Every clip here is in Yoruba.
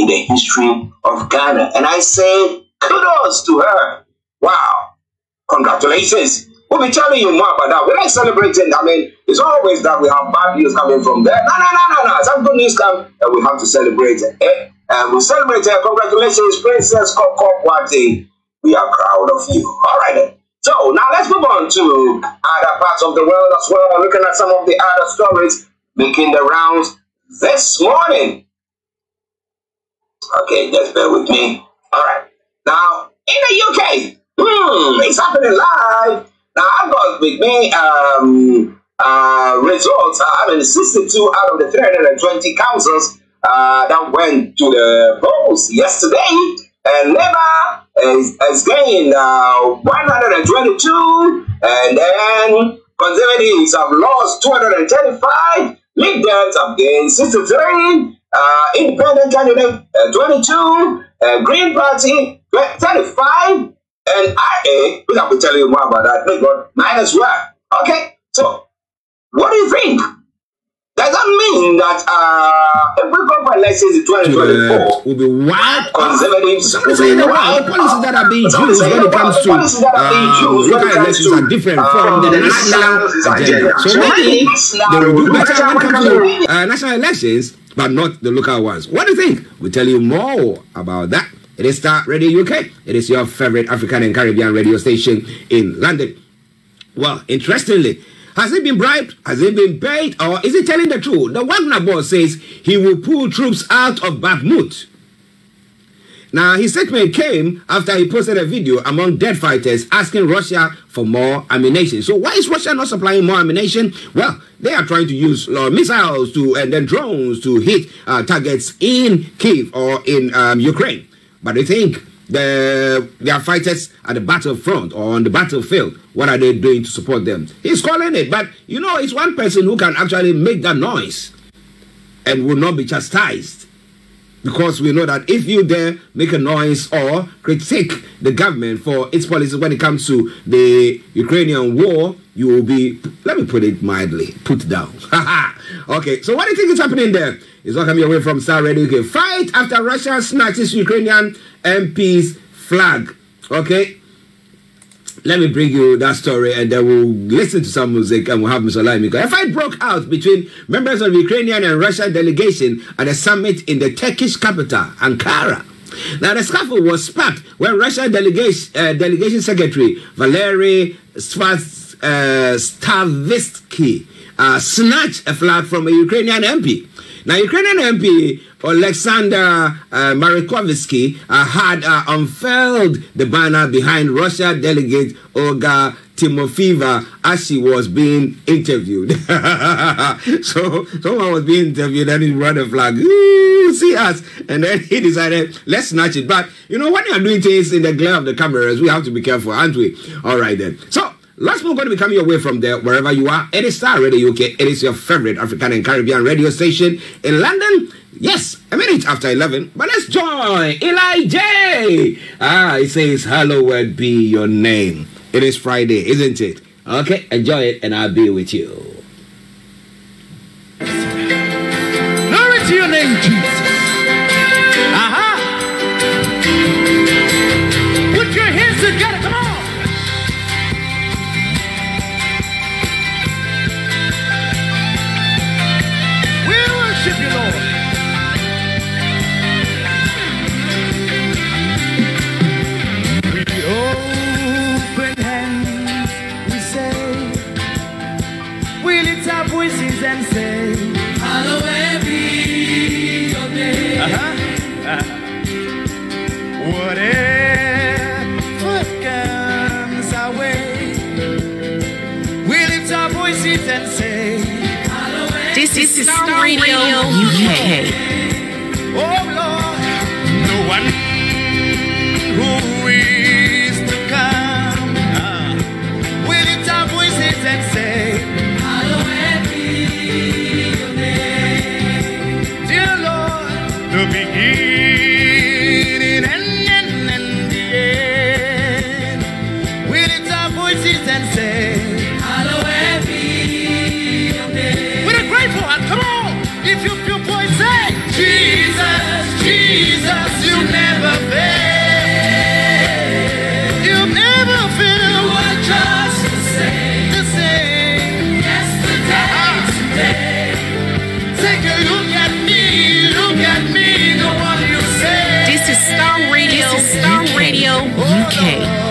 in the history of Ghana. And I say kudos to her. Wow. Congratulations. We'll be telling you more about that. We're not celebrating. I mean, it's always that we have bad news coming from there. No, no, no, no, no. Some good news come and we have to celebrate it. Eh? And eh, we celebrate it. Congratulations, Princess Kokokwati. We are proud of you. All right. So now let's move on to other parts of the world as well. Looking at some of the other stories making the rounds this morning. Okay, just bear with me. All right. Now, in the UK, hmm, it's happening live. Now, I've got with me um, uh, results. I mean, 62 out of the 320 councils uh, that went to the polls yesterday. And Labour is, is getting uh, 122. And then Conservatives have lost 235. Lib Dems have gained 63 uh, independent candidate uh, 22, uh, Green Party 35, and IA. We have to tell you more about that. They got nine as well. Okay, so what do you think? Does that mean that uh, if we go for elections in 2024, will be what? conservatives? I'm saying the, the policies that are being used when it comes to uh, um, local elections are different from uh, the national agenda. So maybe they will do better when it comes to uh, national elections. but not the local ones. What do you think? We'll tell you more about that. It is Star Radio UK. It is your favorite African and Caribbean radio station in London. Well, interestingly, has he been bribed? Has he been paid? Or is he telling the truth? The Wagner boss says he will pull troops out of Bakhmut. Now, his statement came after he posted a video among dead fighters asking Russia for more ammunition. So why is Russia not supplying more ammunition? Well, they are trying to use uh, missiles to and then drones to hit uh, targets in Kiev or in um, Ukraine. But they think the, their fighters at the battlefront or on the battlefield. What are they doing to support them? He's calling it, but you know, it's one person who can actually make that noise and will not be chastised because we know that if you dare make a noise or critique the government for its policies when it comes to the Ukrainian war, you will be, let me put it mildly, put down. okay, so what do you think is happening there? It's not coming away from Star Radio UK. Fight after Russia snatches Ukrainian MP's flag. Okay, let me bring you that story and then we'll listen to some music and we'll have Mr. Laimiko. A fight broke out between members of the Ukrainian and Russian delegation at a summit in the Turkish capital, Ankara. Now, the scuffle was sparked when Russian delegation, uh, delegation secretary Valery Svaz, uh, Stavisky uh, snatched a flag from a Ukrainian MP. Now, Ukrainian MP Alexander uh, Marikovsky uh, had uh, unfurled the banner behind Russia delegate Olga Timofeeva as she was being interviewed. so someone was being interviewed and he brought a flag. see us. And then he decided, let's snatch it. But you know, when you're doing things in the glare of the cameras, we have to be careful, aren't we? All right then. So Last one going to be coming your way from there, wherever you are. It is Star Radio UK. It is your favorite African and Caribbean radio station in London. Yes, a minute after 11, but let's join Eli J. Ah, he says, Hallowed be your name. It is Friday, isn't it? Okay, enjoy it, and I'll be with you. This is Star Radio UK. okay.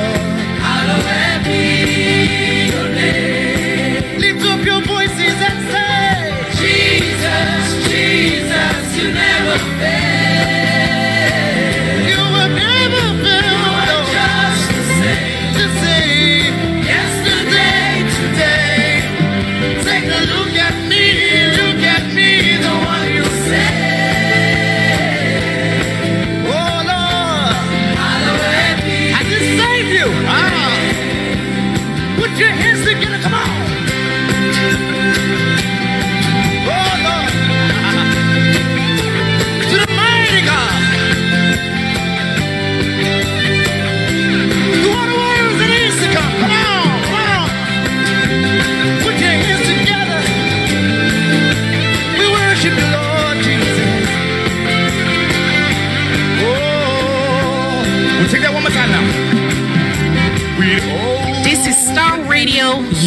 This is Star Radio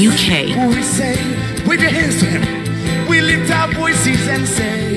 UK. We say, your hands to him, we lift our voices and say,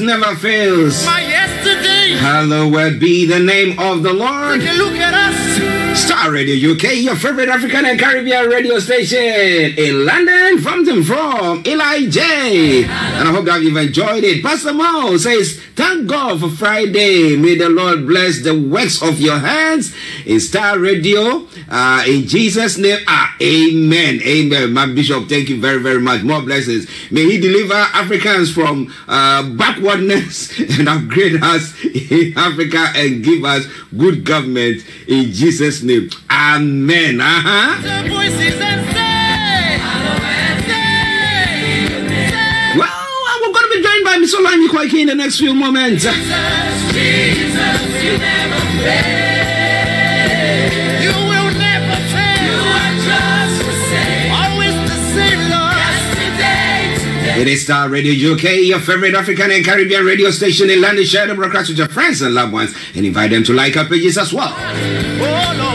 never fails. My yesterday. Hallowed be the name of the Lord. Take a look at us. Star Radio UK, your favorite African and Caribbean radio station in London, from them from Eli J. And I hope that you've enjoyed it. Pastor Mo says, Thank God for Friday. May the Lord bless the works of your hands in Star Radio uh, in Jesus' name, ah, amen. Amen. My bishop, thank you very, very much. More blessings. May he deliver Africans from uh, backwardness and upgrade us in Africa and give us good government in Jesus' name. Amen. Uh-huh. Miss Olani Kwaike in the next few moments. Jesus, Jesus, It is Star Radio UK, your favorite African and Caribbean radio station in London, the broadcast with your friends and loved ones, and invite them to like our pages as well. Oh, no.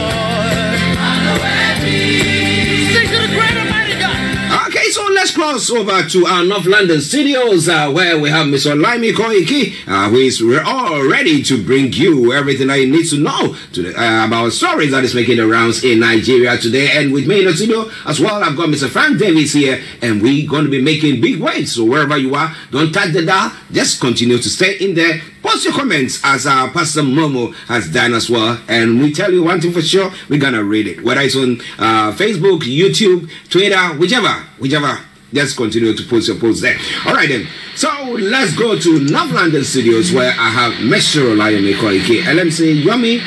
over to our North London studios uh, where we have Mr. Laimi Koiki, uh, who is we're all ready to bring you everything that you need to know today, uh, about stories that is making the rounds in Nigeria today. And with me in the studio as well, I've got Mr. Frank Davis here, and we're going to be making big waves. So wherever you are, don't touch the dial, just continue to stay in there. Post your comments as our Pastor Momo has done as well. And we tell you one thing for sure, we're going to read it. Whether it's on uh, Facebook, YouTube, Twitter, whichever, whichever just continue to post your posts there. All right then. So let's go to North London Studios where I have Mr. Olayomi Koike. LMC Yomi,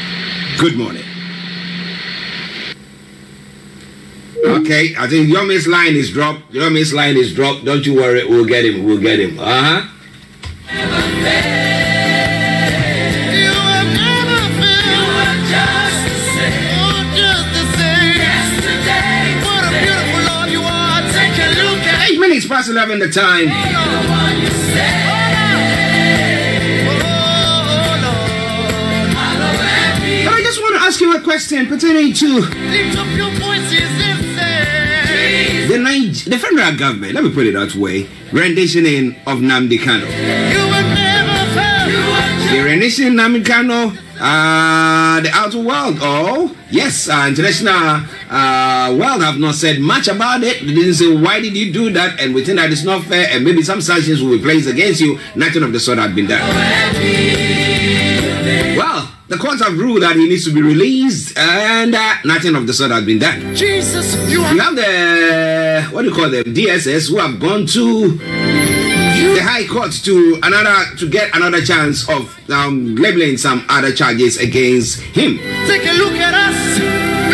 good morning. Okay, I think Yomi's line is dropped. Yomi's line is dropped. Don't you worry, we'll get him. We'll get him. Uh huh. are having the time. But I just want to ask you a question pertaining to the, Niger- the federal government, let me put it that way, rendition in of Namdi Kano. Namikano, uh, the outer world. Oh, yes, uh, international uh, world have not said much about it. They didn't say, why did you do that? And we think that it's not fair, and maybe some sanctions will be placed against you. Nothing of the sort had been done. Well, the courts have ruled that he needs to be released, and uh, nothing of the sort has been done. Jesus, you, you have the what do you call them DSS who have gone to the High Court to another to get another chance of um, some other charges against him. Take a look at us.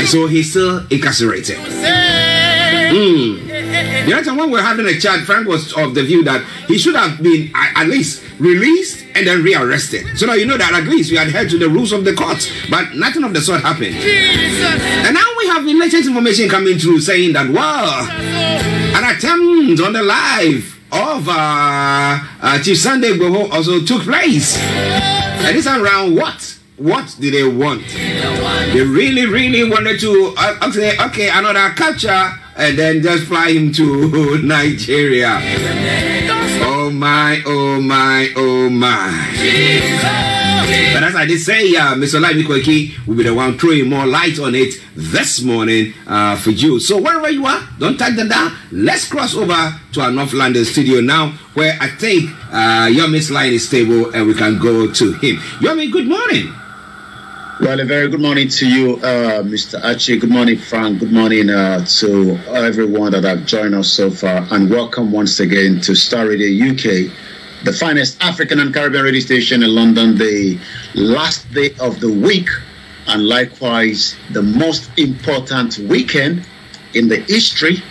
And so he's still incarcerated. Mm. The other time when we are having a chat, Frank was of the view that he should have been at least released and then rearrested. So now you know that at least we adhere to the rules of the court, but nothing of the sort happened. Jesus. And now we have latest information coming through saying that, well, oh. an attempt on the life of uh, Chief Sunday Igboho also took place. And this time around, what? What did they want? They really, really wanted to uh, say, okay, another capture, and then just fly him to Nigeria. Oh my, oh my, oh my. But as I did say, uh, Mr. Lively Kweki will be the one throwing more light on it this morning uh, for you. So wherever you are, don't tag them down. Let's cross over to our North London studio now, where I think uh, Yomi's line is stable and we can go to him. Yomi, good morning. Well, a very good morning to you, uh, Mr. Archie. Good morning, Frank. Good morning uh, to everyone that have joined us so far. And welcome once again to Star Radio UK the finest African and Caribbean radio station in London, the last day of the week, and likewise the most important weekend in the history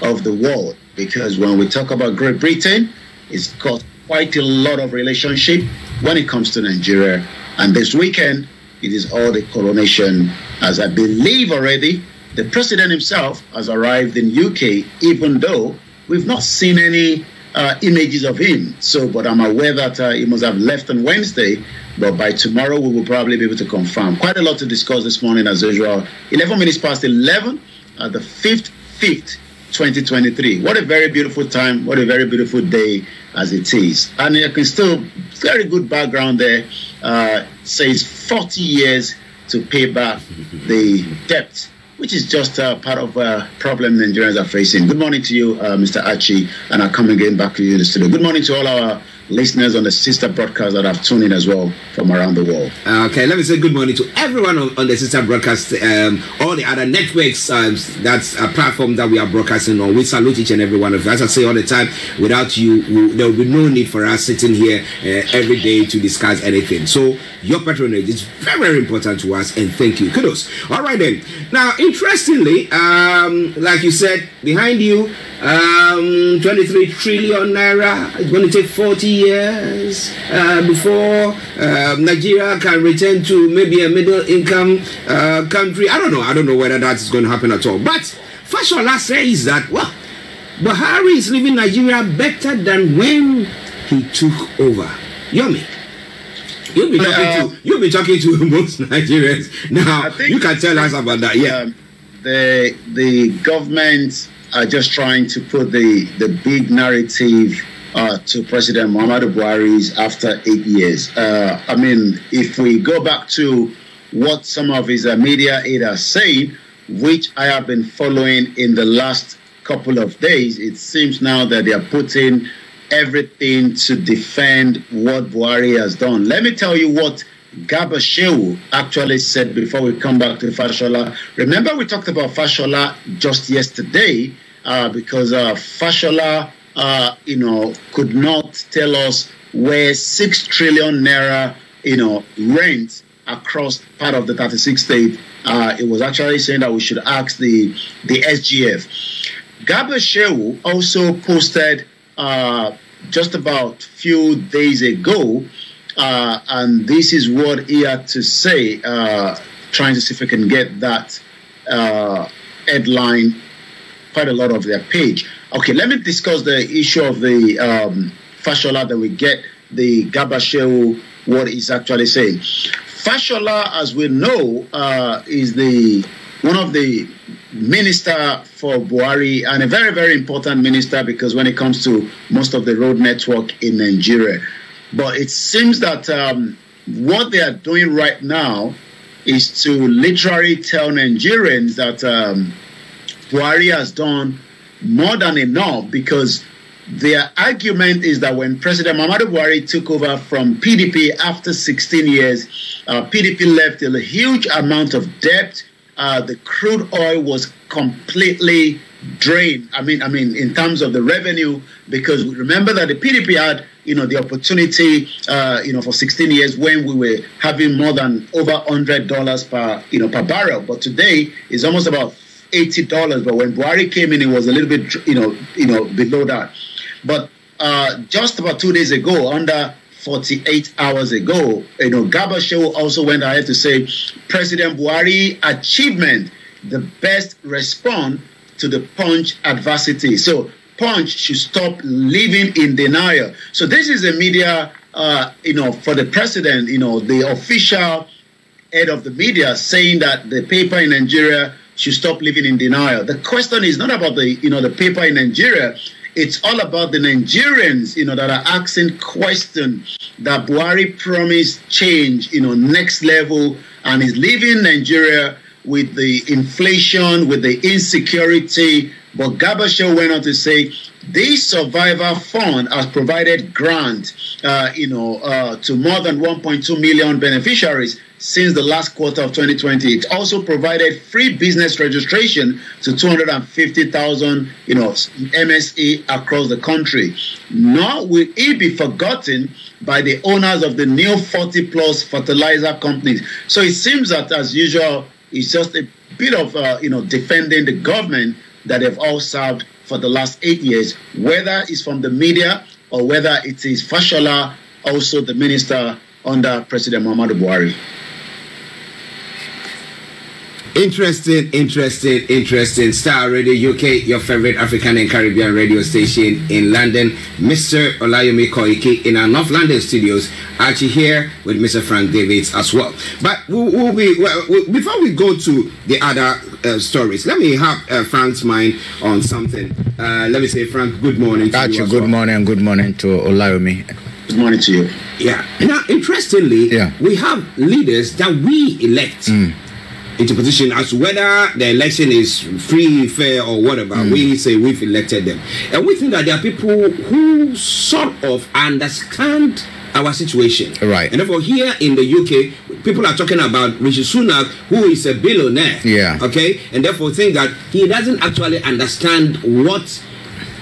of the world. Because when we talk about Great Britain, it's got quite a lot of relationship when it comes to Nigeria. And this weekend, it is all the coronation, as I believe already. The president himself has arrived in UK, even though we've not seen any uh, images of him. So, but I'm aware that uh, he must have left on Wednesday. But by tomorrow, we will probably be able to confirm. Quite a lot to discuss this morning, as usual. 11 minutes past 11, at the 5th, 5th, 2023. What a very beautiful time. What a very beautiful day as it is. And you can still, very good background there, uh, says 40 years to pay back the debt which is just uh, part of a uh, problem Nigerians are facing. Good morning to you, uh, Mr. Achi, and I'll come again back to you in the studio. Good morning to all our listeners on the sister broadcast that have tuned in as well from around the world. Okay, let me say good morning to everyone on, on the sister broadcast, um, all the other networks, um, that's a uh, platform that we are broadcasting on. We salute each and every one of you. As I say all the time, without you, we, there will be no need for us sitting here uh, every day to discuss anything. So, your patronage is very, very important to us, and thank you. Kudos. All right, then. Now, interestingly, um, like you said, behind you, um, 23 trillion naira, it's going to take 40 years uh, before uh, Nigeria can return to maybe a middle income uh, country. I don't know. I don't know whether that is going to happen at all. But Fashola says that, well, Buhari is leaving Nigeria better than when he took over. Yummy. You'll be talking to uh, you'll be talking to most Nigerians now. You can tell us about that. Yeah, um, the the government are just trying to put the the big narrative uh, to President Muhammadu Buhari's after eight years. Uh, I mean, if we go back to what some of his uh, media has saying, which I have been following in the last couple of days, it seems now that they are putting everything to defend what Buhari has done. Let me tell you what Gaba Shehu actually said before we come back to Fashola. Remember, we talked about Fashola just yesterday uh, because uh, Fashola Uh, you know, could not tell us where six trillion naira, you know, rent across part of the 36 state. Uh, it was actually saying that we should ask the the SGF. Gabriel Shehu also posted uh, just about few days ago, uh, and this is what he had to say. Uh, trying to see if we can get that uh, headline quite a lot of their page. Okay, let me discuss the issue of the um, Fashola that we get the Gabashew what he's actually saying. Fashola, as we know, uh, is the one of the minister for Buhari and a very very important minister because when it comes to most of the road network in Nigeria, but it seems that um, what they are doing right now is to literally tell Nigerians that um, Buhari has done more than enough because their argument is that when President Mamadou Buhari took over from PDP after 16 years, uh, PDP left a huge amount of debt. Uh, the crude oil was completely drained. I mean, I mean, in terms of the revenue, because remember that the PDP had, you know, the opportunity, uh, you know, for 16 years when we were having more than over $100 per, you know, per barrel. But today is almost about eighty dollars, but when Buhari came in, it was a little bit you know you know below that. But uh, just about two days ago, under forty-eight hours ago, you know, Gaba Show also went ahead to say President Buhari achievement, the best response to the punch adversity. So punch should stop living in denial. So this is a media, uh, you know, for the president, you know, the official head of the media saying that the paper in Nigeria should stop living in denial. The question is not about the you know the paper in Nigeria. It's all about the Nigerians, you know, that are asking questions that Buhari promised change, you know, next level, and is leaving Nigeria with the inflation, with the insecurity. But Gabashew went on to say This survivor fund has provided grant, uh, you know, uh, to more than 1.2 million beneficiaries since the last quarter of 2020. It also provided free business registration to 250,000, you know, MSE across the country. Nor will it be forgotten by the owners of the new 40 plus fertilizer companies. So it seems that, as usual, it's just a bit of, uh, you know, defending the government that they've all served for the last eight years, whether it's from the media or whether it is Fashola, also the minister under President Muhammadu Buhari. Interesting, interesting, interesting. Star Radio UK, your favorite African and Caribbean radio station in London. Mr. Olayomi Koike in our North London studios. Archie here with Mr. Frank Davids as well. But we'll, be, well, before we go to the other uh, stories, let me have uh, Frank's mind on something. Uh, let me say, Frank, good morning. Archie, you good well. morning and good morning to Olayomi. Good morning to you. Yeah. Now, interestingly, yeah. we have leaders that we elect. Mm. Into position as whether the election is free, fair, or whatever. Mm. We say we've elected them. And we think that there are people who sort of understand our situation. Right. And therefore, here in the UK, people are talking about Rishi Sunak, who is a billionaire. Yeah. Okay. And therefore, think that he doesn't actually understand what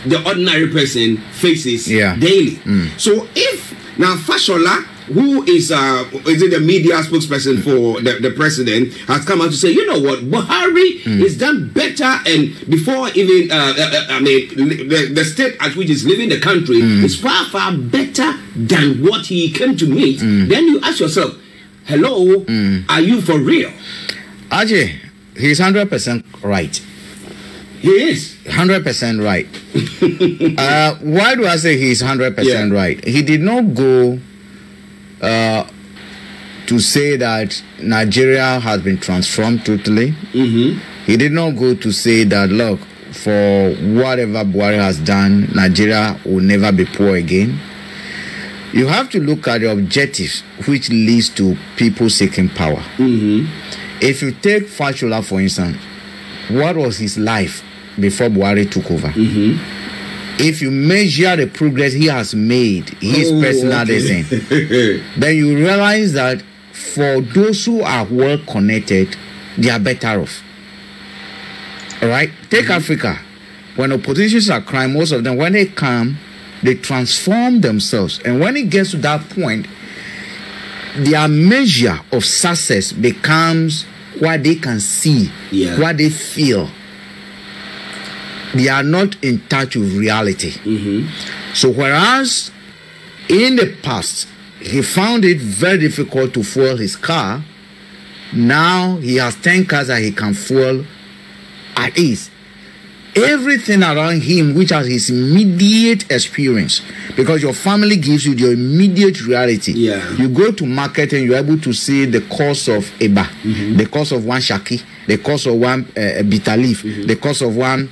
the ordinary person faces yeah. daily. Mm. So if now Fashola who is uh, is it the media spokesperson for the, the president has come out to say, you know what, Buhari mm. is done better, and before even uh, uh, uh, I mean the, the, state at which he's leaving the country mm. is far far better than what he came to meet. Mm. Then you ask yourself, hello, hmm. are you for real? Ajay, he's hundred percent right. He is hundred percent right. uh, why do I say he's hundred yeah. percent right? He did not go Uh, to say that Nigeria has been transformed totally. Mm-hmm. He did not go to say that, look, for whatever Buhari has done, Nigeria will never be poor again. You have to look at the objectives which leads to people seeking power. Mm-hmm. If you take Fashola, for instance, what was his life before Buhari took over? Mm-hmm. if you measure the progress he has made, his oh, personal okay. then you realize that for those who are well connected, they are better off. All right, take mm-hmm. Africa. When oppositions are crying, most of them, when they come, they transform themselves. And when it gets to that point, their measure of success becomes what they can see, yeah. what they feel, they are not in touch with reality. Mm-hmm. So, whereas in the past he found it very difficult to fuel his car, now he has 10 cars that he can fuel at ease. Everything around him, which has his immediate experience, because your family gives you your immediate reality. Yeah. You go to market and you're able to see the cost of a mm-hmm. the cost of one shaki, the cost of one uh, uh bitter leaf, mm-hmm. the cost of one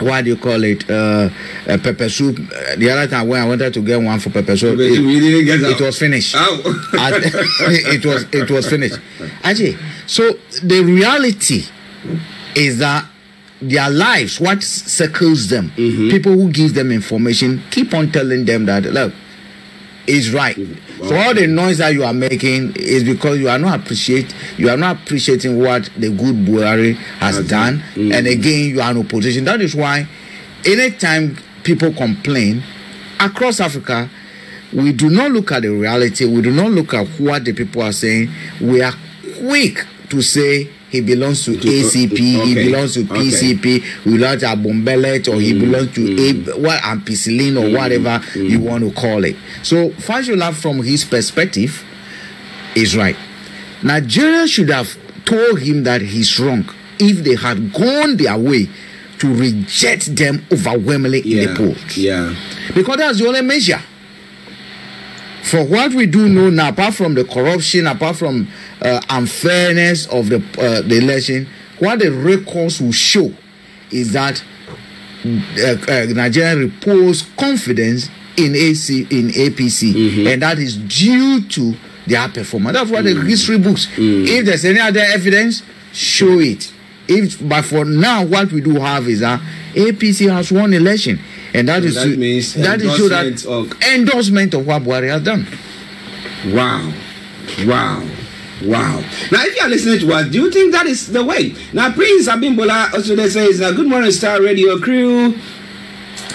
what do you call it? Uh, uh, pepper soup. The other time when I wanted to get one for pepper soup, pepper soup it, didn't get it was finished. Oh. I, it was it was finished. Actually, so the reality is that their lives, what circles them, mm-hmm. people who give them information, keep on telling them that look is right. Wow. So all the noise that you are making is because you are not appreciate you are not appreciating what the good Buhari has That's done. Mm. And again, you are in opposition. That is why, anytime people complain across Africa, we do not look at the reality. We do not look at what the people are saying. We are quick to say he belongs to, to ACP, okay. he belongs to PCP, okay. we launch Abombelet, or mm. he belongs to mm. A, what Ampicillin or mm. whatever mm. you want to call it. So Fashola, from his perspective, is right. Nigeria should have told him that he's wrong if they had gone their way to reject them overwhelmingly yeah. in the polls. Yeah. Because that's the only measure. For what we do know now, apart from the corruption, apart from uh, unfairness of the, uh, the election, what the records will show is that uh, uh, Nigeria reposed confidence in AC in APC, mm-hmm. and that is due to their performance. That's what mm-hmm. the mm. history books. Mm-hmm. If there's any other evidence, show it. If but for now, what we do have is that APC has won election, and that so is that means that is so that of... endorsement of what Buhari has done. Wow, wow. Wow. Now, if you are listening to us, do you think that is the way? Now, Prince Abimbola also there says, now, uh, Good morning, Star Radio crew.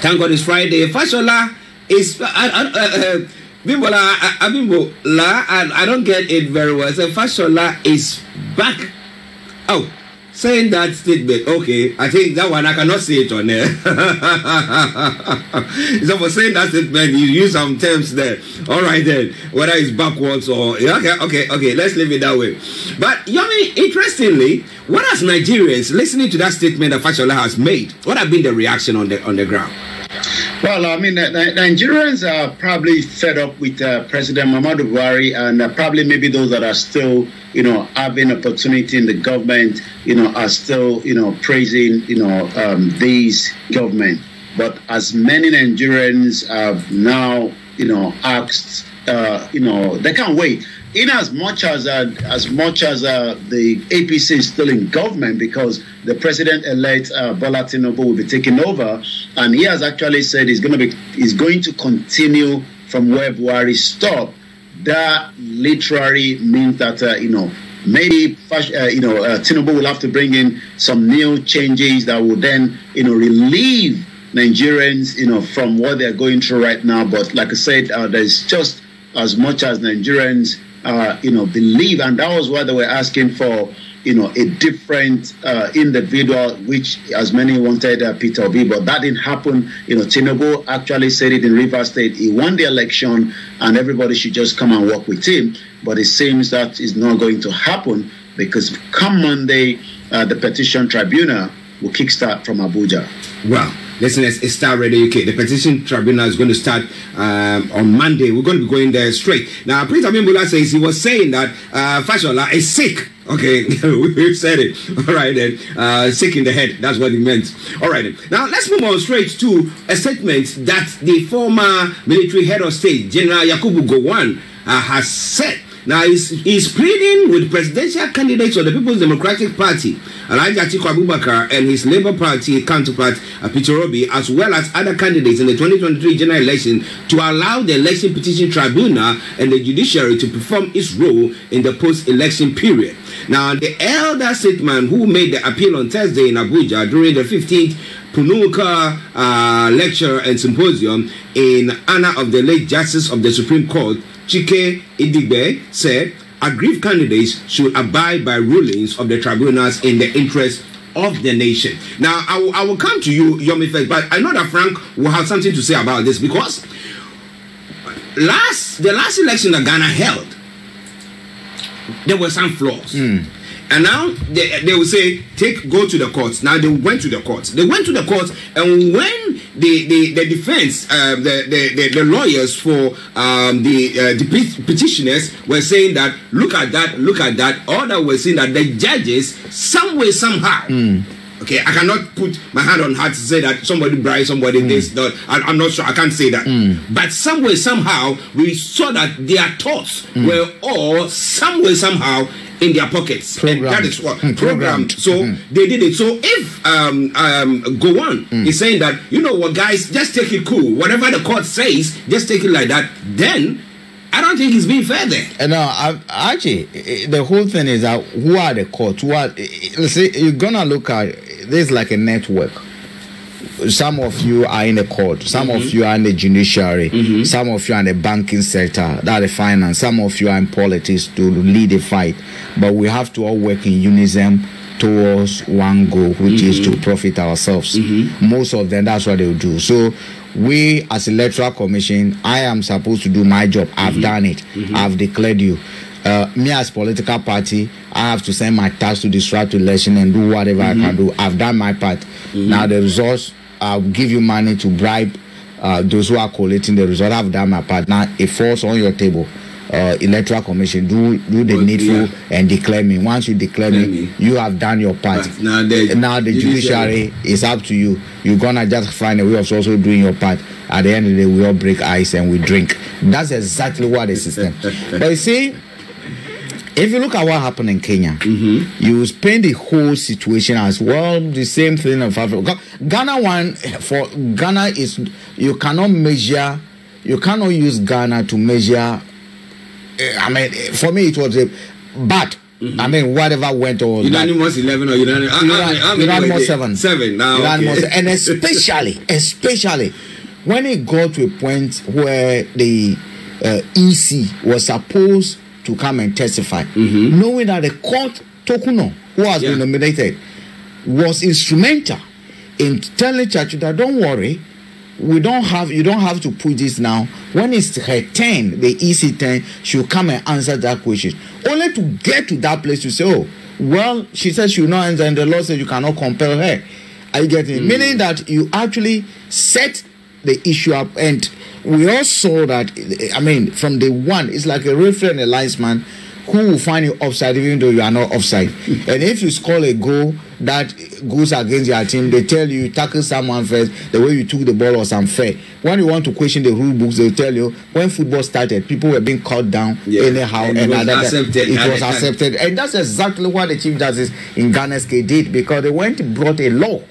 Thank God it's Friday. Fashola is. Uh, uh, uh, Bimbola, uh, Abimbola, uh, I, I don't get it very well. So Fashola is back. Oh, saying that statement, okay, I think that one I cannot say it on there. so for saying that statement, you use some terms there. All right then, whether it's backwards or okay, okay, okay, let's leave it that way. But you know, interestingly, what has Nigerians listening to that statement that Fashola has made? What have been the reaction on the on the ground? Well, I mean, Nigerians are probably fed up with uh, President Muhammadu Buhari, and uh, probably maybe those that are still, you know, having opportunity in the government, you know, are still, you know, praising, you know, um, these government. But as many Nigerians have now, you know, asked, uh, you know, they can't wait. In as much as uh, as much as uh, the APC is still in government, because the president-elect uh, Bola Tinubu will be taking over, and he has actually said he's going to be he's going to continue from where Buhari stopped. That literally means that uh, you know maybe uh, you know uh, Tinubu will have to bring in some new changes that will then you know relieve Nigerians you know from what they're going through right now. But like I said, uh, there's just as much as Nigerians uh, you know believe, and that was why they were asking for you know, a different uh, individual, which as many wanted uh, Peter Obi, but that didn't happen. You know, Tinubu actually said it in Rivers State. He won the election, and everybody should just come and work with him. But it seems that is not going to happen because come Monday, uh, the petition tribunal will kickstart from Abuja. Wow listeners, it's Star Radio UK. The petition tribunal is going to start um, on Monday. We're going to be going there straight. Now, Prince Abimbola says he was saying that uh, Fashola is sick. Okay, we said it. All right, then. Uh, sick in the head. That's what he meant. All right, then. Now, let's move on straight to a statement that the former military head of state, General Yakubu Gowon, uh, has said Now he's, he's pleading with presidential candidates of the People's Democratic Party, Elijah Atiku Abubakar, and his Labour Party counterpart, Peter Obi, as well as other candidates in the 2023 general election to allow the Election Petition Tribunal and the judiciary to perform its role in the post election period. Now, the elder statesman who made the appeal on Thursday in Abuja during the 15th Punuka uh, lecture and symposium in honor of the late Justice of the Supreme Court, Chike Idigbe, said aggrieved candidates should abide by rulings of the tribunals in the interest of the nation. Now, I will, will come to you, Yomi, first, but I know that Frank will have something to say about this because last the last election that Ghana held, there were some flaws. Mm. And now they, they will say, take go to the court. Now they went to the court. They went to the court, and when the the, the defense, uh, the, the, the, the lawyers for um, the uh, the petitioners were saying that, look at that, look at that. All that were saying that the judges, some way somehow. Mm Okay, I cannot put my hand on heart to say that somebody bribed somebody mm. this. That, I, am not sure. I can't say that. Mm. But somewhere, somehow, we saw that their thoughts mm. were all somewhere, somehow in their pockets. Programmed. And that is what mm, programmed. programmed. So mm. they did it. So if um, um, Gowon mm. is saying that, you know what, guys, just take it cool. Whatever the court says, just take it like that. Then I don't think he's being fair there. And no, uh, actually, the whole thing is that who are the courts? What? Let's eh, eh, you're gonna look at there's like a network some of you are in the court, some mm -hmm. of mhm. you are in the judiciary, mm -hmm. some of you are in the banking sector, that the finance, some of you are in politics to lead the fight. But we have to all work in unison towards one goal, which mm -hmm. is to mhm. profit ourselves. Mhm. Most of them, that's what they do. So we as electoral commission, I am supposed to do my job. I've done it. I've declared you. Uh, me as political party, I have to send my task to disrupt election and do whatever mm-hmm. I can mm-hmm. do. I've done my part. Mm-hmm. Now the results, I'll give you money to bribe uh, those who are collating the result. I've done my part. Now it falls on your table. Uh, electoral commission do do the but, needful yeah. and declare me once you declare me, me you have done your part but now the, now the judiciary, judiciary is up to you you're gonna just find a way of also doing your part at the end of the day we all break ice and we drink that's exactly what the system but you see if you look at what happened in Kenya, mm-hmm. you spend the whole situation as well. The same thing of Africa. Ghana one for Ghana is you cannot measure, you cannot use Ghana to measure. Eh, I mean, for me it was a bad. Mm-hmm. I mean, whatever went on. Unanimous like, eleven or unanimous, uh, unanimous, uh, unanimous seven. Seven now. Ah, unanimous, okay. and especially, especially when it got to a point where the uh, EC was supposed to come and testify, mm-hmm. knowing that the court Tokuno, who has yeah. been nominated, was instrumental in telling Church that don't worry, we don't have you don't have to put this now. When it's her turn, the EC turn, she'll come and answer that question. Only to get to that place to say, oh, well, she says she will not answer, and the law says you cannot compel her. Are you getting mm. Meaning that you actually set the issue up and we all saw that. I mean, from the one, it's like a referee and a linesman who will find you offside even though you are not offside. and if you score a goal that goes against your team, they tell you tackle someone first. The way you took the ball was unfair. When you want to question the rule books, they tell you when football started, people were being cut down yeah. anyhow, and, and it was accepted. It was accepted, and that's exactly what the chief justice in Ghana's case did because they went brought a law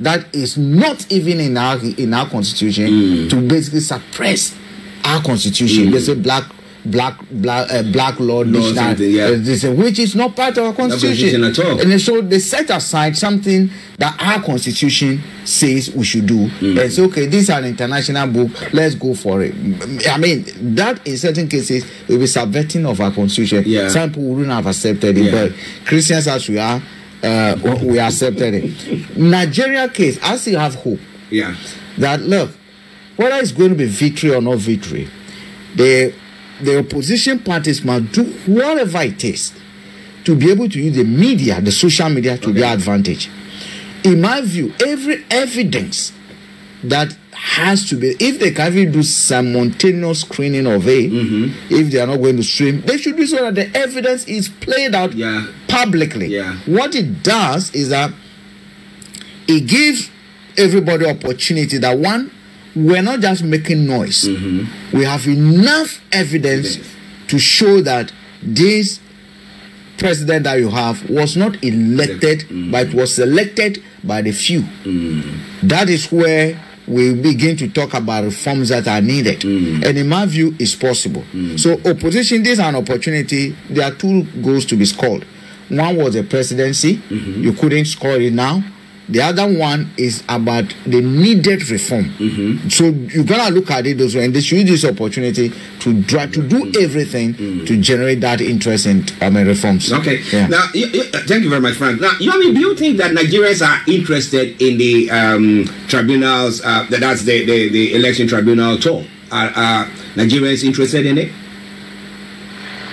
that is not even in our in our constitution mm. to basically suppress our constitution. Mm. They say black black black uh, black law Laws dictionary, yeah. uh, this, uh, which is not part of our constitution. at all. And so they set aside something that our constitution says we should do. Mm. They say, okay, this is an international book. Let's go for it. I mean, that in certain cases will be subverting of our constitution. Yeah. Some people wouldn't have accepted it, yeah. but Christians as we are uh, we accepted it. Nigeria case, I still have hope. Yeah. That look, whether it's going to be victory or not victory, the the opposition parties must do whatever it takes to be able to use the media, the social media, to okay. their advantage. In my view, every evidence that has to be if they can even do simultaneous screening of a mm-hmm. if they are not going to stream they should do so that the evidence is played out yeah. publicly yeah. what it does is that it gives everybody opportunity that one we're not just making noise mm-hmm. we have enough evidence yes. to show that this president that you have was not elected mm-hmm. but was selected by the few mm-hmm. that is where we begin to talk about reforms that are needed. Mm. And in my view, it's possible. Mm. So opposition, this is an opportunity. There are two goals to be scored. One was the presidency. Mm-hmm. You couldn't score it now. The other one is about the needed reform. Mm-hmm. So you gotta look at it those way, and they should use this opportunity to try to do mm-hmm. everything mm-hmm. to generate that interest in um, reforms. Okay. Yeah. Now, you, you, thank you very much, Frank. Now, Yomi, do you think that Nigerians are interested in the um, tribunals? Uh, that's the, the, the election tribunal tool. Are, are Nigerians interested in it?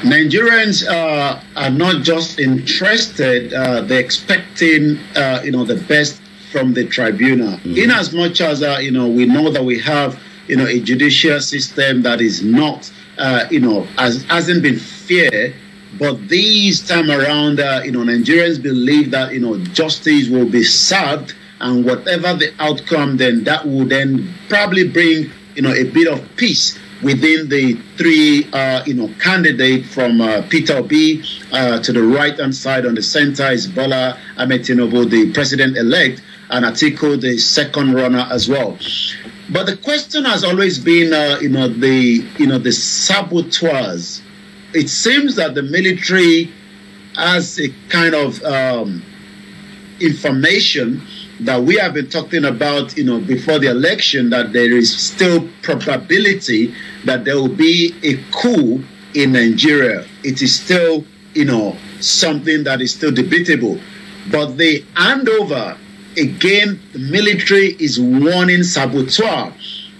Nigerians uh, are not just interested; uh, they're expecting, uh, you know, the best from the tribunal. Mm-hmm. In as much as uh, you know, we know that we have, you know, a judicial system that is not, uh, you know, has, hasn't been fair. But this time around, uh, you know, Nigerians believe that you know justice will be served, and whatever the outcome, then that will then probably bring you know a bit of peace within the three, uh, you know, candidate from uh, Peter B uh, to the right-hand side on the center is Bola Ahmed the president-elect, and Atiku, the second runner as well. But the question has always been, uh, you know, the you know the saboteurs. It seems that the military has a kind of um, information that we have been talking about, you know, before the election, that there is still probability that there will be a coup in Nigeria. It is still, you know, something that is still debatable. But the handover, again, the military is warning saboteur.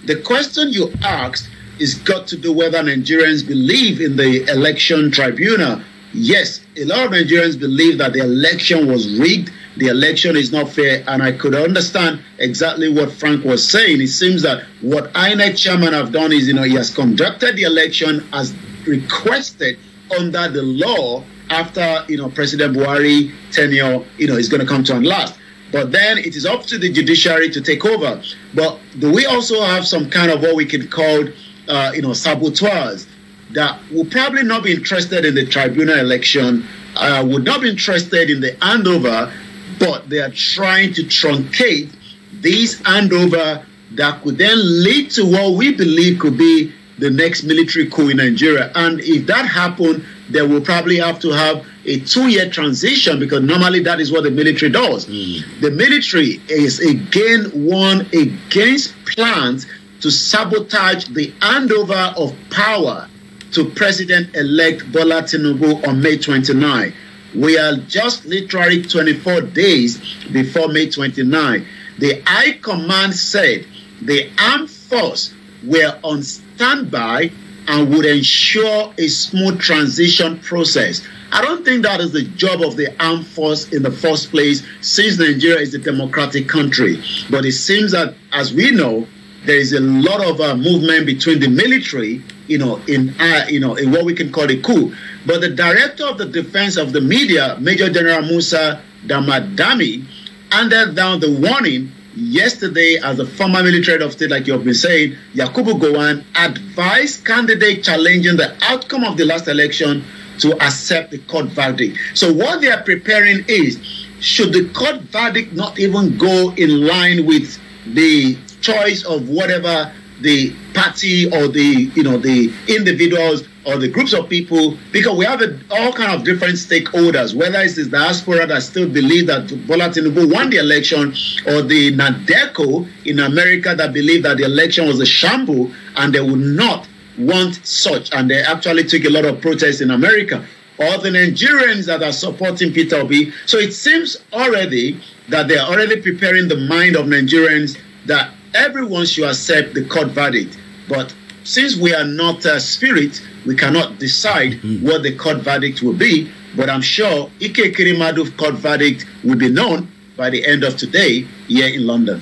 The question you asked is got to do whether Nigerians believe in the election tribunal. Yes, a lot of Nigerians believe that the election was rigged the election is not fair. And I could understand exactly what Frank was saying. It seems that what INEC chairman have done is, you know, he has conducted the election as requested under the law after, you know, President Buhari tenure, you know, is going to come to an last. But then it is up to the judiciary to take over. But do we also have some kind of what we can call, uh, you know, saboteurs that will probably not be interested in the tribunal election uh, would not be interested in the handover But they are trying to truncate this handover that could then lead to what we believe could be the next military coup in Nigeria. And if that happened, they will probably have to have a two-year transition because normally that is what the military does. Mm. The military is again one against plans to sabotage the handover of power to President-elect Bola Tinubu on May 29. We are just literally 24 days before May 29. The High Command said the armed force were on standby and would ensure a smooth transition process. I don't think that is the job of the armed force in the first place, since Nigeria is a democratic country. But it seems that, as we know, there is a lot of uh, movement between the military you know, in uh, you know, in what we can call a coup. But the director of the defense of the media, Major General Musa Damadami, handed down the warning yesterday as a former military of state, like you've been saying, Yakubu Gowan advised candidate challenging the outcome of the last election to accept the court verdict. So what they are preparing is, should the court verdict not even go in line with the choice of whatever the party or the you know the individuals or the groups of people because we have a, all kind of different stakeholders whether it's the diaspora that still believe that Bola Tinubu won the election or the Nadeco in America that believe that the election was a shamble and they will not want such and they actually took a lot of protests in America or the Nigerians that are supporting Peter Obi. So it seems already that they are already preparing the mind of Nigerians that everyone should accept the court verdict. But since we are not uh, spirit, we cannot decide mm-hmm. what the court verdict will be. But I'm sure Ike Kirimadu court verdict will be known by the end of today here in London.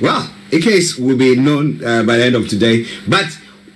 Well, a case will be known uh, by the end of today. But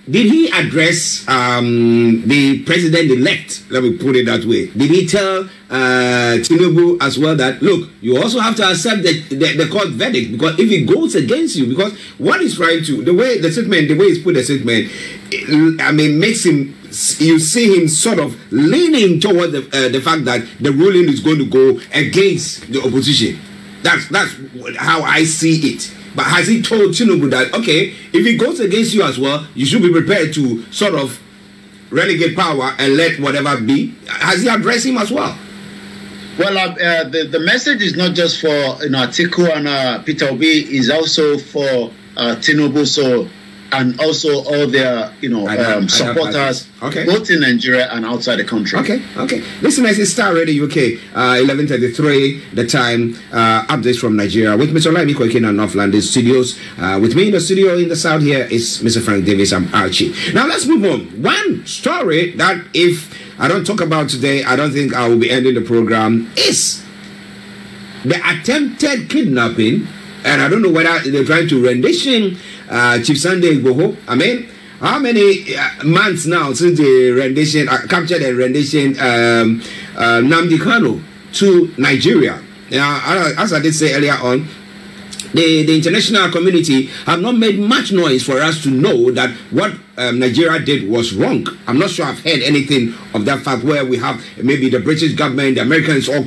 did he address um, the president elect? Let me put it that way. Did he tell uh, Tinubu as well that look, you also have to accept the, the, the, court verdict because if it goes against you, because what he's trying to the way the statement, the way he's put the statement, it, I mean, makes him you see him sort of leaning toward the, uh, the fact that the ruling is going to go against the opposition. That's that's how I see it. But has he told Tinubu that, okay, if he goes against you as well, you should be prepared to sort of relegate power and let whatever be? Has he addressed him as well? Well, uh, uh, the, the message is not just for you know, Atiku and uh, Peter Obi, is also for uh, Tinubu. So and also all their you know um, supporters, okay. both in Nigeria and outside the country. Okay, okay. Listeners, it's Star ready UK, uh, 11:33 the time. Uh, updates from Nigeria with Mr. Olaimi Koikin and London Studios. Uh, with me in the studio in the south here is Mr. Frank Davis. I'm Archie. Now let's move on. One story that if I don't talk about today, I don't think I will be ending the program is the attempted kidnapping, and I don't know whether they're trying to rendition Uh, Chief Sunday Igboho. Amen. How many uh, months now since the rendition, uh, captured and rendition um, uh, Namdi Kano to Nigeria? Now, uh, as I did say earlier on, the, the international community have not made much noise for us to know that what um, Nigeria did was wrong. I'm not sure I've heard anything of that fact where we have maybe the British government, the Americans all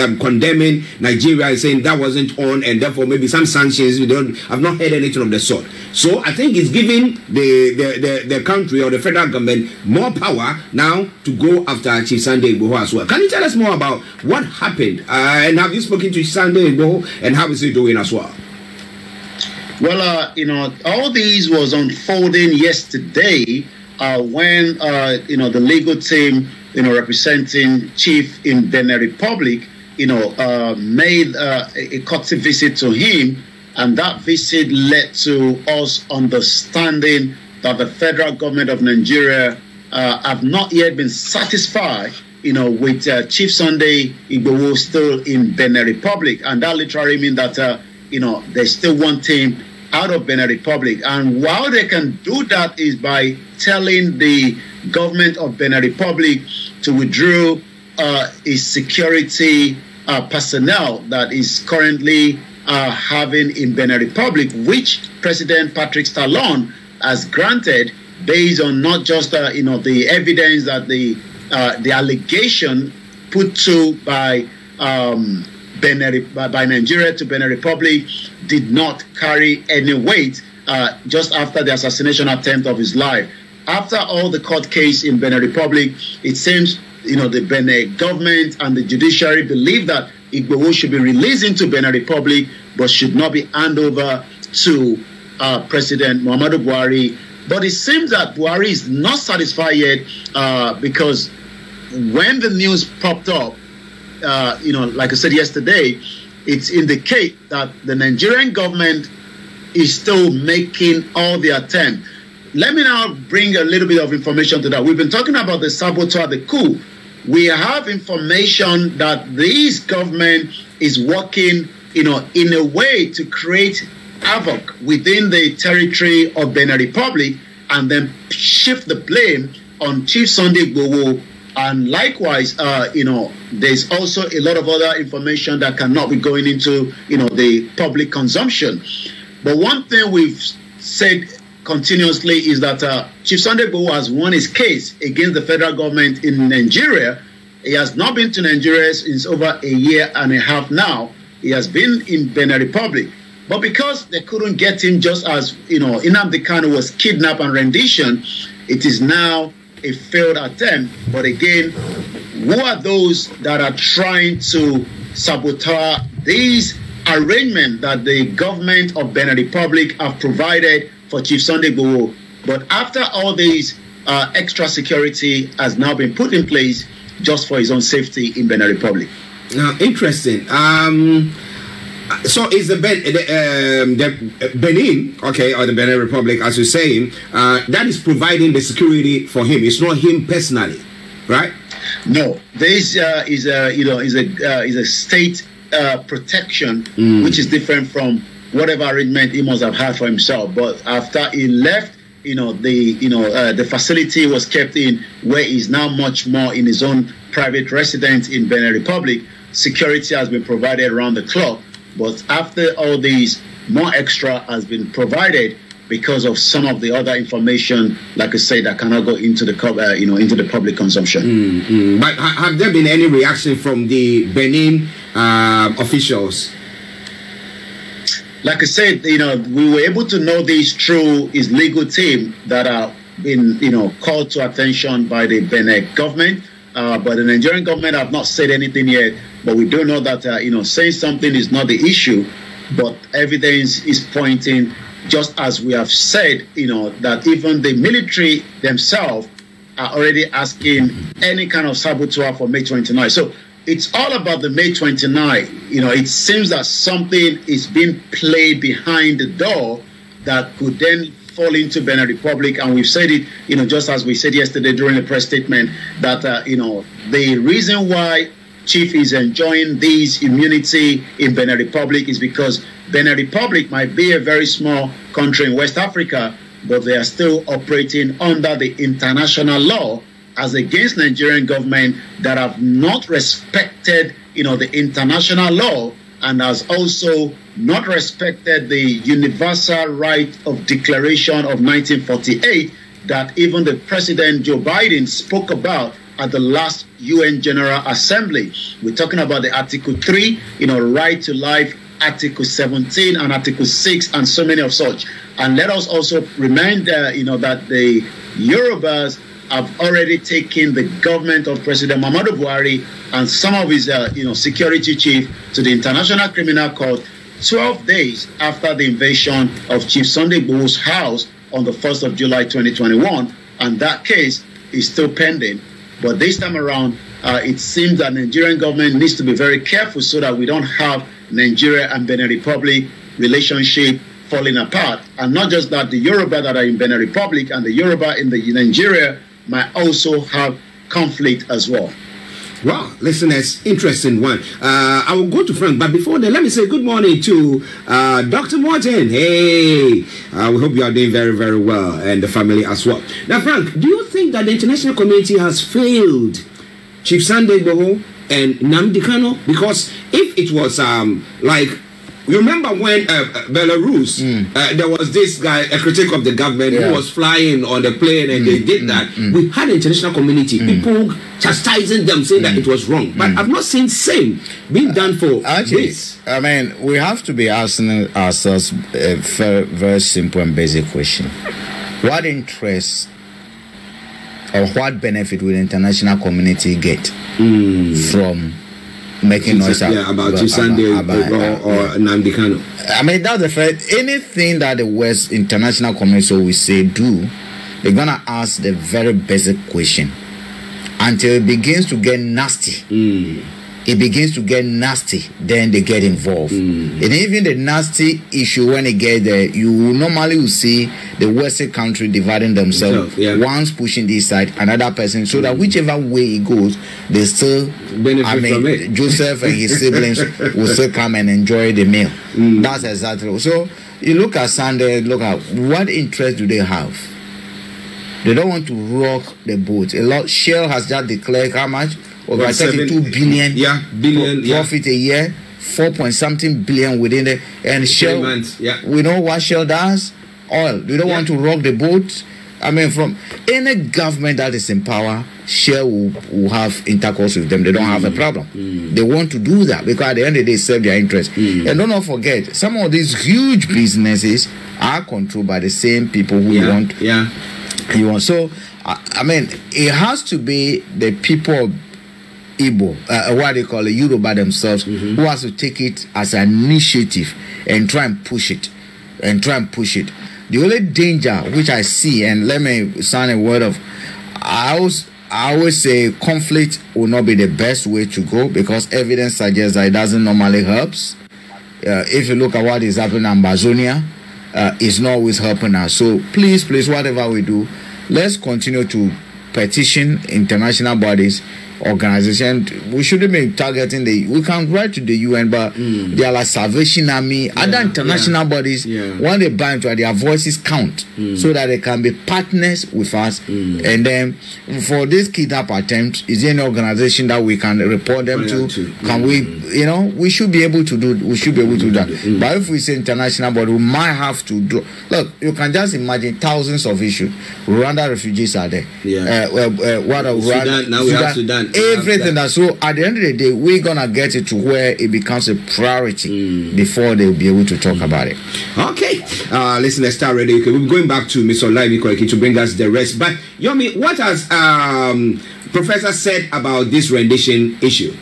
um, condemning Nigeria and saying that wasn't on and therefore maybe some sanctions. We don't. I've not heard anything of the sort. So I think it's giving the the, the, the country or the federal government more power now to go after Chief Sunday Igboho as well. Can you tell us more about what happened uh, and have you spoken to Sunday Igboho and how is he doing as well? Well, uh, you know, all these was unfolding yesterday uh, when uh, you know the legal team, you know, representing Chief in Benin Republic, you know, uh, made uh, a courtesy visit to him, and that visit led to us understanding that the federal government of Nigeria uh, have not yet been satisfied you know, with uh, Chief Sunday Igbowo still in Benin Republic, and that literally means that uh, you know there's still one team out of Benin Republic. And how they can do that is by telling the government of Benin Republic to withdraw uh, its security uh, personnel that is currently uh, having in Benin Republic, which President Patrick Stallone has granted based on not just uh, you know the evidence that the uh, the allegation put to by um, Benin, by Nigeria to Benin Republic did not carry any weight uh, just after the assassination attempt of his life. After all the court case in Benin Republic, it seems you know the Benin government and the judiciary believe that Igbo should be released into Benin Republic, but should not be handed over to uh, President Muhammadu Buhari. But it seems that Buhari is not satisfied yet uh, because when the news popped up uh, you know, like I said yesterday, it's indicate that the Nigerian government is still making all the attempt. Let me now bring a little bit of information to that. We've been talking about the saboteur, the coup. We have information that this government is working, you know, in a way to create havoc within the territory of Benin Republic and then shift the blame on Chief Sunday Gbowo And likewise, uh, you know, there's also a lot of other information that cannot be going into, you know, the public consumption. But one thing we've said continuously is that uh, Chief Sunday Bowo has won his case against the federal government in Nigeria. He has not been to Nigeria since over a year and a half now. He has been in Benin Republic. But because they couldn't get him just as, you know, inam Kanu was kidnapped and rendition, it is now a failed attempt. But again, who are those that are trying to sabotage these arrangement that the government of Benin Republic have provided for Chief Sunday Igboho? But after all these uh, extra security has now been put in place just for his own safety in Benin Republic. Now, interesting. Um, So is the, ben, the, um, the, uh, Benin, okay, or the Benin Republic, as you're saying, uh, that is providing the security for him. It's not him personally, right? No, this uh, is a you know is a uh, is a state uh, protection mm. which is different from whatever arrangement he must have had for himself. But after he left, you know the you know uh, the facility was kept in where he's now much more in his own private residence in Benin Republic. Security has been provided around the clock, But after all these, more extra has been provided because of some of the other information, like I said, that cannot go into the uh, you know into the public consumption. Mm -hmm. But ha have there been any reaction from the Benin uh, officials? Like I said, you know, we were able to know this through his legal team that are been you know called to attention by the Benin government. Uh, but the Nigerian government have not said anything yet. But we do know that uh, you know saying something is not the issue, but evidence is pointing, just as we have said, you know that even the military themselves are already asking any kind of saboteur for May 29. So it's all about the May 29. You know, it seems that something is being played behind the door that could then fall into Benin Republic, and we've said it, you know, just as we said yesterday during the press statement, that, uh, you know, the reason why Chief is enjoying this immunity in Benin Republic is because Benin Republic might be a very small country in West Africa, but they are still operating under the international law as against Nigerian government that have not respected, you know, the international law and has also not respected the universal right of declaration of 1948 that even the President Joe Biden spoke about at the last UN General Assembly. We're talking about the Article 3, you know, right to life, Article 17 and Article 6 and so many of such. And let us also remind, uh, you know, that the Yorubas have already taken the government of President Muhammadu Buhari and some of his, uh, you know, security chief to the International Criminal Court 12 days after the invasion of Chief Sunday Igboho's house on the 1st of July 2021, and that case is still pending. But this time around, uh, it seems that Nigerian government needs to be very careful so that we don't have Nigeria and Benin Republic relationship falling apart. And not just that, the Yoruba that are in Benin Republic and the Yoruba in the Nigeria might also have conflict as well. Wow, listeners, interesting one. Uh, I will go to Frank, but before that, let me say good morning to uh, Dr. Martin. Hey, uh, we hope you are doing very, very well and the family as well. Now, Frank, do you think that the international community has failed Chief Sunday Boho and Namdi Kano? Because if it was um, like You remember when uh, uh Belarus, mm. uh, there was this guy, a critic of the government, yeah. who was flying on the plane and mm. they did that. Mm. We had international community, mm. people chastising them, saying that mm. it was wrong. But mm. I've not seen same being done for uh, Actually, this. I mean, we have to be asking ourselves a very, very simple and basic question. What interest or what benefit will international community get from making noise yeah, about Chisande or, or, or Namdi Kano. I mean, that's the fact. Anything that the West international community will say do, they're gonna ask the very basic question until it begins to get nasty. Mm it begins to get nasty, then they get involved. Mm. And even the nasty issue when they get there, you will normally will see the Western country dividing themselves. Yeah. Once pushing this side, another person, so mm. that whichever way it goes, they still benefit I mean, from it. Joseph and his siblings will still come and enjoy the meal. Mm. That's exactly so. You look at Sunday, look at what interest do they have? They don't want to rock the boat. A lot Shell has just declared how much about 32 billion yeah, billion, pro- profit yeah. a year, four point something billion within the and Shell. Months, yeah. We know what Shell does. Oil. We don't yeah. want to rock the boat. I mean, from any government that is in power, Shell will, will have intercourse with them. They don't mm. have a mm. problem. Mm. They want to do that because at the end of the day, serve their interest. Mm. And don't not forget, some of these huge businesses are controlled by the same people who yeah. want. Yeah. You want. So, I, I mean, it has to be the people Igbo, uh, what they call Euro Yoruba themselves, mm-hmm. who has to take it as an initiative and try and push it, and try and push it. The only danger which I see, and let me sound a word of, I always, I always say conflict will not be the best way to go because evidence suggests that it doesn't normally helps. Uh, if you look at what is happening in Amazonia, uh, it's not always helping us. So please, please, whatever we do, let's continue to petition international bodies organization. We shouldn't be targeting the. We can write to the UN, but mm. they are like Salvation Army, yeah, other international yeah. bodies. Yeah. When they bind to their voices count, mm. so that they can be partners with us. Mm. And then for this kidnap attempt, is there an organization that we can report them to? to? Can we, mm. you know, we should be able to do. We should be able to do that. Mm. But if we say international body, we might have to do. Look, you can just imagine thousands of issues. Rwanda refugees are there. Yeah. Uh, uh, uh, what Sudan, Rwanda, now we Sudan, have Sudan everything that. So at the end of the day, we're gonna get it to where it becomes a priority mm. before they'll be able to talk about it. Okay, uh, let's start ready. Okay, we're going back to Mr. Olaimi to bring us the rest. But Yomi, what has um, Professor said about this rendition issue?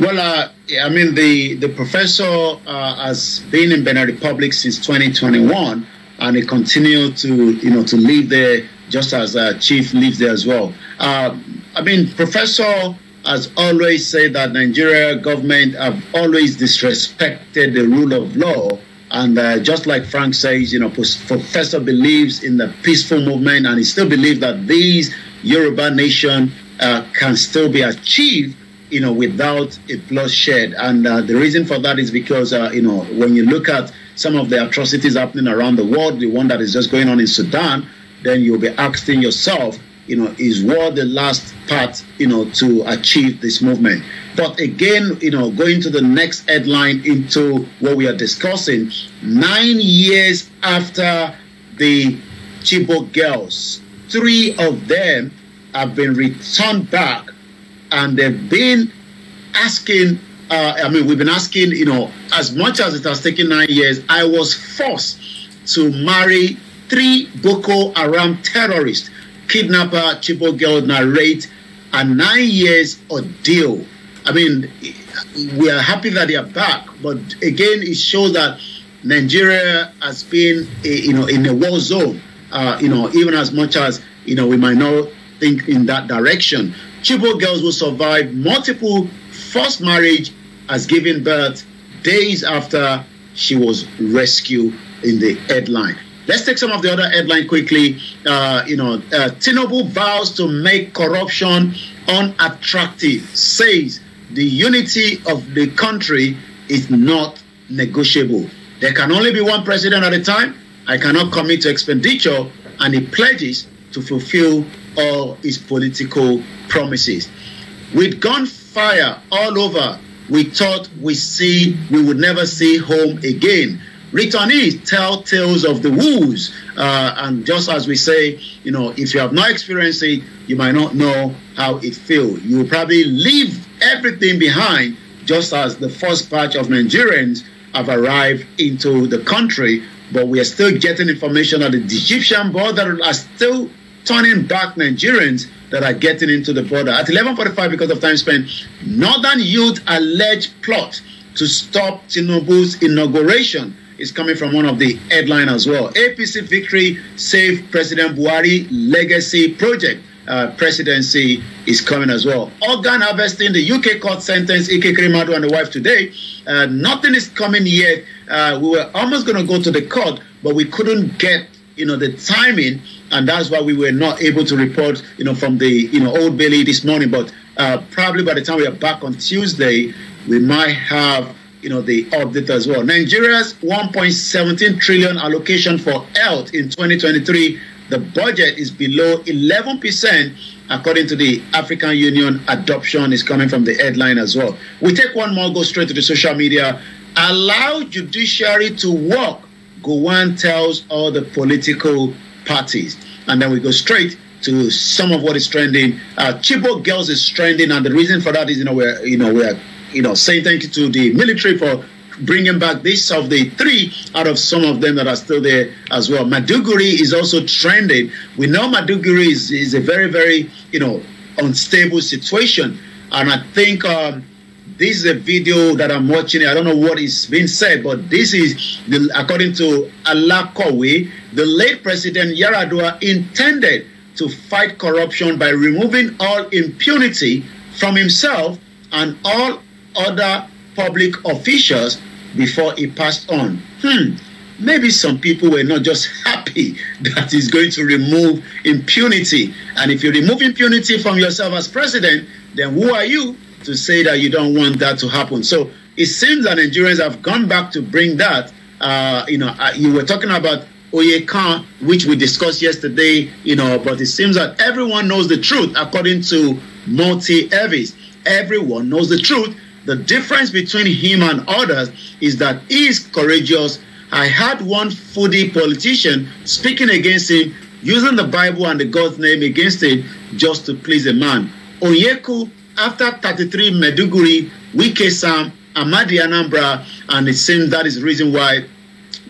Well, uh, I mean, the, the professor uh, has been in Benin Republic since 2021, and he continued to, you know, to lead the just as uh, Chief lives there as well. Uh, I mean, Professor has always said that Nigeria government have always disrespected the rule of law. And uh, just like Frank says, you know, Professor believes in the peaceful movement and he still believes that these Yoruba nation uh, can still be achieved, you know, without a bloodshed. And uh, the reason for that is because, uh, you know, when you look at some of the atrocities happening around the world, the one that is just going on in Sudan, then you'll be asking yourself, you know, is war the last part, you know, to achieve this movement? But again, you know, going to the next headline into what we are discussing, nine years after the Chibok girls, three of them have been returned back and they've been asking uh, I mean, we've been asking, you know, as much as it has taken nine years, I was forced to marry three Boko Haram terrorists, kidnapper Chibo girl narrate a nine years ordeal. I mean, we are happy that they are back, but again, it shows that Nigeria has been, a, eh, you know, in a war zone. Uh, you know, even as much as you know, we might not think in that direction. Chibo girls will survive multiple forced marriage as giving birth days after she was rescued in the headline. Let's take some of the other headline quickly. Uh, you know, uh, Tinobu vows to make corruption unattractive, says the unity of the country is not negotiable. There can only be one president at a time. I cannot commit to expenditure, and he pledges to fulfill all his political promises. With gunfire all over, we thought we see we would never see home again returnees tell tales of the woes. Uh, and just as we say, you know, if you have not experienced it, you might not know how it feels. You will probably leave everything behind, just as the first batch of Nigerians have arrived into the country. But we are still getting information at the Egyptian border are still turning back Nigerians that are getting into the border. At 11.45, because of time spent, Northern youth alleged plot to stop Tinubu's inauguration is coming from one of the headline as well. APC victory save President Buhari legacy project. Uh, presidency is coming as well. Organ harvesting, the UK court sentence, Ike Kremadu and the wife today. Uh, nothing is coming yet. Uh, we were almost going to go to the court, but we couldn't get, you know, the timing, and that's why we were not able to report, you know, from the, you know, Old Bailey this morning. But uh, probably by the time we are back on Tuesday, we might have you know, the update as well. Nigeria's 1.17 trillion allocation for health in 2023, the budget is below 11% according to the African Union adoption is coming from the headline as well. We take one more, go straight to the social media. Allow judiciary to work, Gowan tells all the political parties. And then we go straight to some of what is trending. Uh, Chibok girls is trending, and the reason for that is you know we're you know we're you know, say thank you to the military for bringing back this of the three out of some of them that are still there as well. Maduguri is also trending. We know Maduguri is, is a very, very, you know, unstable situation. And I think um, this is a video that I'm watching. I don't know what is being said, but this is, the, according to Alakowe, the late President Yaradua intended to fight corruption by removing all impunity from himself and all other public officials before he passed on. Hmm, maybe some people were not just happy that he's going to remove impunity. And if you remove impunity from yourself as president, then who are you to say that you don't want that to happen? So it seems that Nigerians have gone back to bring that. Uh, you know, uh, you were talking about Oyekan, which we discussed yesterday, you know, but it seems that everyone knows the truth according to Multi Evis. Everyone knows the truth The difference between him and others is that he is courageous. I had one foodie politician speaking against him, using the Bible and the God's name against him just to please a man. Onyeku, after 33 Meduguri, Wike Sam, Amadi Anambra, and it seems that is the reason why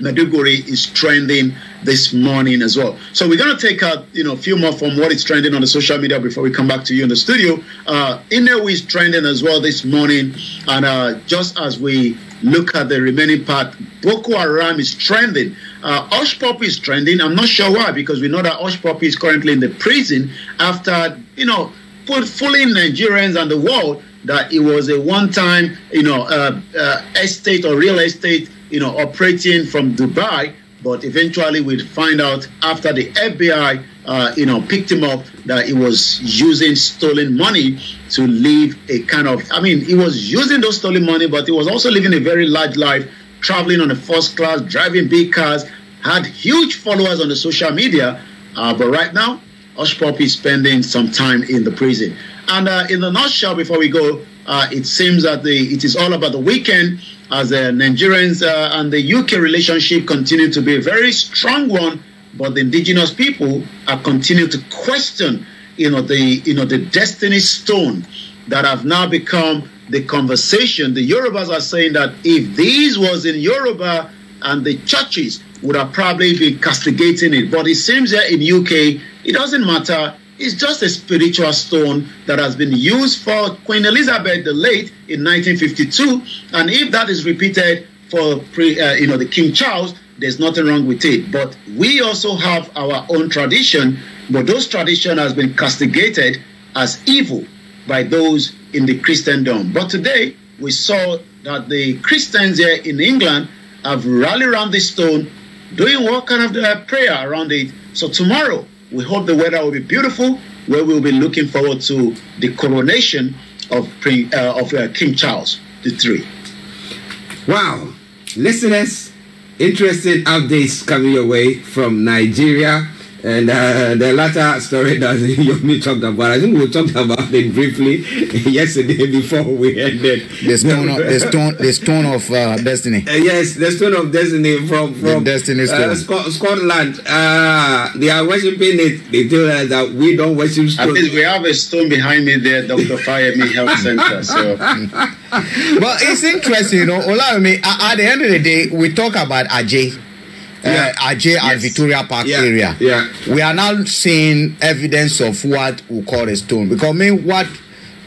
Maduguri is trending this morning as well. So we're going to take a you know few more from what is trending on the social media before we come back to you in the studio. Uh, Inewu is trending as well this morning, and uh, just as we look at the remaining part, Boko Haram is trending. Uh, Osh is trending. I'm not sure why because we know that Osh is currently in the prison after you know put fooling Nigerians and the world that it was a one-time you know uh, uh, estate or real estate you know, operating from Dubai, but eventually we'd find out after the FBI, uh, you know, picked him up that he was using stolen money to live a kind of, I mean, he was using those stolen money, but he was also living a very large life, traveling on a first class, driving big cars, had huge followers on the social media, uh, but right now, Hush Puppy is spending some time in the prison. And uh, in the nutshell, before we go, uh, it seems that the, it is all about the weekend. as uh, Nigerians uh, and the UK relationship continue to be a very strong one, but the indigenous people are continuing to question, you know, the you know the destiny stone that have now become the conversation. The Yorubas are saying that if this was in Yoruba and the churches would have probably been castigating it. But it seems that in UK, it doesn't matter. It's just a spiritual stone that has been used for Queen Elizabeth the Late in 1952, and if that is repeated for pre, uh, you know the King Charles, there's nothing wrong with it. But we also have our own tradition, but those tradition has been castigated as evil by those in the Christendom. But today we saw that the Christians here in England have rallied around this stone, doing what kind of uh, prayer around it. So tomorrow We hope the weather will be beautiful, where we'll be looking forward to the coronation of, uh, of uh, King Charles III. Wow. Listeners, interesting updates coming your way from Nigeria. And uh, the latter story that Yomi talked about, I think we talked about it briefly yesterday before we ended. The stone of, the stone, the stone of uh, destiny. Uh, yes, the stone of destiny from, from the destiny uh, Sc- Scotland. Uh, they are worshipping it. They tell us that we don't worship stone. I think we have a stone behind me there, Dr. Fayemi Health Center. So. but it's interesting, you know, Ola, at the end of the day, we talk about Ajay. yeah. uh, yes. and Victoria Park yeah. area. Yeah. We are now seeing evidence of what we call a stone. Because I mean, what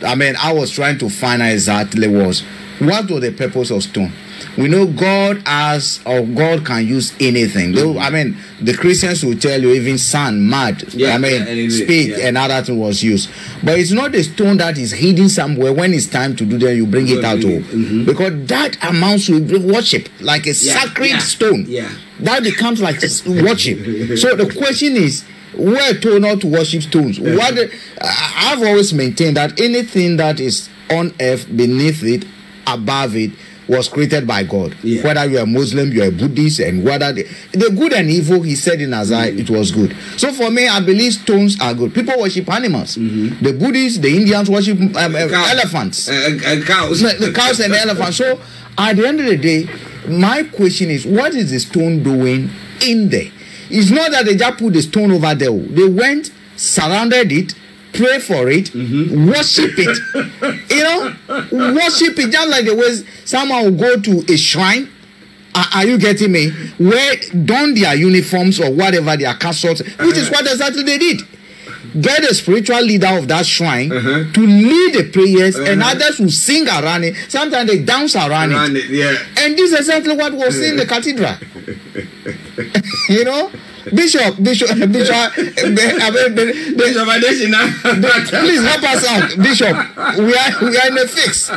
I mean, I was trying to find out exactly was what was the purpose of stone. We know God has or God can use anything. Though mm-hmm. I mean, the Christians will tell you even sand, mud, yeah, I mean, yeah, anyway, yeah. and other thing was used. But it's not the stone that is hidden somewhere. When it's time to do that, you bring it out, mm -hmm. because that amounts to worship, like a sacred stone. Yeah that becomes like worship. So the question is, we're not to worship stones. What I've always maintained that anything that is on earth, beneath it, above it, was created by God. Yeah. Whether you are Muslim, you are Buddhist, and whether the, the good and evil, he said in Isaiah, mm-hmm. it was good. So for me, I believe stones are good. People worship animals. Mm-hmm. The Buddhists, the Indians worship um, elephants, uh, uh, cows, the cows and the elephants. So at the end of the day, My question is, what is the stone doing in there? It's not that they just put the stone over there. Oh. They went, surrounded it, pray for it, mm-hmm. worship it. you know, worship it just like the way someone will go to a shrine. Are, you getting me? Where don their uniforms or whatever their castles, which is what exactly they did get a spiritual leader of that shrine uh -huh. to lead the prayers, uh -huh. and uh-huh. others will sing around it. Sometimes they dance around, around it. it. Yeah. And this is exactly what was uh in the cathedral. you know? Bishop, Bishop, Bishop, Bishop Please help us out, Bishop. We are we are in a fix.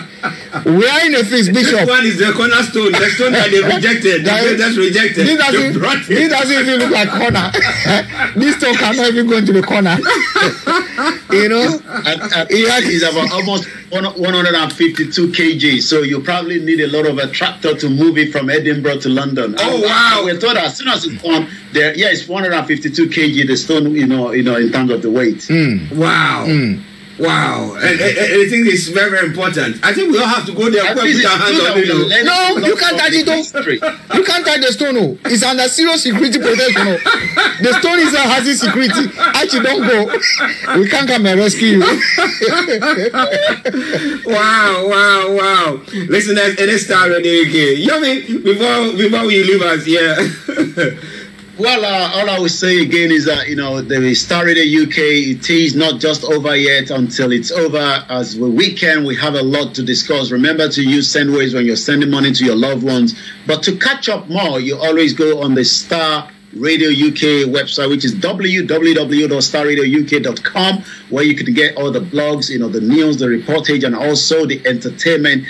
We are in a fix, Bishop. This one is the cornerstone, the stone that they rejected, the just rejected. This doesn't, this doesn't even look like corner. this stone cannot even go into the corner. you know, it is about almost 152 kg, so you probably need a lot of a tractor to move it from Edinburgh to London. Oh wow! We thought as soon as it's gone. There, yeah, it's 152 kg. The stone, you know, you know, in terms of the weight. Mm. Wow. Mm. Wow, And I, I think it's very, very important. I think we all have to go there and put our hands on it. No, you can't touch it. Though. You can't touch the stone. oh. It's under serious security protection. Oh, The stone is a hazard security. Actually, don't go. We can't come and rescue you. wow, wow, wow. Listeners, it is time again. You know what I mean? Before, before we leave us here. Well, uh, all I would say again is that you know the Star of the UK it is not just over yet. Until it's over, as we weekend, we have a lot to discuss. Remember to use Sendways when you're sending money to your loved ones. But to catch up more, you always go on the Star Radio UK website, which is www.starradiouk.com, where you can get all the blogs, you know, the news, the reportage, and also the entertainment.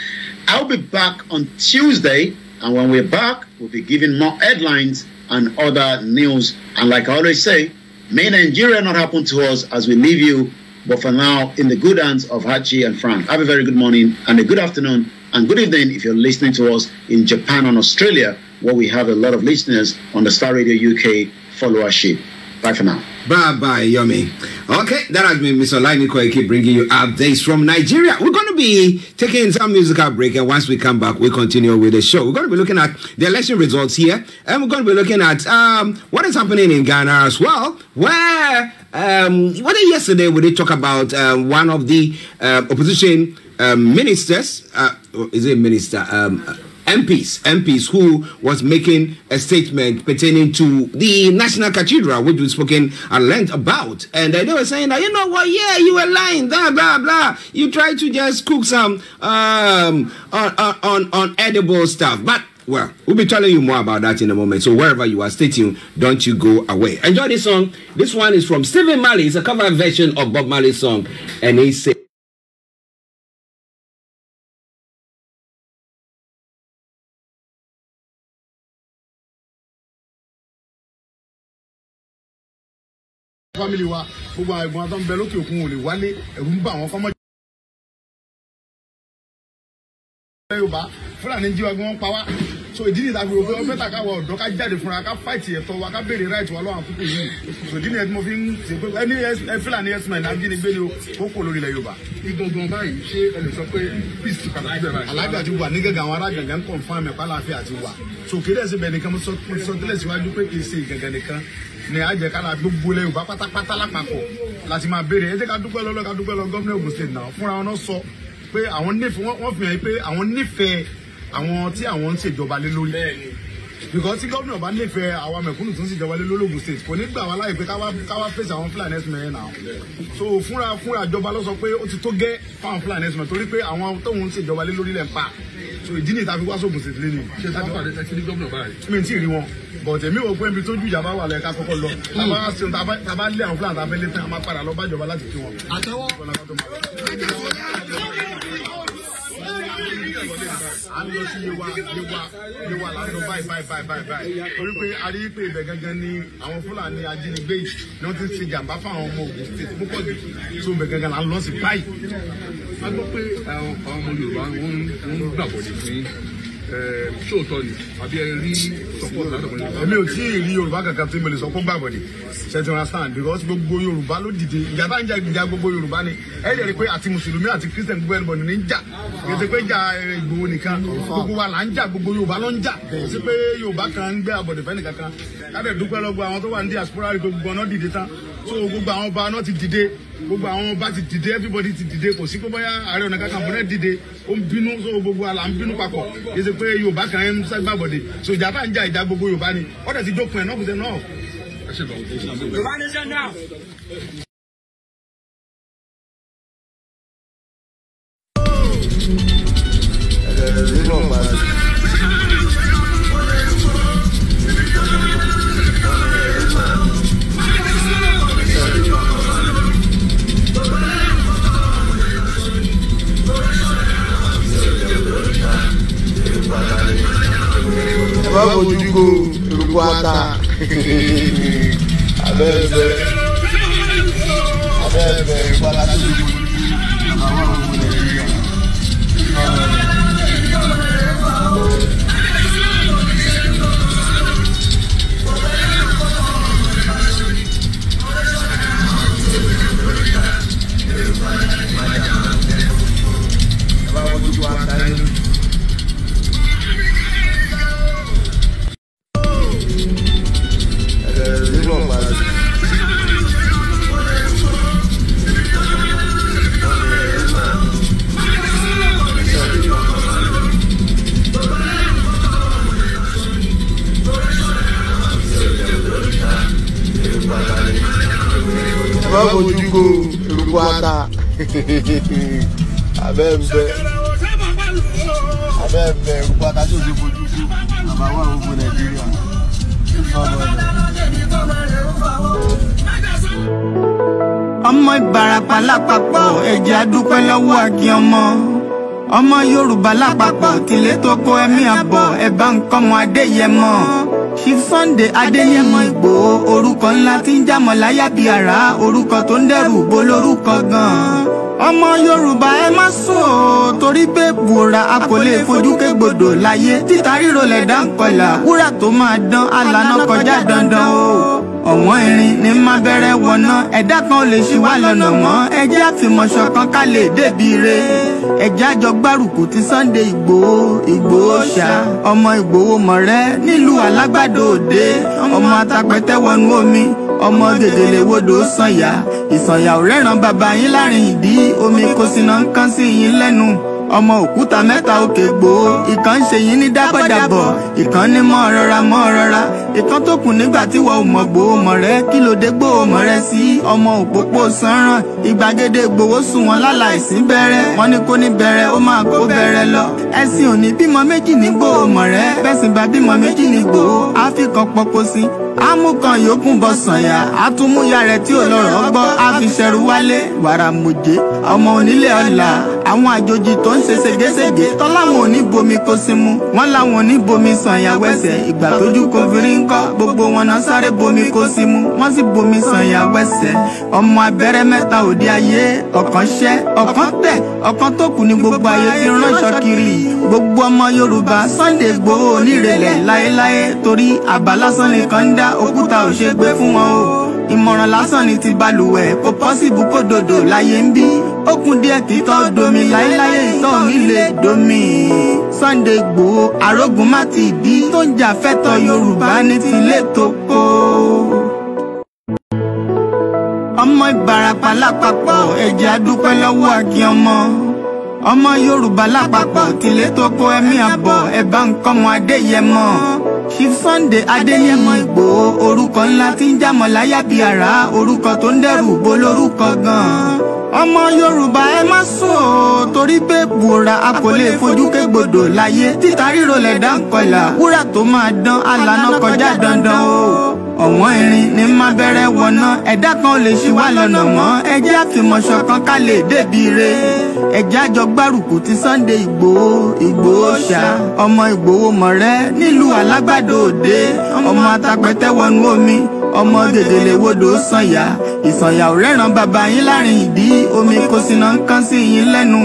I'll be back on Tuesday, and when we're back, we'll be giving more headlines and other news. And like I always say, may Nigeria not happen to us as we leave you, but for now, in the good hands of Hachi and Frank. Have a very good morning and a good afternoon and good evening if you're listening to us in Japan and Australia, where we have a lot of listeners on the Star Radio UK followership. Bye for now. Bye bye, yummy. Okay, that has been Mr. Laini Koike bringing you updates from Nigeria. We're going to be taking some musical break, and once we come back, we continue with the show. We're going to be looking at the election results here, and we're going to be looking at um, what is happening in Ghana as well, where um, what yesterday we did talk about uh, one of the uh, opposition um, ministers. Uh, is it minister? Um, MPs, MPs who was making a statement pertaining to the National Cathedral, which we've spoken at length about. And uh, they were saying that, you know what, yeah, you were lying, blah, blah, blah. You tried to just cook some um, on, on, on edible stuff. But well, we'll be telling you more about that in a moment. So wherever you are, stay tuned. Don't you go away. Enjoy this song. This one is from Stephen Marley. It's a cover version of Bob Marley's song, and he said. family wa gbogbo àìgbọ́n àtọ́ ń bẹ lókè òkun ò lè wálé ẹ̀rù ń bà wọ́n kọ́mọ́. Fúlàní jí wọn pa wá so ìdí nìyí tàbí òfin ọbẹ̀ tàkà wọ ọ̀dọ́ ká jáde fúnra ká fáìtì ẹ̀tọ́ wa ká béèrè ráìtì wa lọ́wọ́ àkókò yìí so ìdí nìyẹn tí mo fi ń ṣe pé ẹni fúlàní ẹ̀sìn náà ajínigbé ni ó kò lórí ilẹ̀ Yorùbá. igungun báyìí ṣé ẹ lè sọ pé peace ti padà síbẹ̀ báyìí. alága ti wà ní gẹ́gẹ́ àwọn ará gàngán confam ẹ̀ pálàfẹ́ àti wà so kéde ẹ̀sìn bẹ̀ nìkan mo sọ tẹ́lẹ̀ síwájú pé kì í ṣe ìgàngàn nìkan ni àjẹkára gbogbo ilẹ̀ Yorùbá pátápátá lápapọ̀ láti máa béèrè ẹ jẹ́ ká dúpẹ́ lọ́lọ́ ká dúpẹ́ lọ gómìnà Ògùn state náà fúnra wọn sọ pé àwọn pé àwọn nífẹ̀ẹ́ àwọn tí àwọn ń ṣèjọba lé lórí because tí gómìnà bá nífẹ̀ẹ́ àwa mẹ̀kúnnù tó ń ṣèjọba lé lólogun state kò ní gbà wá láì pé káwá fèsì àwọn Fulani herdsmen yẹn náà so fúnra fúnra ìjọba ló sọ pé ó ti tó gẹ́ fáwọn Fulani herdsmen torí pé àwọn tóun ń ṣèjọba lé lórí lẹ̀ ń pa so ìdí ni ìta fi wá sóògùn state lé ni. ṣé táwọn pàdé tẹ́tí ní gómìnà báyìí. mi ti rí wọn but èmi ò pé ibi tójú ìjà bá wà lẹ ká kọ́kọ́ lọ tàbá lé àwọn Fulani tàbá lé tán a máa padà lọ bá à ń lọ sí yewa yewa yewa là ń lọ báyìí báyìí báyìí báyìí báyìí torí pé a rí pé ibẹ̀ gangan ni àwọn Fúlàní ajínigbé yìí ni wọ́n ti ṣe jàǹbá fáwọn ọmọ Ògùn state púpọ̀ jù tó ibẹ̀ gangan là ń lọ sí báyìí. a gbọ́ pé àwọn ọmọ Yorùbá wọ́n ń gbàgbọ́ ṣóòtọ́ ehm, ni àbí ẹ rí support látọ̀kùnrin Yorùbá. èmi ò tí ì rí Yorùbá kankan tí mo lè sọ pé gbàgbọ́ ni ṣètò understand because gbogbo Yorùbá ló dìde ìjà bá ń jà ìjà gbogbo Yorùbá ni ẹ lè rí pé àti mùsùlùmí àti christian gbogbo ẹnubọ̀ ní ń jà ètò pé jà eh, Ìgbòho nìkan gbogbo wa là ń jà gbogbo Yorùbá ló ń jà sí pé Yorùbá kan ń gbé àbọ̀dẹ̀fẹ́ nìkan kan so gbogbo àwọn ọba náà ti dìde gbogbo àwọn ọba ti dìde everybody ti dìde kò sí pé bóyá ààrẹ ọ̀nà kakanfò náà dìde ó ń bínú so gbogbo àlà ń bínú papọ̀ yé ṣe pé yorùbá kan ń sábàbọ̀dé so ìjà bá ń jà ìjà gbogbo yorùbá ni ọ̀dẹ̀ ti dópin ẹ̀ náà kò sẹ́ náà. yorùbá nation now. Thank you. bá fojú ko eruku ata abẹ́rẹ́ bẹ́ẹ̀ abẹ́rẹ́ bẹ́ẹ̀ ìpalá tó dùn. má fojú ko eruku ata abẹ́ ń bẹ abẹ́ ń bẹ eruku ata tí ti fojú ko bàbá wà gbogbo nàìjíríà tí o sọ ọ́ ọmọ ìbàràpá lápapọ̀ ẹ̀jẹ̀ adúpẹ́ lọ́wọ́ akin ọmọ ọmọ yorùbá lápapọ̀ tìlétòkò ẹ̀mí àbọ̀ ẹ̀bá nǹkan mọ́ adéyẹmọ. Chief Sunday Adéyẹmọ Ìgbòho orúkọ ńlá tí ń jámọ̀ láyà bí àrá orúkọ tó ń dẹrù bo lórúkọ gan-an ọmọ Yorùbá ẹ má sùn o torí pé bùrà a kò lè fojú kégbodò láyé títa ríro lẹ̀dá ń kọlà wúrà tó máa dán alànà kọjá dandan o ọ̀wọ́n irin ní má bẹ̀rẹ̀ wọ̀nà ẹ̀dá kan ò lè ṣì wá lọ́nà mọ́ ẹjẹ́ àfìmọ̀ṣọ kan ká lè débi re ẹjẹ́ àjọ gbárùkù ti Sunday Ìgbòho Ìgbòho ṣá ọmọ Ìgbòho mọ̀rẹ́ nílùú Alágbàdo Òde ọmọ atapẹ̀tẹ̀ wọnú omi ọmọ gègèlè wodò sànyà ìsànyà ò rẹ́ràn bàbá yín láàrin ìdí omi kò sí ń kán sí yín lẹ́nu ọmọ òkúta mẹ́ta òkè gbó ìkan ń ṣe yín ní dábọ̀dàbọ̀ ìkan ní mọ́ rọra mọ́ rọra ìkan tó kù nígbà tí wọ́n ò mọ̀ gbó mọ̀ rẹ kí ló dé gbó mọ̀ rẹ sí ọmọ òpópó sanran ìgbàgede gbowó sùn wọn láláìsí bẹ̀rẹ̀ wọ́n ní kó ní bẹ̀rẹ̀ ó máa kó bẹ̀rẹ̀ lọ ẹ̀sìn òní bímọ méjì ní gbó mọ̀ rẹ bẹ́sìn bá bímọ méjì ní gbó á fi kan pọpo sí amúkan yòókùn bọ sànyà àtúmúyà rẹ̀ tí ò lọ́rọ̀ gbọ́ àfiṣẹrù wálé wàràmùjẹ ọmọ onílé ọlà àwọn àjòjì tó ń ṣe ségesège tọ́láwọn òní bomi kó símú wọn láwọn òní bomi sànyà wẹsẹ̀ ìgbà tójú kò fi gbogbo wọn náà sáré bomi kó símú wọn sì bomi sànyà wẹsẹ̀ ọmọ abẹ́rẹ́ mẹ́ta òde ayé ọ̀kan ṣẹ́ ọ̀kan tẹ̀ ọ̀kan tó kù ní gbogbo ayé ti ránṣọ kiri gbogbo ọmọ Yorùbá Sunday Igboho onírèlẹ̀ láéláé torí àbá lásán nìkan ń dá òkúta ò ṣe gbé fún wọn o ìmọ̀ràn lásán ni ti balùwẹ̀ kò pọ́sìbù kó dòdò láyé ń bí ó díẹ̀ kí domi láéláyé ìtọ́ mi lè domi Sunday Igboho arógun má ti dí tó ń jà fẹ́tọ̀ Yorùbá ní tilé tó kó ọmọ Ìbàràpá lápapọ̀ ẹ̀jẹ̀ adúpẹ́ lọ́wọ́ àkí ọmọ ọmọ Yorùbá lápapọ̀ tilé tó kó ẹ̀mí àbọ̀ ẹ̀bá nǹkan mọ Adéyẹmọ. Chief Sunday Adéyẹmọ Ìgbòho orúkọ ńlá tí ń jámọ́ láyà bíi àrá orúkọ tó ń dẹrù bo lórúkọ gan-an. ọmọ Yorùbá ẹ má sùn o torí pé bùrà a kò lè fojú kégbodò láyé títa ríro lẹ̀dá ń kọlà wúrà tó máa dán alànà kọjá dandan o ọ̀wọ́n irin ní má bẹ̀rẹ̀ wọ̀nà ẹ̀dá kan ò lè ṣì wá lọ́nà mọ́ ẹjẹ́ àfìmọ̀ṣọ̀ kan ká lè débi re ẹjẹ́ àjọ gbárùkù ti Sunday Ìgbòho Ìgbòho ṣá ọmọ Ìgbòho mọ̀rẹ́ nílùú alágbàdo òde ọmọ atapẹ̀tẹ̀ wọnú omi ọmọ gègèlè wodò sànyà ìsànyà ò rẹ́ràn bàbá yín láàrin ìdí omi kò sí ń kán sí yín lẹ́nu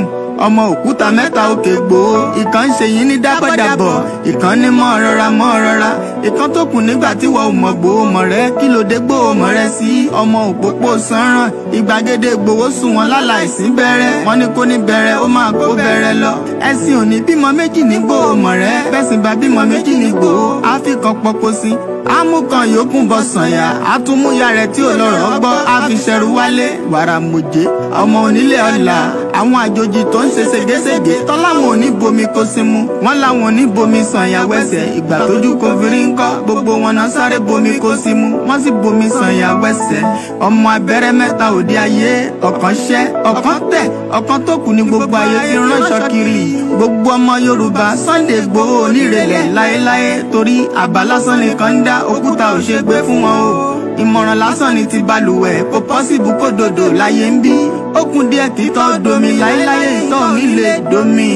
ọmọ òkúta mẹ́ta òkè gbòó ìkan ṣe yín ní dábọ̀dàbọ̀ ìkan ní mọ́ rọra mọ́ rọra ìkan tó kù nígbà tí wọ́n ò mọ̀ gbòó mọ̀ rẹ kí ló dé gbòó mọ̀ rẹ sí ọmọ òpópó sanran ìgbàgede gbòó sùn wọn lálà ìsín bẹ̀rẹ̀ wọ́n ní kó ní bẹ̀rẹ̀ ó máa kó bẹ̀rẹ̀ lọ ẹ̀sìn òní bímọ méjì ní gbòó mọ̀ rẹ bẹ́sìn bá bímọ méjì ní gbòó á fi kan pọpo sí amúkan yòókù bọ sànyà àtúmúyà rẹ tí ò lọ́rọ̀ gbọ́ àfiṣẹrù wálé wàrà mùjé ọmọ onílé ọlà àwọn àjòjì tó ń ṣe ségesège tọ́láwọn ò ní bomi kó símú wọn láwọn ò ní bomi sànyà wẹsẹ̀ ìgbà tójú kò fi rí ń kọ́ gbogbo wọn náà sáré bomi kó símú wọn sì bomi sànyà wẹsẹ̀ ọmọ abẹ́rẹ́ mẹ́ta òde ayé ọ̀kan ṣẹ́ ọ̀kan tẹ̀ ọ̀kan tó kù ní gbogbo ayé ti ránṣọ kiri gbogbo ọmọ Yorùbá Sunday Igboho onírèlẹ̀ láéláé torí àbá nìkan dá kódà òkúta ò ṣe gbé fún wọn o ìmọ̀ràn lásán ni ti balùwẹ̀ kò pọ́sibú kó dòdò láyé ń bí ó díẹ̀ kí domi láéláyé ìtọ́ mi lè domi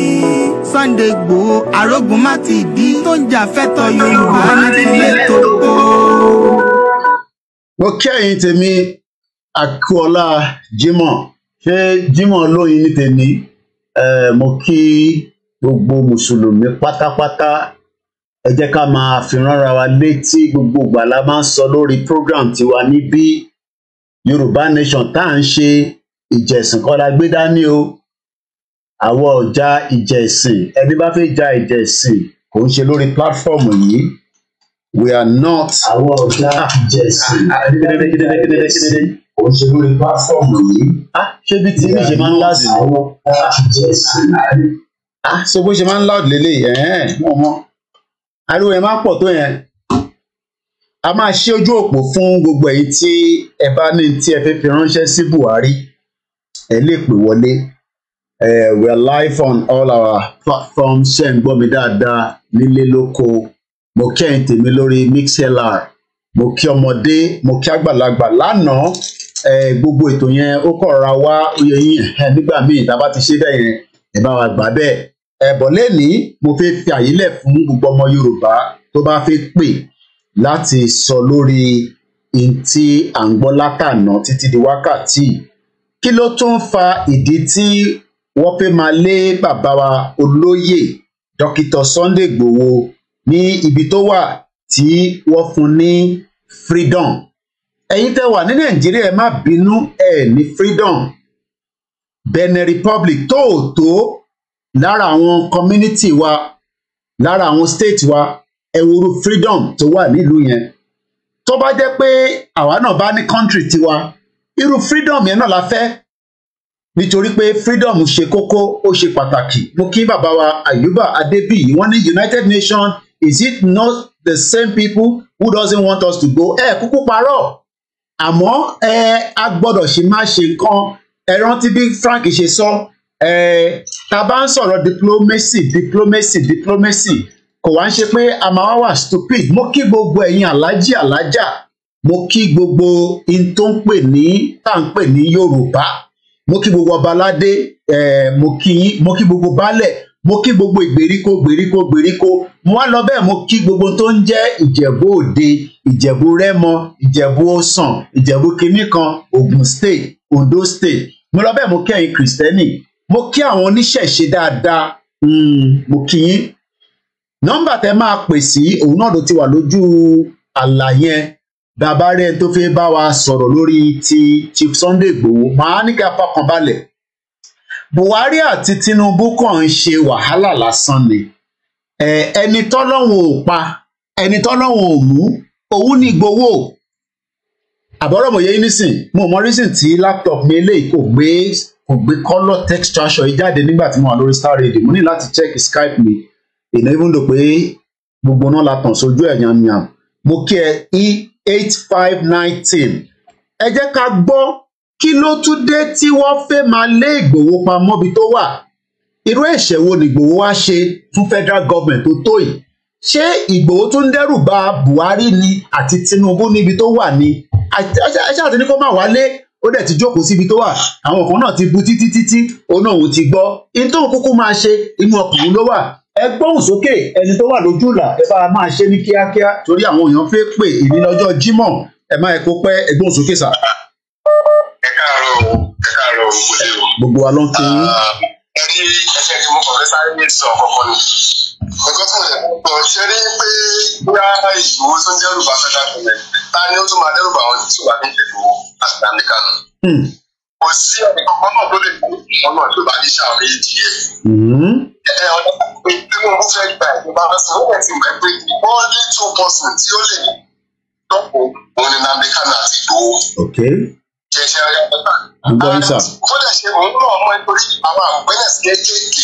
Sunday Igboho arógun má ti dí tó ń jà fẹ́tọ̀ Yorùbá ní ti lè tó kó. mo kí ẹ̀yin tèmi akíọlá Jimoh ṣé Jimoh lóyin ní tèmi mo kí gbogbo mùsùlùmí pátápátá ẹ jẹ́ ká máa fi ránra wa létí gbogbo ìgbà la máa ń sọ lórí program tiwa níbí yorùbá nation tá à ń ṣe ìjẹ̀sìn kọ́ la gbé dání o àwọn ọ̀já ìjẹ̀sìn ẹni bá fẹ́ ja ìjẹ̀sìn kò ń ṣe lórí platform yìí we are not. àwọn ọ̀já ìjẹ̀sìn kò ń ṣe lórí platform yìí. Ah, ṣé bí tí mi ṣe máa ń láàsì. àwọn ọ̀já ìjẹ̀sìn. Ah, so bó ṣe máa ń láàdì lélẹ̀ yẹn ariwo yẹn máa pọ̀ tó yẹn a máa ṣí ojú òpó fún gbogbo èyí tí ẹ bá ní tí ẹ fẹ́ fi ránṣẹ́ sí Buhari ẹ lè pè wọlé we are live on all our platforms ṣe ń gbọ́ mi dáadáa nílé lóko mo kẹ́yìn tèmi lórí mixlr mo kí ọmọdé mo kí àgbàlagbà lánàá gbogbo ètò yẹn ó kọ̀ ra wá oyè yín nígbà míì tá a bá ti ṣe bẹ́ẹ̀ yẹn ẹ bá wa gbà bẹ́ẹ̀ ẹ̀bọ̀ lẹ́ni mo fẹ́ fi àyè lẹ̀ fún gbogbo ọmọ Yorùbá tó bá fẹ́ pè láti sọ lórí n tí à ń gbọ́ látànà títí di wákàtí kí ló tún ń fa ìdí tí wọ́n fẹ́ máa lé bàbá wa olóyè dókítà Sunday Igboho ní ibi tó wà tí wọ́n fún ní freedom ẹ̀yin tẹ́ wà ní Nàìjíríà ẹ má bínú ẹ ní freedom Benin Republic tóòtó lára àwọn community wa lára àwọn state wa ẹwúrú freedom tó wà nílùú yẹn tó bá jẹ́ pé àwa náà bá ní country tiwa irú freedom yẹn náà la fẹ́ nítorí pé freedom ṣe kókó ó ṣe pàtàkì mo kí bàbá wa Ayuba Adébíyì wọ́n ní United Nations is it not the same people who doesn't want us to go ẹ kúkú parọ́ àmọ́ ẹ a gbọ́dọ̀ ṣe má ṣe nǹkan ẹ rántí bí Frank ṣe sọ. So, ẹ ta bá ń sọ̀rọ̀ diplomacy diplomacy diplomacy kò wá ń ṣe pé a máa wá stupid mo kí gbogbo ẹ̀yin alájí alájà mo kí gbogbo in tó ń pè ní tá à ń pè ní Yorùbá mo kí gbogbo ọbaládé ẹ mo kí yín mo kí gbogbo baálẹ̀ mo kí gbogbo ìgbèríko gbèríko gbèríko mo wá lọ bẹ́ẹ̀ mo kí gbogbo tó ń jẹ́ Ìjẹ̀bú Òde Ìjẹ̀bú Rẹ́mọ Ìjẹ̀bú Ọ̀sán Ìjẹ̀bú kìnnìkan Ògùn state Ondo state mo lọ bẹ́ẹ̀ mo kí ẹ̀yin Kristẹni mo kí àwọn oníṣẹ̀ṣe dáadáa hmm, mo kí yín nọ́mbà tẹ máa pè sí òun náà ló ti wà lójú àlà yẹn bàbá rẹ tó fẹ́ bá wa sọ̀rọ̀ lórí ti Chief Sunday Igboho màá ní kí a fọkàn balẹ̀ Buhari àti Tinubu kàn ń ṣe wàhálà lásán ni ẹni tọ́lọ́hún ò pa ẹni tọ́lọ́hún ò mú òun ní Igboho àbọ̀rọ̀ mòye yín nísìn mo mọ reason tí laptop mi eléyìí kò gbé kò gbé color text transfer yìí jáde nígbà tí mo wà lórí star radio mo ní láti check skype mi èèyàn even though pé gbogbo náà la tàn sójú ẹ̀ yanyan mo kí ẹ e eight five nineteen ẹ jẹ́ ká gbọ́ kí ló tún dé tí wọ́n fẹ́ máa lé Ìgbòho pamọ́ bí tó wà irú ẹ̀ṣẹ̀ wo ni Ìgbòho wá ṣe fún federal government tó tó yìí ṣé Ìgbòho tún dẹ́rù bà Buhari ni àti Tinubu níbi tó wà ni ẹṣẹ àti ní kó má wálé ó dẹ̀ ti jókòó síbi tó wà àwọn kan náà ti bu títí títí òun náà òun ti gbọ́ in tóun kúkú máa ṣe inú ọkùnrin ló wà ẹ gbóhùn sókè ẹni tó wà lójú ìlà ẹ bá máa ṣe ní kíákíá torí àwọn èèyàn fẹ́ pè ìní lọ́jọ́ Jímọ̀ ẹ má ẹ kó pẹ́ ẹ gbóhùn sókè sà. ẹ káàárọ̀ o ẹ káàárọ̀ o gbogbo wa ló ń kí. ẹ ní ẹsẹ̀ tí mo kàn fẹ́ sáré ní ìsọ̀ kọ̀ọ̀kan ni nǹkan tí mo lè pọ̀ ṣe rí pé bóyá ìṣòro tó ń dẹ́rù bá fẹ́ẹ́ ta ni ó tún máa dẹ́rù bá tí wà ní ìṣẹ̀lẹ̀ àti amẹ́ríkà hmm. nù. kò sí ọ̀nà ọmọ tó lè kú ọmọ tó bá ní sàmì hmm. ìdíyẹ. ẹ ọ̀nà pé Tinubu fẹ́ gba ìjọba sọ wọ́n ti mọ̀ pé wọ́n ní two percent tí ó lè dọ́pọ̀ òun ní amẹ́ríkà náà ti gbowó jẹ ṣe ara gbogbo yín kódà ṣe òun náà mọ nítorí àwọn awareness kéékèèké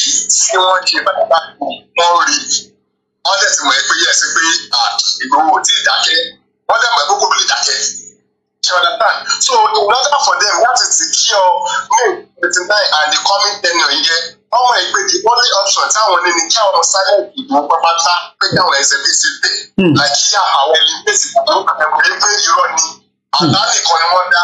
tí wọ́n ṣe bàbá wọn rí wọ́n tẹ̀sí mọ̀ ẹ́ pé yẹ ẹsẹ̀ pé ìgbòho tí ìdákẹ́ wọ́n dẹ̀ mọ̀ ẹ́ gbogbo lè dákẹ́. so in order for them what is the cure may twenty and the coming ten tenure yẹ ọmọ ìgbé the only option táwọn ní ni kí àwọn sáré ìdìbò pápátá pé kí àwọn ẹsẹ̀ bèsè bè láì kí àwọn ẹni bèsè tó kàkẹ́ pé irọ́ ni àlá nìkan ni wọ́n dá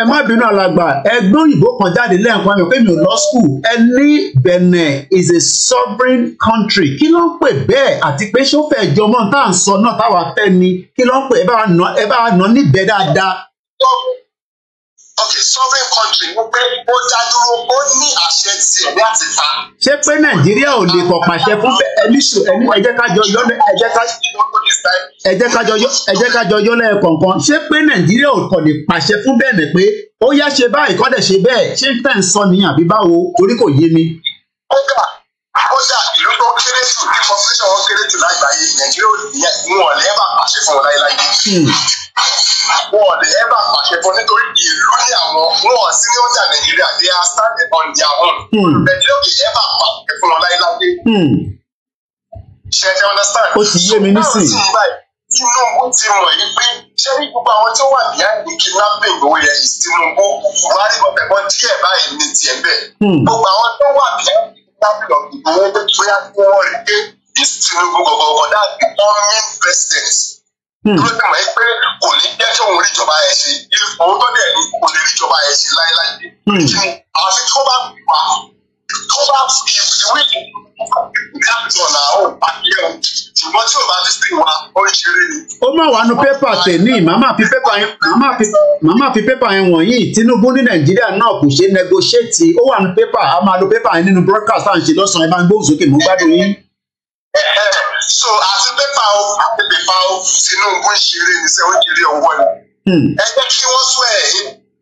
ẹ má bínú alàgbà ẹgbọ́n òyìnbó kan jáde lẹ́ẹ̀kan mi pé mi ò lọ school ẹ ní Benin is a sovereign country kí ló ń pè bẹ́ẹ̀ àti pé ṣó fẹ́ jọmọ́ tá à ń sọ náà táwa fẹ́ ni kí ló ń pè ẹ bá wa nà níbẹ̀ dáadáa a sovereign country wípé ó dá ó ní àṣẹ tiẹ̀ láti ta. ṣé pé nàìjíríà ò lè kọ̀ pàṣẹ fún ẹlíṣù ẹni ẹ jẹ́ yọ ẹ jẹ́ ká ẹ jẹ́ yọ ẹ jẹ́ ṣé pé nàìjíríà ò kọ̀ lè pàṣẹ fún bẹ́ẹ̀ pé ó yá ṣe báyìí kọ́ ṣe bẹ́ẹ̀ ṣé ń tẹ̀ ń sọ nìyàn bí báwo torí kò yé mi. ó gbà kódà ìlú tó kéré jù bí population wọn kéré jù lágbàáyé nàìjíríà wọn lè bá pàṣẹ fún wọn láéláé hmm. wọn lè bá pàṣẹ fún nítorí ìlú ní àwọn wọn sí ní ọjà nàìjíríà they are standing on their own hmm. nàìjíríà kì í bá pàṣẹ fún wọn láéláé hmm. ṣe ẹ understand. ó ti yé mi nísìn. Tinubu ti mọ̀ yìí pé ṣé ní gbogbo àwọn tí ó wà ní kidnapping owó yẹn Tinubu Buhari ọ̀pẹ̀pọ̀ díẹ̀ báyìí ní tiẹ̀ bẹ́ẹ̀. Gbogbo àwọn tó wà ní cabinet of the board bóyá kí wọ́n rí pé this Tinubu gọgọgọ that becoming president. Hmm. lórí mọ̀ ẹ́ pé kò ní jẹ́ kí òun ríjọba ẹ̀ ṣe ipò tó dẹ̀ ní kò ní ríjọba ẹ̀ ṣe láéláé. àfi hmm. tí wọ́n bá wà tó bá fi ìwé ó mọ̀ wá nu pépà tèmi màmá màmá fi pépà yẹn wọ̀nyí Tinubu ní Nàìjíríà náà kò ṣe negotiate ó wà nu pépà a máa lo pépà yẹn nínú broadcast à ń ṣe lọ́sàn-án ẹ bá ń gbóhùn sókè mú gbádùn yín. so àti pépà o àti pépà o Tinubu ń ṣeré ní sẹ́ ó ń ṣeré ọwọ́ ni hmm. ẹ jẹ́ kí wọ́n sọ ẹ̀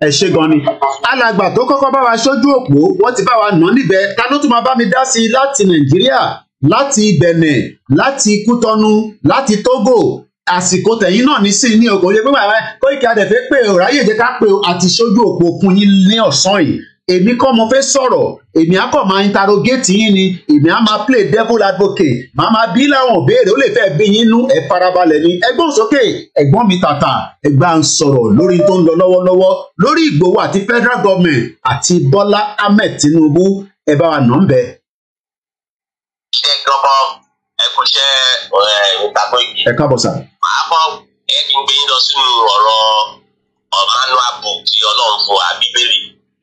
ẹ ṣe gan ni alàgbà tó kọ́kọ́ bá wa ṣojú òpó wọ́n ti bá wa nà níbẹ̀ ta ló tún máa bá mi dá sí i láti nàìjíríà láti benin láti kútọnu láti togo àsìkò tẹ̀yìn náà ní sí ní ògùn oye gbígbà rẹ kó ìkẹ́ adẹ̀fẹ́ pé ò ráyè jẹ́ ká pé àti ṣojú òpó fún yín ní ọ̀sán yìí èmi kọ́ mo fẹ́ sọ̀rọ̀ èmi á kọ̀ máa interrogate yín ni èmi á máa play devil advocate màá máa bí láwọn béèrè ó lè fẹ́ bí yín nú ẹ farabalẹ̀ ni ẹgbọ́n sókè ẹ̀gbọ́n mi tàtà ẹgbà ń sọ̀rọ̀ lórí tó ń lọ lọ́wọ́lọ́wọ́ lórí Ìgbòho àti federal government àti Bọ́lá Ahmed Tinubu ẹ bá wa nà ń bẹ. ṣé gbọ́dọ̀ ẹ kò ṣe ìtàkùn ìgbì. ẹ káàbọ̀ sà. màá kọ́ ẹ kí n gbé yín lọ sínú ọ̀rọ̀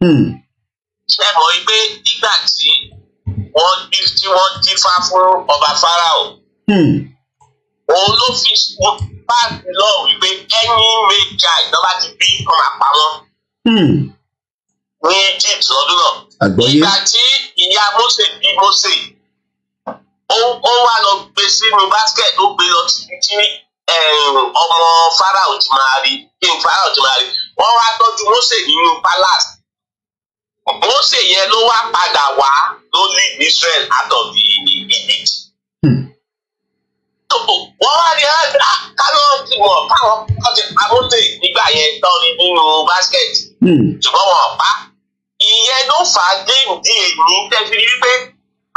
ọ̀ ṣe mọ̀ pé nígbà tí wọ́n tí wọ́n dífá fún ọba Fáráò hmm. òun ló fi páàkì lọ wípé ẹni méjà ìjọba ti bí kan àpamọ́ hmm. ní Egypt lọ́dún ìgbà tí ìyá Mósè bí Mósè ó wá lọ gbé sínú basket ó gbé lọ síbi tí ọmọ Fáráò ti máa rí kí n Fáráò ti máa rí wọ́n wá tọ́jú Mósè nínú palace bó ṣe yẹn ló wá padà wá ló lead Israel out of Egypt. Hmm. wọ́n wá ní kálọ́ọ̀tì wọn káwọn kọ́ ti pa Mósè nígbà yẹn tán ní nínú basket hmm. ṣùgbọ́n wọn pa ìyẹn ló fà á dé ìdí èmi tẹ́sí wípé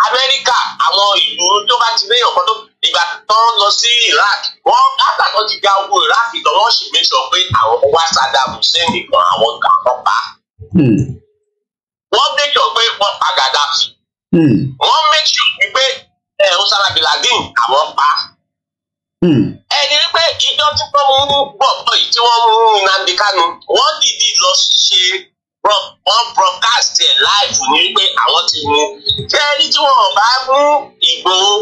Amẹ́ríkà àwọn ìlú tó bá ti léyìn ọ̀kan tó ìgbà tó ń lọ sí Iraq wọn látà tó ti ga owó Iraq tó wọ́n sì mí sọ pé àwọn wá Saddam Hussein nìkan àwọn kà wọ́n pa. Hmm wọ́n make sure pé wọ́n pa Gaddafi. Hmm. wọ́n make sure pé Osama eh, bin Laden àwọn pa. Hmm. ẹni wípé ìjọ tí wọ́n mú gbọ̀gbọ̀ yìí tí wọ́n mú Nnamdi Kanu wọ́n dìde lọ ṣe wọ́n broadcast ẹ̀ live ní wípé àwọn ti mú. fẹ́ẹ́rí tí wọ́n bá mú Ìgbòho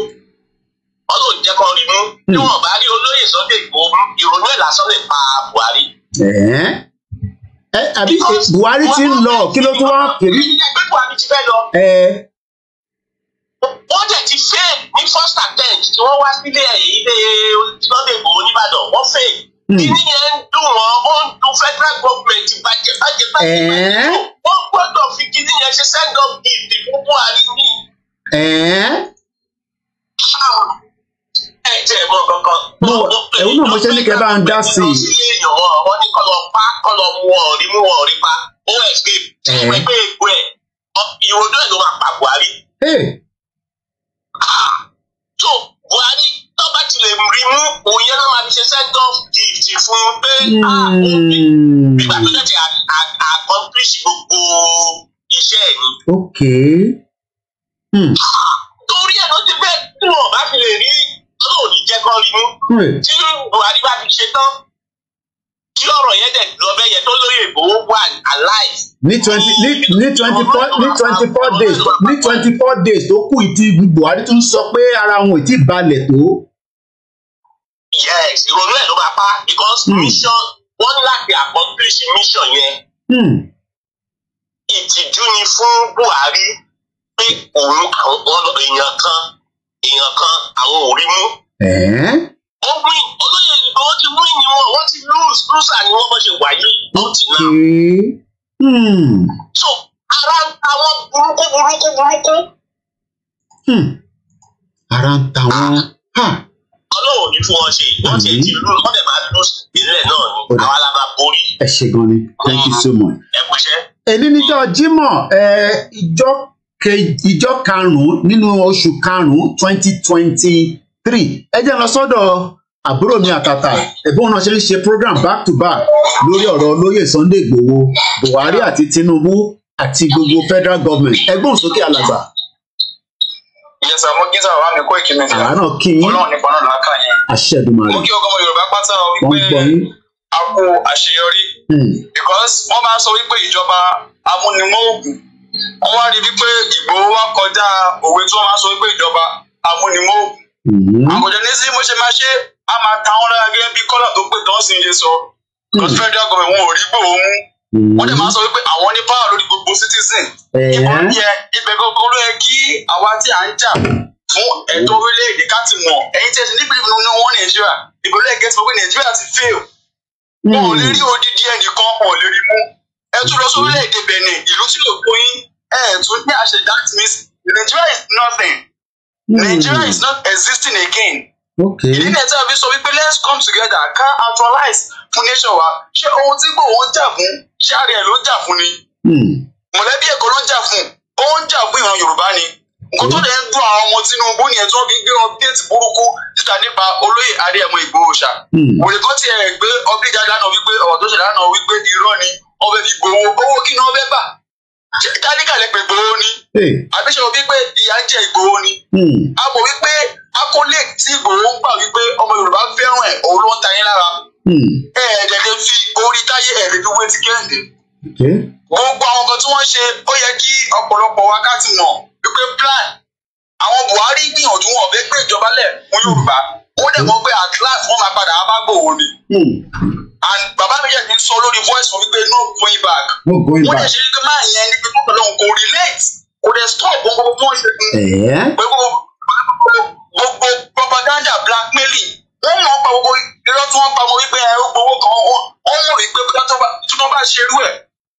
ọlọ́run jẹ́ kọ́ rí mú. tí hmm. wọ́n bá rí olóyè Sunday Ìgbòho ìrònú ẹ̀ lásán lè pa Buhari àbí Buhari ti ń lọ kí ló tún wá kiri. ẹgbẹ́ Buhari ti fẹ́ lọ. wọ́n dẹ̀ ti fail ní first attempt tí wọ́n wá sílé ilé Sunday Igboho nìbàdàn wọ́n fail. Hmm. kíní yẹn ń dùn wọ́n wọ́n ń dùn federal government bàjẹ́ bàjẹ́ bàjẹ́ wọ́n gbọ́dọ̀ fi kíní yẹn ṣe send up gift fún Buhari ní ẹ̀jẹ̀ mọ̀ kankan. mo ẹ̀hún náà mo ṣe ní kẹ́ bá ń dá sí i. lọ sí èèyàn wọn wọn ní kọlọ pa kọlọ mu wọn rí mu wọn rí pa ó escape. ẹgbẹ́ egbò ẹ̀ ìròdó ẹ̀ ló máa pa Buhari. so Buhari tó bá ti lè rí mú òun yẹn gift fún un pé ìgbà ah, hmm. tó tẹ̀sí accomplish gbogbo iṣẹ́ ẹ̀ ni. okay. Hmm. Ah, torí ẹ̀ ló ti bẹ́ẹ̀ tí wọn bá fi lè rí lọ́dọ̀ ò ní jẹ́ kán rí hmm. tí buhari bá ti ṣe tán tí ọ̀rọ̀ yẹn dẹ̀ lọ bẹ́ẹ̀ yẹn tó lóye ìgbòho wà alive. ní twenty ní ní twenty four ní twenty four days ní twenty four days tó kù ìtì buhari tún sọ pé ara wọn ò tí ì balẹ̀ tó. yes ìrònú ẹ̀ ló máa pa because hmm. mission one lack láti completion mission yẹn. Hmm. ìtìjú ni fún buhari pé òun àwọn èèyàn kan èèyàn kan àwọn ò rí mú. wọ́n win olóyè ìgbà wọ́n ti win ni wọ́n wọ́n ti lose loser ni wọ́n bọ́ ṣe wáyé lóòtì hmm. so ara ń ta wọn burúkú burúkú burúkú. Hmm. ara ń ta wọn. Ah. ọlọ́run ní fún wọn ṣe wọ́n ti ti lose wọ́n dẹ̀ máa lose ìrẹ́lẹ̀ náà ni àwa la máa borí. ẹ ṣe gan ni thank you so much. ẹ kú iṣẹ́. èyí níjọ́ Jímọ̀ ìjọ ìjọ karùnún nínú oṣù karùnún twenty twenty three ẹ jẹ́ lọ sọ́dọ̀ àbúrò mi àtàtà ẹ̀gbọ́n náà ṣe ń ṣe program back to back lórí ọ̀rọ̀ olóyè Sunday Igboho Buhari àti Tinubu àti gbogbo federal government ẹ̀gbọ́n sókè alàgbà. ìyẹsà mo gíga wà mí kó ìkíni sí i àárọ̀ kí n Ọlọ́run nípa náà làákà yẹn àṣẹdùnmáà mo kí ọkọ ọmọ Yorùbá pátá ọ wípé a kú àṣeyọrí hmm. because wọ́n máa ń sọ wípé ìjọba amúnimóògùn wọ́n wá rí wípé Ìgbòho wá kọjá òwe tí wọ́n máa sọ wípé ìjọba amúnimọ́ mhm. àkójọ ní sí mo ṣe máa ṣe á máa ta wọn lára gẹ́gẹ́ bí kọ́là tó pé tán sì ń yé sọ because federal government wọn ò rí Ìgbòho mú mhm. wọ́n dẹ̀ máa sọ wípé àwọn ní power lórí gbogbo citizen ìbọn yẹ ibẹ̀ gbogbo ló yẹ kí àwa tí à ń jà fún ẹ̀tọ́ mhm. orílẹ̀ ká ti mọ̀ ẹ̀yin tí ẹ ti níbi ìbínú wọn Nàìjíríà ìbílẹ̀ gẹ̀ẹ́sì gbogbo Nàìjíríà ti fail wọn ò lè rí odidi ẹnìkan wọn ò lè rí mú ẹ tún lọ sórílẹ̀ èdè Benin ìlú tí ò gbóyin ẹ tún ní àṣẹ that means Nigeria is nothing hmm. Nigeria is not existing again. ìdí náà tí fi sọ wípé let's come together ká actualize fún nation wa ṣé ohun tí Ìgbòho ń jà fún ṣé ààrẹ ẹ̀ ló ń jà fún ni hmm. mọ̀lẹ́bí ẹ̀kọ́ ló ń jà fún ó jà fún ìran Yorùbá ni nǹkan tó dẹ̀ ń dún àwọn ọmọ Tinubu nìyẹn tí fi gbé update burúkú síta nípa olóyè Adéyẹmọ Ìgbòho ṣá hmm. wòlé tiẹ̀ gbé update jáde lánàá wípé ọ̀rọ̀ tó ṣẹlẹ̀ lánàá wípé irọ́ ni wọ́n fẹ́ fi gbowó owó kí ni wọ́n fẹ́ bà tálíkà lè pè gbowó ni àbí ṣe wọ́n wípé ìyà ń jẹ ìgbowó ni hmm. a mọ̀ wípé akólé tí ìgbowó ń gbà wípé ọmọ Yorùbá fẹ́ràn ẹ̀ òun ló ń ta yín lára hmm. ẹ̀ẹ́dẹ̀ lè fi orí táyé ẹ̀ẹ́dẹ̀ fi wé ti kẹ́hìndé gbogbo àwọn kan tí wọ́n ṣe ó yẹ kí ọ̀pọ̀lọpọ̀ wa mọ̀ wípé plan àwọn Buhari gbìyànjú wọn ọ̀bẹ gbé ìjọba lẹ̀ fún Yorùbá wọ́n dẹ̀ mọ̀ pé at last wọ́n máa padà wá gbòòwò ni. Hmm. and bàbá mi yẹ kí n sọ lórí voice wọn wípé no going back. no going back. wọ́n dẹ̀ ṣe ní pé máa yẹn ni pé kókò lóhùn kò relate kò dẹ̀ stop wọn gbogbo wọn ṣe. gbogbo propaganda blackmailing wọ́n mọ̀ pa gbogbo irọ́ tí wọ́n pa mọ́ wípé ẹ ó gbowó kan ó mọ̀ wípé bí wọ́n bá ṣerú ẹ̀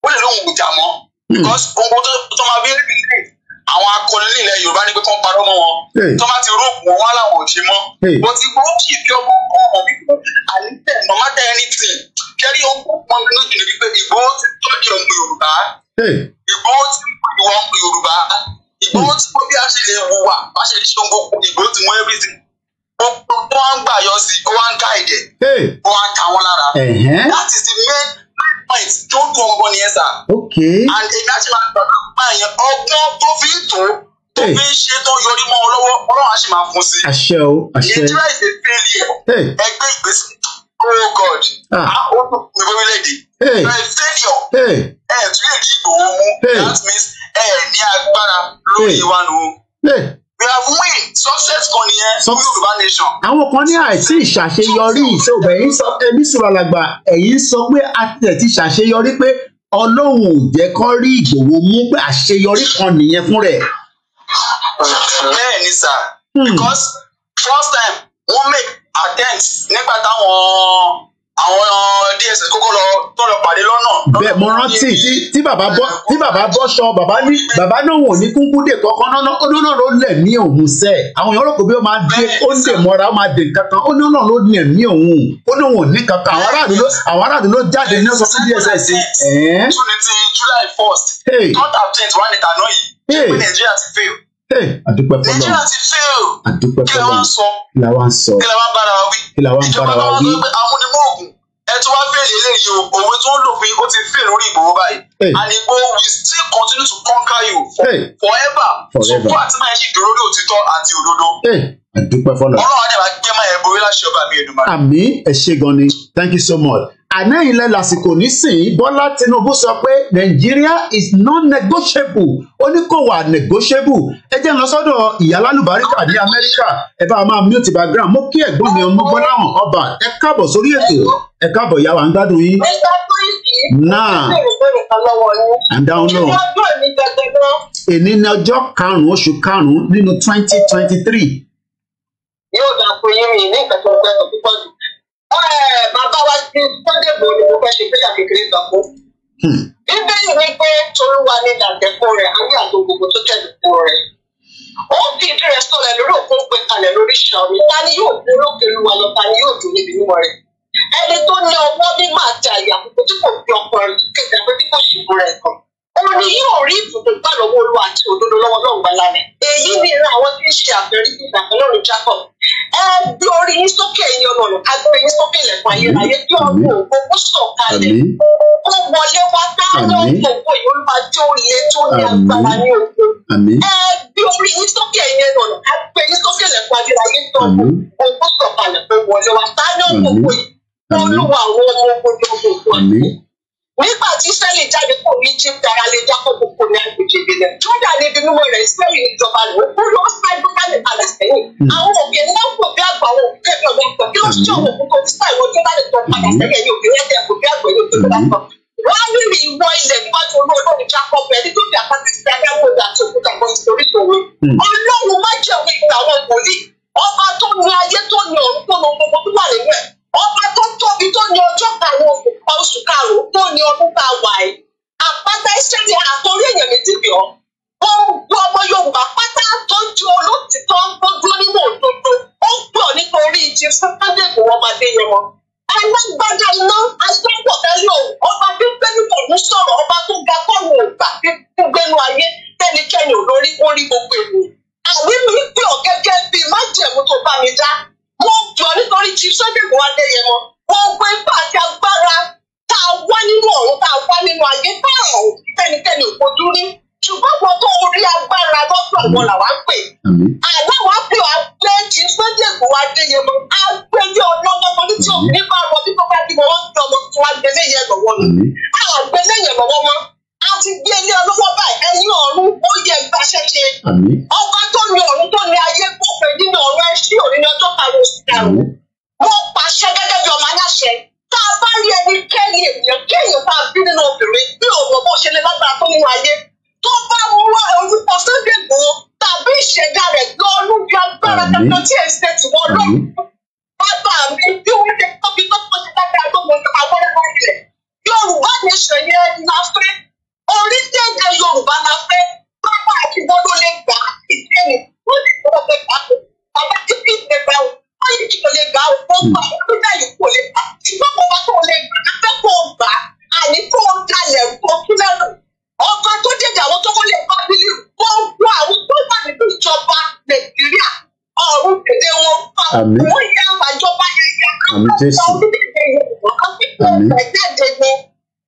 ó lè lóhùn ìjà mọ́ hmm. because gbogbo tó máa bí ẹ̀ àwọn akọni nílẹ̀ Yorùbá ní pé kán parọ́ mọ́ wọn tó bá ti rògbò wọn làwọn ò ṣe mọ́ mo ti gbọ́ kí ìfẹ́ ọgbọ́n kọ́ ọmọ mi kú àlẹ́ no matter anything kẹ́rí ọgbọ́n pọn mi lójú níbi pé Ìgbòho ti tọ́jú ọmọ Yorùbá Ìgbòho ti ìwọ ọmọ Yorùbá Ìgbòho ti kó bí a ṣe lè wùwà bá ṣe ṣe gbogbo Ìgbòho ti mú everything gbogbo wọn gbà yọ sí ó wá ń ká ẹ̀jẹ̀ ó wá ń ká wọn lára that is the point tó ń kó ọgbọ́n nìyẹn sà. ok and èmi àti màá gbàgbọ́ máa yẹn ọgbọ́n tó fi ń tó tó fi ń ṣe tó yọrí mọ́ ọ lọ́wọ́ ọlọ́run á sì máa fún sí. àṣẹ o àṣẹ nàìjíríà is a failure ẹgbẹ́ ìgbésẹ̀ oh god ah, ah ó tó ní orílẹ̀-èdè you are a failure ẹ̀ tún lè di ìgbòho mú that means ẹ̀ ní agbára lórí ìwà nù we have win success kan nìyẹn fún yorùbá nation. àwọn kan ní àìsí ìṣàṣeyọrí ìṣòwò ẹ̀yìn sọ ẹbí sùràlàgbà ẹ̀yìn sọ pé a tẹ̀ ti ṣàṣeyọrí pé ọlọ́run ò jẹ́ kó rí ìgbòho mú pé àṣeyọrí kan nìyẹn fún rẹ̀. bẹ́ẹ̀ ni sir hmm. because first time wọ́n make attempt nígbà táwọn àwọn dss kókó lọ tọrọ pàdé lọ́nà. bẹ́ẹ̀ mo rántí tí tí bàbá bọ tí bàbá bọ sọ bàbá ní bàbá náà wò ní kúnkúndé kankan náà ó náà ló lẹ ní òun sẹ àwọn èèyàn rògbò bí ó máa dé ó ń dè mọ́ra ó máa dè kankan ó náà ló lẹ ní òun ó náà wò ní kankan àwọn aráàlú ló àwọn aráàlú ló jáde ní ọsàn fún dss. twenty july first twenty thirteenth wà ní tànà yìí ṣé pé nàìjíríà ti fail àdúpẹ́ fọlọ́ nàìjíríà ti fẹ́ o àdúpẹ́ fọlọ́ kí la wá ń sọ kí la wá ń bára wa wí kí la wá ń bára wa wí ìjọba amúnimóògùn ẹ tún wá bèèrè eléyìí o òwe tó ń lò pé ó ti fẹ́ lórí ìgbòho báyìí and we still continue to conquer you forever forever so fún àtìmáyé ṣì dúró ní òtítọ́ àti òdodo àdúpẹ́ fọ́nà. ọlọ́run àdìbà gbé máa yẹn borí láṣẹ ọba mi Èdùmàrè. àmì ẹ ṣé gan ni thank you so much. àná lásìkò nísìnyí Bọ́lá Tinubu sọ pé Nàìjíríà is non-negotiable ó ní kò wà negotiable ẹ jẹ́ lọ sọ́dọ̀ ìyálálùbáríkà ní Amẹ́ríkà ẹ bá máa mute background mo kí ẹ̀gbọ́n mi ọmọ Gbọ́láhàn ọba ẹ káàbọ̀ sórí ètò ẹ káàbọ̀ ìyá wa ń gbádùn yín. náà àǹdá òun náà èní ni ọjọ́ karùn-ún oṣù karùn-ún nínú twenty twenty three yóò dà fún yín mi ní ìkẹtọ ọgbẹ tó púpọ̀ jù. bàbá wa ti sunday bò ni mo fẹ́ ṣe péyà kékeré gbà fún. Hmm. bíbélì ni pé tolúwa ni dàtẹ̀kọ́ rẹ̀ àbí àtò gbogbo tó tẹ̀lẹ̀kọ́ rẹ̀. ó fi ìdí rẹ̀ sọlẹ̀ lórí òkun pé kalẹ̀ lórí ṣàmì ta ni yóò dún lókè olúwa lọ ta ni yóò dún níbi mímọ́ rẹ̀. ẹni tó ní ọwọ́ mímọ́ àti àyà kòkó tí kò fi ọkọ rẹ̀ kéde àpótí kò ṣ òun yóò rí ìbùkún gbà lọ́wọ́ olúwa àti òdodo lọ́wọ́ náà gbà lálẹ́ èyí ni ìran àwọn tí ń ṣe àfẹ́rí ìgbà kan lórí Jacob ẹ gbé orí yín sókè ẹ̀yin ọ̀nà ọ̀nà agbórí yín sókè ilẹ̀kùn ayérayé kí ọ̀run ògbógbó sọ̀kalẹ̀ ó wọlé wá káwọn gbogbo ìyọlúwa tó le tó ní agbára ní oko ẹ gbé orí yín sókè ẹ̀yin ọ̀nà agbórí yín sókè ilẹ̀kùn ayérayé kí ọ̀run ògbógbó sọ̀kalẹ̀ ó wọlé wá káwọn gbogbo ìyọlúwa nígbà tí israeli jáde kó ní egypt ara lè dákọ gbogbo ní agbègbè náà jordan níbi mímọ rẹ israeli níjọba lò ó ló sáré gbọdọ ní palestine hmm. àwọn òkè náà kò bí àgbà àwọn òkè náà wọn kò kí ló ṣe hmm. àwọn òkú tó sísá tó bá lè tọ palestine hmm. ẹni òkè rẹ kò bí àgbà ẹni òkè tó bá tọ wọn ìwọ ilẹ̀ níwájú olóòlóòrùn jákọ́ bẹ́ẹ̀ ní tóbi àpáta sí adáwọ̀dà àti òkúta kan ìsorí ìṣòro ọlọ́run má jẹ̀wé ìgbà àwọn wòlíì ọba tó ní ayé tó ní ọ̀run tó lọ gbogbo tó wà nínú ẹ̀ ọba tó tóbi tó ní ọjọ́ karùn-ún òkùnfà oṣù karùn-ún tó ní ọdún tá a wà yìí àpáta iṣẹ́ ti àtọ́rí èèyàn méjì pé ọ́ gbogbo ọmọ Yorùbá pátá tó ń ju olóòtítọ́ tó dúró nínú òdodo ó ń pọ̀ nítorí ìjì sátánlẹ̀ ìgbòho ọmọdé yẹn wọn. alágbádá iná aṣọ́wọ̀dálẹ̀ òun ọba gbígbẹ́nu tòun sọ̀rọ̀ ọba tó ga kọ́ọ̀nù ògbà gbígbẹ́nu ayé tẹ́nikẹ́ni ò lórí kó rí gbogbo èèyàn. àwí mi pè ọ́ gẹ́gẹ́ bíi májẹ̀mú tó bá mi dá mo gbọ́ nítorí chief Sunday Igboho Adéyẹmọ gbogbo ipá àti agbára tá a wá nínú ọ̀run tá a wá nínú ayé tá a ò tẹnikẹ́ni ò fojú rí ṣùgbọ́n tó rí agbára lọ́dọ̀ wọn làwọn pè àláwọn pè wá pé chief Sunday Igboho Adéyẹmọ agbẹ́lé ọlọ́mọkọ ní tí òun ní bá rọ bí tó bá bí wọn ń dọmọ tó agbẹ́lé yẹn lọ́wọ́ ni àgbẹ́lé yẹn lọ́wọ́ a ti gbé ọlọ́wọ́ báyìí ẹ̀yin ọ̀run ó yẹ gbaṣẹ́ ṣe. ọba tó ní ọ̀run tó ní ayé kó nínú ọ̀run ẹ òní ní ọjọ́ karùn-ún karùn-ún. mo pàṣẹ gẹ́gẹ́ bí ọmọ aláṣẹ tá a bá rí ẹni kẹ́yìn ènìyàn kẹ́yìn tá a bí nínú obìnrin bí òun bó ṣe lè lágbára tó nínú ayé tó bá mú orúkọ Sunday Igboho tàbí ìṣẹ̀dá rẹ̀ gbọ́ olúbi Yorùbá nation yẹn la fẹ́ orílẹ̀-èdè Yorùbá la fẹ́ pápá àti wọn ló lè gbà á sí sẹ́yìn wọ́n sì tọ́ ọ̀gbẹ́ gbà ó bàbá tí kì í lè gbà ó wọ́n yìí kò lè gbà ó gbogbo àwọn tó dá yìí kò lè gbà ṣùgbọ́n kò wá kò lè gbà á fẹ́ kò gbà á àní kò ń dalẹ̀ kò kúlẹ̀ rù ọba tó dèjà àwọn tó wọlé bá bílí gbogbo àwọn tó wà nínú ìjọba Nàìjíríà ọ̀run dèdè wọn wọ́n yá àjọba yẹn yẹn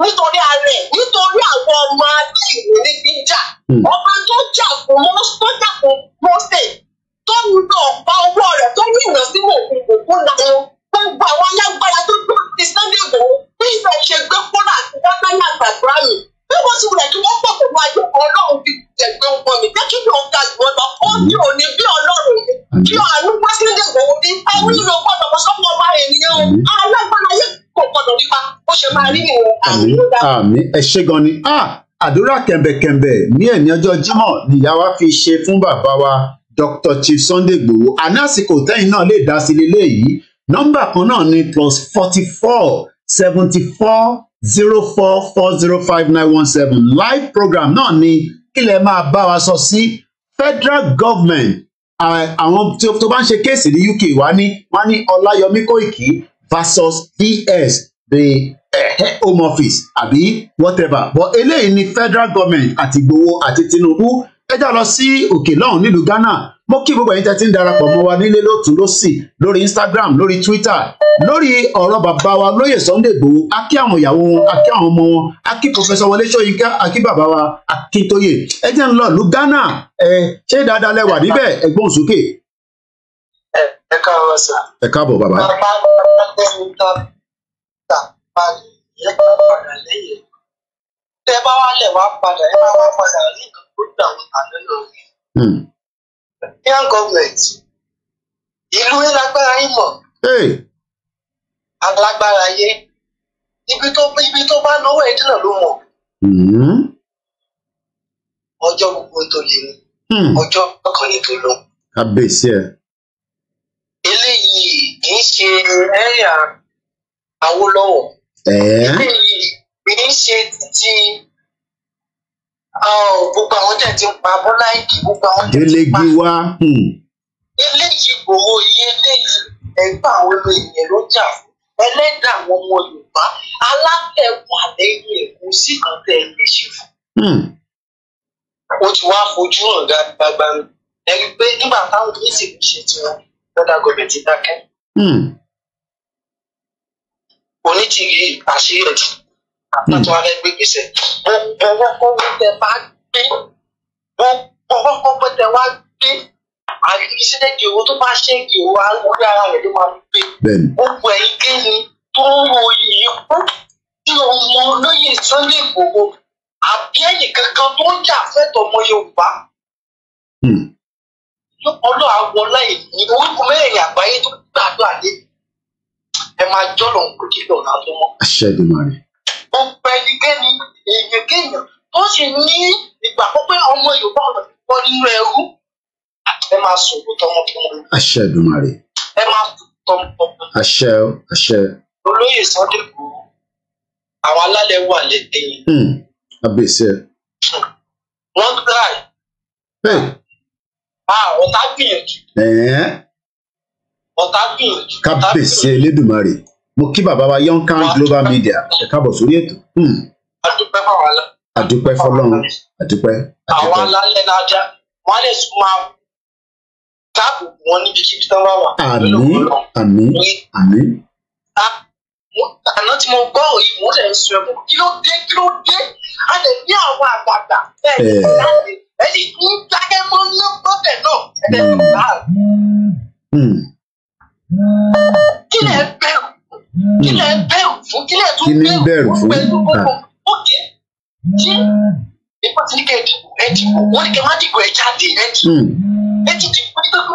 nítorí ààrẹ nítorí àwọn ọmọ aláìwé ní jíjà hmm. ọba tó jà fún mọ tó jà fún Mósè tó ń lọ ọ̀pá ọwọ́ rẹ̀ tó ní ìrànsíwò òkùnkùn fún làwọn gbogbo àwọn alágbára tó gbọ́ ti Sunday Igboho bí ìfẹ́ ṣe gbé kúrò àti dákẹ́yà àtàgbà mi bí wọ́n ti wulẹ̀ kí wọ́n pọ̀ pẹ̀lú ayé ọlọ́run fi ẹgbẹ́ wọn mi jẹ́ kí ni òun ga jù wọn lọ ó ní òní bí ọlọ́run yìí kí àánú pẹ́sídẹ̀ẹ́ gbòó ní àwọn ìlú gbọ́dọ̀ kó sọ́kọ́ ọba ènìyàn alágbára ayé kò gbọ́dọ̀ nípa ó ṣe máa rí nìyẹn àmì ẹ ṣé gan ni àdúrà kẹ̀mbẹ̀kẹ̀mbẹ̀ ní ẹ̀mí ọjọ́ jímọ̀ nìyá wa fi ṣe fún bàbá wa Dr. Chief Sunday Igboho anásìkò tẹ́yìn náà lè dá sí lélẹ́yìí nọ́mbà kan náà ni plus forty four seventy four zero four four zero five nine one seven live program náà ni ilẹ̀ máa bá wa sọ sí federal government àwọn tó bá ń ṣe kéèsì ní UK wá ní wá ní Ọláyọmí Kóìkì versus DS the eh, eh, Home Office àbí whatever but eléyìí ni federal government àti Ìgbòho àti Tinubu ẹjọ́ lọ sí òkè lọ́hùn nílùú Ghana mo kí gbogbo ẹ̀yin tẹ́ ti ń darapọ̀ mọ́ wa nílé lótùn lósì lórí Instagram lórí Twitter lórí ọ̀rọ̀ bàbá wa lóyè Sunday Igboho a kí àwọn ìyàwó wọn a àwọn ọmọ wọn a kí Professor Wọlé Ṣóyínká a kí bàbá wa Akíntóyè ẹ jẹ́ ń lọ lu Ghana ẹ ṣé dáadáa lẹ wà níbẹ̀ ẹ̀gbọ́n sókè. ẹ káàbọ̀ sà. ẹ káàbọ̀ bàbá. bàbá bàbá tẹ̀mí ta ta parí ẹ padà lẹ́yìn tẹ bá wà lẹ̀ wá padà ẹ bá wà padà rí nǹkan tó dà wọn rí. Nigerian government ilu mọ̀ alágbára ibi tó bá náwó ẹ̀ ló mọ̀ hmm. ọjọ́ gbogbo tó lè ní hmm. ọjọ́ kan tó lọ. kábíyèsí ẹ. eléyìí kì í ṣe ẹ̀yà awolowo, eléyìí kì í ṣe ti. Oh, gbogbo àwọn tẹ̀ ti ń pa Bọ́lá Ìgè gbogbo àwọn tẹ̀ ti ń pa. wá. Hmm. eléyìí gbòòrò yìí eléyìí ẹgbẹ́ àwọn ọmọ ènìyàn ló jà fún ẹlẹ́dàá àwọn ọmọ Yorùbá alátẹ̀kùn àlẹ́yìn èkó sí kan tẹ̀ lè ṣe fún. Hmm. ó ti wá fojú hàn gbangba ẹni pé nígbà táwọn mísìlì ṣe tiwọn lọ́dà gọ́ọ̀mẹ̀ntì dákẹ́. onítìrí àṣírí ẹ̀jẹ̀ àpàtọ hmm. alẹ gbé gbèsè gbogbo wọkọwọ tẹ bá gbé gbogbo wọkọwọ tẹ wá gbé àgbèsílẹ gèwò tó bá ṣe gèwò orí ara rẹ ló máa gbé gbogbo ẹyin kéyìn tó ń wo ìyíkú tí ọmọ olóyè Sunday Igboho àbí ẹyìn kankan tó ń jà fẹ́tọ̀ ọmọ Yorùbá hmm. ọlọ́ àwọn láì ní orúkọ mẹ́rin àgbáyé tó gbàdúrà lé ẹ máa jọ́ lọ́n kí lọ́nà tó gbogbo ẹnikẹ́ni èèyànkéèyàn tó sì ní ìgbà pípẹ́ ọmọ yorùbá ọ̀nà bọ́ nínú ẹrú ẹ máa sùn kó tọmọtọmọ. àṣẹ Èdùmàrè. ẹ máa sùn tọmọtọmọ. àṣẹ o àṣẹ. olóyè Sunday kò àwọn alálẹ̀ wà lẹ́yìn. abèsè. Hmm, wọ́n tíráì. bẹ́ẹ̀. àwọn tá gbìyànjú. ọ̀tá gbìyànjú. kábèsè Elédùmarè mo kí bàbá wa yonkan global media ẹ káàbọ̀ sórí ètò. àdúpẹ́ hmm. fáwọn alá. àdúpẹ́ fọ́lọ́run àdúpẹ́. àwọn alálẹ̀ náà já wọn lè sún máa káàbù wọn níbi kíbi tán wá wà. àmín àmín àmín. àná tí mo gbọ́ òyìn mo lè sun ẹ̀kún kí ló dé kí ló dé a lè ní àwọn àgbààgbà bẹ́ẹ̀ ẹ sì ń dákẹ́ mọ́ lọ́tẹ̀ náà ẹ̀ dẹ̀ hmm. bá hmm. kí lè bẹ̀rù kílẹ̀ bẹ̀rù fún kílẹ̀ tó bẹ̀rù fún pẹ̀lú gbogbo òkè tí nípa tí ní kẹ́ ẹ dìbò wọ́n ní kẹ́ má dìbò ẹ jáde ẹ dìbò hmm. ẹ ti kí ló tó kù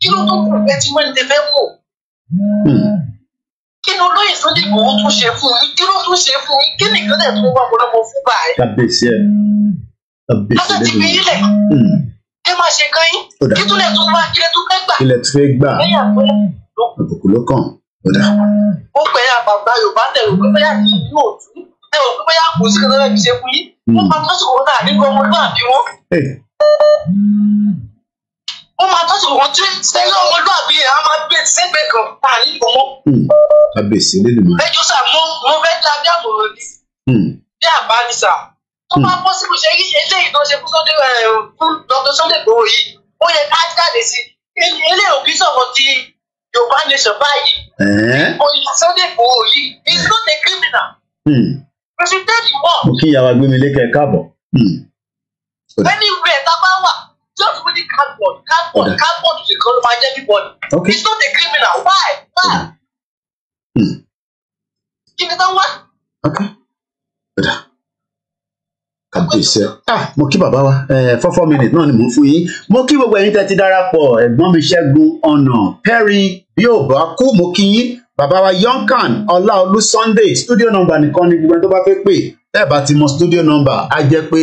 kí ló tó kù ẹ ti wẹ́n lè fẹ́ mọ̀. Hmm. kí ni olóyè tó ó tún ṣe fún yín kí ló tún ṣe fún yín kí nìkan dẹ̀ tún wá ọ̀pọ̀lọpọ̀ fún báyìí. lọ́sẹ̀ ti fi yín lẹ̀ hmm. ẹ máa ṣe kan yín kí tún lẹ̀ tún wá kílẹ̀ tún tún fẹ́ gbà ó pẹ́ yà bàbá yorùbá tẹ̀lé òkú pé yà kí ni yóò tú tẹ̀lé òkú pé yà kò sí kẹsàn-án ẹ̀mí ṣe fún yín wọ́n máa tọ́sùn wọn náà nígbà ọmọ náà bí wọ́n. wọ́n máa tọ́sùn wọn tí sẹ́yìn ọmọlúwàbí yẹn á máa gbé sẹ́gbẹ̀ẹ́ kan tá a ní ìfọwọ́. kábíyèsí lè lè mọ. ẹjọ́ sà mo mo fẹ́ ta bí àbòrò ni bí àbá ni sà tó bá bọ́ síbi ṣe eléyìí tó ṣe fún Sunday fún Dr. Sunday gbòòrò yìí ó yẹ ká jáde sí eléyìí òbí sọ̀rọ̀ ti yorùbá nation báyìí oyin sunday igbòho yìí he is not a criminal we should tell the world. kí ìyàwó agbẹ́milẹ́kẹ̀ káàbọ̀. Hmm. anywhere tá a bá wà just really cardboard cardboard cardboard is a color by everybody okay. he not a criminal why why. Hmm. kí ni tán wá kàbíyèsí ah mo kí bàbá wa eh, four four minutes náà ni mò ń fún yín mo kí gbogbo ẹ̀yin tẹ́ darapọ̀ ẹ̀gbọ́n mi ṣẹ́gun ọ̀nà perry bí ò bá kú mo kí yín bàbá wa yonkan ọláolú sunday studio number nìkan ni gbogbo ẹni tó bá fẹ́ pè ẹ bá ti mọ studio number á jẹ́ pé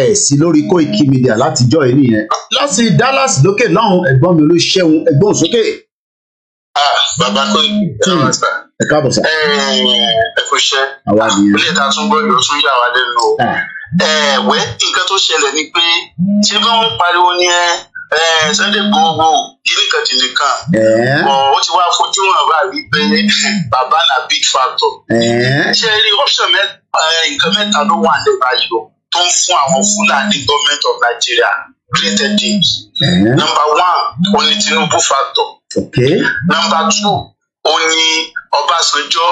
ẹ sí lórí Koiki Media látijọ́ yìí nìyẹn láti dallas lókè lọ́hùn ẹ̀gbọ́n mi olóṣèwọ̀n ẹ̀gbọ́n òsókè. Ah, bàbá kò ẹ káàbọ̀ sá. Eh, ẹ ẹ kò ṣe ilé ìta tún gbọ́dọ̀ tún yà wá ẹ̀wẹ́ eh, nǹkan tó ṣẹlẹ̀ ni pé ṣé bí wọ́n pariwo ni ẹ eh, Sunday gbogbo kiri kan ti nìkan eh? bọ̀ ó ti wá fojú hàn báyìí pé bàbá na big factor ṣe rí option nǹkan mẹ́ta ló wà ní báyìí o tó ń fún àwọn Fúlàní government of Nigeria great headache number one òní Tinubu factor number two òní Ọbásanjọ́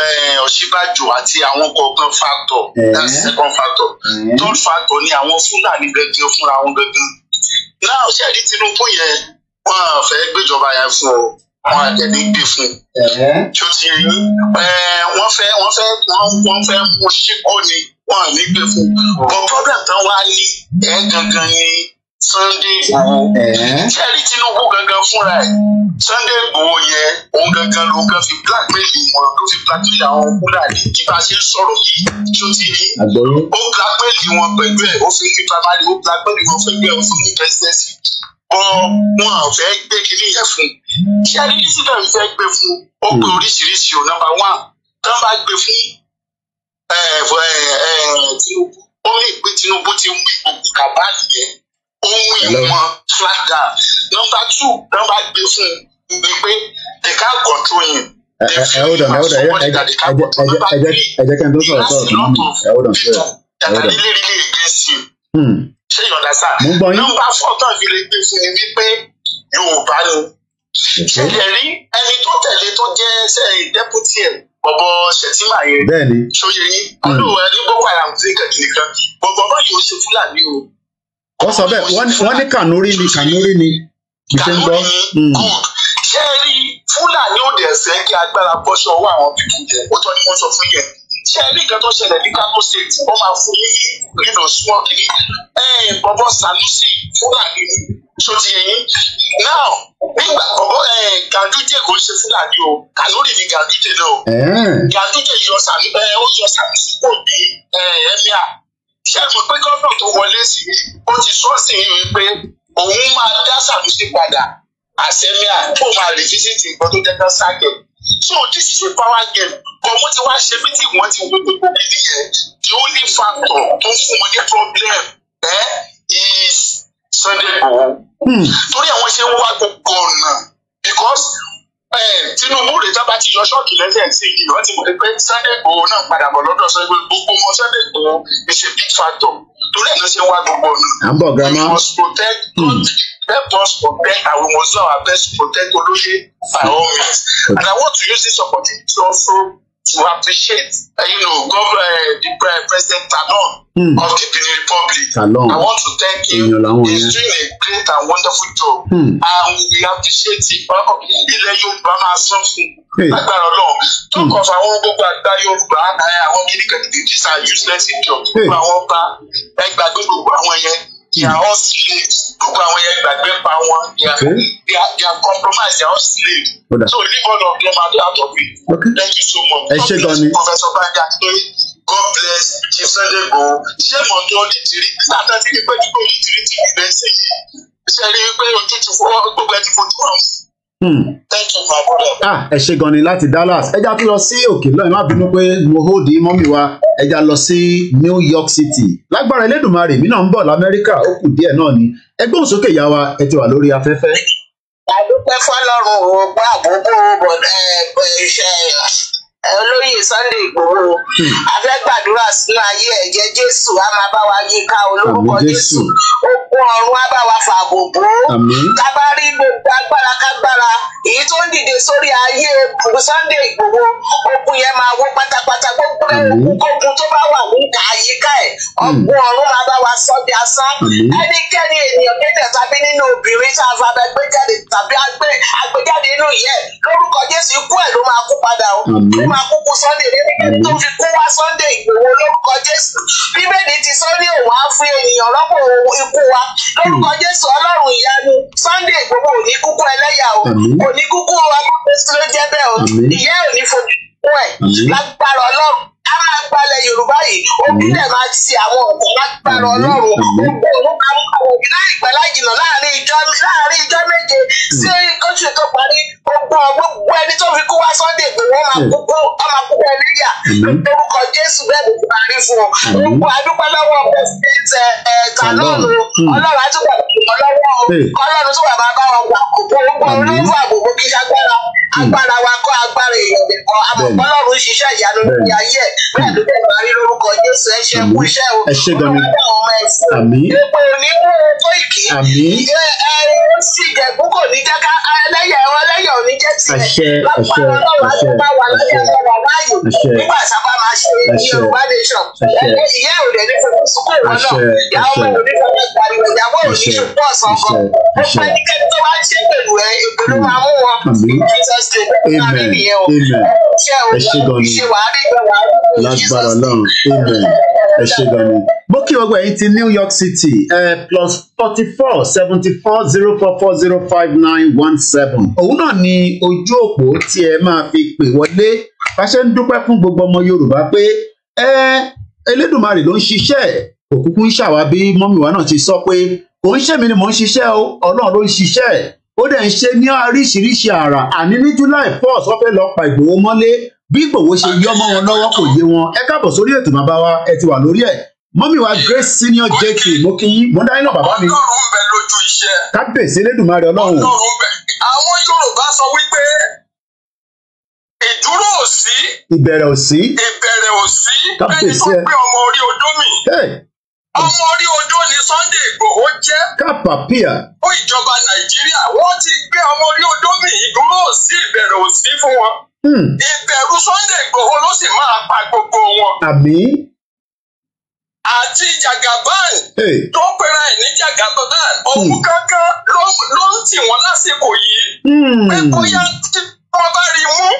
Eh, Ọ̀ṣínbàjò àti àwọn kọ̀ọ̀kan factor eh. that second factor eh. third factor ni àwọn Fúlàní gẹ́gẹ́ fúnra wọn gẹ́gẹ́ náà ṣẹ́ẹ̀rí Tinubu yẹn wọ́n á fẹ́ gbéjọba yẹn fún ọ wọ́n á tẹ̀lé gbé fún un tí ó ti yẹ wọ́n fẹ́ wọ́n fẹ́ wọ́n fẹ́ mú síkó ni wọ́n á gbé fún oh. but problem tán wá ní ẹ̀ gangan ni. Sunday Igboho sẹ́ẹ̀rí Tinubu gangan fúnra ẹ̀ Sunday Igboho yẹn òun gangan ló gan fi blackmail wọn ló fi blackmail àwọn Fúlàní kí bá a ṣe ń sọ̀rọ̀ yìí tí ó ti rí ó blackmail wọn pẹ̀lú ẹ̀ ó fi ń fi primary ó blackmail wọn pẹ̀lú ẹ̀ ó fi ń fi presidency wọn wọn fẹ́ gbé kiri yẹn fún sẹ́ẹ̀rí sílẹ̀ fẹ́ gbé fún ó pé hmm. oríṣiríṣi ò nọ́mbà one tán bá gbé fún eh, eh, eh, Tinubu ó ní ìpín Tinubu ti wí òkú kàbá yẹn ohun ìwọ̀n flat down number two number gbé fún un ni pé they can't control him. ẹ hold on hold on ẹ jẹ ẹ jẹ kí n tó sọ̀rọ̀ sọ̀rọ̀ tó mú ẹ hold on hold on. Hmm. ṣé yọ̀dá sá number four tán fi lè gbé fún mi wípé Yorùbá ni ṣẹlẹ̀ rí ẹni tó tẹ̀lé tó jẹ́ dẹ́pútì ẹ̀ bọ̀bọ̀ ṣẹ̀tìmá yẹn ṣòye yín ọdún hmm. ẹni boko haram ti kẹ̀kẹ́ nìkan bọ̀bọ̀ báyìí ó ṣe fúlàní o ó sọ bẹ́ẹ̀ wọ́n ní kànúrí ni kànúrí ni kì í ṣe ń gbọ́. Hmm. ṣé ẹ rí fúlàní òde ẹ̀sẹ̀ kí agbára bọ́ṣọ ọwọ́ àwọn pípì yẹn ó tọ́ ni wọ́n sọ fún yẹn ṣé ẹ rí nǹkan tó ṣẹlẹ̀ ní Kano state wọ́n máa fún yín nínú small kìíní ẹ bọ́bọ́ Sanusi fúlàní ni sọtì yẹn now nígbà bọ́bọ́ ẹ Ganduje kò ṣe fúlàní o Kanuri ni Ganduje náà o Ganduje yọ Sanusi kò bí ẹ ṣé ẹ pé gómìnà tó wọlé sí ó ti sọ sí yìí wípé òun máa dá Sànúsí padà àsẹ́míà ó máa rí fíṣítì nǹkan tó jẹ́ ká so this is a power game but wọ́n ti wá ṣe mítì wọ́n ti wo gbogbo gidi yẹn the only factor tó ń fún wọn ní problem eh, is Sunday Igboho hmm. torí àwọn ṣe ń wá gbogbo ọ̀nà because Eh, Tinubu rè tábà ti yọ ṣọ́ọ̀kì lẹ́sẹ̀ sí i wọ́n ti mọ̀ pé Sunday náà padà bọ̀ lọ́dọ̀ sọ pé gbogbo ọmọ Sunday Igboho a big factor torí ẹ̀ ṣe wá gbogbo ọ̀nà. grandma we must protect country hmm. help us protect and we our best protect olóyè by all means and I want to use this opportunity to also to appreciate uh, you know governor uh, the uh, president Talon mm. of the Benin Republic. Talon. I want to thank him. He's doing a great and wonderful job. Mm. And we appreciate him. Ilẹ̀ Yorùbá máa sọ fún agbára Ọlọ́run. Talk hmm. of àwọn gbogbo àgbà Yorùbá àwọn kìnnìkan kìnnìkan these are useless Job. Gbogbo àwọn ọba ẹgbàá gbogbo àwọn yẹn they are all slaves gbogbo àwọn yẹn gbàgbé pa wọn they are they are they are compromised they are all slaves so leave all of them out out of it thank you so much ẹ ṣe gan ni professor banja torí god bless chief sunday ṣé mo tó ní tìrí nígbà tá a pé nígbà oní tìrí ti rí sẹ́yìn ṣe rí i pé ojú ti fọ́ gbogbo ẹ ti fojú hàn sí. Hmm. ah ẹ ṣe gan ni láti Dallas ẹja tó lọ sí òkè lọ́yìn má bínú pé mo hold mọ́mì wa ẹja lọ sí New York City lágbára Elédùmarè mi náà ń bọ̀ lamẹ́ríkà ó kù díẹ̀ náà ni ẹgbọ́n sókè yá wa ẹ ti wà lórí afẹ́fẹ́. àdúpẹ́ fọlọ́run ò gbọ́ àbúkù bọ̀dẹ́ iṣẹ́ olóyè Sunday Igboho hmm. a fẹ́ gbàdúrà sínú ayé ẹ̀jẹ̀ Jésù a máa bá wa yí ká olórúkọ Jésù ogun ọ̀run á bá wa fààbò bò ó ká bá rí gbogbo agbára kágbára èyí tó ń dìde sórí ayé Sunday Igboho ogun yẹn máa wó pátápátá gbogbo ogun tó bá wà wúkà àyíká ẹ̀ hmm. ogun ọ̀run máa bá wa sọ di asán ẹnikẹ́ni ènìyàn kéde tàbí nínú obìnrin tá a fa abẹ gbéjáde tàbí agbéjáde inú yẹ lórúkọ Jésù ikú ẹ̀ ló máa kú máa kúkú Sunday lẹ́nu tó fi kú wá Sunday Ìgbòho lórúkọ Jésù bíbélì ti sọ ní òun á fún ènìyàn rọ́pò ikú wa lórúkọ Jésù Ọlọ́run ìyanu Sunday Ìgbòho ò kúkú ẹlẹ́yà o ò ní kúkú agbóhùn tó jẹ́ bẹ́ẹ̀ o ìyá ò fojú kú ẹ̀ lágbára Ọlọ́run a máa gbalẹ̀ yorùbá yìí omi dẹ̀ máa ṣe àwọn ọ̀pọ̀ lágbára ọlọ́run gbogbo òun máa ń kọ òbí láì pẹ́ láì jìnnà láàrin ìjọ láàrin ìjọ méje sí hmm. oṣù tó parí gbogbo gbogbo ẹni tó fi kú wá sunday pé wọ́n máa kú hmm. kú wọ́n máa kú ẹni yà lórúkọ jésù bẹ́ẹ̀ ló ti parí fún ọ gbogbo adúpẹ́ lọ́wọ́ president ẹ̀ eh, eh, kanọ́ọ̀nù hmm. ọlọ́run àtúbọ̀ ọlọ́wọ́ ọlọ́run tó wà bá bá wọn gbà gbogbo olóòfò àgbògbò kí agbára wa kọ́ kan àmọ́ Ọlọ́run ṣiṣẹ́ ìyanu lórí ayé ẹ̀ bẹ́ẹ̀ ló dẹ̀ máa rí lórúkọ Jésù ẹ ṣe kú iṣẹ́ o olùwádà ọmọ ẹ̀sìn epo onímú tó ìkì ẹ ẹ sì jẹ̀bú kò ní jẹ́ ká ẹlẹ́yà ẹ̀wọ̀n ẹlẹ́yà ò ní jẹ́ tiẹ̀ lápá Ọlọ́run àti bá wà lọ́jọ́ ọ̀rọ̀ láàyè nígbà sábà máa ṣe ní Yorùbá nation ìyá ò dẹ̀ ní fẹ́ sukùn wọn náà ìyá ọmọ ò ní fẹ́ gbàgbé ìyàwó ò ní ṣùgbọ́n ọ̀sán kan ọ̀pẹ́ ní kẹ́ni tó bá ṣe pẹ̀lú ẹ̀ ìpinnu máa mú wọn Jesus name. Amen. Amen ẹ ṣé gan lágbára Ọlọ́run amen ẹ ṣé gan ni. bó kí ọgbà ti New York City uh, plus forty four seventy four zero four four zero five nine one seven. òun náà ni ojú òpó tí ẹ máa fi pè wọlé bá ṣe ń dúpẹ́ fún gbogbo ọmọ Yorùbá pé ẹ Elédùmarè ló ń ṣiṣẹ́ òkùnkùn ṣàwábí mọ́mìwá náà ti sọ pé kò ń ni mò ń ṣiṣẹ́ o Ọlọ́run ló ń ṣiṣẹ́ ó dẹ̀ ń ṣe ní oríṣiríṣi àrà àní ní July pause wọ́n fẹ́ lọ pa Ìgbòho mọ́lé bí Ìgbòho ṣe yọ mọ́ wọn lọ́wọ́ kò yé wọn ẹ káàbọ̀ sórí ètò bàbá wa ẹ ti wà lórí ẹ̀ mọ́mí wa Grace senior JT mo kí yín mo dáná bàbá mi kábíyèsí Elédùmarè Ọlọ́run. àwọn Yorùbá sọ wípé ìdúró ò sí ìbẹ̀rẹ̀ ò sí ìbẹ̀rẹ̀ ò sí ẹni tó gbé ọmọ orí odó mi. ọmọ orí odó ni Sunday Igboho jẹ́. kápápíà. ó ìjọba nàìjíríà wọ́n ti gbé ọmọ orí odó mi dúró sí ìbẹ̀rù òsì fún wọn. Hmm. ìbẹ̀rù Sunday Igbòho ló sì máa pa gbogbo wọn. àmín. àti Jagaban tó pera ẹ̀ ní Jagaban hmm. òun kankan ló ń tì wọ́n lásìkò yìí. Hmm. pé bóyá tí wọ́n bá rí mú.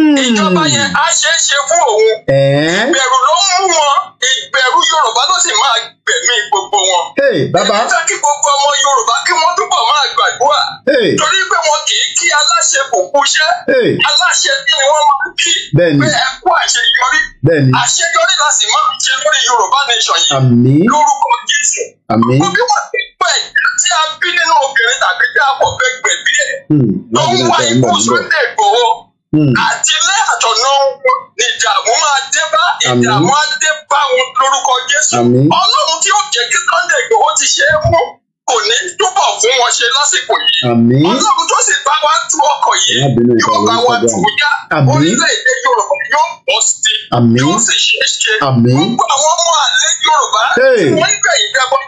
ìjọba yẹn á ṣeé ṣe fún òun ìbẹ̀rù ló mú wọn ìbẹ̀rù yorùbá ló sì máa gbẹ̀mí gbogbo wọn èmi kí gbogbo ọmọ yorùbá kí wọ́n túbọ̀ máa gbàdúrà torí pé wọn kì í kí aláṣẹ kò kúṣẹ́ aláṣẹ kí ni wọ́n máa kí pé ẹ àṣeyọrí àṣeyọrí la sì máa ṣe lórí yorùbá nation yìí lórúkọ jésù gbogbo bí wọ́n tí a bí nínú obìnrin tàbí tí a kò fẹ́ gbẹ̀bí ẹ̀ hmm. ló ń wá ikú Sunday Hmm. àti ilé àtọ̀nà wọn ni ìdààmú máa dé bá ìdààmú á dé bá wọn lórúkọ Jésù Ọlọ́run tí ó jẹ́ kí Sunday Igboho ti ṣe é mú kò ní túbọ̀ fún wọn ṣe lásìkò yìí Ọlọ́run tó sì bá wa tú ọkọ̀ yìí yóò bá wa tú yá orílẹ̀-èdè Yorùbá yóò bọ́ sí i yóò sì ṣe é ṣe gbogbo àwọn ọmọ àlẹ́ Yorùbá wọ́n gbẹ̀yìn dẹ́gbọ́n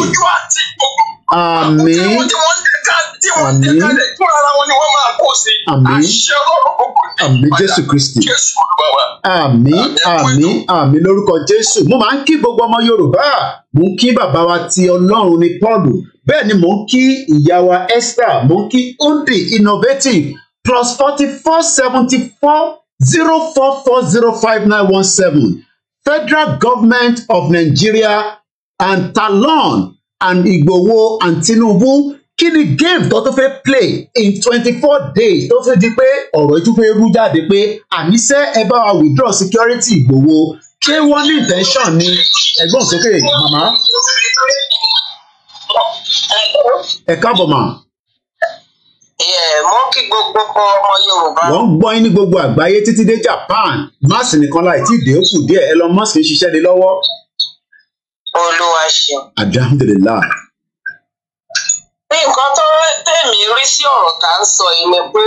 ojú àti gbogbo àmín àmín àmín àmín jésù kristi àmín àmín àmín lórúkọ jésù mo máa ń kí gbogbo ọmọ yorùbá mo ń kí bàbá wa ti ọlọ́run ní pọ́ọ̀lù bẹ́ẹ̀ ni mo ń kí ìyá wa esther mo ń kí undi innovative plus forty four seventy four zero four four zero five nine one seven federal government of nigeria and talon and Igbowo and Tinubu kí ni game tó tó fẹ́ play in twenty four days tó tó di pé ọ̀rọ̀ ìtúfẹ́ rú jáde pé àníṣe ẹ bá wa withdraw security Igboho ṣé wọ́n ní intention ni ẹ̀gbọ́n sókè màmá. ẹ káàbọ̀ mà. mo kí gbogbo ọmọ Yorùbá. wọ́n ń gbọ́ yín ní gbogbo àgbáyé títí dé Japan Musk nìkan láì tí ì dé ó kù díẹ̀ Elon Musk ń ṣiṣẹ́ lé lọ́wọ́ olúwa ṣeun. alhamdulillah. nǹkan tó tẹ̀mí rí sí ọ̀rọ̀ tá à ń sọ yìí ni pé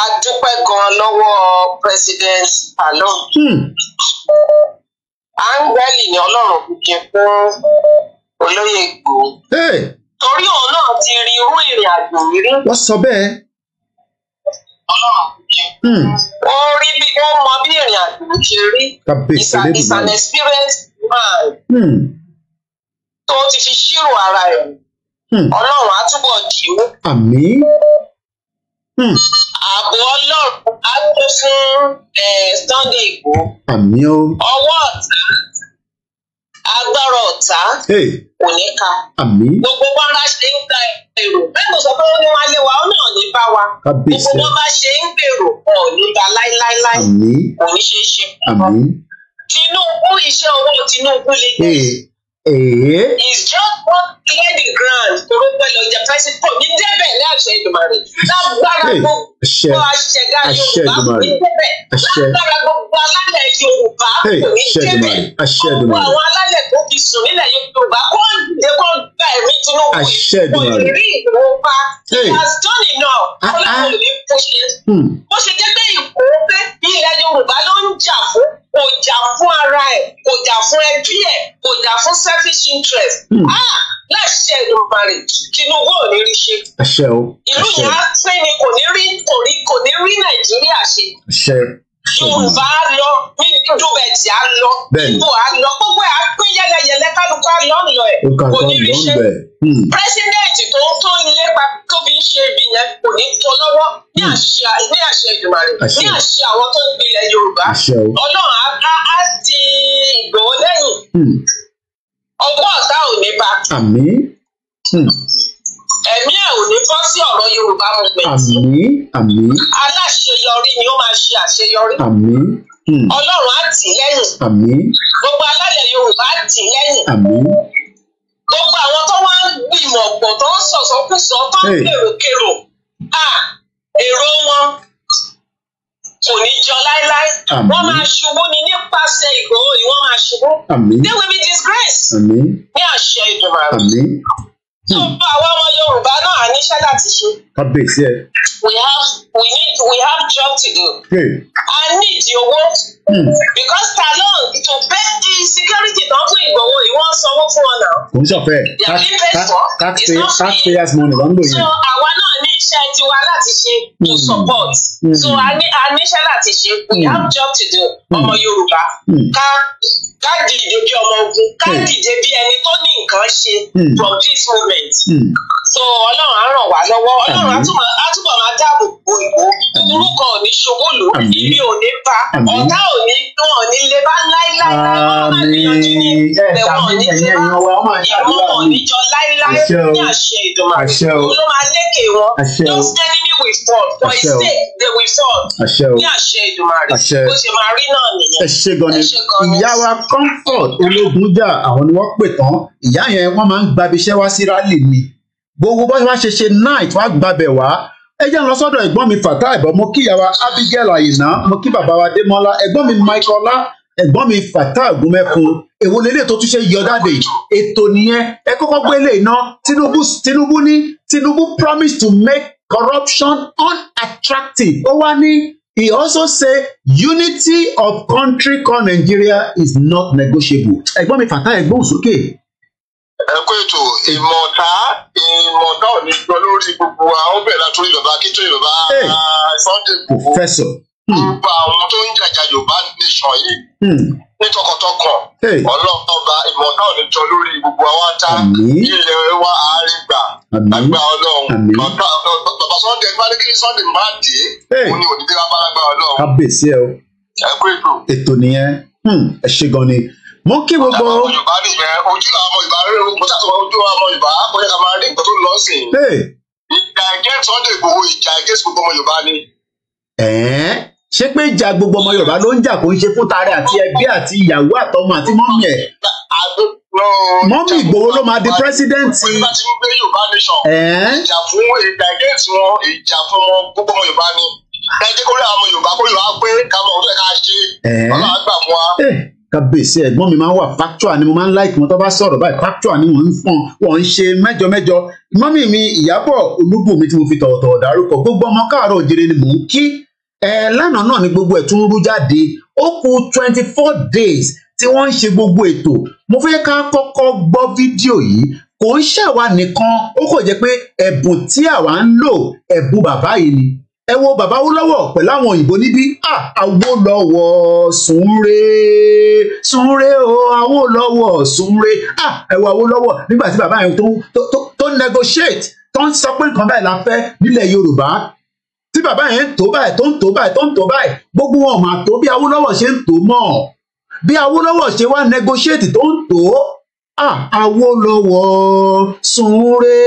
a dúpẹ́ gan lọ́wọ́ president Talon. Hmm. áńgẹ́lì ni ọlọ́run kìkì fún olóyè Ìgbòho. torí òun náà ti rí irú ìrìn àjò rírí. wọ́n sọ bẹ́ẹ̀. ọlọ́run kìkì. Hmm. ó bí wọ́n mọ bí ìrìn àjò ṣe rí. is an experience five hmm. tó ti fi ṣírò ara ẹ̀ hmm. ọlọ́run á túbọ̀ dì í. àmín. Hmm. ààbò ọlọ́run á tó fún eh, Sunday Igbo. àmín o. ọwọ́ ọ̀tá agbára ọ̀tá kò ní ka. àmín. gbogbo wọn bá ṣe ń gba èrò bẹ́ẹ̀ kò sọ pé wọ́n ní wọ́n ayé wa ó náà ní bá wa. gbogbo wọn bá ṣe ń gbèrò wọn ò ní ga láíláíláí. àmín. kò ní ṣeé ṣe. àmín. Tinubu iṣẹ́ ọwọ́ Tinubu lè dé. Eh, eh. It's just one clear the ground torí pé lọ́jà fẹ́sí pọ̀ ní débẹ̀ ní àṣẹ Èdùmàrè lágbára eh, gbogbo àṣẹ̀dá Yorùbá kò ní débẹ̀ lágbára gbogbo alálẹ̀ Yorùbá kò ní débẹ̀ gbogbo àwọn alálẹ̀ tó fi sùn nílẹ̀ Yorùbá kò ń dé kó ń gba ẹ̀mí Tinubu kò ní rí ìrora he has done enough ah, ah. Ọlọ́run ò ní kó ṣe hmm. bó ṣe jẹ́ pé ìkó pé ilẹ̀ Yorùbá ló ń jà fún kò jà fún ara ẹ̀ kò jà fún ẹbí ẹ̀ kò jà fún selfish interest. Hmm. ah láṣẹ ìdùnmarè Tinubu ò ní rí ṣe. ìlú yẹn á pín ni kò ní rí kò ní rí Nàìjíríà ṣe yorùbá á lọ nídùbẹ̀jì á lọ ibo á lọ gbogbo ẹ̀ á pín yẹlẹyẹlẹ kálukú á lọ ọ̀nà ẹ̀ kò ní rí ṣe hmm. pírẹsidẹ́ǹtì tó ń tó ilé pa tó fi ń ṣe ibi yẹn kò ní tó lọ́wọ́ ní hmm. àṣẹ ní àṣẹ Èdùmàrè ní àṣẹ àwọn tó ń gbilẹ̀ yorùbá ọlọ́run á á ti Ìgbòho lẹ́yìn hmm. ọgbọ́n ọ̀tá ò ní bá. àmín ẹ̀mí ẹ̀ ò ní bọ́ sí ọ̀rọ̀ Yorùbá movement. àmín àmín. aláṣeyọrí ni ó máa ṣe àṣeyọrí. àmín. Hmm. Ọlọ́run á tì lẹ́yìn. àmín. gbogbo alálẹ̀ Yorùbá á tì lẹ́yìn. àmín. gbogbo àwọn tó wá ń gbìmọ̀ pọ̀ tó ń sọ̀sọ́kùsọ tó ń kèròkèrò èrò wọn kò ní jọ láéláé wọ́n máa ṣubú ni nípasẹ̀ Ìgbòho yìí wọ́n máa ṣubú. àmín. they will be disgraced. àmín. ní àṣẹ Ìdùmarè. àmín gbogbo àwa ọmọ yorùbá náà níṣẹ́ láti ṣe. kábíyèsí ẹ. we have we need we have job to do di owó. Hmm. because talon to pay the security tó ń fún Ìgbòho ìwọ́n sanwó fún ọ náà. kò ń sọfẹ taxpayers money ló ń lò yẹn. so àwa náà ní iṣẹ́ tiwa láti ṣe to hmm. support. Hmm. so a ní a níṣẹ́ láti ṣe we have job to do ọmọ Yorùbá ká ká dìde bí ọmọ ogun ká dìde bí ẹni tó ní nǹkan ṣe from this moment. so ọlọ́run á ràn wá lọ́wọ́ ọlọ́run á túbọ̀ máa dáàbò bo ìbò orúkọ ò ní ṣogúnlù ibi ò ní b fà á ọ̀tá ò ní wọn ò ní lè bá láíláí láì wọn máa gbìyànjú ní ìbẹ̀ wọn ò ní lè bá ìlú wọn ò ní jọ láíláí ní àṣẹ ìdùnnú òun ló máa lékè wọn those enemy will fall ìyá wa comfort ológunjà àwọn ni wọ́n pè tán ìyá yẹn wọ́n máa ń gbabiṣẹ́ wá sí rálì ni gbogbo bó ṣe ṣe night wọ́n á wá ẹ jẹ́ lọ sọ́dọ̀ ẹ̀gbọ́n mi fatai bọ́ mo kí ìyàwó abigail àyìnà mo kí bàbá wa démọ́lá ẹ̀gbọ́n mi michael ọlá ẹ̀gbọ́n mi fatai ògúnmẹ́fun èwo lélẹ̀ tó tún yọdáde ètò nìyẹn ẹ kọ́kọ́ gbé lè ná tinubu tinubu ní tinubu promise to make corruption unattractive ó wá ní he also say unity of country called nigeria is not negotiable ẹ̀gbọ́n mi fatai ẹ̀gbọ́n òsókè ẹ kó ètò ìmọ̀ta ìmọ̀ta ò ní gbọ́ lórí gbogbo àwọn bẹ̀rẹ̀ látòrí bàbá akíntóyè bàbá Sunday Igboho hmm. gbogbo àwọn tó ń jàjà Yorùbá nation yìí hmm. ní tọkàntọkàn ọlọ́ọ̀ba ìmọ̀ta ò ní jọ lórí gbogbo àwọn ata ilẹ̀ wa àárín gbà àgbà Ọlọ́run bàbá Sunday gbárí kí Sunday má dé òun ni òní dé wá bá lágbára Ọlọ́run. kábíyèsí ẹ o ẹ kó ètò ètò nìyẹn hmm. ẹ ṣe gan ni. Hmm mo kí gbogbo. ọjà àwọn yorùbá nìyẹn ojú àwọn yorùbá rẹ mo ṣàtúnwá ojú àwọn yorùbá kò yẹ ká máa rí nǹkan tó lọ sí i. ìjà ẹgẹ Sunday Igboho ìjà ẹgẹ gbogbo ọmọ yorùbá ni. ẹ̀ẹ́n ṣé pé ìjà gbogbo ọmọ yorùbá ló ń jà kó ń ṣe fún tààrẹ àti ẹbí àti ìyàwó àtọmọ àti mọ́mì ẹ̀. mọ́mì Ìgbòho ló máa di president. ìjà fún ìjà against wọn ìjà fún gbogbo ọmọ kábíyèsí ẹ̀gbọ́n mi máa ń wà factual ni mo máa ń láìkí wọn tó bá sọ̀rọ̀ báyìí factual ni wọn ń fọn wọn ń ṣe mẹ́jọ mẹ́jọ mọ́mì mi ìyábọ̀ olúbùnmi tí mo fi tọ̀wọ̀tọ̀wọ̀ dárúkọ gbogbo ọmọ káàárọ̀ òjèrè ni mò ń kí ẹ lánàá náà ni gbogbo ẹ̀ tún rú jáde ó kù twenty four days tí wọ́n ń ṣe gbogbo ètò mo fẹ́ ká kọ́kọ́ gbọ́ fídíò yìí kò ń ṣàwa nìkan ó kò jẹ́ pé ẹ̀bùn tí àwa ń lò ẹ̀bùn bàbá yìí ni ẹ wo bàbá Awólọ́wọ̀ pẹ̀lú àwọn òyìnbó níbí Awólọ́wọ̀ súnre súnre o Awólọ́wọ̀ súnre ẹ wo Awólọ́wọ̀ nígbà tí bàbá yẹn tó negotiate tó ń sọ pé nǹkan báyìí la fẹ́ nílẹ̀ Yorùbá tí bàbá yẹn ń tó báyìí tó ń tó báyìí tó ń tó báyìí gbogbo wọn mà tó bí Awólọ́wọ̀ ṣe ń tó mọ́ bí Awólọ́wọ̀ ṣe wá negotiate tó ń tó Awólọ́wọ̀ súnre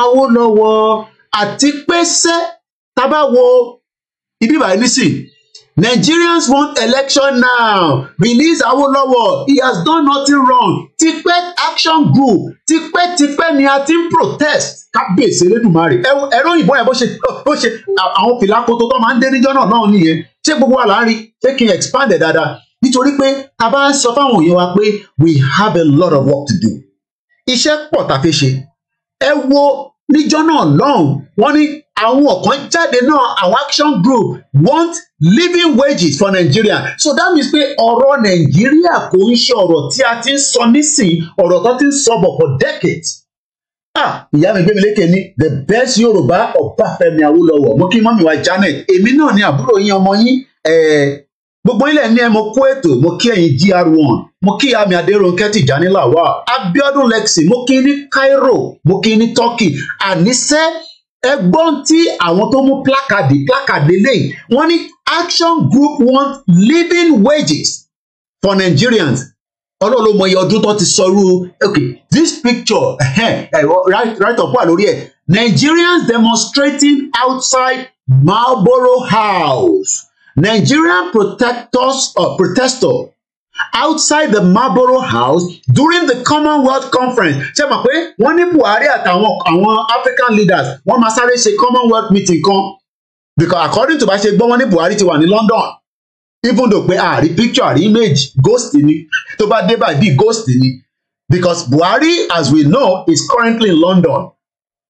Awólọ́wọ̀ àti pé tá a bá wo ibi ìbàdàn nísìn Nigerians want election now. Release Awolowo. He has done nothing wrong. Tipẹ́ action group. Tipẹ́ tipẹ́ ni a ti ń protest. Kábíyèsí Elédùmarè. Ẹ̀rọ òyìnbó yẹn bó ṣe bó ṣe àwọn fìlàkótó tó máa ń dé níjọ́ náà náà nìyẹn. Ṣé gbogbo wa là ń rí? Ṣé kí n expand ẹ̀ dáadáa? Nítorí pé ta bá ń sọ fáwọn èèyàn wa pé we have a lot of work to do. Iṣẹ́ pọ̀ ta fi ṣe. Ẹ wo níjọ́ náà lọ́hùn-ún. ní àwọn kan jáde náà àwọn action group want living wages for Nigeria so that means pé ọ̀rọ̀ Nigeria kò ń ṣe ọ̀rọ̀ tí a ti ń sọ nísìn ọ̀rọ̀ tó ti ń sọ bọ̀ for decades ah ìyá mi gbẹ́mi lékè ní the best Yorùbá Ọbáfẹ́mi Awólọ́wọ̀ mo kí mọ́mí wa Janet èmi náà ni àbúrò yín ọmọ yín gbogbo ilẹ̀ ní ẹ mo kó ètò mo kí ẹ̀yin GR1 mo kí àmì Adérónkẹ́ Tìjání Lawal Abíọ́dún Lexi mo kí ní Cairo mo kí ní Turkey àníṣẹ́ ẹgbọ́n tí àwọn tó mú plákàdì plákàdì lẹ́yìn wọ́n ní action group want living wages for Nigerians ọlọ́run ló mọ iye ọdún tó ti sọ irú okay this picture right up wà lórí ẹ̀ Nigerians demonstrating outside Marlboro House Nigerian protectors or uh, protestors outside the Marlborough House during the Commonwealth Conference ṣe mọ̀ pé wọ́n ní Buhari àtàwọn àwọn African leaders wọ́n máa sáré ṣe Commonwealth meeting kan because according to bá ṣe gbọ́ wọ́n ní Buhari ti wà ní London even though pé àrí picture àrí image ghost ni tó bá dé báyìí bí ghost ni because Buhari as we know is currently in London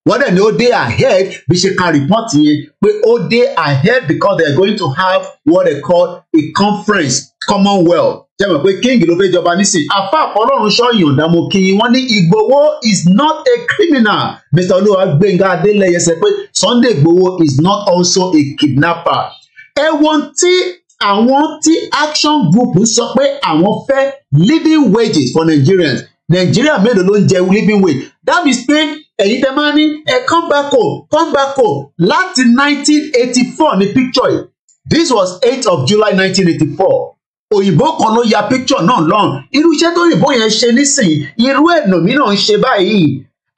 wọ́n dẹ̀ ni ó dey ahead bí ṣe ka report yẹn pé ó dey ahead because they are going to have what they call a conference commonwealth jẹ́ mọ̀ pé king ló fẹ́ jọba nísìn afa àkọlọ́run ṣọ́yìn ọ̀dàmọ̀ kìnyìn wọ́n ní Ìgbòho is not a criminal Mr. Olúwa Gbẹ́ngà Adélẹ́yẹ sọ pé Sunday Ìgbòho is not also a kidnapper ẹ̀wọ̀n tí àwọn tí action group sọ pé àwọn fẹ́ living wages for Nigerians Nigeria mélòó ló ń jẹ living wage that means pé ẹ̀yin tẹ máa ní ẹ come back home come back home láti 1984 ní picture yìí this was 8 of July 1984 òyìnbó kan ló ya picture náà lọ́n irú iṣẹ́ tó òyìnbó yẹn ṣe nísìnyí irú ẹ̀nà mi náà ń ṣe báyìí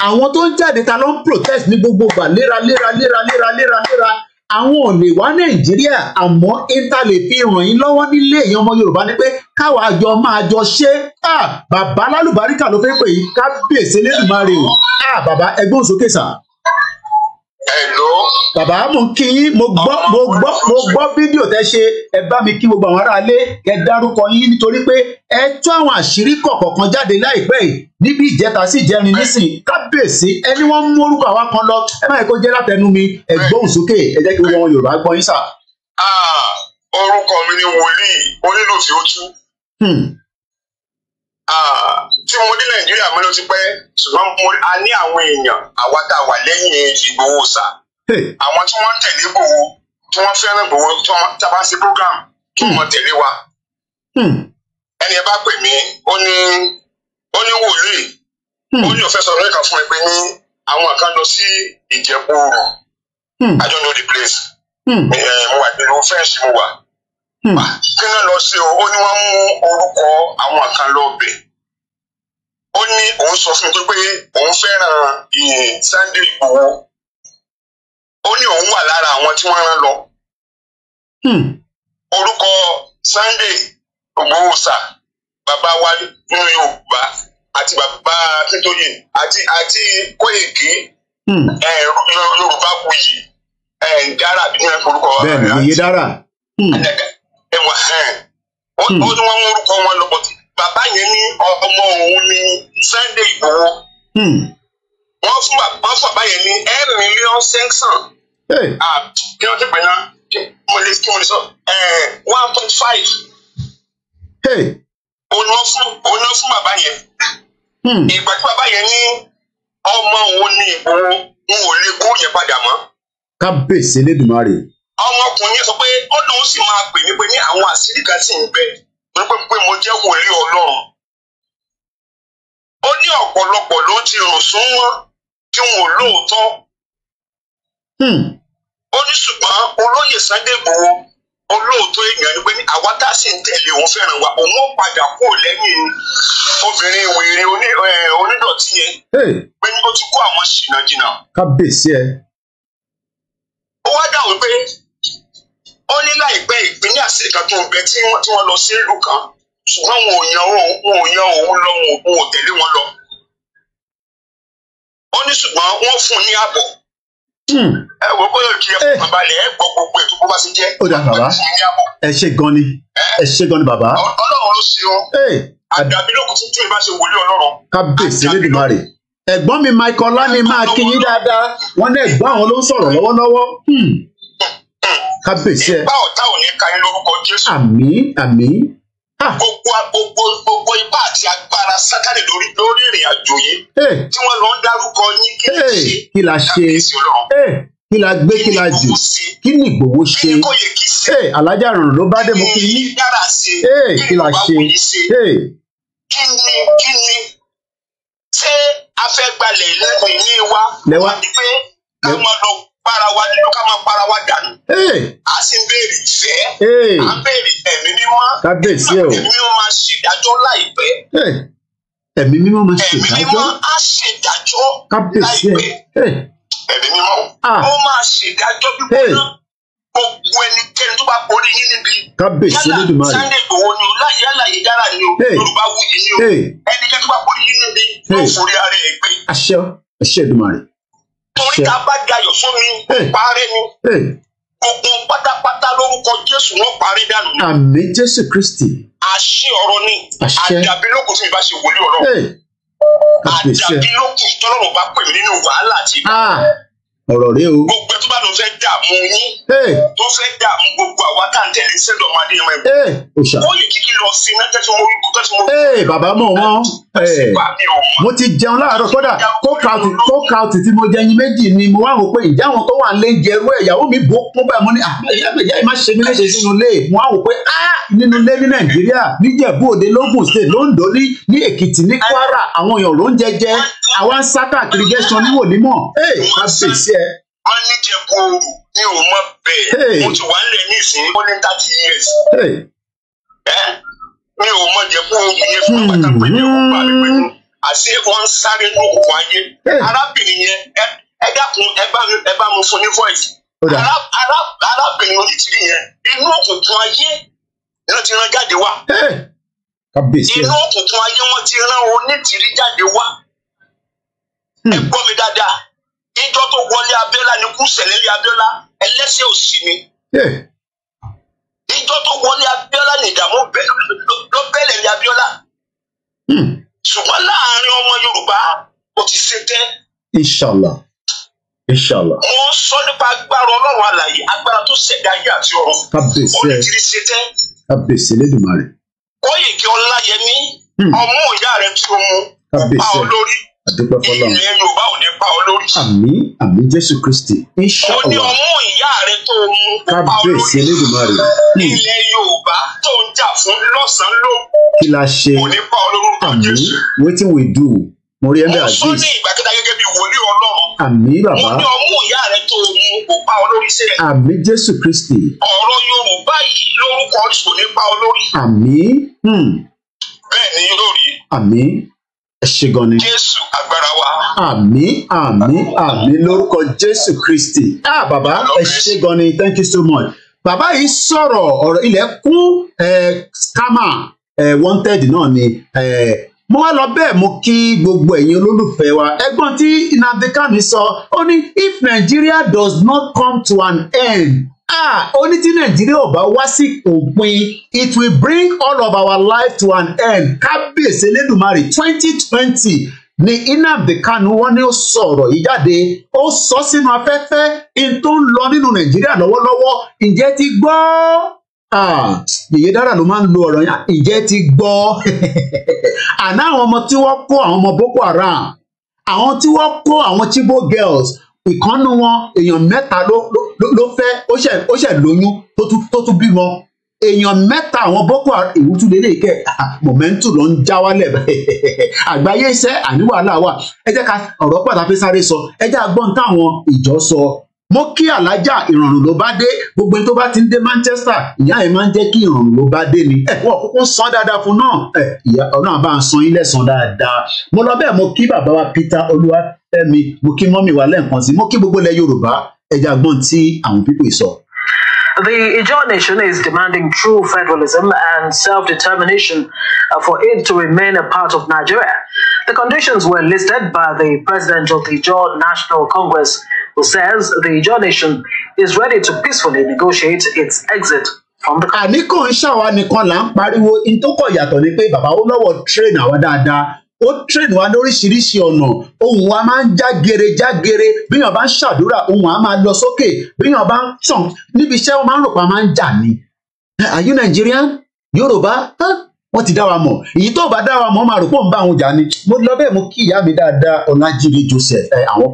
àwọn tó ń jáde ta ló ń protest ní gbogbo gbà léra léra léra léra léra léra àwọn ò lè wá nàìjíríà àmọ́ níta lè fi ràn yín lọ́wọ́ nílé èèyàn ọmọ yorùbá ni pé káwa jọ máa jọ ṣe bàbá lálùbáríkà ló fẹ́ pè yí kábíyèsí lẹ́nu máa rè o bàbá ẹgbẹ́ òsókè sà. Hello. Bàbá mo ń kí yín, mo gbọ́ mo gbọ́ mo gbọ́ fídíò tẹ́ ṣe ẹ bá mi kí gbogbo àwọn aráalé ẹ dárúkọ yín nítorí pé ẹ tú àwọn àṣírí kọ̀ọ̀kan jáde láìpẹ́ yìí níbi ìjẹta sí ìjẹrin nísìn kábíyèsí ẹni wọ́n mú orúkọ àwa kan lọ ẹ má yẹ kó jẹ́ látẹnu mi ẹ gbóhùn sókè ẹ jẹ́ kí wọ́n Yorùbá gbọ́ yín sà. Orúkọ mi ni wòlíì onílùfẹ́ ojú. Hmm nàìjíríà mọ́ ló ti pẹ́ ṣùgbọ́n a ní àwọn èèyàn àwa tá a wà lẹ́yìn Ìgbòho sà àwọn tí wọ́n tẹ̀lé Ìgbòho tí wọ́n fẹ́ràn Ìgbòho tí wọ́n tàbá sí program kí hmm. wọ́n tẹ̀lé wa. Hmm. ẹni ẹ bá pè mí ó ní ó ní wòlíì hmm. ó ní òfẹ́ sọ̀rọ̀ nìkan fún ẹ pé ní àwọn kan lọ sí Ìjẹ̀bú àjọ ní the place mo wà nínú fẹ́ǹsì mo wà ah, kí náà lọ sí o ó ní wọ́n mú orúkọ àwọn kan lọ bẹ̀ẹ́ ó ní òun sọ fún mi pé òun fẹ́ràn Sunday Igboho ó ní òun wà lára àwọn tí wọ́n rán lọ. Hmm. orúkọ Sunday Igboho bàbá wa nínú Yorùbá àti bàbá Akíntóyè àti àti Kóyèké hmm. Yorùbá kù yìí dára bí wọ́n orúkọ wa. bẹ́ẹ̀ni iye dára. ó ní wọ́n ń hmm. orúkọ wọn lọ bọtí bàbá yẹn ní ọmọ òun ní Sunday Igboho hmm. wọ́n fún bàbá yẹn ní ẹ mílíọ̀n sẹ́ńsàn kí wọ́n ti pè náà mo lè kí mo lè sọ eh, one point five òun ló fún òun ló fún bàbá yẹn hmm. ìgbà tí bàbá yẹn ní ọmọ òun ní Igboho n ò lè kó yẹn padà mọ́. kábíyèsí lẹ́dùnmáà ọmọkùnrin yẹn sọ pé ó lóun sì máa pè mí pé ní àwọn àṣírí kan sì ń bẹ wípé pé mo jẹ́ wòlíì ọlọ́run ó ní ọ̀pọ̀lọpọ̀ ló ti rùn sún wọn tí wọn ò lóòótọ́ hmm. ó ní ṣùgbọ́n olóyè Sunday Igboho olóòótọ́ èèyàn ni pé ní àwa tá a sì ń tẹ̀lé òun fẹ́ràn wa òun ó padà kú lẹ́yìn obìnrin wèrè onídọ̀tí yẹn pé ní o ti kó àwọn ṣìnà jìnà. kábíyèsí ẹ. ó wá dà wípé ó ní láìpẹ́ ìpínlẹ̀ àṣírí kan tó ń bẹ tí wọ́n lọ sí ìlú kan ṣùgbọ́n wọn ò yan òun wọn ò yan òun lọ wọn ò tẹ̀lé wọn lọ. ó ní ṣùgbọ́n wọ́n fún un ní ààbò. Hmm. ẹ wo bóyá òjì ẹ fún eh. bàbá rẹ ẹ gbọ́ gbogbo ètò bó bá ṣe jẹ́. ó dà bàbá ẹ ṣe gan ni eh. ẹ ṣe gan ni bàbá. ọlọ́run ló ṣe ọ́ eh. àdàbílòkùn tuntun ìbá ṣe wòlé ọlọ́run. kábíyèsí lẹ́dùnmarè ẹ̀gbọ́n mi Michael Lani máa kí yín dáadáa wọ́n ní ẹ̀gbọ́n àwọn ló ń sọ̀rọ̀ lọ́wọ́lọ́wọ́. Hmm kábíyèsí ẹ. ipa ọ̀tá ò ní ka lórúkọ jésù. àmín àmín. gbogbo gbogbo gbogbo ipá àti agbára sátani lórí lórí ìrìn àjò yìí. tí wọ́n lọ ń dárúkọ yín kí lè ṣe kí la ṣe kí la gbé kí la jù kí ni Ìgbòho ṣe alájà ràn ló bá dé mo kí yín kí la ṣe. kí ni kí ni ṣé a fẹ́ gbalẹ̀ lẹ́nu ìní wa wọ́n ní pé ká lọ para wa nínú ká máa para wa dànù. a sì ń béèrè ìfẹ́ a ń béèrè ẹ̀mí mímọ́ kábíyèsí ẹ̀ o ẹ̀mí mímọ́ máa ṣe ìdájọ́ láìpẹ́. ẹ̀mí mímọ́ máa ṣe ìdájọ́ ẹ̀mí mímọ́ ẹ̀mí mímọ́ ah. ó máa ṣe ìdájọ́ gbígbóná gbogbo ẹnikẹ́ni tó bá borí yín níbi. kábíyèsí Olódùmarè yálà Sunday Igboho yálà Yédára ni ni o ẹnikẹ́ni tó bá borí yín níbi yóò forí ara torí ká bá dayọ̀ sómi parẹ́ ni gbogbo pátápátá lórúkọ jésù ló parí dànù ni. àmín jésù kristi. àṣẹ ọ̀rọ̀ ni àjàbí ló tí mi bá ṣe wòlíì ọ̀rọ̀ àjàbí ló kù tọ́lọ́run bá pè mí nínú wàhálà àti ìgbà. Ah ọ̀rọ̀ rẹ o. gbogbo ẹ tó bá lọ fẹ́ dààmú yín. tó fẹ́ dààmú gbogbo àwa tá à ń tẹ̀lé sẹ́dọ̀ máa dín ọmọ ẹ̀. ó lè kíkí lọ sí iná tẹ́tí wọn orúkọ tẹ́tí wọn. ee bàbá mọ̀ wọ́n mo ti jẹun láàárọ̀ kódà kókàùtì kókàùtì tí mo jẹ ẹyin méjì ni mo wá wò pé ìjà àwọn tó wà ń lé jẹ ẹrú ẹ̀ ìyàwó mi bò kún báyìí mo ní ah, ìyá mi má ṣe mí léṣe sínú ilé mo wá wò pé ah, nínú ilé ní Nàìjíríà níjẹ̀bú Òde l'Ógùn State l'Ondo ní Èkìtì ní Kwara àwọn èèyàn ló ń jẹjẹ àwa ń sá káàkiri gẹ́sán níwò nímọ̀ kábíyèsí ẹ. wọ́n ní jẹ̀kú ooru ní òun mọ̀ bẹ́ẹ̀ mo ti wà nílẹ̀ ní ìsìn ó ní thirty years. mi ò mọ̀ jẹ̀kú ooru yẹn fún pátápẹ́ ní òun bá pẹ̀lú àti wọ́n sáré ní òkùnkùn ayé arábìnrin yẹn ẹ dákun ẹ bá mi fún ní voice arábìnrin onítìrí yẹn inú òkùnkùn ayé ló ti rán jáde wá. inú òkùnkùn ayé wọn ti rán onítìrí jáde wá ẹ gbọ́ mi dáadáa ìjọ tó wọlé Abíọ́lá ni kú ṣẹlẹ̀ lé Abíọ́lá ẹlẹ́sẹ̀ òsì ni ìjọ eh. tó wọlé Abíọ́lá ni ìdààmú ló bẹ̀rẹ̀ ní Abíọ́lá hmm. ṣùgbọ́n láàárín ọmọ Yorùbá kò ti ṣe tẹ́. Inshallah inshallah. mo ń sọ nípa agbára ọlọ́run àlàyé agbára tó ṣẹ̀dá ayé àti ọ̀run. kábíyèsí ẹ kábíyèsí Elédùmarè. kóyè kí ọláyẹmí hmm. ọmọ ìyá rẹ tí o mu ó pa olórí àdúpẹ́ fọlọ́run ilé yorùbá ò ní pa olórí. àmín àmín jésù kristi. ó ní ọmú ìyá rẹ tó mú pa olórí. Hmm. ilẹ̀ yorùbá tó ń jà fún lọ́sàn-án ló. kí la ṣe àmín wetin we do mo rí ẹgbẹ́ àdéhùn. mo sọ ní ìgbàgede gẹ́gẹ́ bí wòlíì ọlọ́run. àmín bàbá. mo ní ọmú ìyá rẹ tó mú kó pa olórí sílẹ̀. àmín jésù kristi. ọ̀rọ̀ yorùbá yìí lórúkọ kò pa olórí. àmín. Hmm. bẹ́ẹ̀ ni yóò rí. àmín ẹ ṣe gan ni. jésù agbára wa. àmín àmín àmín lórúkọ jésù kristi. ah bàbá ẹ thank you so much. bàbá yìí sọ̀rọ̀ ọ̀rọ̀ ilẹ̀ kún scammer wanted náà ni mo wá lọ bẹ́ẹ̀ mo kí gbogbo ẹ̀yin olólùfẹ́ wa ẹ̀gbọ́n tí nnamdi kanu sọ ó ní if Nigeria does not come to an end Ah, only thing tí Nàìjíríà ò bá wá sí òpin it will bring all of our life to an end kábíyèsí Elédùmarè twenty twenty ni Nnamdi Kanu wọn ni ó sọ̀rọ̀ yìí jáde ó sọ sínú afẹ́fẹ́ in tó ń lọ nínú Nàìjíríà lọ́wọ́lọ́wọ́ ǹjẹ́ ti gbọ́ yèyé dára ló máa ń lo ọ̀rọ̀ yẹn ǹjẹ́ ti gbọ́ àná àwọn ọmọ tí wọ́n kó àwọn ọmọ Boko Haram àwọn tí wọ́n kó àwọn Chibok girls ìkànnù wọn èèyàn mẹ́ta ló ló ló fẹ́ ó ṣẹ̀ ó ṣẹ̀ lóyún tó tún tó tún bímọ èèyàn mẹ́ta àwọn boko haram ìwútú lélẹ̀ kẹ́ ah, mọ̀mẹ́ntù ló ń já wálẹ̀ àgbáyé iṣẹ́ àní wàhálà wà ẹ jẹ́ ká ọ̀rọ̀ pàtàkì sáré sọ ẹ jẹ́ àgbọ̀n táwọn ìjọ sọ mo kí alájà ìrọ̀rùn ló bá dé gbogbo tó bá ti ń dé Manchester ìyá ẹ̀ máa ń jẹ́ kí ìrọ̀rùn ló bá dé ni ẹ̀kọ́ kúkú san dáadáa fún náà ẹ̀ ìyá ọlọ́run bá san ilẹ̀ san dáadáa mo lọ bẹ́ẹ̀ mo kí bàbá wa Peter Olúwafẹ́mi mo kí mọ́mì wa lẹ́ẹ̀kan sí mo kí gbogbo ilẹ̀ Yorùbá ẹja gbọ́n tí àwọn pípò sọ. The Ijaw Nation is demanding true federalism and self-determination uh, for it to remain a part of Nigeria. The conditions were listed by the president of the Ijaw National Congress, who says the Ijaw nation is ready to peacefully negotiate its exit from the. àní kò ń ṣàwa nìkan là ń pariwo in yàtọ̀ ni pé bàbá ó lọ́wọ́ train àwa dáadáa ó train wa lóríṣiríṣi ọ̀nà ohùn wa máa ń jágere jágere bíyàn bá ń ṣàdúrà ohùn wa máa lọ sókè bíyàn bá ń tàn níbi iṣẹ́ wọn máa ń rò pa máa ń jà ní. are you Nigerian? Yorùbá? Huh? wọ́n ti dá wa mọ̀ èyí tó bá dá wa mọ̀ máa rò pọ̀ ń bá àwọn jà ni mo lọ bẹ́ẹ̀ mo kí ìyá mi dáadáa ọ̀nàjìrì Joseph ẹ àwọn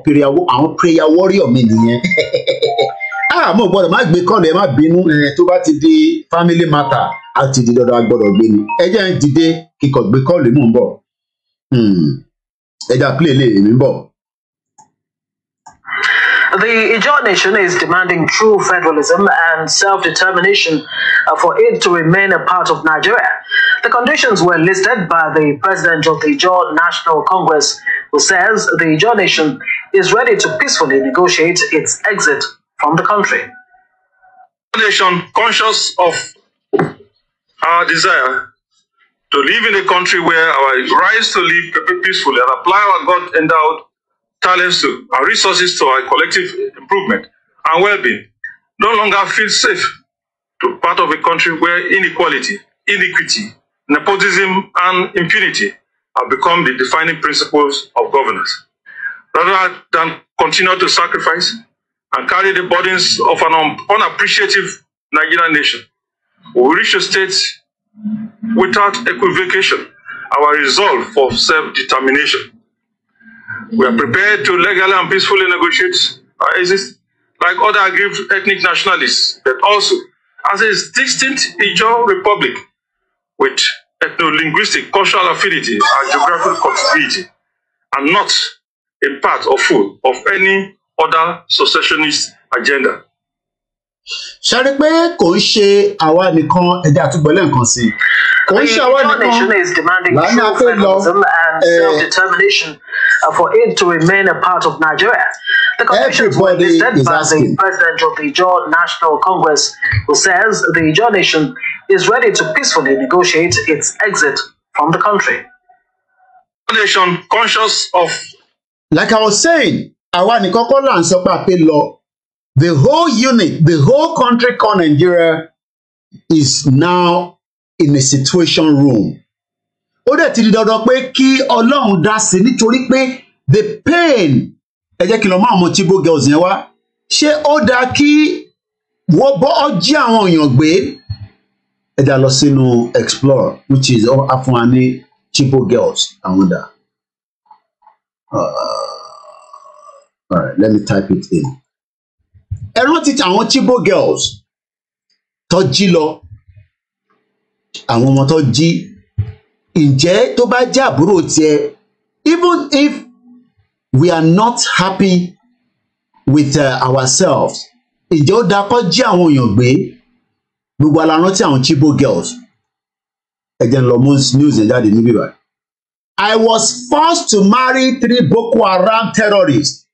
prayer warrior mi nìyẹn ah mo gbọ́dọ̀ má gbé kọlù má bínú tó bá ti di family matter a ti di dandan a gbọ́dọ̀ gbé ni ẹ ń dìde kíkọ gbé kọlù mò ń bọ̀ hmm. ẹ jà lè mi ń bọ̀. The Ijaw Nation is demanding true federalism and self-determination for it to remain a part of Nigeria. The conditions were listed by the president of the Jaw National Congress, who says the Jaw nation is ready to peacefully negotiate its exit from the country. Nation conscious of our desire to live in a country where our rights to live peacefully and apply our God endowed talents to our resources to our collective improvement and well being no longer feels safe to part of a country where inequality, inequity, nepotism, and impunity have become the defining principles of governance. Rather than continue to sacrifice and carry the burdens of an un unappreciative Nigerian nation, we reach a state without equivocation, our resolve for self-determination. We are prepared to legally and peacefully negotiate our exist like other aggrieved ethnic nationalists, but also as a distinct Ijaw republic with ethno-linguistic cultural affinity and geographical contiguity and not a part or full of any other secessionist agenda. ṣe rí pé kò ń ṣe àwa nìkan ẹ̀dá àtúgbọ́ lẹ́ǹkan sí i kò ń ṣe àwa nìkan lánàá tó lọ eh, everybody is asking. President of the Jaw National Congress who says the Jaw Nation is ready to peacefully negotiate its exit from the country. Nation conscious of. Like I was saying, àwa nìkan kọ́ là ń The whole unit, the whole country called Nigeria is now in a situation room. Ó dẹ̀ ti di ki pé kí Ọlọ́run dá sí the pain ẹ jẹ́ kí lọ́ọ́ máa mọ Chibok girls yẹn wá. Ṣé ó dáa kí wọ́n bọ́ ọjí àwọn èèyàn gbé? ẹ já lọ sínú explore which is á fún wa ní chibo girls àwọn dà uh, alright let me type it in ẹ rántí àwọn Chipo girls tó jí lọ àwọn ọmọ tó jí ǹjẹ́ tó bá jẹ́ àbúrò tiẹ̀ even if we are not happy with uh, ourselves ǹjẹ́ ó dáa kó jí àwọn èèyàn gbé gbogbo ala rántí àwọn chibo girls ẹ ń lọ news yẹn jáde níbí báyìí. I was forced to marry three Boko Haram terrorists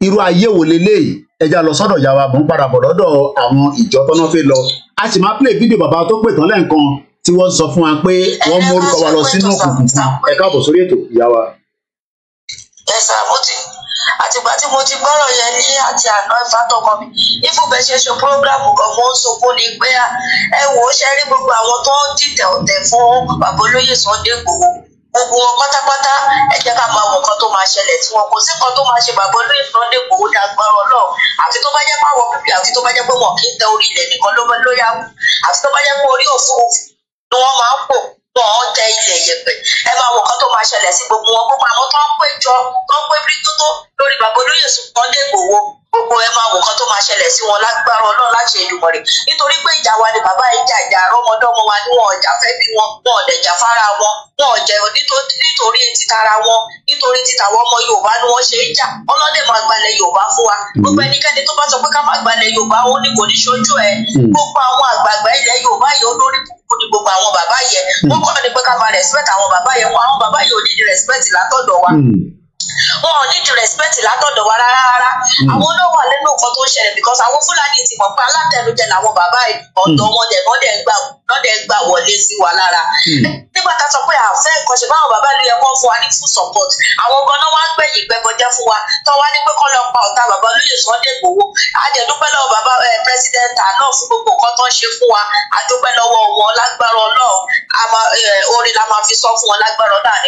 irú ayé wò leléyìí ẹja lọ sọ́dọ̀ ìyá wa bọ́n padà bọ̀ lọ́dọ̀ àwọn ìjọ tọ́nà fẹ́ lọ a sì máa play fídíò bàbá tó pè tán lẹ́ẹ̀kan tí wọ́n sọ fún wa pé wọ́n mú wa lọ sínú òkùnkùn ẹ káàbọ̀ sórí ètò ìyá wa. ẹ sáà mo ti àtìgbà tí mo ti gbọ́rọ̀ yẹn ní àti àná ìfàtọkọ mi ìfúnbẹ ṣe ṣe prógrámù kan mo ní pé ah, ẹ wò ó ṣe rí gbogbo àwọn tó ń dìtẹ̀ ọ̀tẹ̀ fún bàbá Sunday Igboho gbogbo wọn pátápátá ẹ jẹ́ ká máa wọ nǹkan tó máa ṣẹlẹ̀ tí wọn kò sí nǹkan tó máa ṣe bàbá olóyè Sunday Igboho ní agbára Ọlọ́run àfi tó bá jẹ́ pé àwọn pípì àfi tó bá jẹ́ pé wọn kì í tẹ orí ilẹ̀ nìkan ló yà wù àfi tó bá jẹ́ pé orí òfurufú ni wọ́n máa ń pò wọn jẹ ilẹ̀ yẹ̀pẹ̀ ẹ máa wo nǹkan tó máa ṣẹlẹ̀ sí gbogbo wọn gbogbo àwọn tó ń péjọ tó ń pé bíríkótó lórí bàbá olóyè Sunday Igboho gbogbo ẹ máa wò kan tó máa ṣẹlẹ̀ sí wọn lágbára ọlọ́run láti Èdùmàrè nítorí pé ìjà wa ni bàbá ìjà ìjà àrọ́mọdọ́mọ wa ni wọn ọjà fẹ́ bí wọn wọn ọ̀dẹ̀jà fara wọn wọn ọ̀jẹ̀ nítorí títara wọn nítorí títàwọn ọmọ Yorùbá ni wọ́n ṣe ń jà ọlọ́dẹ máa gbalẹ̀ Yorùbá fún wa mm-hmm. gbogbo ẹnikẹ́ni tó bá sọ pé ká máa gbalẹ̀ Yorùbá ó ní kò ní ṣojú ẹ mm-hmm. gbogbo àwọn àgbààgbà ilẹ̀ Yorùbá yìí olórí kò wọn ò nídìí respect látọ̀dọ̀ wa rárá rárá hmm. àwọn ló wà lẹ́nu nǹkan tó ń ṣẹlẹ̀ because àwọn fúlàní ti mọ̀ pé alátẹnujẹ làwọn bàbá ọ̀dọ́ hmm. wọn dẹ̀ wọ́n dẹ̀ ń gbà wọ́n lọ́dẹ̀ gbà wọlé sí wa lára. Hmm. nígbà tá a sọ pé àfẹ́ nǹkan ṣe báwọn bàbá ló yẹ kó fún wa ní full support àwọn ganan wá ń gbẹ̀yìn gbẹ̀gànjẹ́ fún wa tó wá ní pé kọ́ lọ pa ọ̀tá bàbá olóyè Sunday Igboho àjẹ̀dúpẹ́ lọ́wọ́ bàbá eh, president àná fún gbogbo nǹkan tó ń ṣe fún wa àdúpẹ́ lọ́wọ́ wọn lágbára Ọlọ́run eh, orin la máa fi sọ fún wọn lágbára Ọlọ́run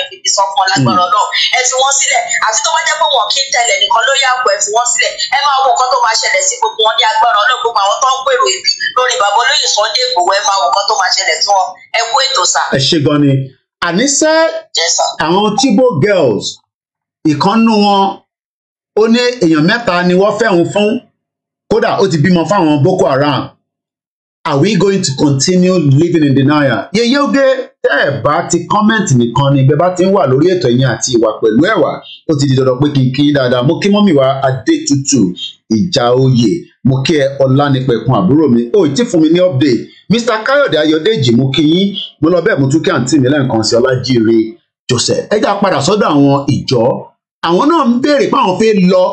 tó máa ṣẹlẹ̀ sí wọn ẹ kú ètò sà. ẹ ṣe gan ni àníṣe àwọn Chibok girls ìkànnù wọn ó ní èèyàn mẹ́ta ni wọ́n fẹ́ òun fún kódà ó ti bímọ fáwọn Boko Haram are we going to continue living in denial yeye oge tẹ́ ẹ bá ti comment nìkan ni bẹ́ẹ̀ bá ti ń wà lórí ètò ẹ̀yin àti ìwà pẹ̀lú ẹ̀wà ó ti di dandan pé kí n kí dáadáa mo kí mọ́mì wa Adétutù ìjà oyè mo kí ẹ Ọlánipẹ̀kun àbúrò mi ó ti fún mi ní update mr káyọ̀dé ayọ̀dèjì mo kí yín mo lọ bẹ́ẹ̀ mo tún kí àǹtí mi lẹ́ẹ̀kan sí ọlájíire joseph ẹ já padà sọ́dọ̀ àwọn ìjọ àwọn náà ń béèrè pé àwọn fẹ́ lọ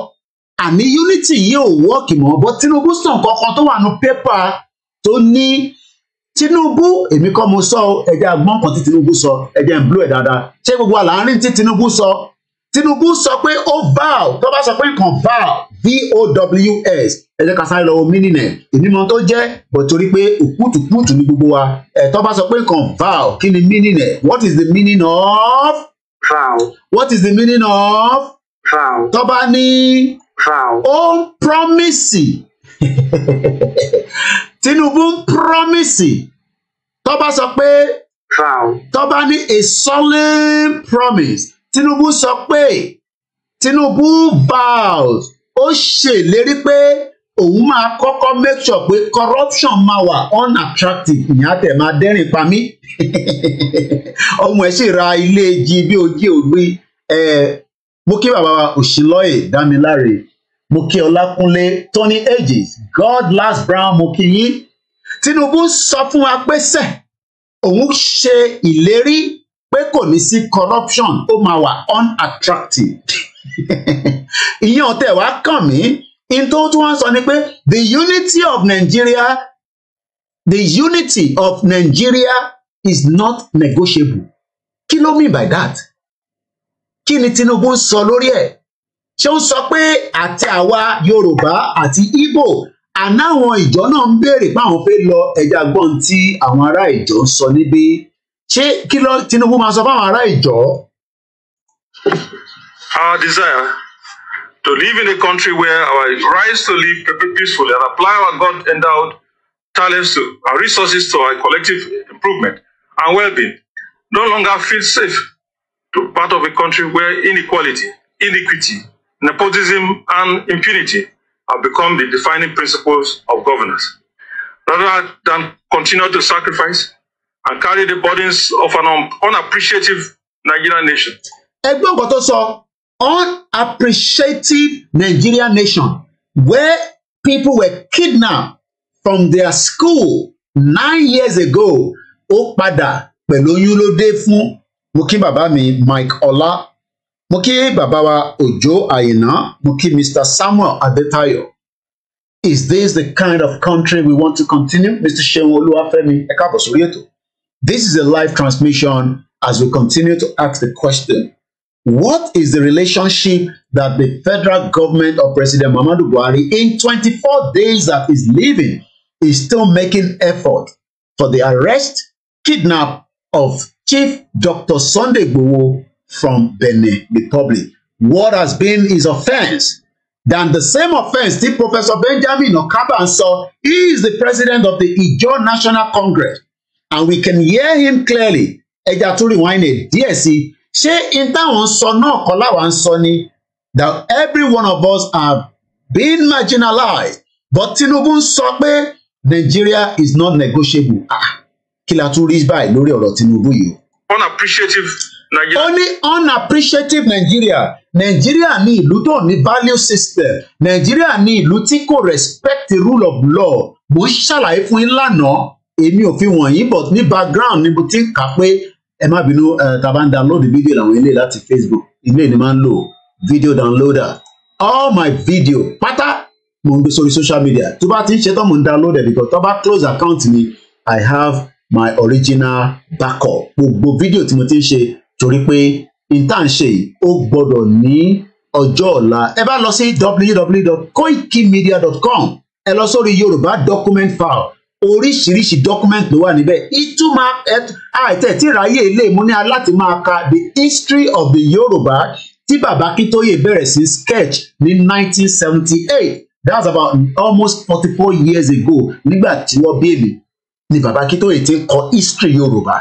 àní unity yìí ò wọ́ọ̀kì mọ́ bọ́ tinubu sàn kankan tó wà nù pépà tó ní tinubu èmi kọ́ mo sọ ẹ̀jẹ̀ àgbọ̀n kan tí tinubu sọ ẹ̀jẹ̀ ń blú ẹ̀ dáadáa ṣé gbogbo àlàárín tí tinubu sọ Tinubu sọ pé ó vow tó bá sọ pé nǹkan vow v-o-w-s ẹ jẹ́ ká sáré lọ omi nìyẹn èmi mọ̀ tó jẹ́ bọ̀ torí pé òkútùkútù ní gbogbo wa ẹ tó bá sọ pé nǹkan vow kí ni meaning ẹ what is the meaning of. vow what is the meaning of. vow tó bá ní. vow ó ń promise Tinubu ń promise tó bá sọ pé. vow tó bá ní a solemn promise tinubu sọ pé tinubu vows ó ṣèlérí pé òun máa kọ́kọ́ make sure pé corruption máa wà unattractive ìyẹn àtẹ máa dẹ́rìn pamí ọmọ ẹ̀ sì ra ilé jí bí ojí ògbí mo kí bàbá wa òṣìlọ́yè dámiláre mo kí ọlákúnlé tony ages god last brown mo kí yín tinubu sọ fún wa pé sẹ òun ṣe ìlérí pé kò ní sí corruption ó máa wà unattractive ìyẹn ọ̀tẹ̀ wá kàn mí in tó tún wọ́n sọ ni pé the unity of Nigeria the unity of Nigeria is not negotiable kí ló mean by that kí ni Tinubu ń sọ lórí ẹ̀ ṣé ó ń sọ pé àti àwa Yorùbá àti Igbo àná àwọn ìjọ náà ń béèrè pé àwọn fẹ́ lọ ẹja gbọ́n tí àwọn ará ìjọ ń sọ níbí ṣé kí ló Tinubu máa sọ fáwọn ará ìjọ. Our desire to live in a country where our rights to live peacefully and apply our God-endowed talents to our resources to our collective improvement and well-being no longer feel safe to part of a country where inequality, inequity, nepotism, and impunity have become the defining principles of governance. Rather than continue to sacrifice and carry the burdens of an unappreciative Nigerian nation. Ẹgbẹ́ ọ̀gọ́ tó sọ unappreciative Nigerian nation where people were kidnapped from their school nine years ago ó padà pẹ̀lú oyún ló dé fún mo kí bàbá mi Mike Ọlá mo kí bàbá wa Òjó Àyìnà mo kí Mr. Samuel Adetayo is this the kind of country we want to continue Mr. Seun Olúwafẹ́mi ẹ káàbọ̀ sórí ètò. This is a live transmission as we continue to ask the question What is the relationship that the federal government of President Muhammadu Buhari, in 24 days that is leaving, is still making effort for the arrest, kidnap of Chief Dr. Sunday Igboho from Benin Republic? What has been his offense? Than the same offense, the Professor Benjamin Okaban saw, he is the president of the Ijo National Congress and we can hear him clearly ẹja tó rewind it díẹ̀ sí ṣé in táwọn sọ náà kọ́ láwa ń sọ ni that every one of us have been marginalised. but Tinubu ń sọ pé Nigeria is not negotiable ah kí la tún rí báyìí lórí ọ̀rọ̀ Tinubu yìí unappreciative Nigeria. ó unappreciative Nigeria Nigeria ní ìlú tó ní value system Nigeria ní ìlú tí kò respect the rule of law mo ń ṣàlàyé fún yín lánàá èmi ò fi wọ̀nyí but ní background ni mo ti ń kà pé ẹ má bínú tá a bá ń download fídíò làwọn ilé láti Facebook ilé ni máa ń lò video downloader all my video pátá mo ń gbé sórí social media tó bá ti ń ṣe tó mo ń download ẹ̀ because tó bá close account mi I have my original backup gbogbo video, tí mo ti ń ṣe torí pé n tá à ń ṣe yìí ó gbọ́dọ̀ ní ọjọ́ ọ̀la ẹ bá lọ sí www.koikimedia.com ẹ lọ sórí Yorùbá document file oríṣiríṣi document ló wà níbẹ̀ ìtumọ̀ àìtẹ̀tíráyè lè mú ní aláti máa ka the history of the Yorùbá tí bàbá Akíntóyè bẹ̀rẹ̀ sí sketch ní 1978 that's about almost forty four years ago nígbà tí wọ́n bèèrè ni bàbá Akíntóyè ti kọ history Yorùbá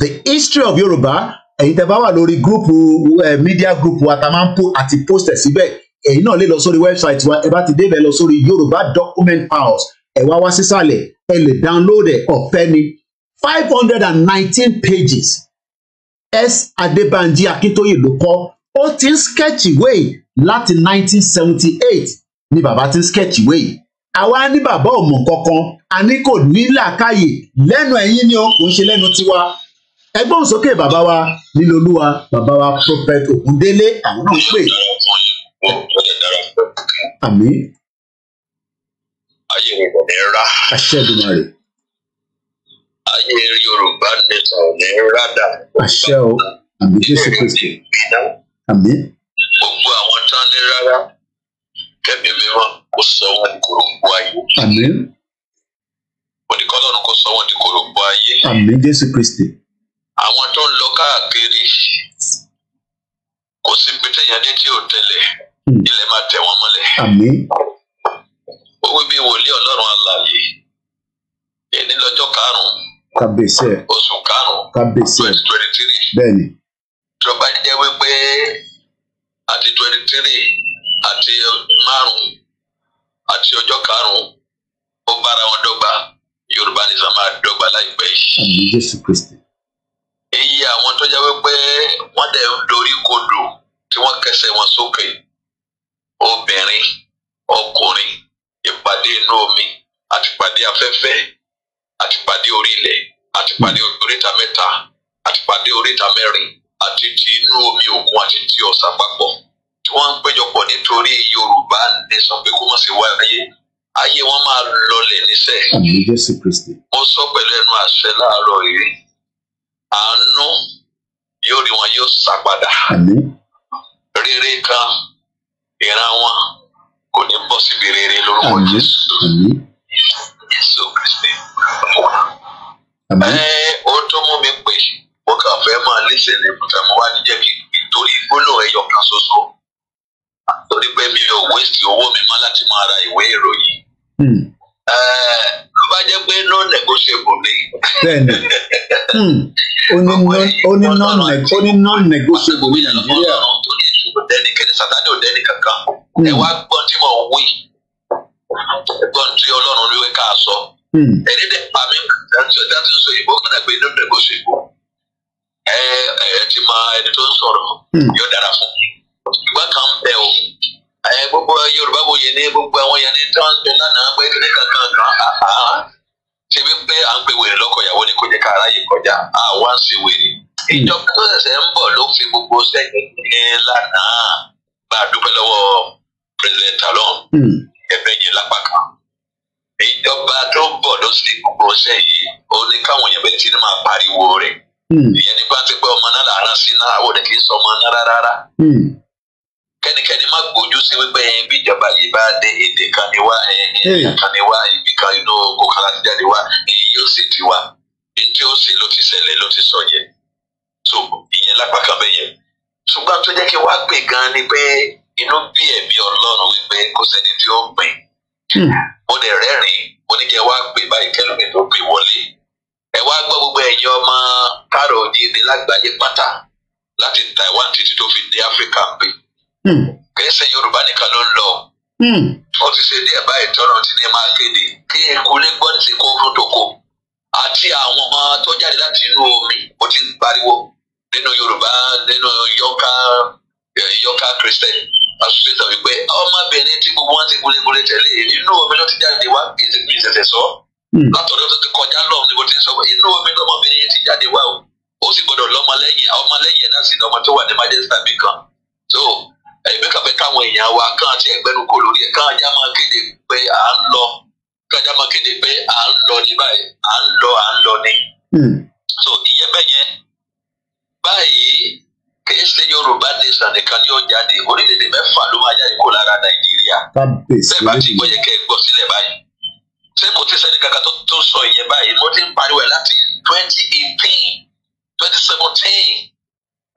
the history of Yorùbá ẹ̀yin tẹ́ bá wà lórí gúrùpù media group wa ta máa ń po àti post ẹ̀ síbẹ̀ ẹ̀yin náà lè lọ sórí website wa ẹ bá ti débẹ̀ lọ sórí Yorùbá document house ẹ wá wá sísàlẹ̀ ẹ lè download ẹ ọ̀fẹ́ ni five hundred and nineteen pages S Adébánjí Akíntóyè ló kọ ó ti ń sketch ìwé yìí láti nineteen seventy eight ni bàbá ti ń sketch ìwé yìí àwa ní bàbá ọmọ kankan a kò ní làákàyè lẹ́nu ẹ̀yin ni ó kò ń ṣe lẹ́nu tiwa ẹgbọ́n sókè bàbá wa nílò olúwa bàbá wa prophet Ògúndélé àwọn náà ń pè ayé mi kò ní rá. àṣẹ Èdùmàrè. ayé yorùbá nation ò ní rá dà. àṣẹ o àmì jésù kristi àmì. gbogbo àwọn tán ní rárá kẹ́mi mímọ́ kò sọ wọn kòròǹgbò ayé. àmì. òdìkọ́lọ́run kò sọ wọn di kòròǹgbò ayé. àmì jésù kristi. àwọn tó ń lọ káàkiri kò sí pété yẹn ní tí ò tẹ̀lé hmm. ilẹ̀ máa tẹ̀ wọ́n mọ́lẹ̀. àmì ó wí bí wòlíì ọlọ́run alààyè ẹni lọ́jọ́ karùn-ún kàbèsè oṣù karùn-ún kàbèsè twenty twenty three bẹ́ẹ̀ni. ìjọba jẹ́ wípé àti twenty three àti márùn-ún àti ọjọ́ karùn-ún ó bára wọn dọ́gba yorùbá ní sàmà dọ́gba láìpẹ́ yìí. àmì jésù kristi. èyí àwọn tó jẹ́ wípé wọ́n dẹ̀ ń dorí kodò tí wọ́n kẹsẹ̀ wọn sókè obìnrin ọkùnrin ìpàdé inú omi àtìpàdé afẹ́fẹ́ àtìpàdé orí àtìpàdé oríta mẹ́ta àtìpàdé oríta mẹ́rin àti ti inú omi òkun àti ti ọ̀sà papọ̀ tí wọ́n ń péjọpọ̀ nítorí Yorùbá ní sọ pé kó má ṣe wá ayé ayé wọn máa lọlẹ̀ níṣẹ́. mo sọ pẹ̀lú ẹnu àṣẹ láàárọ̀ yìí àánú yóò rí wọn yóò sá rere kan ìran wọn kò ní bọ́ síbi rere lórúkọ Jésù Jésù Kristi ẹ ó tó mú mi pè mo kàn fẹ́ máa lẹsẹ ní kúta mo wá ní jẹ́ kí nítorí gbólóhùn ẹyọ kan ṣoṣo torí pé mi ò wéṣì owó mi mọ́ láti máa ra ìwé ìròyìn. Hmm. Eh, bá jẹ́ pé no negotiable ni. bẹ́ẹ̀ni hmm. ó ní non negotiable ní nàìjíríà. tó ní ìṣòro dẹ́ni kẹ́ni sátani ò dẹ́ni kankan hmm. ẹ wá gbọ́n tí mo wí gbọ́n tí ọlọ́run ní wí ká sọ. ẹni dẹ pa mí dáńtí sọ ìbò kan náà pé no negotiable ẹ ẹ ti mọ ẹni tó ń sọ̀rọ̀ hmm. yóò dára fún mi ìgbà kan bẹ́ẹ̀ o ẹ gbogbo yorùbá wòye ní gbogbo àwọn yẹn ní tọ́ńtò lánàá pé kíní kankan kan ah, ah, ah. ṣe bí pé à ń pe wèrè lọ́kọ ìyàwó ni kò jẹ́ ká aráyè kọjá à wá ń ṣe wèrè ìjọba tó ṣẹ̀ṣẹ̀ ń bọ̀ ló fi gbogbo sẹ́yìn ní lánàá bá a dúpẹ́ lọ́wọ́ president talon hmm. ẹgbẹ́ yẹn lápá kan ìjọba tó bọ̀ ló sì gbogbo sẹ́yìn ó ní káwọn èèyàn bẹ́ẹ̀ tí ní máa pariwo rẹ̀ hmm. ìyẹn nípa ti pé ọmọ náà làárá sí náà kẹ́nikẹ́ni má gbójú sí wípé ẹyin bí ìjọba yìí bá dé èdè kan ni wá ẹyin kan ni wá ibi kan inú oko kan láti jáde wá èyí yóò ṣe tiwa etí ó ṣe ló ti ṣẹlẹ̀ ló ti sọ yẹn so ìyẹn lápá kan bẹ́ẹ̀ yẹn ṣùgbọ́n tó jẹ́ kí wá pè gan ni pé inú bí ẹ̀mí ọlọ́run wípé kò sẹ́ni tí ó ń pè hmm. mo dẹ̀ rẹ́rìn-ín mo ní kẹ́ wá pè báyìí kẹ́lùmí tó pè wọlé ẹ wá gbọ́ gbogbo ẹ̀yin Hmm. kì í ṣe yorùbá nìkan ló ń lọ hmm. ó ti ṣe díẹ̀ báyìí tọ́nà tí ní máa kéde kí eku lè gbọ́ ti kó fún tòkó àti àwọn ọmọ tó jáde láti inú omi ó ti ń pariwo nínú yorùbá nínú yọká eh, yọká christian association wípé ọmọbìnrin tí gbogbo wọn ti gúlégúlé tẹ̀lé inú omi ló ti jáde wá kí n ti gbé ìṣẹ̀ṣẹ̀ sọ hmm. látọ̀dọ̀ tó ti kọjá lọ́wọ́ ni mo ti sọ inú omi lọ́mọbìnrin ti jáde wá o ó sì gbọ́dọ̀ lọ́mọlẹ́yìn ọmọlẹ́yìn náà sì lọ́mọ tó wà ní majesty kan so ẹ̀mí kàfẹ́ káwọn èèyàn wa kàn ti ẹ̀gbẹ́nu kò lórí ẹ̀ káàjá máa kéde pé à ń lọ káàjá máa kéde pé à ń lọ ní báyìí à ń lọ à ń lọ ni. so ìyẹn bẹ́ẹ̀ yẹn báyìí kìí ṣe Yorùbá nation nìkan ni ó jáde orílẹ̀-èdè mẹ́fà ló máa jáde kó lára Nàìjíríà bẹ́ẹ̀ bá ti gbọ́ yẹ kẹ́ ẹ gbọ́ sílẹ̀ báyìí ṣé kò tí sẹ́ni kankan tó tó sọ ìyẹn báyìí mo ti ń pariwo ẹ̀ láti twenty eighteen twenty seventeen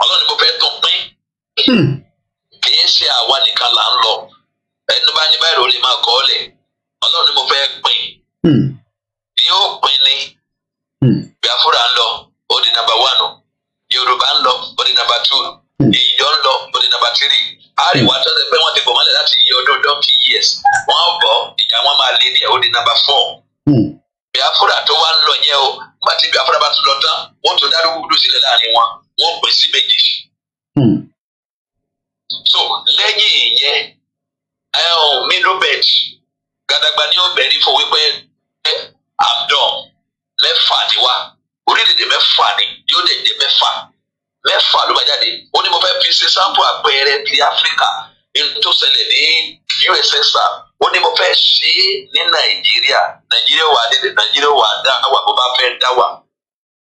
ọlọ́run ni mo fẹ́ tó pín kìí ṣe àwa nìkan là ń lọ ẹni bá ní báyìí ló lè máa kọ́ lẹ̀ ọlọ́run ni mo fẹ́ pín hmm. yóò pín ní hmm. biafura ń lọ ó di nàmbà wánu yorùbá ń lọ ó di nàmbà tù hmm. ìjọ ń lọ ó di nàmbà tírì àríwá tó ṣe pé wọ́n ti bọ̀ mọ́lẹ̀ láti iye ọdún donkey years wọ́n bọ̀ ìjà wọn máa lé díẹ̀ ó di nàmbà four biafura tó wá ń lọ yẹn o nígbà tí biafura bá tún lọ tán wọ́n tún dárúkú dùn sílẹ̀ láàrin wọn wọ́n pín sí méjì so lẹ́yìn ìyẹn um, middle bed gàdàgbà ní ọbẹ̀ fún wípé abdom mẹ́fà ni wá orílẹ̀-èdè mẹ́fà ni yóò dẹ̀ dé mẹ́fà mẹ́fà ló máa jáde ó ní mo fẹ́ fi ṣe sampo àpẹẹrẹ ti áfíríkà tó ṣẹlẹ̀ ní ussr ó ní mo fẹ́ ṣe é ní nàìjíríà nàìjíríà wà dé nàìjíríà wà dá wà bó bá fẹ́ dá wà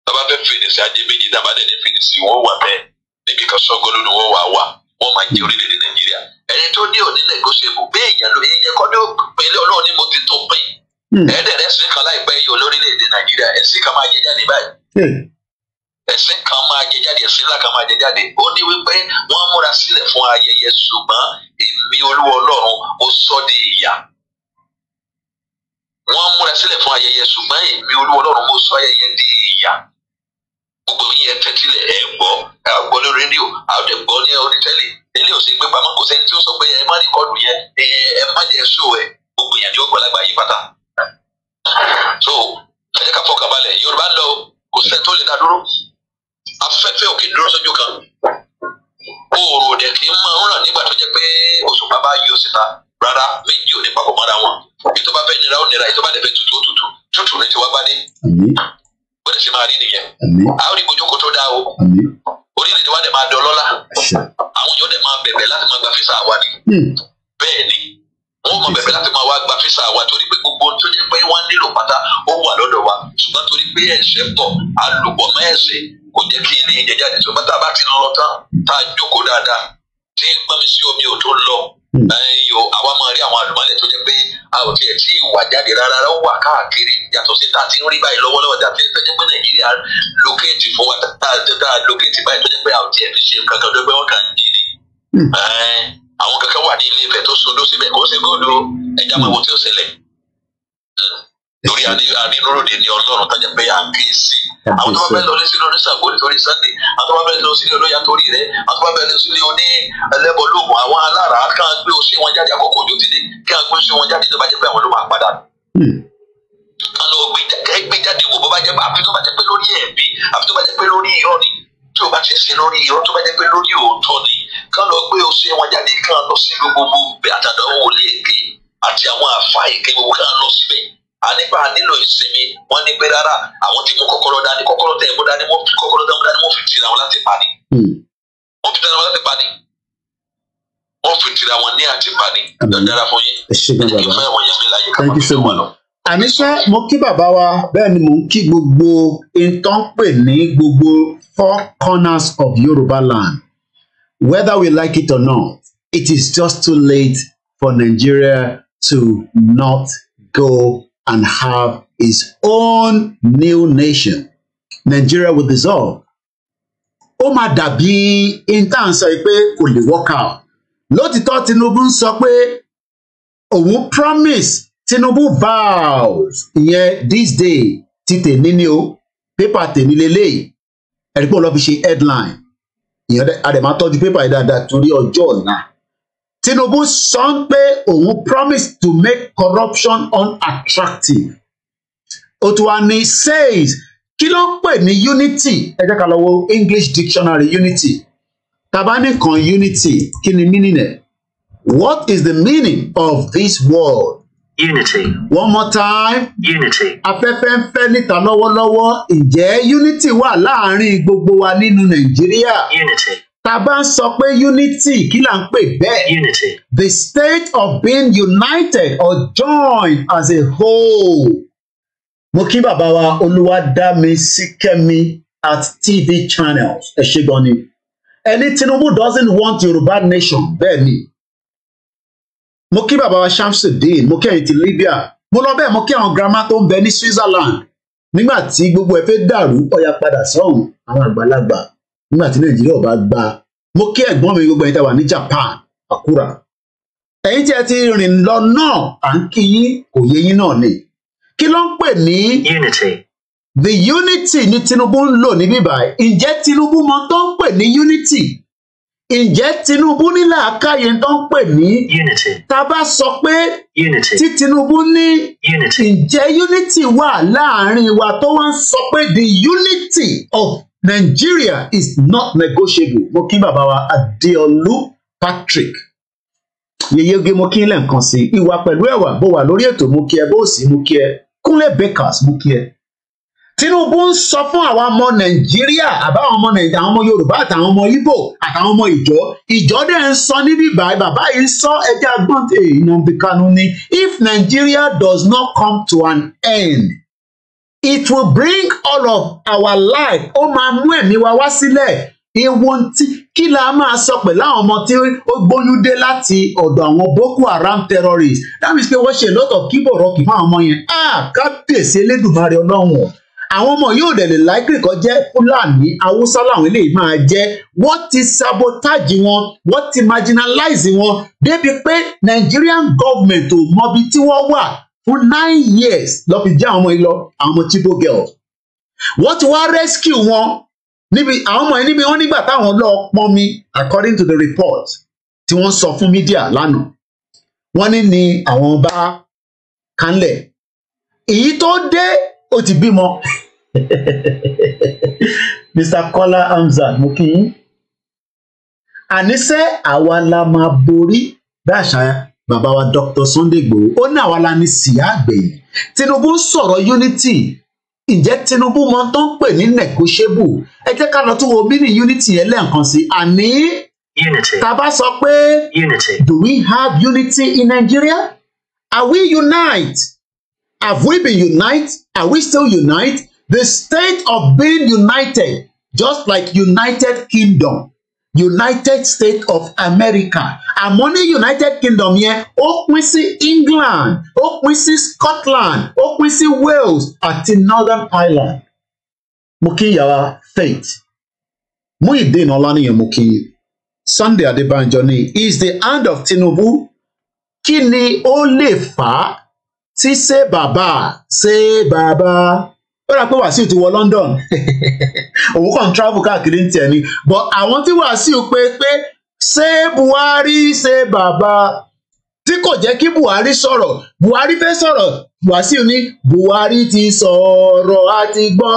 bá bá fẹ́ fèrèsé ajé méjì náà bá dẹ̀ ní fèrèsé wọ́n wà bẹ́ẹ̀ níbi kan ṣọ́gọ́ lónìí wọ́n wà wà wọ́n máa jẹ́ orílẹ̀-èdè nàìjíríà ẹni tó ní òní negotiable bí èèyàn ló yẹ kọ́ ní òpin ilé ọlọ́run ní mo ti tó pin hmm. ẹ̀ẹ́dẹ̀rẹ́ sí kan láìpẹ́ yìí olórílẹ̀-èdè nàìjíríà ẹ̀sìn kan máa jẹ jáde báyìí hmm. ẹ̀sìn kan máa jẹ jáde ẹ̀sìn ńlá kan máa jẹ jáde ó ní wípé wọ́n múra sílẹ̀ fún ayẹyẹ ṣùgbọ́n èmi olúwa ọlọ́run ó sọ de ìyà wọ́n múra sílẹ̀ fún ayẹyẹ ṣùgbọ́n èmi olúwa ọlọ́run ó sọ ayẹyẹ di ìyà gbogbo yín ẹ fẹtílẹ ẹ gbọ́ àgbọ lórí rédíò àdẹgbọ ní orí tẹ́lẹ̀ tẹ́lẹ̀ ò sí gbé pamọ́ kò sẹ́ni tí ó sọ pé ẹ má rìkọọdù yẹn ẹ má jẹ ṣó ẹ gbogbo yẹn ni ó gbọlagbà yí pátá. so ẹ ká fọkàn balẹ̀ yorùbá lọ kò sẹ́ni tó lè dá dúró afẹ́fẹ́ òkè dúró sójú kan oòrùn òdẹ kì í máa ń nígbà tó jẹ́ pé òṣùpá bá yọ síta rárá méjì ò ní papọ̀ mọ́ra wọn ètò fẹ́ nira ó nira ètò dẹ̀ fẹ́ tutù ó tutù tutù ní tiwa bá dé bẹ́ẹ̀ ṣe máa rí nìyẹn a ó rí ìgbójókòó tó dáa o orílẹ̀-èdè wa dẹ̀ máa dọlọ́lá àwọn èèyàn dẹ̀ máa bẹ̀bẹ̀ láti máa gba físà wa ni hmm. bẹ́ẹ̀ ni wọ́n máa bẹ̀bẹ̀ láti máa wá gba físà wa torí pé gbogbo tó jẹ́ pé wọ́n nílò pátá ó wà lọ́dọ̀ wa ṣùgbọ́n torí pé ẹ̀ṣẹ̀ pọ̀ alùpọ̀ mọ́ ẹ̀ṣẹ̀ kò jẹ́ kí ilé ìjẹjáde tó bá tá a bá ti lọ tán tá a jókòó dáadáa tí gbọ́n mi sí omi ò tó lọ Hmm. ẹyọ àwa máa rí àwọn àlùmọ́lẹ̀ tó jẹ́ pé a ò tiẹ̀ tí ìwà jáde rárá ó wà káàkiri yàtọ̀ sí ta ti ń rí báyìí lọ́wọ́lọ́wọ́ tàbí ẹ̀fẹ́ jẹ́ pé nàìjíríà lókèjì fún wa tá a lókèjì báyìí tó jẹ́ pé a ò tiẹ̀ fi ṣe nǹkan tó gbé wọn kàn jí ni. Hmm. àwọn kankan wà ní ilé Ifẹ̀ tó sodó síbẹ̀ kó ṣe góòlù ẹja máa wo tí ó ṣẹlẹ̀ torí ànínúròdì ni ọlọ́run tọ́jà pé à ń bí sí àwọn tó bá bẹ́ẹ̀ lọ sí lórí sàgó nítorí sunday àwọn tó bá bẹ́ẹ̀ lọ sí olóyà torí rẹ àwọn tó bá bẹ́ẹ̀ lọ sí oní ẹlẹ́bọ̀ lóògùn àwọn alára kí wọ́n gbé oṣù wọn jáde àkókò òjò ti dé kí wọ́n gbé oṣù wọn jáde tó bá jẹ́ pé àwọn ló máa padà hmm. kan lọ gbé jáde wò bó bá jẹ́ pé àfi tó bá jẹ́ pé lórí ẹ̀bi àfi tó bá jẹ́ pé lórí irọ́ ni tí o bá ti ń ṣe lórí irọ́ tó bá jẹ́ pé lórí òótọ́ ni kan lọ gbé oṣù wọn jáde kan lọ sí gbogbo àtàdánwò léèké àti àwọn àfa èké gbogbo kan lọ síbẹ̀ àníbà nílò ìsinmi wọ́n ní pé rárá àwọn ti mú kọ́kọ́rọ́ dání kọ́kọ́rọ́ tẹ ẹkọ dání wọ́n fi kọ́kọ́rọ́ dání wọ́n fi tira wọn láti pani hmm. wọ́n fi tira wọn láti pani wọ́n fi tira wọn ní àti pani hmm. dáadáa fún yín ẹ jẹ́ fún ẹwọn yẹn mi láyé ká máa fi wọn lọ. àníṣe mo kí bàbá wa bẹ́ẹ̀ ni mo ń kí gbogbo ìtàn pè ní gbogbo four corners of Yoruba land whether we like it or not it is just too late for Nigeria to not go and have his own new nation. Nigeria will dissolve. Ó máa dàbí intan sọ pé kò lè work out. Lótìtọ́ Tinubu ń sọ pé òun promise Tinubu vows ìyẹn this day ti tèmi ni o pépà tèmi lélẹ́yìí ẹ̀rí pé òun lọ fi ṣe headline ìyẹn adẹ̀ máa tọ́jú pépà yìí dáadáa torí ọjọ́ ọ̀la. Tinubu sọ ń pé òun promise to make corruption unattractive ó tún wá ní says kí ló ń pè ní unity ẹ jẹ́ ká lọ wo English dictionary unity tàbá nìkan unity kí ni meaning ẹ̀ what is the meaning of this word unity. one more time. unity. afẹ́fẹ́ ń fẹ́ níta lọ́wọ́lọ́wọ́ ǹjẹ́ unity wà láàárín gbogbo wa nínú nàìjíríà. unity tá a bá ń sọ pé unity kí là ń pè bẹ́ẹ̀. unity. the state of being united or joined as a whole. mo kí bàbá wa olúwadámi síkẹ́mi at tv channels ẹ ṣe gan ni ẹni tinubu doesn't want yorùbá nation bẹ́ẹ̀ ni. mo kí bàbá wa shamsuddin mo kí ẹ̀yin ti libya mo lọ bẹ́ẹ̀ mo kí àwọn girama tó ń bẹ ní switzerland nígbà tí gbogbo ẹ fẹ́ dàrú ọ̀yà padà sọ́hùn àwọn àgbàlagbà nígbà tí nàìjíríà bá gba mo kí ẹ̀gbọ́n mi gbogbo ẹ̀yin tá a wà ní Japan àkúrà ẹ̀yin tí ẹ ti rìn lọ náà à ń kí yín kò yé yín náà ni kí ló ń pè ní. unity. the unity ni Tinubu ń lò níbí báyìí ǹjẹ́ Tinubu mọ tó ń pè ní unity ǹjẹ́ Tinubu ní làákàyè tó ń pè ní. unity. tá a bá sọ pé. unity. tí Tinubu ní. unity. ǹjẹ́ unity wà láàárín wa tó wá ń sọ pé the unity of Nigeria is not negotiable mo kí wa Adeolu Patrick yeyege mo kí lẹ́ǹkan sí ìwà pẹ̀lú ẹ̀wà bó wà lórí ètò mo kí ẹ bó sì mo kí ẹ Kúnlé Bakers mo kí ẹ Tinubu ń sọ fún àwọn ọmọ Nàìjíríà àbáwọn ọmọ Nàìjíríà àwọn ọmọ Yorùbá àtàwọn ọmọ Ìgbò àtàwọn ọmọ ìjọ ìjọ dẹ̀ ń sọ níbí báyìí bàbá yìí ń sọ ẹjẹ agbọ́n èèyàn bíkanú ni if Nigeria does not come to an end it will bring all of our life ó máa mú ẹ̀mí wa wá sílẹ̀ ewu tí kí la máa sọ pẹ̀lú àwọn ọmọ tí ó gbóyún dé láti ọ̀dọ̀ àwọn Boko Haram terrorists that means pé wọ́n ṣe lọ́tọ̀ kíbọ̀rọ̀kì fún àwọn ọmọ yẹn ah kábíyèsí Elédùmarè Ọlọ́run àwọn ọmọ yóò dẹ̀ lè láìpẹ́ kọ́ jẹ́ fúlàní haúsá làwọn eléyìí máa jẹ́ wọ́n ti sabotage wọn wọ́n ti marginalize wọn débi pé Nigerian government ò mọbi tí wọ́n wà For nine years lọ fi já àwọn ọmọ yìí lọ àwọn ọmọ chibo girls wọ́n ti wá rescue wọn níbi àwọn ọmọ yìí níbi wọ́n nígbà táwọn lọ pọn mi according to the report tí wọ́n sọ fún media. lánàá wọ́n ní ni àwọn bá kánlẹ̀ èyí tó dé ó ti bímọ Mr. Kola Hamzat mo kí yín àníṣe àwa la máa borí bí àṣà bàbá wa Dr. Sunday Igboho ó ní àwa la ní síyá àgbẹ̀yìn Tinubu ń sọ̀rọ̀ unity ǹjẹ́ Tinubu mọ tó ń pè ní negotiable ẹ jẹ́ ká lọ tún wo mini unity yẹn lẹ́ẹ̀kan sí àní tàbá sọ pé do we have unity in Nigeria are we unite have we been unite are we still unite the state of being united just like United Kingdom United States of America àmọ́ ní United Kingdom yẹn ó pín sí England ó pín sí Scotland ó pín sí Wales àti Northern Ireland mo kí ìyàwó faith Muyideen Ọláníyàn mo kí Sunday Adébánjọ ní is the hand of Tinubu kí ni ó lè fà á tí ṣe bàbá ṣe bàbá ó rà pé wàsíù ti wọ London òun kàn ń travel káàkiri ń tiẹ̀ ni but àwọn tí wàsíù pé pé ṣé Buhari ṣe bàbá tí kò jẹ́ kí Buhari sọ̀rọ̀ Buhari fẹ́ sọ̀rọ̀ Wàsíù ní Buhari ti sọ̀rọ̀ a ti gbọ́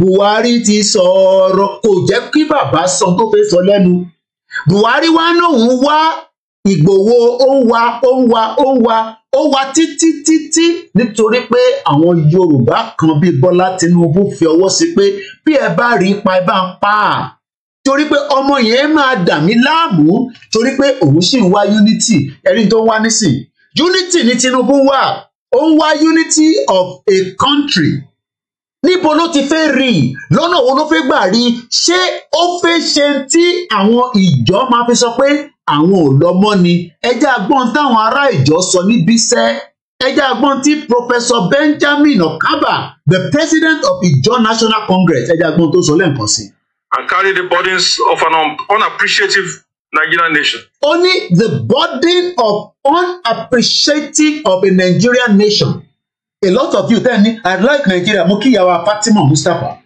Buhari ti sọ̀rọ̀ kò jẹ́ kí bàbá sọ tó fẹ́ sọ lẹ́nu Buhari wá náà ń wá Ìgbòho ó ń wa ó ń wa ó ń wa ó wà títí títí nítorí pé àwọn Yorùbá kan bíi Bọ́lá Tinubu fi ọwọ́ sí pé bí ẹ bá rí ipa ẹ bá ń pa á torí pé ọmọ yẹn máa dà mí láàmú torí pé òun sì ń wá unity ẹni tó ń wá nísìn unity ni Tinubu wà ó ń wá unity of a country níbo ló ti fẹ́ rí i lọ́nà wo ló fẹ́ gbà rí i ṣé ó fẹ́ ṣe tí àwọn ìjọ máa fi sọ pé àwọn ò lọ́mọ́ ni ẹjẹ́ agbọ́n táwọn ará ìjọ sọ níbí sẹ́ ẹjẹ́ agbọ́n tí Professor Benjamin Okaba the president of Ijaw National Congress ẹjẹ́ agbọ́n tó sọ lẹ́ǹkan sí. and carry the burdens of an unappreciative Nigerian nation. ó ní the burden of unappreciative of a Nigerian nation a lot of you tell me I like Nigeria mo kí ìyàwó Fatima Mustapha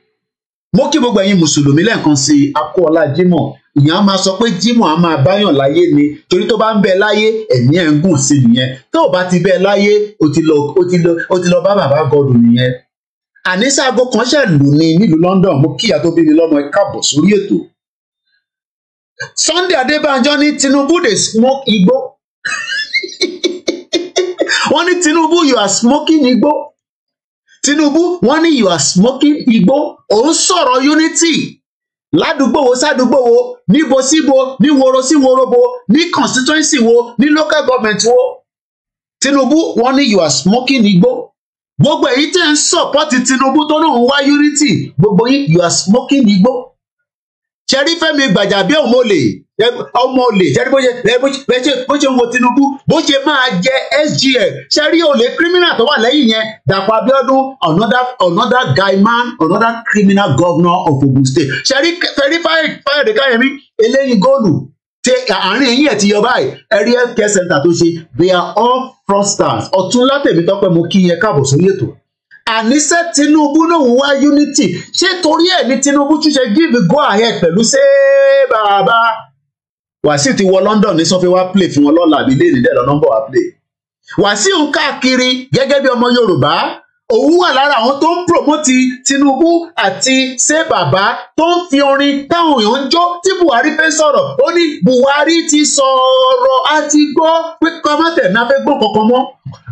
mo kí gbogbo ẹ̀yin mùsùlùmí lẹ́ẹ̀kan sí akọ́ọ̀lá jímọ̀ ìyẹn a máa sọ pé jímọ̀ a máa báyàn láyé ni torí tó bá ń bẹ láyé ẹ̀mí ẹ̀ ń gùn sí nìyẹn tó o bá ti bẹ láyé o ti lọ bá bàbá gọdùn nìyẹn. àníṣe kan ṣẹ̀ lù nílùú London mo kíyà tó bí mi lọ́mọ ẹ káàbọ̀ sórí ètò. Sunday Adébánjọ ní Tinubu dey smoke igbó wọ́n ní Tinubu you are smoking igbó Tinubu wọn ní you are smoking igbó òun sọ̀rọ̀ unity ládùúgbò wo sádùúgbò wo níbo síbo ní woro sí worobo ní constituency wo ní local government wo Tinubu wọn ní you are smoking igbó gbogbo èyí tẹ́ ń sọ̀pọ́tì Tinubu tó náà ń wá unity gbogbo yín you are smoking igbó ṣẹ́rí Fẹ́mi Gbàjàbí ọmọ olè ọmọ olè ṣẹ́rí bó ṣe bó ṣe bó ṣe ń wo Tinubu bó ṣe máa jẹ SGF ṣẹ́rí olè criminal tó wà lẹ́yìn yẹn Dàpọ̀ Abíọ́dún another another guy man another criminal governor of Ogun State ṣẹ́rí ṣẹ́rí Fáyọ̀dé Káyẹ̀mí eléyìí góòlù ṣe àárín eyín ẹ̀ ti yọ báyìí ẹ̀rí health care center tó ṣe they are all fraudsters ọ̀tún látẹ̀mí tọ́pẹ́ mo kí yẹn káàbọ̀ sórí ètò àníṣe Tinubu lòun wá unity ṣé torí ẹ̀ ní Tinubu tún give go ahead pẹ̀lú ṣé bàbá Wàsíù ti wọ London ní sanfẹ play fún wọn lọ́la àbí lè nílẹ̀ lọ́nà bọ̀ wá play Wàsíù ń káàkiri gẹ́gẹ́ bí ọmọ Yorùbá òun wà lára àwọn tó ń promote Tinubu àti ṣé bàbá tó ń fi orin táwọn èèyàn ń jó tí Buhari fẹ́ sọ̀rọ̀ ó ní Buhari ti sọ̀rọ̀ á ti pé kọ́mọ́tẹ̀ náà fẹ́ gbọ́ kankan mọ́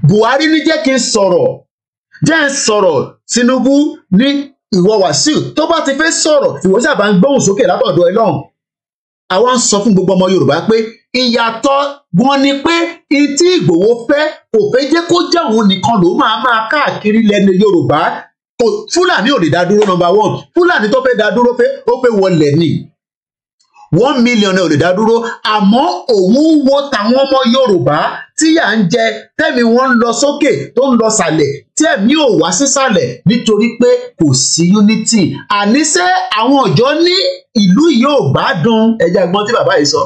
Buhari ní jẹ́ kí n sọ̀rọ̀ jẹ́ ń sọ̀rọ̀ Tinubu ní ìwọ Wàsíù tó bá ti fẹ́ sọ̀rọ̀ ìwọ sábà ń gbóhùn sókè látọ̀dọ̀ ẹ lọ́hùn àwa ń sọ fún gbogbo ọmọ Yorùbá pé ìyàtọ̀ wọn ni pé etí Ìgbòho fẹ́ kò fẹ́ jẹ́ kó jẹ́ òun nìkan ló máa máa káàkiri lẹ́nu Yorùbá Fúlàní ò lè dá dúró number one Fúlàní tó fẹ́ dá dúró pé ó pé wọlé ni one million ò lè dá dúró àmọ́ òun wo tàwọn ọmọ Yorùbá tíyà ń jẹ tẹ́mi wọn ń lọ sókè tó ń lọ sàlẹ̀ tí ẹ̀mí ò wá sísàlẹ̀ nítorí pé kò sí unity àníṣe àwọn ọjọ́ ní ìlú yìí ò gbádùn ẹjẹ agbọn tí bàbá yìí sọ.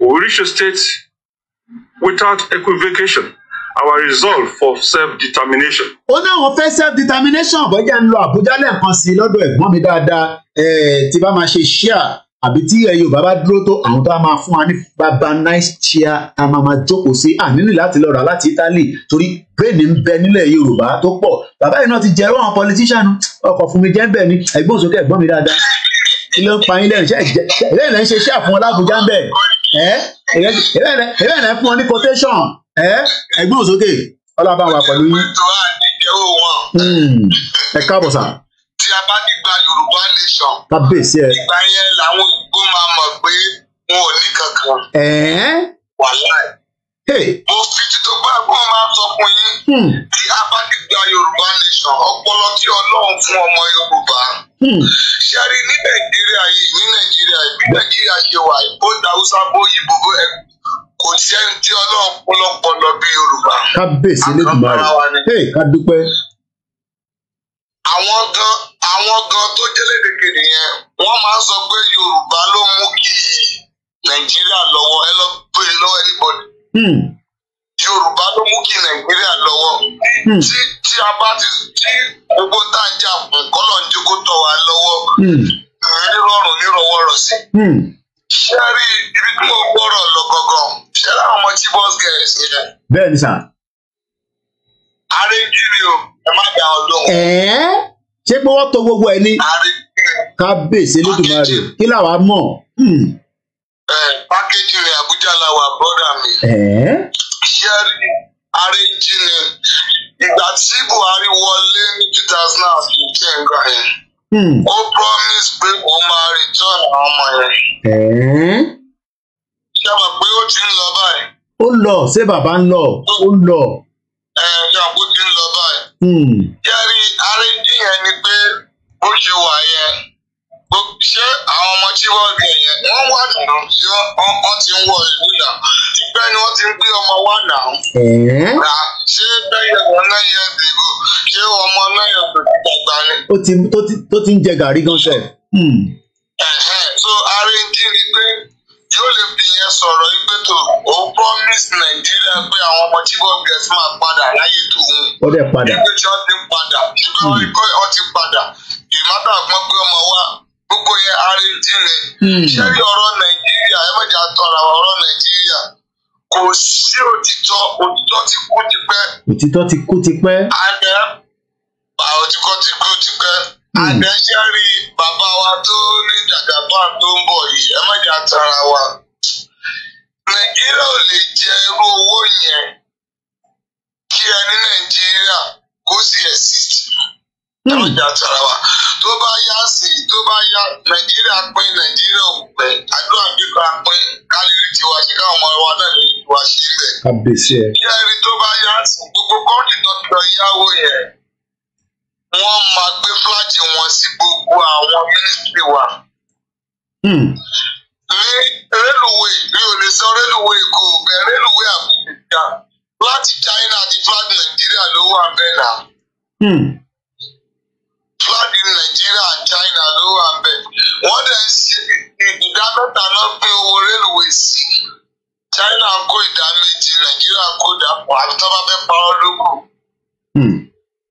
we reach a state without equivocation our resolve for self-determination. ó ní àwọn fẹ́ self-determination bọ́jà ń lo àbújá lẹ́ẹ̀kan sí i lọ́dọ̀ ẹ̀gbọ́n mi dáadáa tí bá máa ṣe ṣíà àbí tí ẹ yorùbá bá dúró tó àwọn tó a máa fún wa ní baba nice chair a máa máa jókòó sí àníní láti lọ rà láti Italy torí bẹ́ẹ̀ni ń bẹ nílẹ̀ yorùbá tó pọ̀ bàbá yìí náà ti jẹrọ àwọn politician ọkọ fún mi jẹ bẹ́ẹ̀ ni ẹ̀gbọ́n òsókè ẹ̀gbọ́n mi dáadáa kí ló ń pa yín lẹ́nu ṣe ìrẹ́lẹ̀ ń ṣe iṣẹ́ àfún wọn lábùjá ń bẹ̀ ẹ́ ìrẹ́lẹ̀ fún wọn ní quotation ẹ́ ẹ̀gbọ́n òsókè ọlọ́ba wà pẹ̀lú yín. Hmm, ẹ káàbọ̀ sà tí a bá ti gba yorùbá nation. kábíyèsí ẹ. ìgbà yẹn làwọn òyìnbó máa mọ̀ pé wọn ò ní kankan. wàláì. mo fi títọ́ gbà pé wọ́n máa sọ fún yín. Hmm. tí a bá ti gba yorùbá nation ọpọlọ tí ọlọ́run fún ọmọ yorùbá. Hmm. ṣẹ́rí ní nàìjíríà yìí ní nàìjíríà yìí bí nàìjíríà ṣe wà bó dàúsá bó yìbò bó ẹ kò sẹ́ni tí ọlọ́run pọlọpọlọ bí yorùbá. kábíyèsí lè dùn bá rẹ̀ ká dúpẹ́ àwọn gan àwọn gan tó jẹ́lẹ́dẹ̀ kejì yẹn wọ́n máa ń sọ pé Yorùbá ló mú kí Nàìjíríà lọ́wọ́ ẹ lọ pé lọ́wọ́ anybody. Hmm. Yorùbá ló mú kí Nàìjíríà lọ́wọ́ hmm. tí tí a bá ti tí gbogbo tá a jà fún kọ́lọ̀ ń dínkù tọ̀ wá lọ́wọ́ nírọ̀rùn hmm. nírọ̀wọ́rọ̀ sí. ṣé rí ibi tí mo gbọ́rọ̀ lọ gangan ṣé láwọn ọmọ chibos girls yẹn. bẹ́ẹ̀ni sá àrègì ni o ẹ má gba ọdún. ẹ̀ẹ́ ṣé pé wọ́n to gbogbo ẹ̀ ní. àrègì ni. kábíyèsí Elédùmarè kí làwa mọ̀. pákéjì hmm. rẹ̀ Àbújá la wà bọ́dà mi. ṣẹ́rí àrègì ni ìgbà tí Buhari wọlé ní two thousand and fifteen gbà yẹn. Hmm. ó promise pé òun máa return àwọn ọmọ yẹn. ṣé o mọ̀ pé ó ti ń lọ báyìí. ó lọ ṣé bàbá ń lọ ó lọ yàgò ti ń lọ báyìí. yẹ́rì hmm. àrídì yẹn ni pé bó ṣe wà yẹn ṣé àwọn ọmọ tí wọ́n gbìn yẹn wọ́n wà dùnú tí wọ́n ti ń wọ ìlú náà ìgbẹ́ ni wọ́n ti ń gbé ọmọ wa náà. ṣé bẹ́ẹ̀ ọmọ náà yẹ bìbò ṣé ọmọ náà yẹ bìbò gbàgbà ni. tó ti ń jẹ gàrí gan sẹ́ẹ̀. Hmm. so àrídì ni pé yóò lè fi yẹn sọ̀rọ̀ igbe tó o promise nàìjíríà pé àwọn ọmọ tí god bless máa padà láyé tó ń. ó dẹ̀ padà. igbe tí wọ́n ti padà igbe hmm. wọ́n ti padà ìmọ̀tà gbọ́n pé ọmọ wa gbogbo yẹn arẹ́jì ni. Hmm. ṣé rí ọ̀rọ̀ nàìjíríà ẹ mọ̀jà tọ̀ra ọ̀rọ̀ nàìjíríà kò sí òtítọ́ òtítọ́ ti kú tipẹ́. òtítọ́ ti kú tipẹ́. àná òtítọ́ ti àdẹ́sẹ́rì hmm. bàbá wa tó ní jàgàbá tó ń bọ̀ yìí ẹ má jà tara wa nàìjíríà ò lè jẹ irú owó yẹn kí ẹ ní nàìjíríà kó sì exist ẹ má hmm. jà tara wa tó bá yá sí tó bá yá nàìjíríà pín nàìjíríà ò pẹ àdúrà gbígbà pín kálírí tiwa ṣe káwọn ọmọ wa náà lè wá sí ibẹ̀. kí ẹ rí tó bá yá sí gbogbo kọ́ńtì tó ń lọ yáwó yẹn wọ́n máa gbé fúláàgì wọn sí gbogbo àwọn mínísítì wa. ní hmm. rélùwé mi ò lè sọ rélùwé kò bẹ rélùwé àbújá láti China àti fúláàgì Nàìjíríà ló wà bẹ́ẹ̀ náà. fúláàgì Nàìjíríà àti China ló wà bẹ́ẹ̀ wọ́n dẹ̀ ń ṣe ìdá mẹ́ta náà pín owó rélùwé sí China ń kó ìdá méjì Nàìjíríà ń kó ìdá kan àbí tó bá fẹ́ parọ́ lóko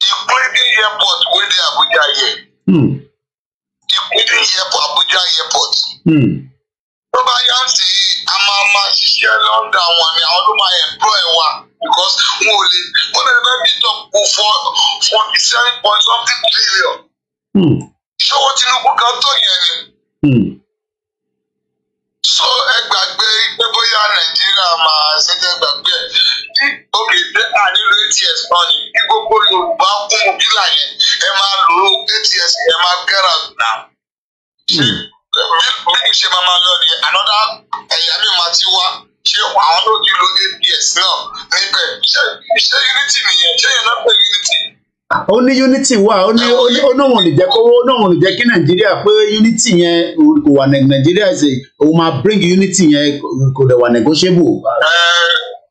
including airport wey dey Abuja here. Hmm. Including airport Abuja airport. Hmm. Tó bá yá sí i, a máa máa ṣiṣẹ́ London wọn ni àwọn ló máa employ wa because wọn ò lè wọ́n lè fẹ́ bí tọ̀pù for forty seven point something billion. Hmm. Ṣọwọ́ Tinubu kan tó yẹn ni. Hmm. So ẹ gbàgbé pé bóyá Nàìjíríà máa ṣẹ́jẹ́ gbàgbé ẹ̀ bí òkè dẹ́ta nílò ats náà ni bí gbogbo yorùbá kún un bílà yẹn ẹ máa lò ó ats ẹ máa gẹ́ra nà. bí hmm. ṣe máa máa lọ ni ànádá ẹ̀yà mi máa ti wá ṣé àwọn tó ti lo ats náà níbẹ̀ ṣé unity nìyẹn ṣé yẹn náà pé unity ó ní unity wà ó ní ó náà wọn lè jẹ kó náà wọn lè jẹ kí nàìjíríà pé unity yẹn kò wà nàìjíríà ṣe òun máa bring unity yẹn kò dẹ̀ wà negotiable.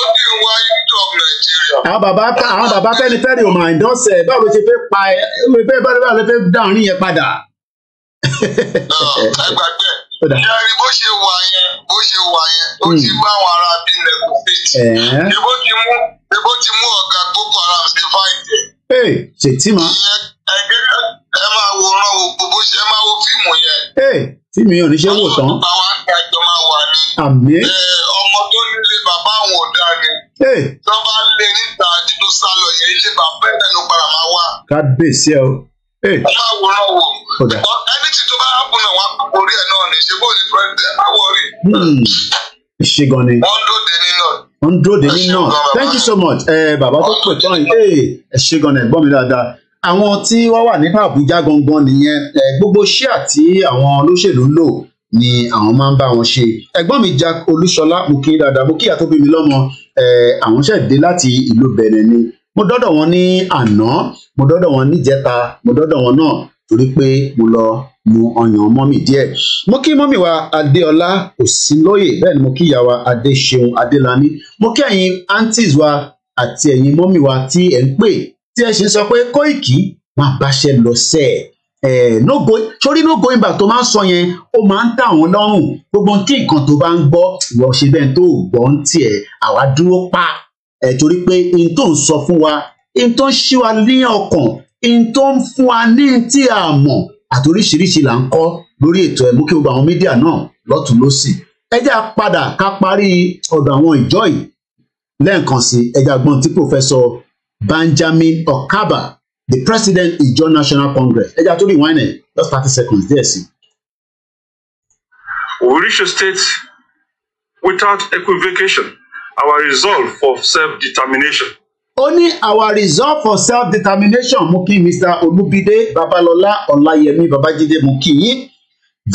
golden white of Nigeria. àwọn bàbá àwọn bàbá fẹ́ni fẹ́ni ò máa ń dánṣẹ́ báwo ló ṣe fẹ́ pa ẹ ẹ fẹ́ báwo ló fẹ́ dá àárín yẹn padà. ẹ gbàgbé yẹri bó ṣe wà yẹn bó ṣe wà yẹn ó ti bá àwọn ará bí nẹkù fèjì ibo ti mú ibo ti mú ọ̀gá Boko Haram ṣe fáìtì. ṣètì mọ́ ẹ máa wòran o bó ṣe máa wo fíìmù yẹn. fíìmù yẹn ò ní ṣe wò tán. ọmọ bàbá wa ń gbàjọ máa wà ní. àmì. ọmọ tó nílé bàbá àwọn ọ̀dà ni. tó bá ń lé níta àdìdó sálọ yẹn ilé bàbá ẹ̀ ló padà máa wà. kábíyèsí ẹ o. ẹ máa wòran o. ẹni tí tó bá hápùn náà wà orí ẹ̀ náà ní ṣe bó ní pẹ́ẹ́ntẹ́ àwọ̀ rí. dúró de mí náà thank you so much ẹ bàbá tó pè tán yìí ẹ ṣe gan ẹ gbọ́ mi dáadáa àwọn tí wọ́n wà nípa Àbújá gangan nìyẹn gbogbo ṣíà tí àwọn olóṣèlú ń lò ni àwọn máa ń bá wọn ṣe ẹ̀gbọ́n mi Jack Olúṣọlá mo kí dáadáa mo kí ìyá tó bí mi lọ́mọ àwọn ṣẹ̀ dé láti ìlú Benin ni mo dọ́dọ̀ wọn ní àná mo dọ́dọ̀ wọn níjẹta mo dọ́dọ̀ wọn náà torí pé mo lọ mu ọyàn mọ́mì díẹ̀ mo kí mọ́mì wa Adéọlá Òsínlóyè bẹ́ẹ̀ ni mo kí ìyá wa Adéṣeun Adélani mo kí ẹ̀yin aunties wa àti ẹ̀yin mọ́mì tí ẹ̀ ń pè tí ẹ ṣe sọ pé Kóìkì máa báṣẹ lọ sẹ ẹ nógo sórí nógo ìgbà tó máa ń sọ yẹn ó máa ń tà wọn lọ́rùn gbogbo kí nǹkan tó bá ń gbọ́ ìwọ ṣe bẹ́ẹ̀ tó gbọ́ ń tiẹ̀ àwa dúró pa ẹ torí pé n tó ń sọ fún wa n tó ń ṣí wa ní ọkàn n tó ń fún wa ní tí a mọ̀ àtoríṣiríṣi là ń kọ́ lórí ètò ẹ̀ mú kí gbogbo àwọn mídíà náà lọ́tún lọ́sì ẹ jẹ́ a ká parí ọ̀dọ̀ àwọn ìjọ yìí lẹ́ẹ̀kan sí ẹ jẹ́ a tí pòfẹ́sọ Benjamin Okaba, the president Ijaw National Congress. Ẹja tó rí ìwáyìn just thirty seconds díẹ̀ sí. We reach a state without equivocation, our resolve for self-determination. Ó ní our resolve for self-determination mú kí Mr. Olúbídé Babalọ́lá Ọláyẹmí Babájídé mú kí yín.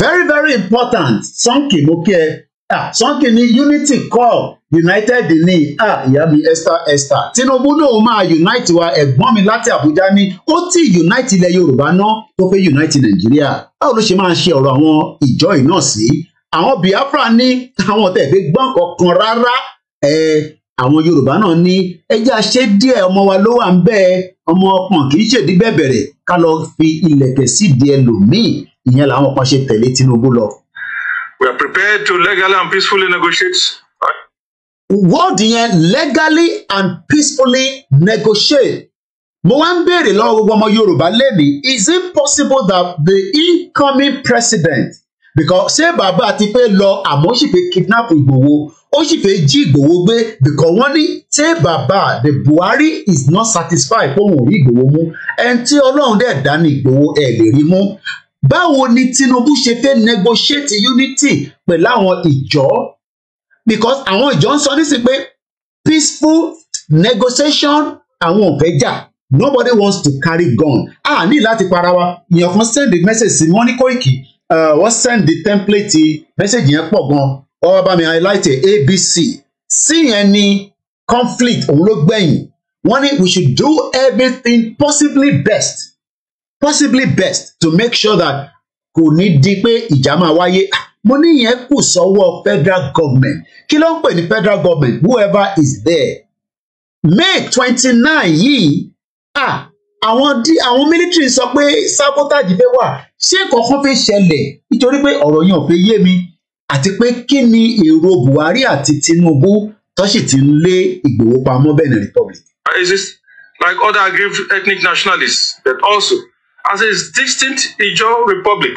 Very very important, Sànkì mú kí ẹ. Ah, Sànkì ní unity call united ní ah ìyá mi esther esther tinubu lòun máa unite wa ẹ̀gbọ́n mi láti àbújá ní ó ti unite ilẹ̀ yorùbá náà tó fẹ́ unite nàìjíríà báwo ló ṣe máa ṣe ọ̀rọ̀ àwọn ìjọ náà sí àwọn biafra ní àwọn tẹ̀gbẹ́ gbọ́n kankan rárá ẹ àwọn yorùbá náà ní ẹjẹ́ àṣẹ díẹ̀ ọmọ wa ló wà ń bẹ́ ọmọ ọkàn kì í ṣèdí bẹ́ẹ̀ bẹ̀rẹ̀ ká lọ fi ilẹ̀kẹ̀ sídìí ẹlòmíì ìyẹn làwọn kan ṣe tẹ̀lé tinubu lọ. we are prepared to legally and peacefully negotiate word yẹn legally and peacefully negotiate mo wá ń béèrè lọ́wọ́ gbogbo ọmọ Yorùbá lẹ́ni is it possible that the incoming president because ṣé bàbá ti fẹ́ lọ àmọ́ ó sì fẹ́ kidnap Ìgbòho ó sì fẹ́ jí Ìgbòho gbé because wọ́n ní ṣé bàbá the Buhari is not satisfied fóun ò rí Ìgbòho mú ẹni tí Ọlọ́run dẹ̀ dá ní Ìgbòho ẹ̀ lè rí mú báwo ni Tinubu ṣe fẹ́ negotiate unity pẹ̀lú àwọn ìjọ because àwọn ìjọ ń sọ nísìn pé peaceful negotiation àwọn ò fẹ́ jà nobody wants to carry gun a ah, ní láti para wa èèyàn kan send a message sí Mọ́ní Kóìkì wọ́n send the template message yẹn pọ̀ gan ọwọ́ bá mi highlight abc c yẹn ni conflict òun ló gbẹ̀yìn wọ́n ní we should do everything possibly best possibly best to make sure that kò ní di pé ìjà máa wáyé ah mo ní ìyẹn kù sọ́wọ́ federal government kí ló ń pè ní federal government whoever is there May twenty nine yìí ah àwọn dí àwọn military sọ pé sabotage fẹ́ wà ṣé kankan fẹ́ ṣẹlẹ̀ nítorí pé ọ̀rọ̀ yẹn ò fẹ́ yé mi àti pé kí ni èrò Buhari àti Tinubu tó sì ti ń lé Ìgbòho pamọ́ Benin Republic. Exist like other aggrieved ethnic nationalists but also as a distinct Ijaw republic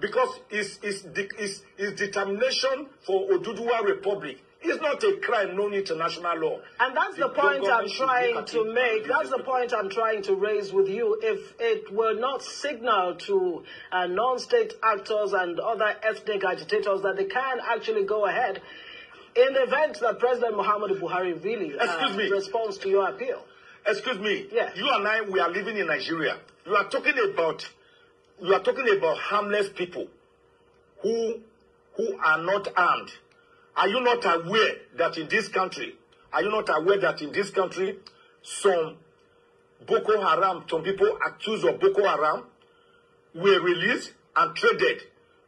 because his, his, his, his determination for Oduduwa Republic is not a crime known international law. And that's the, the point I'm trying to make. That's the point I'm trying to raise with you. If it were not signaled to uh, non-state actors and other ethnic agitators that they can actually go ahead, in the event that President Muhammad Buhari really uh, responds to your appeal. Excuse me. Yes. You and I, we are living in Nigeria. You are talking about you are talking about harmless people who who are not armed. Are you not aware that in this country, are you not aware that in this country, some Boko Haram, some people accused of Boko Haram were released and traded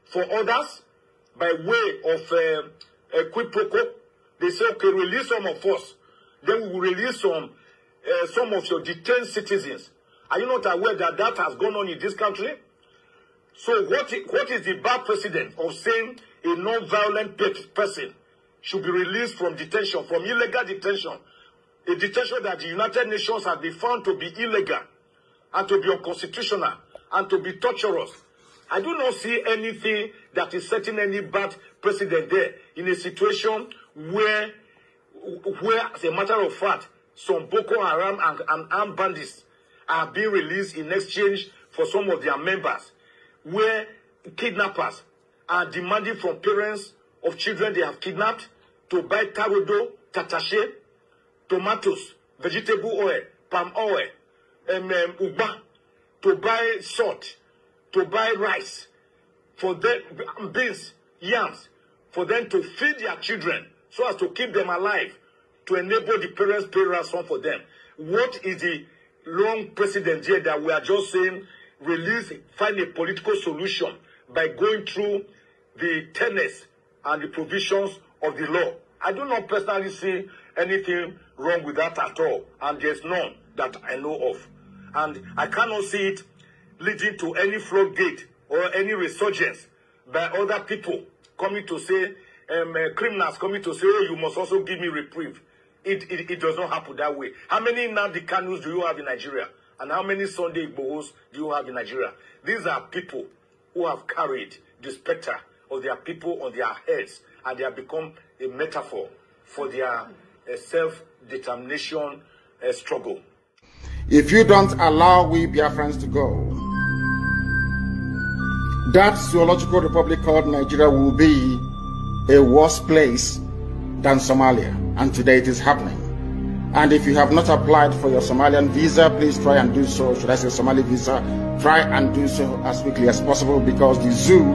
for others by way of uh, a quid pro quo. They say, okay, release some of us. Then we will release some, uh, some of your detained citizens. Are you not aware that that has gone on in this country? So what, what is the bad precedent of saying a non-violent person should be released from detention, from illegal detention, a detention that the United Nations has been found to be illegal and to be unconstitutional and to be torturous. I do not see anything that is setting any bad precedent there in a situation where, where as a matter of fact, some Boko Haram and, and armed bandits are being released in exchange for some of their members where kidnappers are demanding from parents of children they have kidnapped to buy tarodo, tatache, tomatoes, vegetable oil, palm oil, um, um, uba, to buy salt, to buy rice, for them, um, beans, yams, for them to feed their children so as to keep them alive, to enable the parents pay ransom for them. What is the wrong precedent here that we are just saying release, find a political solution by going through the tenets and the provisions of the law. I do not personally see anything wrong with that at all, and there's none that I know of. And I cannot see it leading to any floodgate or any resurgence by other people coming to say, um, uh, criminals coming to say, oh, you must also give me reprieve. It, it, it does not happen that way. How many now the canoes do you have in Nigeria? And how many Sunday Igbohos do you have in Nigeria? These are people who have carried the specter of their people on their heads and they have become a metaphor for their uh, self-determination uh, struggle. If you don't allow we Biafrans to go, that zoological republic called Nigeria will be a worse place than Somalia. And today it is happening. And if you have not applied for your Somalian visa, please try and do so. Should I say Somali visa? Try and do so as quickly as possible because the zoo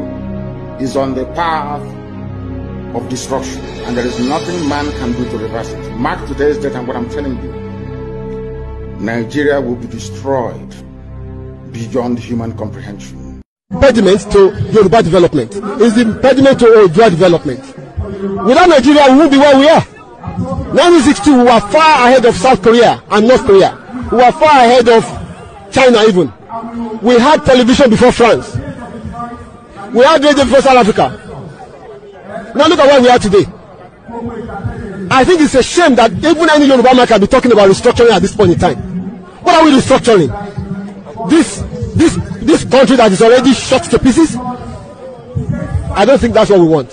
is on the path of destruction and there is nothing man can do to reverse it. Mark today's date and what I'm telling you. Nigeria will be destroyed beyond human comprehension. Impediment to Yoruba development is impediment to Yoruba development. Without Nigeria, we will be where we are. 1962, we were far ahead of South Korea and North Korea. We were far ahead of China even. We had television before France. We had radio before South Africa. Now look at where we are today. I think it's a shame that even any Yoruba man can be talking about restructuring at this point in time. What are we restructuring? This this this country that is already shot to pieces? I don't think that's what we want.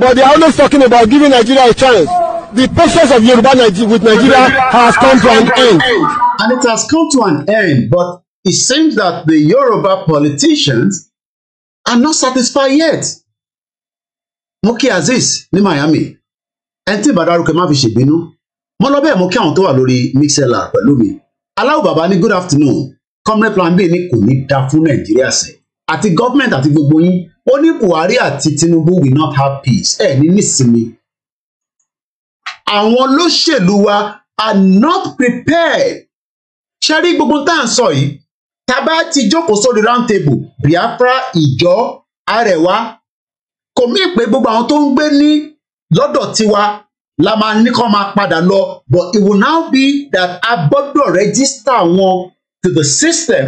But they are always talking about giving Nigeria a chance the patience of Yoruba Nigeria with Nigeria has come to an end. And it has come to an end, but it seems that the Yoruba politicians are not satisfied yet. Moki Aziz ni Miami, ẹni tí ìbádárúkẹ má fi ṣèbínú, mo lọ bẹ́ẹ̀ mo kí àwọn tó wà good afternoon, comrade plan B ní kò ní da fún Nàìjíríà sẹ̀. Àti gọ́ọ̀mẹ̀ntì àti gbogbo yín, ó ní Buhari àti Tinubu will not have peace. Ẹ ni nísinmi àwọn olóṣèlú wa are not prepared ṣe rí gbogbo tá à ń sọ yìí tá a bá ti jókòó sórí round table Biafra Ìjọ Arẹwà kò mí pé gbogbo àwọn tó ń gbé ní lọ́dọ̀ tiwa la máa ní kó máa padà lọ but it will now be that a gbọ́dọ̀ register wọn to the system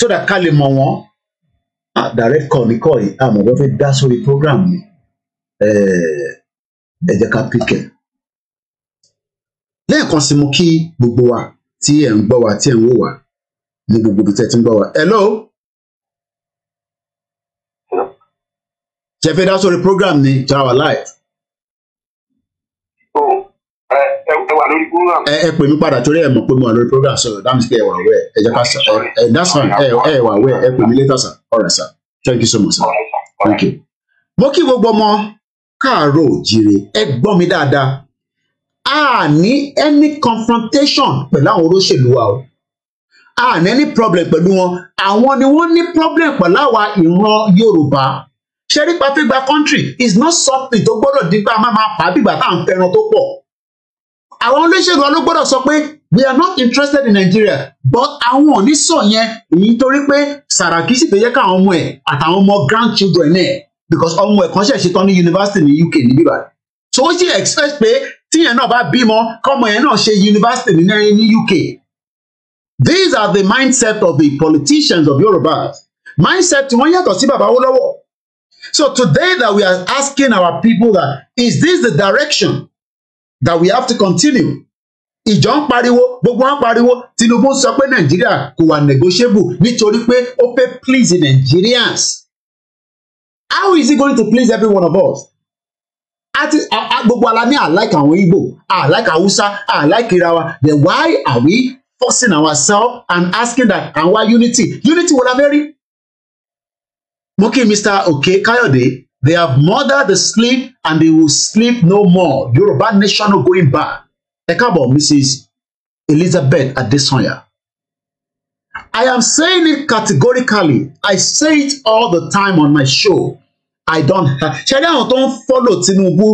so that ká lè mọ̀ ah, direct call ní kọ́ yìí àmọ́ wọ́n fẹ́ dá sórí program mi eh, ẹ jẹ́ ká pick lẹ́ẹ̀kan sí mo kí gbogbo wa tí ẹ̀ ń gbọ́ wa tí ẹ̀ ń wò wá ní gbogbo ibi tẹ́ ti ń gbọ́ wa hello. jẹ́ fẹ́ dá sórí program ni jarawa live. ẹ wà lórí program. ẹ ẹ pè mí padà torí ẹ mọ̀ pé mo wà lórí program sọ̀rọ̀ dáàmú sí pé ẹ wà wẹ̀ ẹ jẹ́ ká sà ẹ that's fine ẹ ẹ wà wẹ̀ ẹ pè mí later sir alright sir thank you so much sir thank you. mo kí gbogbo ọmọ káàárọ̀ òjíire ẹ gbọ́ mi dáadáa a ní any confrontation pẹ̀lú àwọn olóṣèlú wa o a ní any problem pẹ̀lú wọn àwọn ni wọ́n ní problem pẹ̀lú àwa ìran Yorùbá ṣẹ́rí pàfígbà country is not something tó gbọ́dọ̀ dípẹ́ a máa máa pa bíbà tá à ń fẹ́ràn tó pọ̀ àwọn olóṣèlú wa ló gbọ́dọ̀ sọ pé we are not interested in Nigeria but àwọn ò ní sọ yẹn èyí torí pé Sàràkí sì fẹ́ yẹ káwọn ọmọ ẹ̀ àtàwọn ọmọ grandchildren ẹ̀ because ọmọ ẹ̀ kan ṣẹ̀ ṣetán ní yunifásitì ní UK níbí báyìí so ó sì expect pé tíyẹn náà bá bímọ kọ́mọ yẹn náà ṣe yunifásitì ní ní UK these are the mindset of the politicians of Yorùbá mindset tí wọ́n yàtọ̀ sí bàbá Awólọ́wọ̀ so today that we are asking our people that is this the direction that we have to continue ìjọ ń pariwo gbogbo wọn pariwo Tinubu sọ pé Nàìjíríà kò wà negotiable nítorí pé ó fẹ́ please the Nigerians how is he going to please every one of us àti gbogbo ala ní àlàkà àwọn Igbo àlàkà Hausa àlàkà ìra wa then why are we forcing ourselves and asking that and why unity unity wo la fẹ́ rí. mo kí Mr. Oke Kayode they have murdered the sleep and they will sleep no more Yorùbá nation no going back ẹ káàbọ̀ Mrs. Elizabeth Adesanya. I am saying it categorically. I say it all the time on my show. I don't have ṣẹ́rí àwọn tó ń follow Tinubu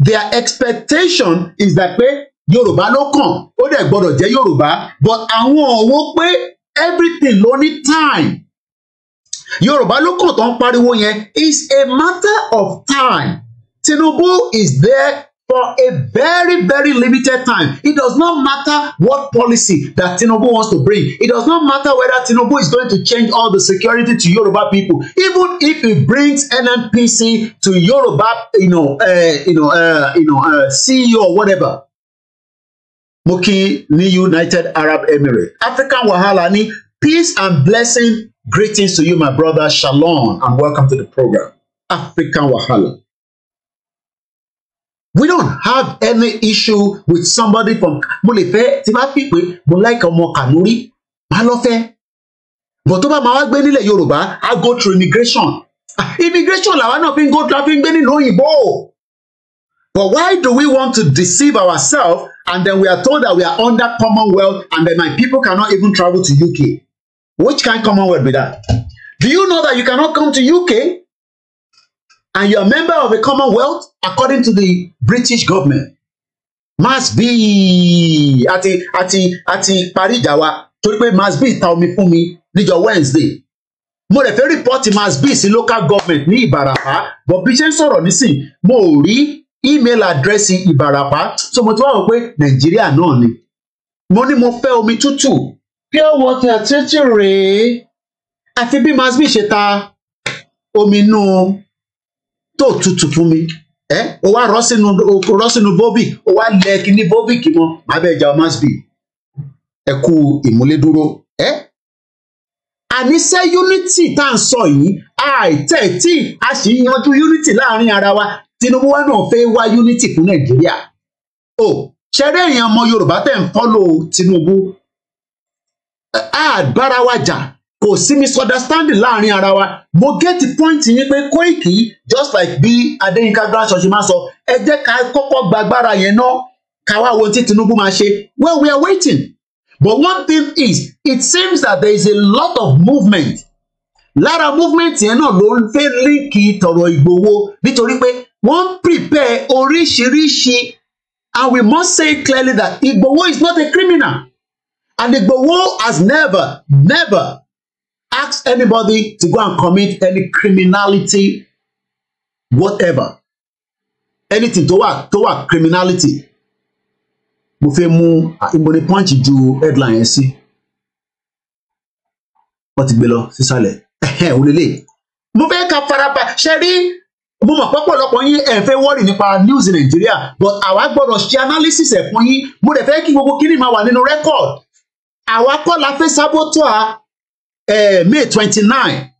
their expectation is that pé Yorùbá ló kàn ó dẹ̀ gbọ́dọ̀ jẹ́ Yorùbá but àwọn òwò pé everything ló ní time Yorùbá ló kàn tó ń pariwo yẹn is a matter of time Tinubu is there for a very, very limited time. It does not matter what policy that Tinubu wants to bring. It does not matter whether Tinubu is going to change all the security to Yoruba people. Even if he brings NNPC to Yoruba, you know, uh, you know, uh, you know, uh, eh, CEO or whatever. Muki ni United Arab Emirates. African wahala ni peace and blessing. Greetings to you, my brother. Shalom and welcome to the program. African wahala we don't have any issue with somebody from mo lè fẹ́ tí bá fi pé mo like ọmọ Kanuri má lọ fẹ́ but tó bá máa wá gbé nílẹ̀ Yorùbá I go through immigration ah, immigration làwa náà fi ń go through àfi ń gbé nílùú òyìnbó but why do we want to deceive ourselves and then we are told that we are under Commonwealth and then my people cannot even travel to UK which kind Commonwealth be that do you know that you cannot come to UK and you are member of a commonwealth according to the British government must be àti àti àti parí ìjà wa torí pé must be ta omi fún mi níjọ́ Wednesday mo rẹ̀ fẹ́ rìpọ́tì must be sí local government ní Ìbàràpá but bí ṣe ń sọ̀rọ̀ nísìn mo ò rí email address Ìbàràpá so mo ti wá wọ pé Nàìjíríà náà ni mo ní mo fẹ́ omi tútù pure water tútù rèé àti bí must be ṣe ta omi nù. No tó tutù fún mi ẹ o wá rọ sínú rọ sínú bóbì o wá lẹ kíní bóbì kì mọ màá bẹ ja ọmọ síbi ẹ kú ìmúlédúró ẹ àníṣe unity tá à ń sọ yìí àìtẹ́tí a sì ń yanjú unity láàrin ara wa Tinubu wa náà fẹ́ wá unity fún Nàìjíríà o ṣẹrẹ èèyàn ọmọ Yorùbá tẹ̀ ń fọ́lò Tinubu àgbára wa jà kò sí misunderstanding láàrin ara wa mo get point yín pé Koiki just like bí Adéyínká grand church máa sọ ẹ jẹ́ ká kọ́kọ́ gba agbára yẹn náà káwá wo tí Tinubu máa ṣe well we are waiting but one thing is it seems that there is a lot of movement lára movement yẹn náà ló ń fẹ́ líǹkì tọ̀rọ̀ Ìgbòho nítorí pé wọ́n ń prepare oríṣiríṣi and we must say clearly that Ìgbòho is not a criminal and Ìgbòho has never never ask anybody to go and commit any criminality whatever anything tó wà tó wà criminality mo fẹ́ mú ìmọ̀ni punch ju headline si. sí wọ́n ti gbé lọ sísàlẹ̀ ẹ̀hẹ́n òlélẹ̀ mo fẹ́ ka farapa ṣe rí mo mọ̀ pọ́pọ̀lọpọ̀ yín ẹ̀ fẹ́ wọ́ọ̀rì nípa news Nigeria but àwa gbọ́dọ̀ ṣe analysis ẹ̀ fún yín mo dẹ̀ fẹ́ kí gbogbo kíní máa wà nínú record àwa kọ́ la fẹ́ sábọ́tọ̀ à uh, May 29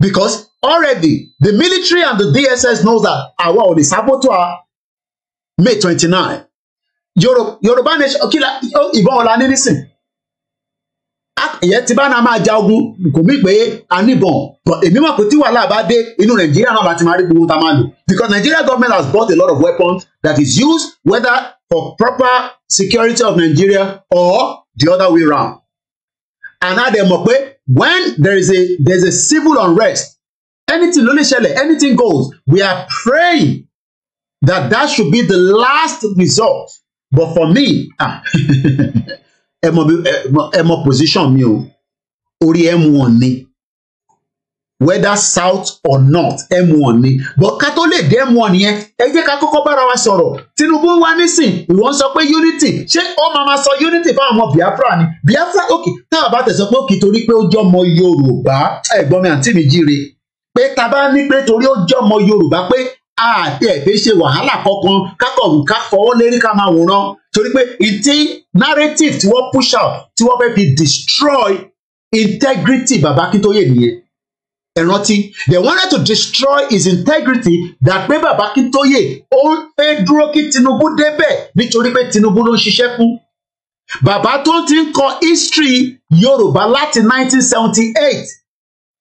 because already the military and the DSS knows that our ò lè May 29 Yorùbá nation kí la oh, ìbọn ọ̀la ní nísìn ìyẹn ti bá náà máa ja ogun kò mí pé a but if you want to wàhálà bá dé inú Nàìjíríà Nigeria láti máa rí gbogbo because Nigeria government has bought a lot of weapons that is used whether for proper security of Nigeria or the other way round and á dẹ̀ mọ̀ pé when there is a there is a civil unrest anything ló lè ṣẹlẹ̀ anything goes we are praying that that should be the last result but for me ah ẹ mọ̀ ẹ mọ̀ position mi o orí ẹ mu ọ̀ ni whether south or north m1 ni but ká tó lè dé m1 yẹn ẹ jẹ́ ká kọ́kọ́ bára wa sọ̀rọ̀ Tinubu wá nísìn ìwọ ń sọ pé unity ṣé ó máa ma sọ unity fáwọn ọmọ Biafra ni Biafra òkè táwọn bá tẹ̀sán pé òkè torí pé ó jọmọ Yorùbá ẹ̀gbọ́n mi àǹtí mi jíire pé ta bá ní pé torí ó jọmọ Yorùbá pé àti ẹ̀fẹ́ ṣe wàhálà kankan kákọ̀wé ká fọwọ́ lérí ká máa wòran torí pé ìtí narrative tí wọ́n push out tí wọ́n fẹ́ fi destroy integrity Baba Akíntóyè nìyẹn rántí they wanted to destroy his integrity that pé bàbá Akíntóyè ó ń fẹ́ dúró kí Tinubu débẹ̀ nítorí pé Tinubu ló ń ṣiṣẹ́ fún bàbá tó ti ń kọ history Yorùbá láti 1978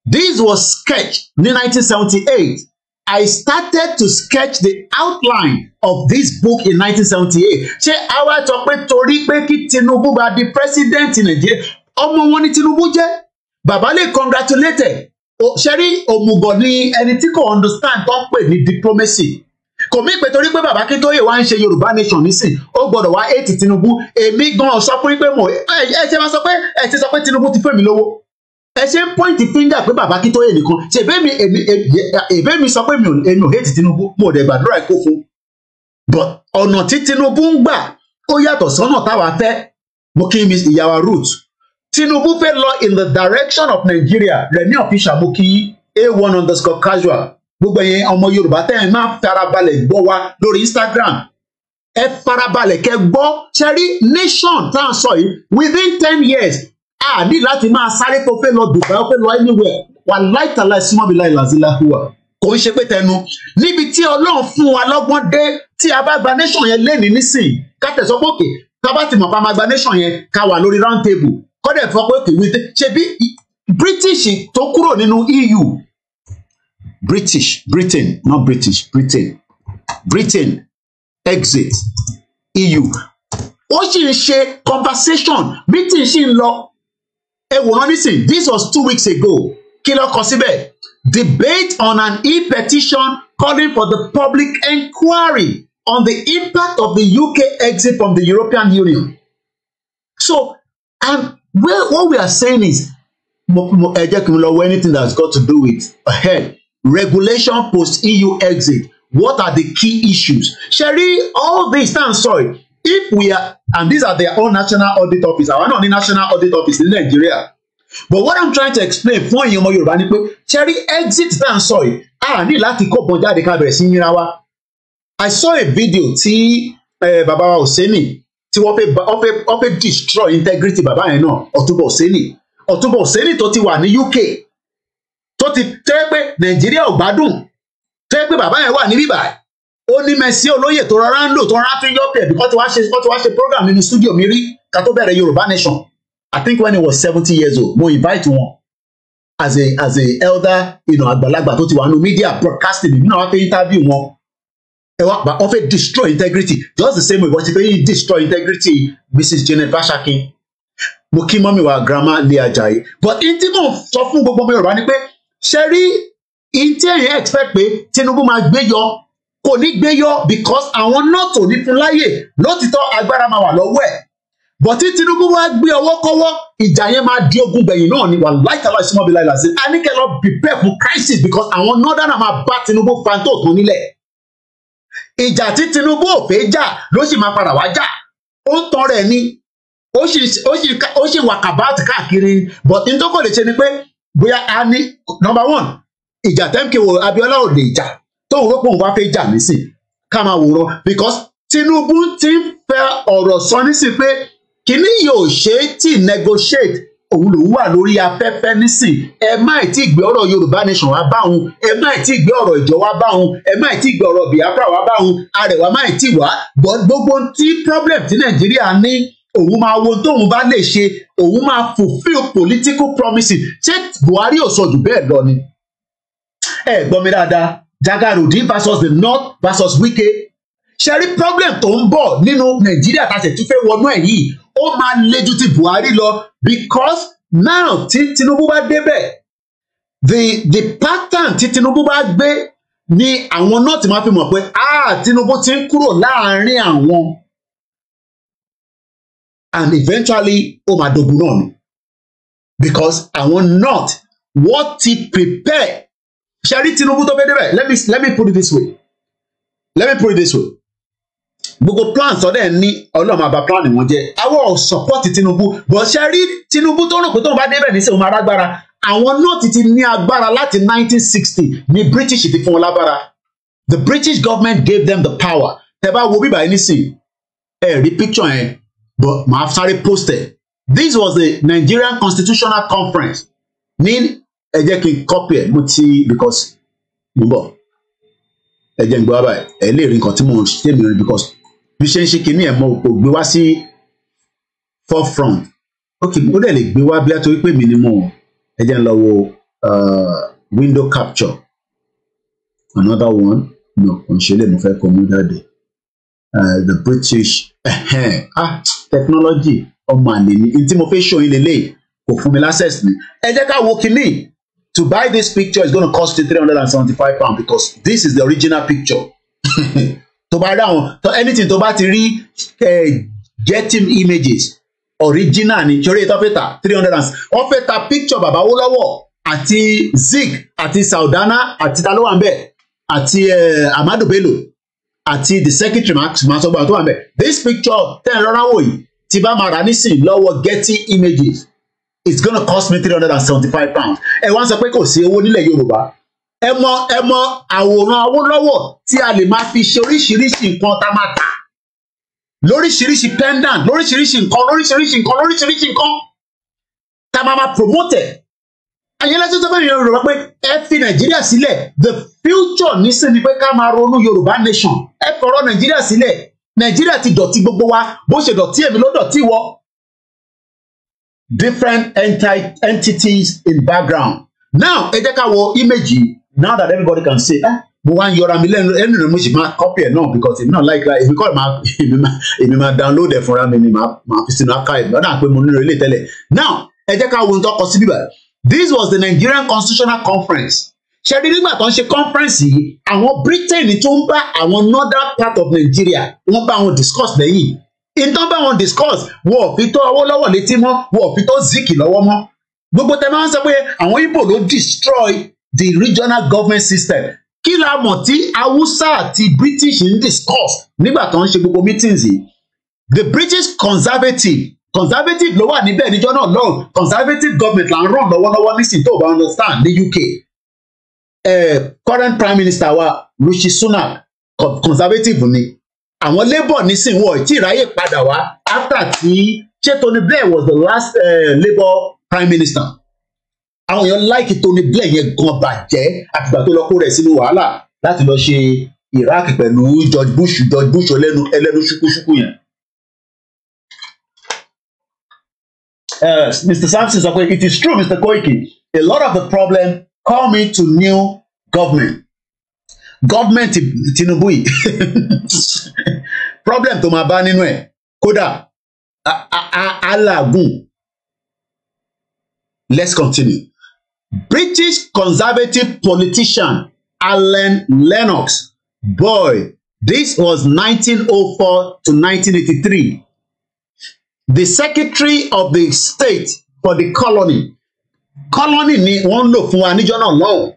this was sketched ní 1978 I started to sketch the outline of this book in 1978 ṣé àwa sọ pé torí pé kí Tinubu bá di president Nàìjíríà ọmọ wọn ni Tinubu jẹ́ bàbá lè congratulate ṣẹ́rí òmùgọ̀ ni ẹni tí kò understand tó ń pè ní diplomacy kò mí pé torí pé bàbá Akíntóyè wá ń ṣe Yorùbá nation nísìn ó gbọ́dọ̀ wá eight Tinubu èmi gan sọ fún pé mo ẹ ṣe máa sọ pé ẹ ti sọ pé Tinubu ti fẹ́ mi lówó ẹ ṣe ń point finger pé bàbá Akíntóyè nìkan ṣe èmi èmi èmi sọ pé èmi ò hate Tinubu mo ò dẹ̀ gbàdúrà ikú fún but ọ̀nà tí Tinubu ń gbà ó yàtọ̀ sọ́nà táwa fẹ́ mo kí mi ìyàwó root Tinubu fẹ́ lọ in the direction of Nigeria Rẹ̀mí ọ̀fíṣàmókì a1 underscore casual gbogbo ẹ̀yin ọmọ Yorùbá tẹ́ ẹ máa farabalẹ̀ gbọ́ wa lórí Instagram ẹ farabalẹ̀ kẹ́ gbọ́ ṣẹ́rí nation tá à sọ yìí within ten years a ní láti máa sáré tó fẹ́ lọ Dubai ó fẹ́ lọ anywhere wà láìtàlá ìsúnmọ́ mi láì làzíláhùwà kò ń ṣe pé tẹnu níbi tí Ọlọ́run fún wa lọ́gbọ́n dé tí a bá gba nation yẹn lẹ́nìí nísìnyí ká tẹ̀sọ́ pòkè ká bá ti mọ̀ pa máa gba nation yẹn ká wà lórí round table kọ́dẹ̀ fún ọpẹ́ òkè wíńtẹ́ ṣe bí British tó kúrò nínú EU British Britain not British Britain Britain exit EU ó sì ń ṣe conversation Britain sì ń lọ ewòrán nísìn this was two weeks ago kí ló kọ síbẹ̀ debate on an e-petition calling for the public inquiry on the impact of the UK exit from the European Union so and well what we are saying is mo mo ẹ jẹ́ kí n lọ wọ anything that's got to do with ahead regulation post EU exit what are the key issues ṣeré all this time sorry if we are and these are their own national audit office àwọn náà ní national audit office in Nigeria, but what i'm trying to explain fún èèyàn ọmọ Yorùbá ni pé ṣeré exit tá à a ní láti kọ́gbọ́n jáde ká bẹ̀rẹ̀ sí yínra wa i saw a video tí eh, Baba wa Hosseini tí wọ́n fẹ́ wọ́n fẹ́ destroy integrity bàbá yẹn náà Ọ̀túnba Òsínì Ọ̀túnba Òsínì tó ti wà ní UK tó ti tẹ́ pé Nàìjíríà ò gbádùn tẹ́ pé bàbá yẹn wà ní bíbà ó ní Mercy Olóyè tó rárá ń lò tó rárá tún yọ̀pẹ̀ bí wọ́n ti wá ṣe program nínú studio mi rí ká tó bẹ̀rẹ̀ Yorùbá Nation I think when he was seventy years old mo invite wọn as a as a elder you know, àgbàlagbà tó ti wà nínú media broadcasting nínú àwọn fẹ́ interview wọn ẹ wá fẹ́ destroy integrity just the same way wọ́n ti fẹ́ destroy integrity Mrs. Janet Bashakin mo kí mọ́mí wa grandma lé Ajayi but ntí mò ń sọ fún gbogbo ọmọ Yorùbá ni pé ṣe rí ntí ẹ̀yìn expect pé Tinubu máa gbé yọ kò ní gbé yọ because àwọn náà tò ní fún láyè lótìtọ́ agbára máa wà lọ́wọ́ ẹ̀ but tí Tinubu wá gbé ọwọ́ kọ́wọ́ ìjà yẹn máa di ogun gbẹ̀yìn náà ni wà láìkàlà ìsúnmọ́bí láìláṣẹ a ní kẹ́ lọ prepare for crisis because àwọn northern máa bá Tinubu fanto tó nílẹ̀ ìjà tí Tinubu ò pé jà ló sì máa padà wá jà ó ń tọrọ ẹ ni ó sì ó sì ó sì wà kàbáàtì káàkiri but n tó kò lè ṣe ni pé bóyá a ní number one ìjà tẹ́mkìwò Abiola ò lè jà tóun rò pé òun wá fẹ́ jà nísìn ká máa wòran because Tinubu ti ń fẹ́ ọ̀rọ̀ sọ nísìn pé kíní yóò ṣe é ti negotiate òun lòun wà lórí afẹ́fẹ́ nísìn ẹ má tí gbé ọ̀rọ̀ Yorùbá nation wá bá òun ẹ má tí gbé ọ̀rọ̀ ìjọ wá bá òun ẹ má tí gbé ọ̀rọ̀ Biafra wá bá òun arẹwà má tí wá gbogbo tí problem tí Nàìjíríà ní òun máa wo tóun bá lè ṣe òun máa fulfil political promises ṣé Buhari ò sọ jù bẹ́ẹ̀ lọ ni. ẹ gbọ́ mi dáadáa Jagarodi versus the North versus Wike ṣe rí problem tó ń bọ̀ nínú Nàìjíríà tá a sì tún fẹ́ wọnú ẹ̀ yìí ó máa le ju ti Buhari lọ because now tí Tinubu bá débẹ̀ the the pattern tí Tinubu bá gbé ni àwọn náà ti máa fi mọ̀ pé ah Tinubu ti ń kúrò láàárín àwọn and eventually ó máa dogun náà ni because àwọn north wọ́n ti prepare ṣe rí Tinubu tó fẹ́ débẹ̀ let me let me put it this way let me put it this way gbogbo plan sọdẹ ní Ọlọ́run máa bà plan wọn jẹ́ àwọn ò support Tinubu bọ ṣe rí Tinubu tó rò pé tóun bá débẹ̀ ní sẹ́wọ̀n máa rágbára àwọn náà ti ti ní agbára láti 1960 ní British ti fún wọn lágbára the British government gave them the power tẹ bá wo bíbá yìí nísìnyí ẹ rí picture yẹn but màá sáré post this was the Nigerian Constitutional Conference ní ẹ jẹ́ kí n copy ẹ mo ti because mo bọ̀ ẹ jẹ́ ń gbọ́ báyìí ẹ lè rí nǹkan tí mò ń ṣe mí rí because bí ṣe ń ṣe kinní ẹ̀ mọ òpó gbé wá sí forefront Okay, ó dẹ̀ lè gbé wá bí a torí pé mi ni mo ẹ jẹ́ ń lọ wo uh, window capture another one no kò ń ṣe lè mo jáde uh, the British ah technology ọmọ àlè ni n tí mo fẹ́ ṣòyìn lélẹ́yìí kò fún mi láṣẹ̀sì ni ẹ jẹ́ ká wo kinní to buy this picture is going to cost you three hundred and seventy-five pound because this is the original picture tó bá rí to anything to buy ti rí eh, getting images original ni torí tó fẹ́ three hundred and wọ́n fẹ́ ta picture bàbá wó lọ́wọ́ àti Zik àti Saudana àti ta ló wà eh, Amadu Bello àti the secretary max sọgbà tó wà ń bẹ̀ this picture tẹ́ ẹ̀ rọra wò yìí tí bá máa rà nísìnyí lọ́wọ́ getting images it's gonna cost me three hundred and seventy five pounds ẹ wá sọ pé kò sí owó nílẹ̀ yorùbá ẹ mọ ẹ mọ àwòrán Awólọ́wọ̀ tí a lè máa fi ṣe oríṣiríṣi nǹkan tá a máa tà lóríṣiríṣi pendant lóríṣiríṣi nǹkan lóríṣiríṣi nǹkan lóríṣiríṣi nǹkan tá a máa máa promote ẹ ayélujára tó bẹ́ẹ̀ ni yorùbá pé ẹ fi nàìjíríà sílẹ̀ the future nísìnyí pé ká máa ronú yorùbá nation ẹ fọ̀rọ̀ nàìjíríà sílẹ̀ nàìjíríà ti dọ̀tí gbogbo wa bó ṣe dọ̀tí èmi ló dọ̀tí wọ different enti entities in background now ẹ jẹ́ ká wo image yìí now that everybody can see eh, mo wá ń yọra mi lẹ́nu ẹnu rẹ̀ mo sì máa copy ẹ̀ náà because èmi náà láìka èmi if you ma download ẹ̀ fúnra mi ni ma, fi sínú aka ẹ̀ lọ́dà pé mo nílò ilé tẹ́lẹ̀ now ẹ jẹ́ ká wo ohun tó kọ sí bíbá this was the Nigerian Constitutional Conference ṣẹ́ni nígbà tó ń ṣe conference yìí àwọn Britain tó ń bá àwọn northern part of Nigeria wọ́n bá wọn discuss lẹ́yìn In ìtàn bá wọn discuss wọn ò fi tó Awólọ́wọ̀ létí mọ́ wọn ò fi tó Zik lọ́wọ́ mọ́ gbogbo tẹ máa ń sọ pé àwọn Igbo ló destroy the regional government system kí la mọ̀ tí Haúsá àti British ń discuss nígbà tó ń ṣe gbogbo meetings yìí the British conservative conservative ló wà níbẹ̀ níjọ́ náà lọ́rùn conservative government là ń ràn lọ́wọ́lọ́wọ́ nísìnyí tó o bá understand ní UK uh, eh, current prime minister wa Rishi Sunak conservative ni àwọn labour nísìn wọn ò tí ì padà wá after tí ṣé Tony Blair was the last uh, labour prime minister àwọn èèyàn láìkì Tony Blair yẹn gan bàjẹ́ àtìgbà tó lọ kó rẹ̀ sínú wàhálà láti lọ ṣe Iraq pẹ̀lú George Bush George Bush ẹlẹ́nu ẹlẹ́nu ṣúkúṣúkú yẹn. Uh, eh, Mr. Sampson sọ pé it is true Mr. Koiki a lot of the problem coming to new government government Tinubu yìí problem tó máa bá nínú ẹ̀ kódà alágùn let's continue British conservative politician Alan Lennox boy this was 1904 to 1983 the secretary of the state for the colony colony ni wọ́n lò fún wa níjọ́ náà lọ́hùn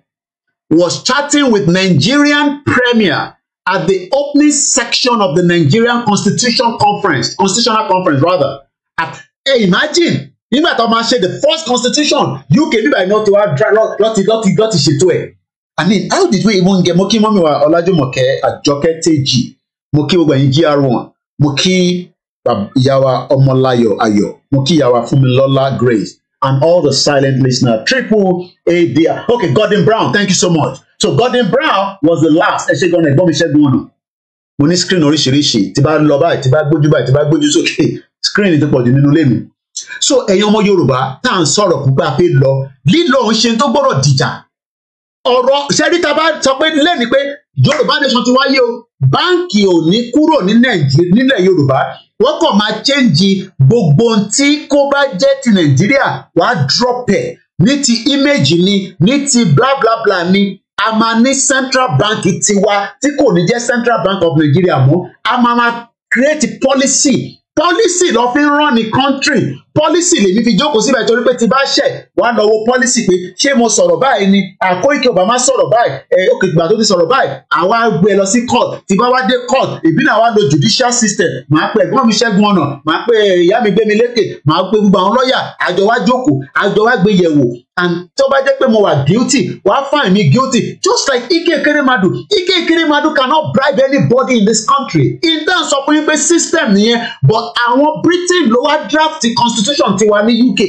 was chatting with Nigerian premier at the opening section of the Nigerian Constitution Conference, Constitutional Conference rather. At, hey, imagine nígbà tó máa ṣe the first constitution UK bíbá iná tó wá lọ́ti lọ́ti lọ́ti ṣètò ẹ̀. I mean how did we even get mo kí mọ́mí wa Ọlájúmọ̀kẹ́ Àjọkẹ́ Tèjì mo kí gbogbo ẹ̀yin GR1 mo kí ìyàwó Ọmọláyọ̀ Ayọ̀ mo kí ìyàwó Fúnmilọ́lá Grace and all the silent listeners triple A dear okay Gordon Brown thank you so much so Gordon Brown was the last ẹ ṣe gan ẹ̀gbọ́n mi ṣẹ́gun ọ̀nà mo ní screen oríṣiríṣi tí bá lọ báyìí tí bá gbójú báyìí tí bá gbójú sókè screen ti pọ̀ jù nínú ilé mi so ẹ̀yin ọmọ Yorùbá tá à ń sọ̀rọ̀ púpà pé lọ lílọ òun ṣe tó gbọ́dọ̀ dìjà ọ̀rọ̀ ṣẹ́rí ta bá sọ pé lẹ́ni pé Yorùbá nation ti wáyé o báǹkì ò ní kúrò ní Nàìjíríà nílẹ̀ Yorùbá wọ́n kàn máa chẹ́ǹjì gbogbo ohun tí kò bá jẹ́ ti Nàìjíríà wàá drop ẹ̀ ní ti image ni ní ti bla bla bla ni a máa ní central bank tiwa tí kò ní jẹ́ central bank of Nigeria mọ́ a máa máa create policy policy lọ fi ń run ní country pọ́lísì lèmi fi jókòó síbẹ̀ torí pé ti bá ṣẹ̀ wá lọ wo pọ́lísì pé ṣé mo sọ̀rọ̀ báyìí ni àkó ike obama sọ̀rọ̀ báyìí ẹ òkè ìgbà tó ti sọ̀rọ̀ báyìí àwa gbé ẹ e lọ sí court ti bá wá dé court ìbí náà wá lo judicial system màá pe ẹ̀gbọ́n mi ṣẹ́gun ọ̀nà màá pe ìyá mi gbé mi lékè màá pe gbogbo àwọn lọ́ọ̀yà àjọ wá jókòó àjọ wá gbé yẹ̀wò and tó bá jẹ́ pé mo wà guilty wàá find me guilty just like Ike Ekeremadu Ike Ekeremadu cannot bribe anybody in this country in terms of pé system nìyẹn but àwọn Britain ló wá draft the constitution constitution tiwa ní UK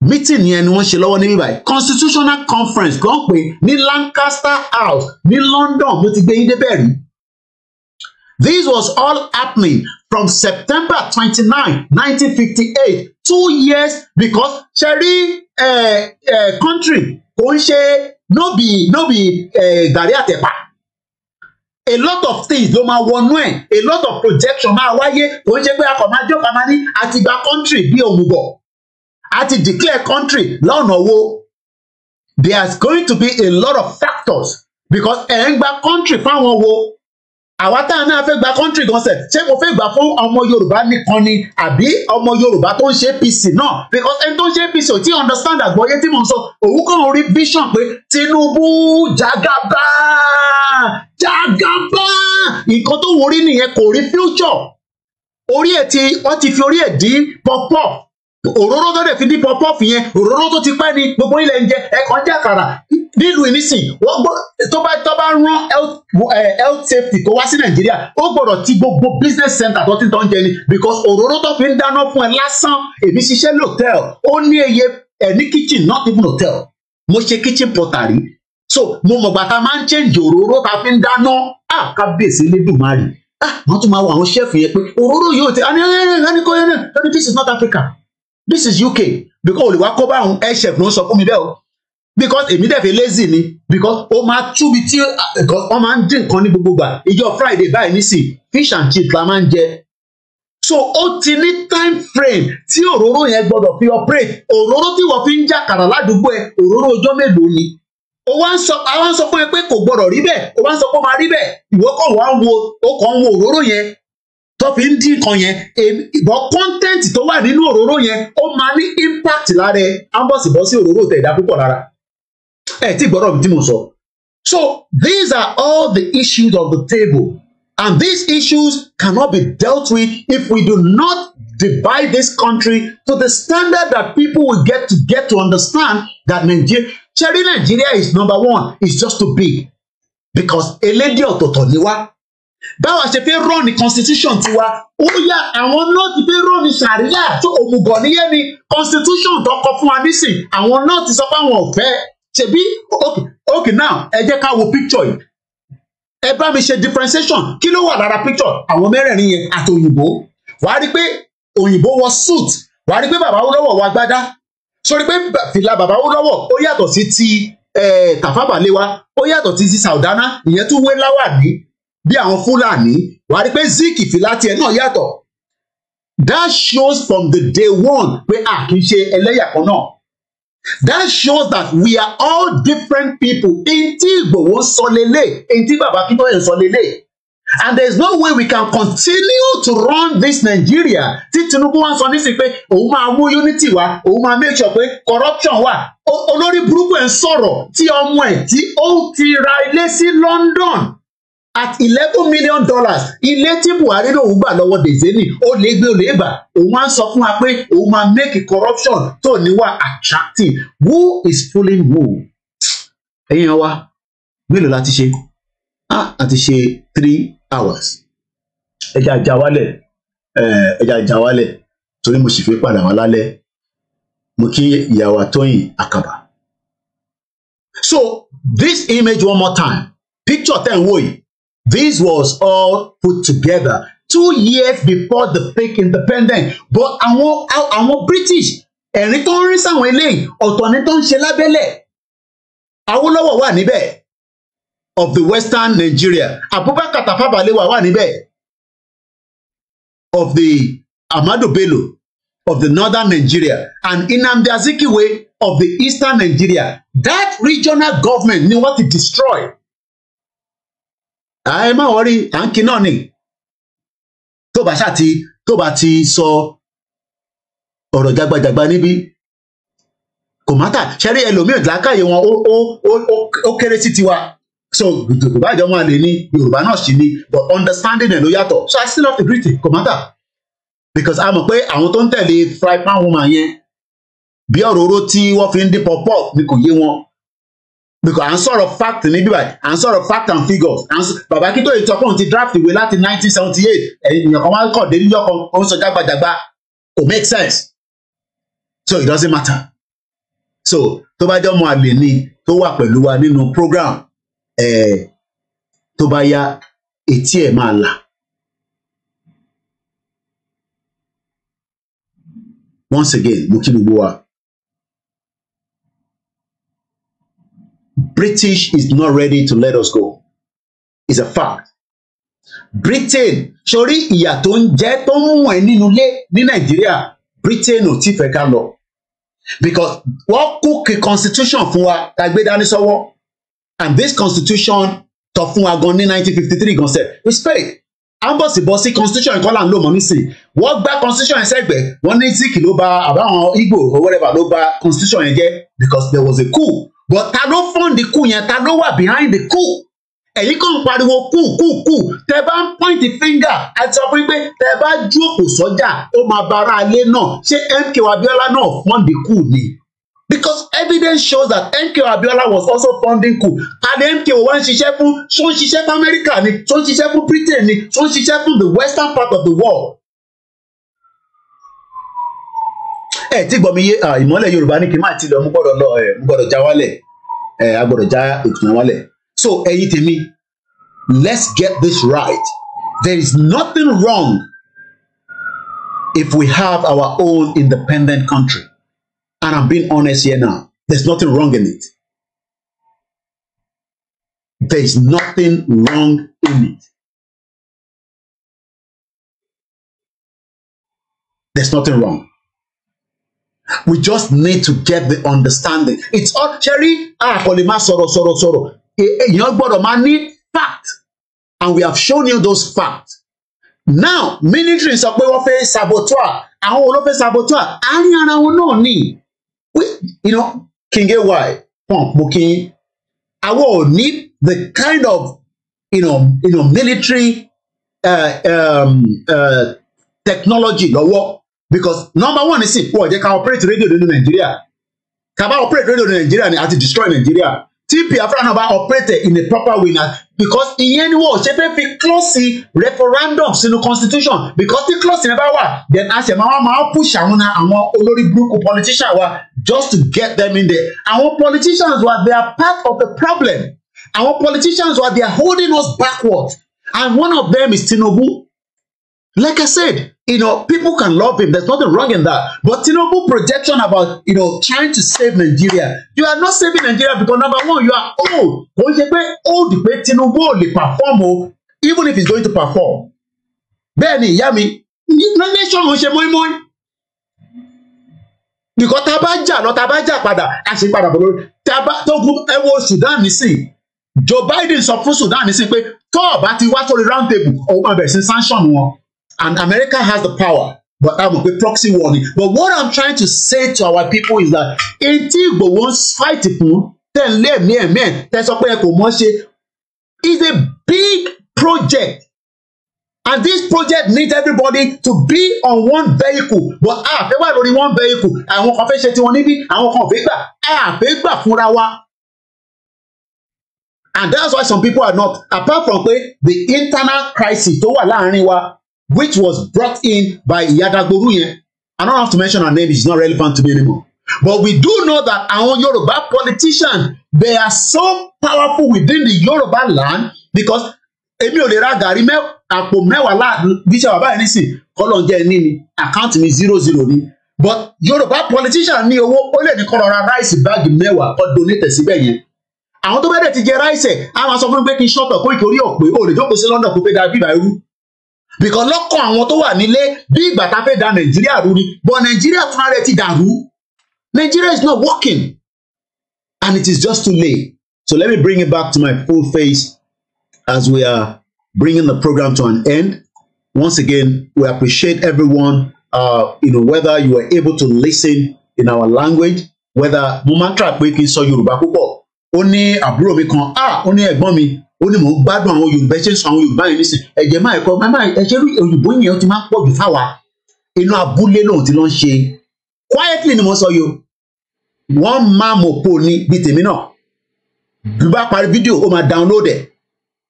meeting yẹn ni wọ́n ṣe lọ́wọ́ ní bíbáyìí constitutional conference kan pè ní Lancaster House ní London mo ti gbé yín débẹ̀ rí this was all happening from September twenty-nine nineteen fifty-eight two years because ṣẹ́rí uh, eh, uh, eh, country kò ń ṣe no be no be uh, gàrí àtẹ̀pà a lot of things ló máa wọnú ẹ̀ a lot of projection máa wáyé kò ń ṣe pé akọ̀ máa jọ́ka máa ní àti gba country bí òmùgọ̀ àti declare country lọ́nà owó there is going to be a lot of factors because ẹ̀ ń gba country fáwọn wo àwa tá a náà fẹ́ gba country concept ṣé mo fẹ́ gbà fún ọmọ yorùbá nìkan ni àbí ọmọ yorùbá tó ń ṣe apc náà because ẹni tó ń ṣe apc ò tí understand àgbọ́yé tí mo ń sọ òun kàn rí vision pé tinubu jagaba jagaba nǹkan tó wọrí nìyẹn kò rí future orí ẹ̀ tí wọ́n ti fi orí ẹ̀ dín pọ̀pọ̀ òróró tó dẹ̀ fi dín pọpọ́ọ̀fù yẹn òróró tó ti pẹ́ ni gbogbo ilẹ̀ ń jẹ ẹ̀kọ́ jẹ́ àkàrà nílùú ìnísìn wọ́n gbọ́ tó bá tó bá rán health eh, safety tó wá sí nàìjíríà ó gbọ́dọ̀ ti gbogbo business center tó ti tán jẹ ni because òróró tó fi ń dáná fún ẹ lásán èmi ṣiṣẹ́ lòtẹ́ẹ̀l ó ní eye ẹ̀ kitchen not even hotel mo ṣe kitchen porter rí so mo mọ̀gbà tá a máa ń change òróró tá a fi ń dáná ah kábíyèsí lẹ́dùnmáàrì ah wọ́n tún máa wọ àwọn ṣẹ́ẹ̀fù yẹn pé òróró yóò ti ẹni ẹni ẹni kọ́ yẹn náà this is not Africa this is UK because olùwà kó bá àwọn ẹ̀ṣẹ̀ ló ń sọ fún mi bẹ́ẹ̀ o because èmi dẹ̀ fi lazy ni because ó máa túbi tí wọ́n máa ń dín nǹkan ní gbogbo gbà ìjọ Friday báyìí nísìn fish and chips la máa ń jẹ so ó ti ní time frame tí òróró yẹn gbọ́dọ̀ fi operate òróró tí wọ́n fi ń jàkàrà ládùúgbò ẹ òróró ọjọ́ mélòó ni ó wá ń sọ àwọn sọ fún ẹ pé kò gbọ́dọ̀ rí bẹ́ẹ̀ ó wá ń sọ pé ó máa rí bẹ́ẹ̀ ìwọ wá ń wo ó kàn ń wo òróró yẹn tó fi ń dín nǹkan yẹn ìbọn kọ́ńtẹ́ǹtì tó wà nínú òróró yẹn ó máa ní impact lára ẹ ambọ̀sibọ́sí òróró tẹ̀dá púpọ̀ lára ẹ̀ tí gbọ́dọ̀ mi tí mo sọ. So these are all the issues of the table and these issues cannot be dealt with if we do not divide this country to the standard that people will get to get to understand that Nigeria cherry Nigeria is number one is just too big because elédè ọ̀tọ̀ọ̀tọ̀ ni wá báwa ṣe fẹ́ rọ́ọ̀nì constitution tiwa ó yá àwọn náà ti fẹ́ rọ́ọ̀nì sàríyà tó òmùgọ̀ níyẹn ni constitution tó kọ fún wa nísìn àwọn náà ti sọ pé àwọn ò ṣebí okay okay now ẹ jẹ́ ká wo picture yìí ẹ bá mi ṣe differentiation kí ló wà lára picture àwọn mẹ́rẹ̀ẹ̀rin yẹn àti òyìnbó wàá rí pé òyìnbó wọ suit wàá rí pé bàbá olówó wa gbádá sórí pé fìlà bàbá olówó ó yàtọ̀ sí ti eh, tàfàbàlẹ̀ wa ó yàtọ̀ sí ti sàùdánà ìyẹn tún wé láwàní bí àwọn Fúlàní wà á rí pé Zik ìfìlà tiẹ̀ náà yàtọ̀ that shows from the day one pé a kì í ṣe ẹlẹ́yà kan náà that shows that we are all different people in tí Ìgbòho sọ lélẹ̀ in tí bàbá Akíntóyè sọ lélẹ̀ and there is no way we can continue to run this Nigeria tí Tinubu wá sọ nísìnyí pé òun máa mú unity wá òun máa make sure pé corruption wà olórí burúkú ẹ̀ ń sọ̀rọ̀ tí ọmọ ẹ̀ tí ó ti ra ilé sí London at eleven million dollars ilé tí buhari lòun gbà lọ́wọ́ dezeni ó lè gbé ó lè bà òun á sọ fún wa pé òun máa make corruption tó níwà attractive who is fooling who ẹ̀yin wa mélòó la ti ṣe ah àti ṣe three hours ẹja ajá wálẹ̀ ẹja ajá wálẹ̀ torí mo sì fi padà wá lálẹ́ mo kí ìyàwó àtọyìn àkàbà so this image one more time picture ten wo yìí This was all put together two years before the fake independence but àwọn àwọn British ẹ̀rín tó ń rí sáwọn eléyìí ọ̀tọ̀ ni tó ń ṣe lábẹ́lẹ̀ Awólọ́wọ̀ wà níbẹ̀ of the Western Nigeria Abubakar Tafawa Balewa wà níbẹ̀ of the Amadu Bello of the Northern Nigeria and Nnamdi Azikiwe of the Eastern Nigeria that regional government ni wọ́n ti destroy ẹ má wọrí à ń kí náà nì tó bá ṣáà ti tó bá ti sọ ọ̀rọ̀ jagbajagba níbí kò mátà ṣẹ́rí ẹlòmíràn làákàyè wọn ó ó ó kéré sí tiwa so yorùbá ìjọba lè ní yorùbá náà sì ní but understanding ẹ̀ ló yàtọ̀ so i still have to greet it kò mátà because a mọ̀ pé àwọn tó ń tẹ̀lé fry pan woman yẹn bí ọ̀rọ̀ oró tí wọ́n fi ń dín pop pop ni kò yé wọn because à ń sọ̀rọ̀ fact ní bíbá à ń sọ̀rọ̀ fact and figures à ń sọ bàbá kí tó ti draft ìwé láti nineteen seventy eight èèyàn kan wá kọ̀ dé níjọ́ kan ó ń sọ jágbàjàgbà kò make sense so it doesn't matter so tó bá jẹ́ ọmọ àlè ni tó wà pẹ̀lú wa nínú program eh, tó bá yá etí ẹ̀ máa là once again mo kí gbogbo wa. British is not ready to let us go. It's a fact. Britain sori ìyà tó ń jẹ tó ń mú nínú ilé ní Nàìjíríà Britain ò tíì fẹ́ ká lọ because wọ́n cook constitution fún wa ká gbé dání sọ́wọ́ and this constitution tọ́ fún wa gan ní 1953 gan sẹ respect ambosibosi constitution kọ́ là ń lò mọ́ nísìnyí wọ́n gbá constitution yẹn sẹ́gbẹ̀ wọ́n ní Zik ló ba àbáwọn Igbo or whatever ló ba constitution yẹn jẹ́ because there was a coup but ta ló fund the coup yẹn ta ló wà behind the coup ẹ̀yin kàn ń pariwo kú kú coup, tẹ bá ń pọ́ǹtì fíńgà àti sọ fún yín pé tẹ bá ju òkú sọ́jà ó máa ba ara alẹ́ náà ṣé MK Abiola náà fund the coup ni because evidence shows that MK Abiola was also funding coup and MK wa ń ṣiṣẹ́ fún ṣó ń ṣiṣẹ́ fún America ni ṣó ń ṣiṣẹ́ fún Britain ni ṣó ń ṣiṣẹ́ fún the western part of the world ẹ tí gbọmi yé ìmọ́lẹ̀ yorùbá ní kí n máa ti lọ mú gbọ́dọ̀ lọ ẹ mú gbọ́dọ̀ já wálẹ̀ ẹ a gbọ́dọ̀ já ètò wálẹ̀ so ẹ̀yin tèmi let's get this right there is nothing wrong if we have our own independent country and I'm being honest here now there's nothing wrong in it there is nothing wrong in it there's nothing wrong we just need to get the understanding it's all Ah, àkọlé máa sorrow, sorrow. sọ̀rọ̀ e, èèyàn gbọ́dọ̀ máa ní fact and we have shown you those facts now military sọ pé wọ́n fẹ́ saboteur àwọn olófẹ́ saboteur àárín know wọn náà ni you know can get why. pump booking. I ò need the kind of you know, you know military uh, um, uh, technology what because number one is it? wọ́n They can operate radio in Nigeria. Can I operate radio in Nigeria and àti destroy Nigeria? tí biafra náà operate in a proper way na because in any wọ́n ò ṣe close fi klọ́ọ̀sì referendum sínú constitution because the close yẹn bá wà then a ṣe mama máa push àwọn na àwọn olórí burúkú politicians wa just to get them in there àwọn politicians wa they are part of the problem àwọn politicians wa they are holding us backwards. and one of them is Tinubu like I said you know, people can love him. There's nothing wrong in that. But Tinubu projection about, you know, trying to save Nigeria. You are not saving Nigeria because number one, you are old. Kò you pé old pé Tinubu ò lè perform o, even if he's going to perform. Benny, ni ìyá mi, nation ò ṣe mọ́ínmọ́ín. Because Tabaja not Tabaja, jà lọ, tá a bá jà padà, a Sudan. You see, Joe Biden sọ fún Sudan You see, tọ́ọ̀ bá ti wá sórí round table, òun máa bẹ̀rẹ̀ sí sanction wọn and America has the power but I'm a proxy warning but what I'm trying to say to our people is that until we ń fight fún tẹ̀lé ẹ̀mí ẹ̀mí ẹ̀ tẹ̀sán pé ẹ kò mọ̀ ṣe is a big project and this project needs everybody to be on one vehicle but ah, fẹ́ wà lórí one vehicle àwọn kan fẹ́ ṣe tiwọn níbí àwọn kan fẹ́ gbà a fẹ́ gbà fúnra wa and that's why some people are not apart from the internal crisis tó wà láàrin wa which was brought in by Yadagboru yẹn I don't have to mention her name it's not relevant to me anymore but we do know that our Yorùbá politicians they are so powerful within the Yorùbá land because Emi ò Gari ra gàrí àpò mẹ́wàá láàrin bíṣẹ́ bàbá yẹn nísìn kọ́lọ́n jẹ́ ni àkáǹtì mi zero zero ni but Yorùbá politician ni owo ó lè ní kọ́lọ́ra ráìsì báàgì mẹ́wàá donate síbẹ̀ yẹn àwọn tó bẹ́ẹ̀ dẹ̀ ti jẹ ráìsì ẹ̀ á máa sọ fún mi pé kí n ṣọ́tọ̀ kó ìkórí ọ̀pẹ ò lè jókòó sí London kó pé dàbí ìbá irú because lọ́kàn àwọn tó wà nílé bí ìgbà tá a fẹ́ da nàìjíríà rú ni but nàìjíríà fúnra rẹ̀ ti dàrú nàìjíríà is not working and it is just too late so let me bring it back to my full face as we are bringing the program to an end once again we appreciate everyone uh, you know whether you were able to listen in our language whether mo máa ń try pé kí n sọ yorùbá púpọ̀ ó ní àbúrò mi kan ah ó ní ẹ̀gbọ́n mi ó ní mò ń gbádùn àwọn yorùbá ṣe ń sọ àwọn yorùbá yẹn nísìn ẹ̀jẹ̀ máa ẹ̀kọ́ máa ẹ̀ṣẹ́ rí òyìnbó yẹn ti máa ń pọ̀ jù fáwa inú abúlé lòun ti lọ ń ṣe quietly ni mo sọ yo wọ́n máa mọ̀ pò ní bí tèmi náà bí bá parí fídíò ó máa download ẹ̀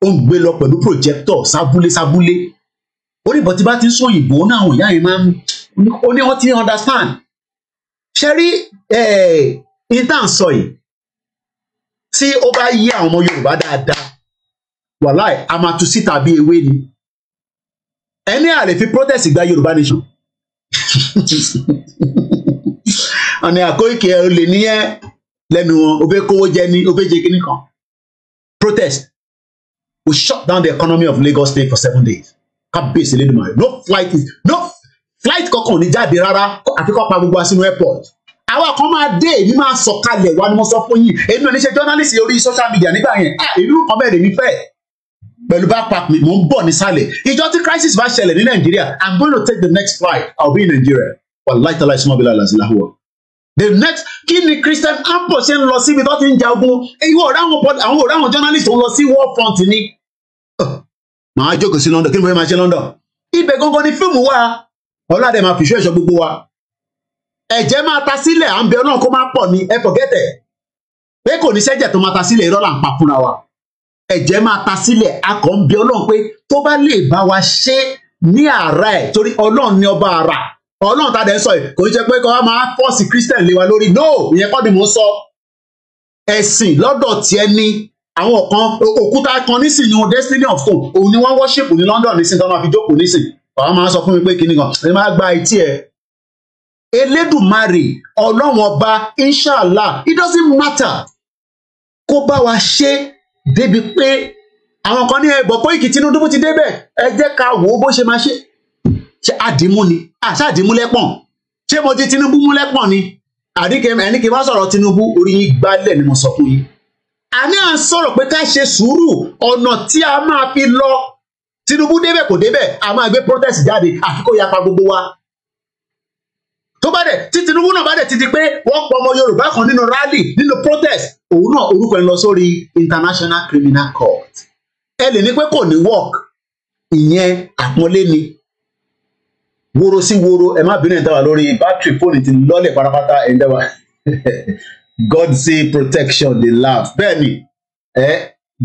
ó ń gbé lọ pẹ̀lú projector sábúlé sábúlé ó ní bọ̀ tí bá ti ń sọ òyìnbó náà àwọn ìyá yẹn máa ń ó ní wọ́n ti understand ṣe rí ìtàn eh, sọ yìí tí ó bá yé àwọn ọmọ yorùbá dáadáa wàláì a máa tu síta bí ewé ni ẹni àlè fi protest gba yorùbá nation ọ̀nà àkóyèké ẹ lè níyẹn lẹ́nu wọn o fẹ́ kówó jẹ ní o fẹ́ jẹ kíní kan protest will shut down the economy of Lagos state for seven days kábíyèsí lẹ́dùnmọ̀ no flight no flight kankan ò ní jáde rárá àfi kó pa gbogbo sínú airport àwa kan máa dé èmi máa sọ̀kalẹ̀ wa ni mo sọ fún yín èmi ò ní ṣe journalist orí social media nígbà yẹn ah èmi ò kàn bẹ́ẹ̀ lèmi fẹ́ẹ́ pẹ̀lú backpack mi mò ń bọ̀ nísàlẹ̀ ìjọ tí crisis bá ṣẹlẹ̀ ní nàìjíríà i'm going to take the next flight i'll be in nigeria wàláì tàlà ìsúnmọ́ bí lálẹ́ àṣìláhùn the next kí ni christian ampo ṣe ń lọ síbi tó ti ń jagun ìwọ ọ̀ráwọn àwọn ọ̀ráwọn journalist ń lọ sí war front ni. màá jókòó sí london kí ni mo fẹ́ máa ṣe london ibẹ̀ gangan ni fíìmù wa ọ̀làdẹ máa fìṣọ́ ẹ̀ṣọ́ gbogbo wa ẹ̀jẹ̀ máa ta sílẹ̀ à ń bẹ ọlọ́run kó má pọ̀ ni ẹ forget it. pé kò ní sẹ́jẹ̀ tó máa ta sílẹ̀ irọ́ ń pa fúnra wa ẹ̀jẹ̀ máa ta sílẹ̀ a kàn ń bí ọlọ́run pé tó bá lè bá wa ṣe ní àrà ẹ̀ torí ọlọ́run ní ọba àrà ọlọ́run tàdé sọ yìí kò ń jẹ́ pé kọ́ máa fọ́ọ̀sì christian lé wa lórí no ìyẹn kọ́ ni mo sọ ẹ̀sìn lọ́dọ̀ tiẹ̀ ni àwọn kan òkúta kan nísìnyí destiny of stone òun ni wọ́n worship ní London nísìnyí tó máa fi jókòó nísìnyí ọ̀hún máa sọ fún mi pé kinní kan ẹ máa gba etí ẹ Elédùmarè ọlọ́run ọba inshallah it doesn't matter kó bá wa ṣe débi pé àwọn kan ní ẹbọ pé ìkì Tinubu ti débẹ̀ ẹ jẹ́ ká wò ó bó ṣe máa ṣe ṣe àdìmú ni àṣà àdìmú lẹ́pọ̀n ṣé mo ti Tinubu mú lẹ́pọ̀n ni àdìkẹ ẹni kí n bá sọ̀rọ̀ Tinubu orí yín gbálẹ̀ ni mo sọ fún yín àní à ń sọ̀rọ̀ pé ká ṣe sùúrù ọ̀nà tí a máa fi lọ Tinubu débẹ̀ kò débẹ̀ a máa gbé protest jáde àfi kó yapa gbogbo wa tó bá dẹ̀ tí Tinubu náà bá dẹ̀ ti di pé wọ́n pọ̀ ọmọ Yorùbá kan nínú rally nínú protest òun náà orúkọ ẹ̀ lọ sórí International Criminal Court ẹ lè ní pé kò ní work ìyẹn àpọ́nlé ni woro sí woro ẹ má bínú ẹ̀ dáwà lórí bátìrì fóònù ti lọ́lẹ̀ pátápátá ẹ̀ dáwà God say protection dey laugh bẹ́ẹ̀ ni ẹ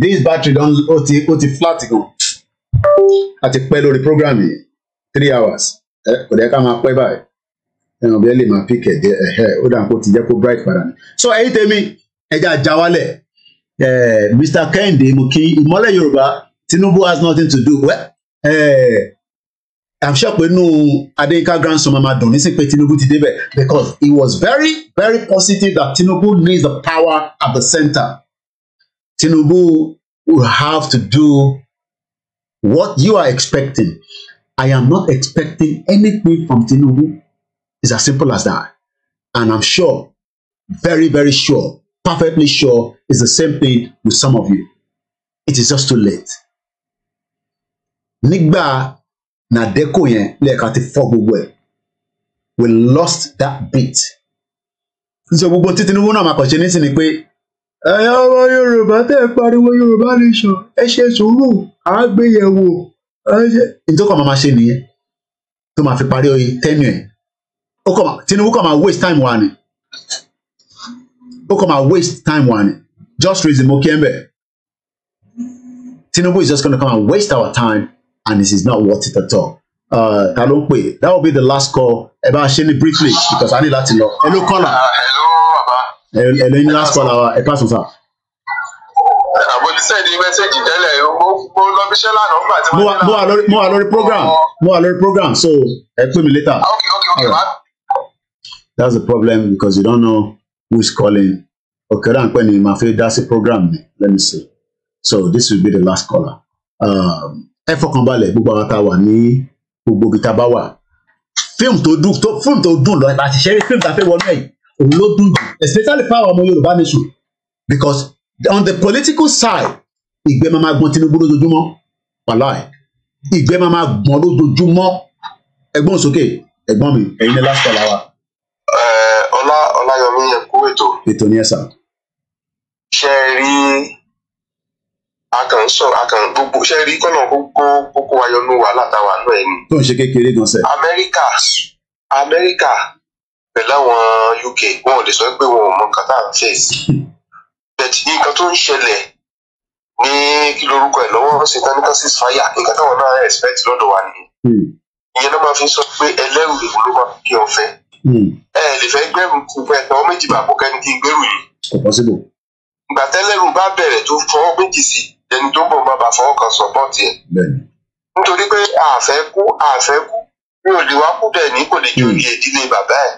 this battery don ó ti ó ti flat gan àti pẹ́ lórí program yìí three hours ẹ kò dẹ́ ká máa pẹ́ báyìí ẹran bẹ́ẹ̀ lè máa pick ẹ̀jẹ̀ ẹ̀hẹ́ ó dà kó ti jẹ́ kó bright padà ni. so ẹ̀yin tèmi ẹja já wálẹ̀ Mr. Kẹ́hìndé mo kí ìmọ́lẹ̀ Yorùbá Tinubu has nothing to do well I'm sure pé inú Adéyínká grandson máa dùn nísìn pé Tinubu ti débẹ̀ because he was very very positive that Tinubu needs the power at the center Tinubu will have to do what you are expecting I am not expecting anything from Tinubu It's as simple as that. And I'm sure, very, very sure, perfectly sure, it's the same thing with some of you. It is just too late. Nigba na dekoyen lẹ́ẹ̀ka ti We lost that beat. Nítorí gbogbo tí Tinubu náà máa kàn ṣe nísìnyí pé ẹ̀yà ọmọ Yorùbá tẹ̀ pariwo Yorùbá nation ẹ ṣe sùúrù àgbéyẹ̀wò. Nítorí kan máa ṣe nìyẹn tó máa fi parí tẹ́nu ẹ̀ ó kàn máa Tinubu kàn máa waste time wa ni ó kàn máa waste time wa ni just reason mo kí ẹ bẹ́ẹ̀ Tinubu is just gonna come and waste our time and this is not worth it at all. Uh, ta ló ń pè? That will be the last call. Ẹ bá ṣe ní briefly because I need láti lọ. Ah, hello caller. Hello baba. Hello ní last call our ẹ pàṣẹ sá. Àbójú sẹ́ẹ̀dì mẹ́sẹ̀gì tẹ́lẹ̀ mo mo lọ fi ṣẹ́ lánàá nígbà tí mo ní láti. Mo wà lórí program. Mo wà lórí program so ẹ pè mí later. Ok ok ok that's the problem because you don't know who's calling okay that when my favorite that's a program let me see so this will be the last caller um ẹ fọkàn balẹ̀ gbogbo àwọn tá a wà ní gbogbo ibi tá a bá wà fíìmù tó dùn tó fíìmù tó dùn lọ àti ṣẹ́rí fíìmù tá a fẹ́ wọnú ẹ̀ òun ló dùn jù especially fáwọn ọmọ Yorùbá nation because on the political side ìgbẹ́ máa ma gbọ́n Tinubu lójoojúmọ́ wàláì ìgbẹ́ máa ma gbọ́n lójoojúmọ́ ẹ̀gbọ́n sókè ẹ̀gbọ́n mi ẹ̀yin ni last caller wa ọlá ọláyọmí ẹ kú ètò. ètò ni ẹ sà. ṣe é rí akàn sọ akàn gbogbo ṣe é rí kọ́nà kókó kókó ayọ̀nù wàhálà táwa náà ẹ̀ ni. tó ń ṣe kékeré gan sẹ́. amẹ́ríkà amẹ́ríkà pẹ̀lú àwọn uk wọn ò lè sọ pé wọn ò mọ nǹkan tá à ń fèsì. bẹ̀tì nǹkan tó ń ṣẹlẹ̀ ní kí lorúkọ ẹ̀ lọ́wọ́ satanic six fire nǹkan táwọn náà expect lọ́dọ̀ wa nìyẹn. Hmm. ìyẹn náà máa fi sọ pé ẹlẹ́rù ló máa kí ọ fẹ́. Hmm. ẹ lè fẹ́ gbẹ́rù kú pẹ́ tọ́ méjì bàbọ̀ kẹ́ni kí n gbẹ́rù yìí. kò pọ́sibò. ìgbà tẹ́lẹ̀rù bá bẹ̀rẹ̀ tó fọwọ́ méjì sí ẹni tó bọ̀ bàbá fọwọ́ kan sọ́pọ́ọ̀tì ẹ̀. nítorí pé àfẹ́ kú àfẹ́ kú mi ò lè wá kú bẹ́ẹ̀ ní kò lè jẹ́ oyè hmm. ìdílé bàbá ẹ̀.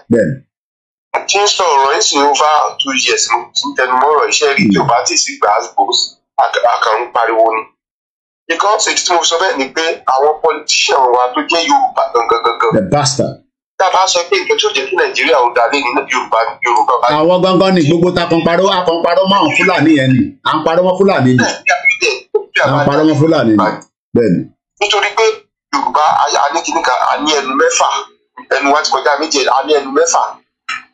tí ń sọ̀rọ̀ ẹ̀ sì ń fa two years mo ti ń tẹnumọ́rọ̀ iṣẹ́ rí hmm. tí ò bá ti sí gbàgbọ́ àkàrùn pariwo ni because èyí tí mo sọ bẹ́ẹ̀ ni pé àwọn politician wa tó jẹ́ Yorùbá gangan gangan. the bastard dábàá sọ pé nǹkan tí ó jẹ́ kí nàìjíríà ó dalé ní yorùbá yorùbá bá. àwọn gangan ni gbogbo ta kan parọ́ a kan parọ́ mọ́ àwọn fúlàní yẹn ni à ń parọ́ mọ́ fúlàní ni à ń parọ́ mọ́ fúlàní ni bẹ́ẹ̀ ni. nítorí pé yorùbá a ní kan a ní ẹnu mẹ́fà ẹnu wa ti kọjá méje a ní ẹnu mẹ́fà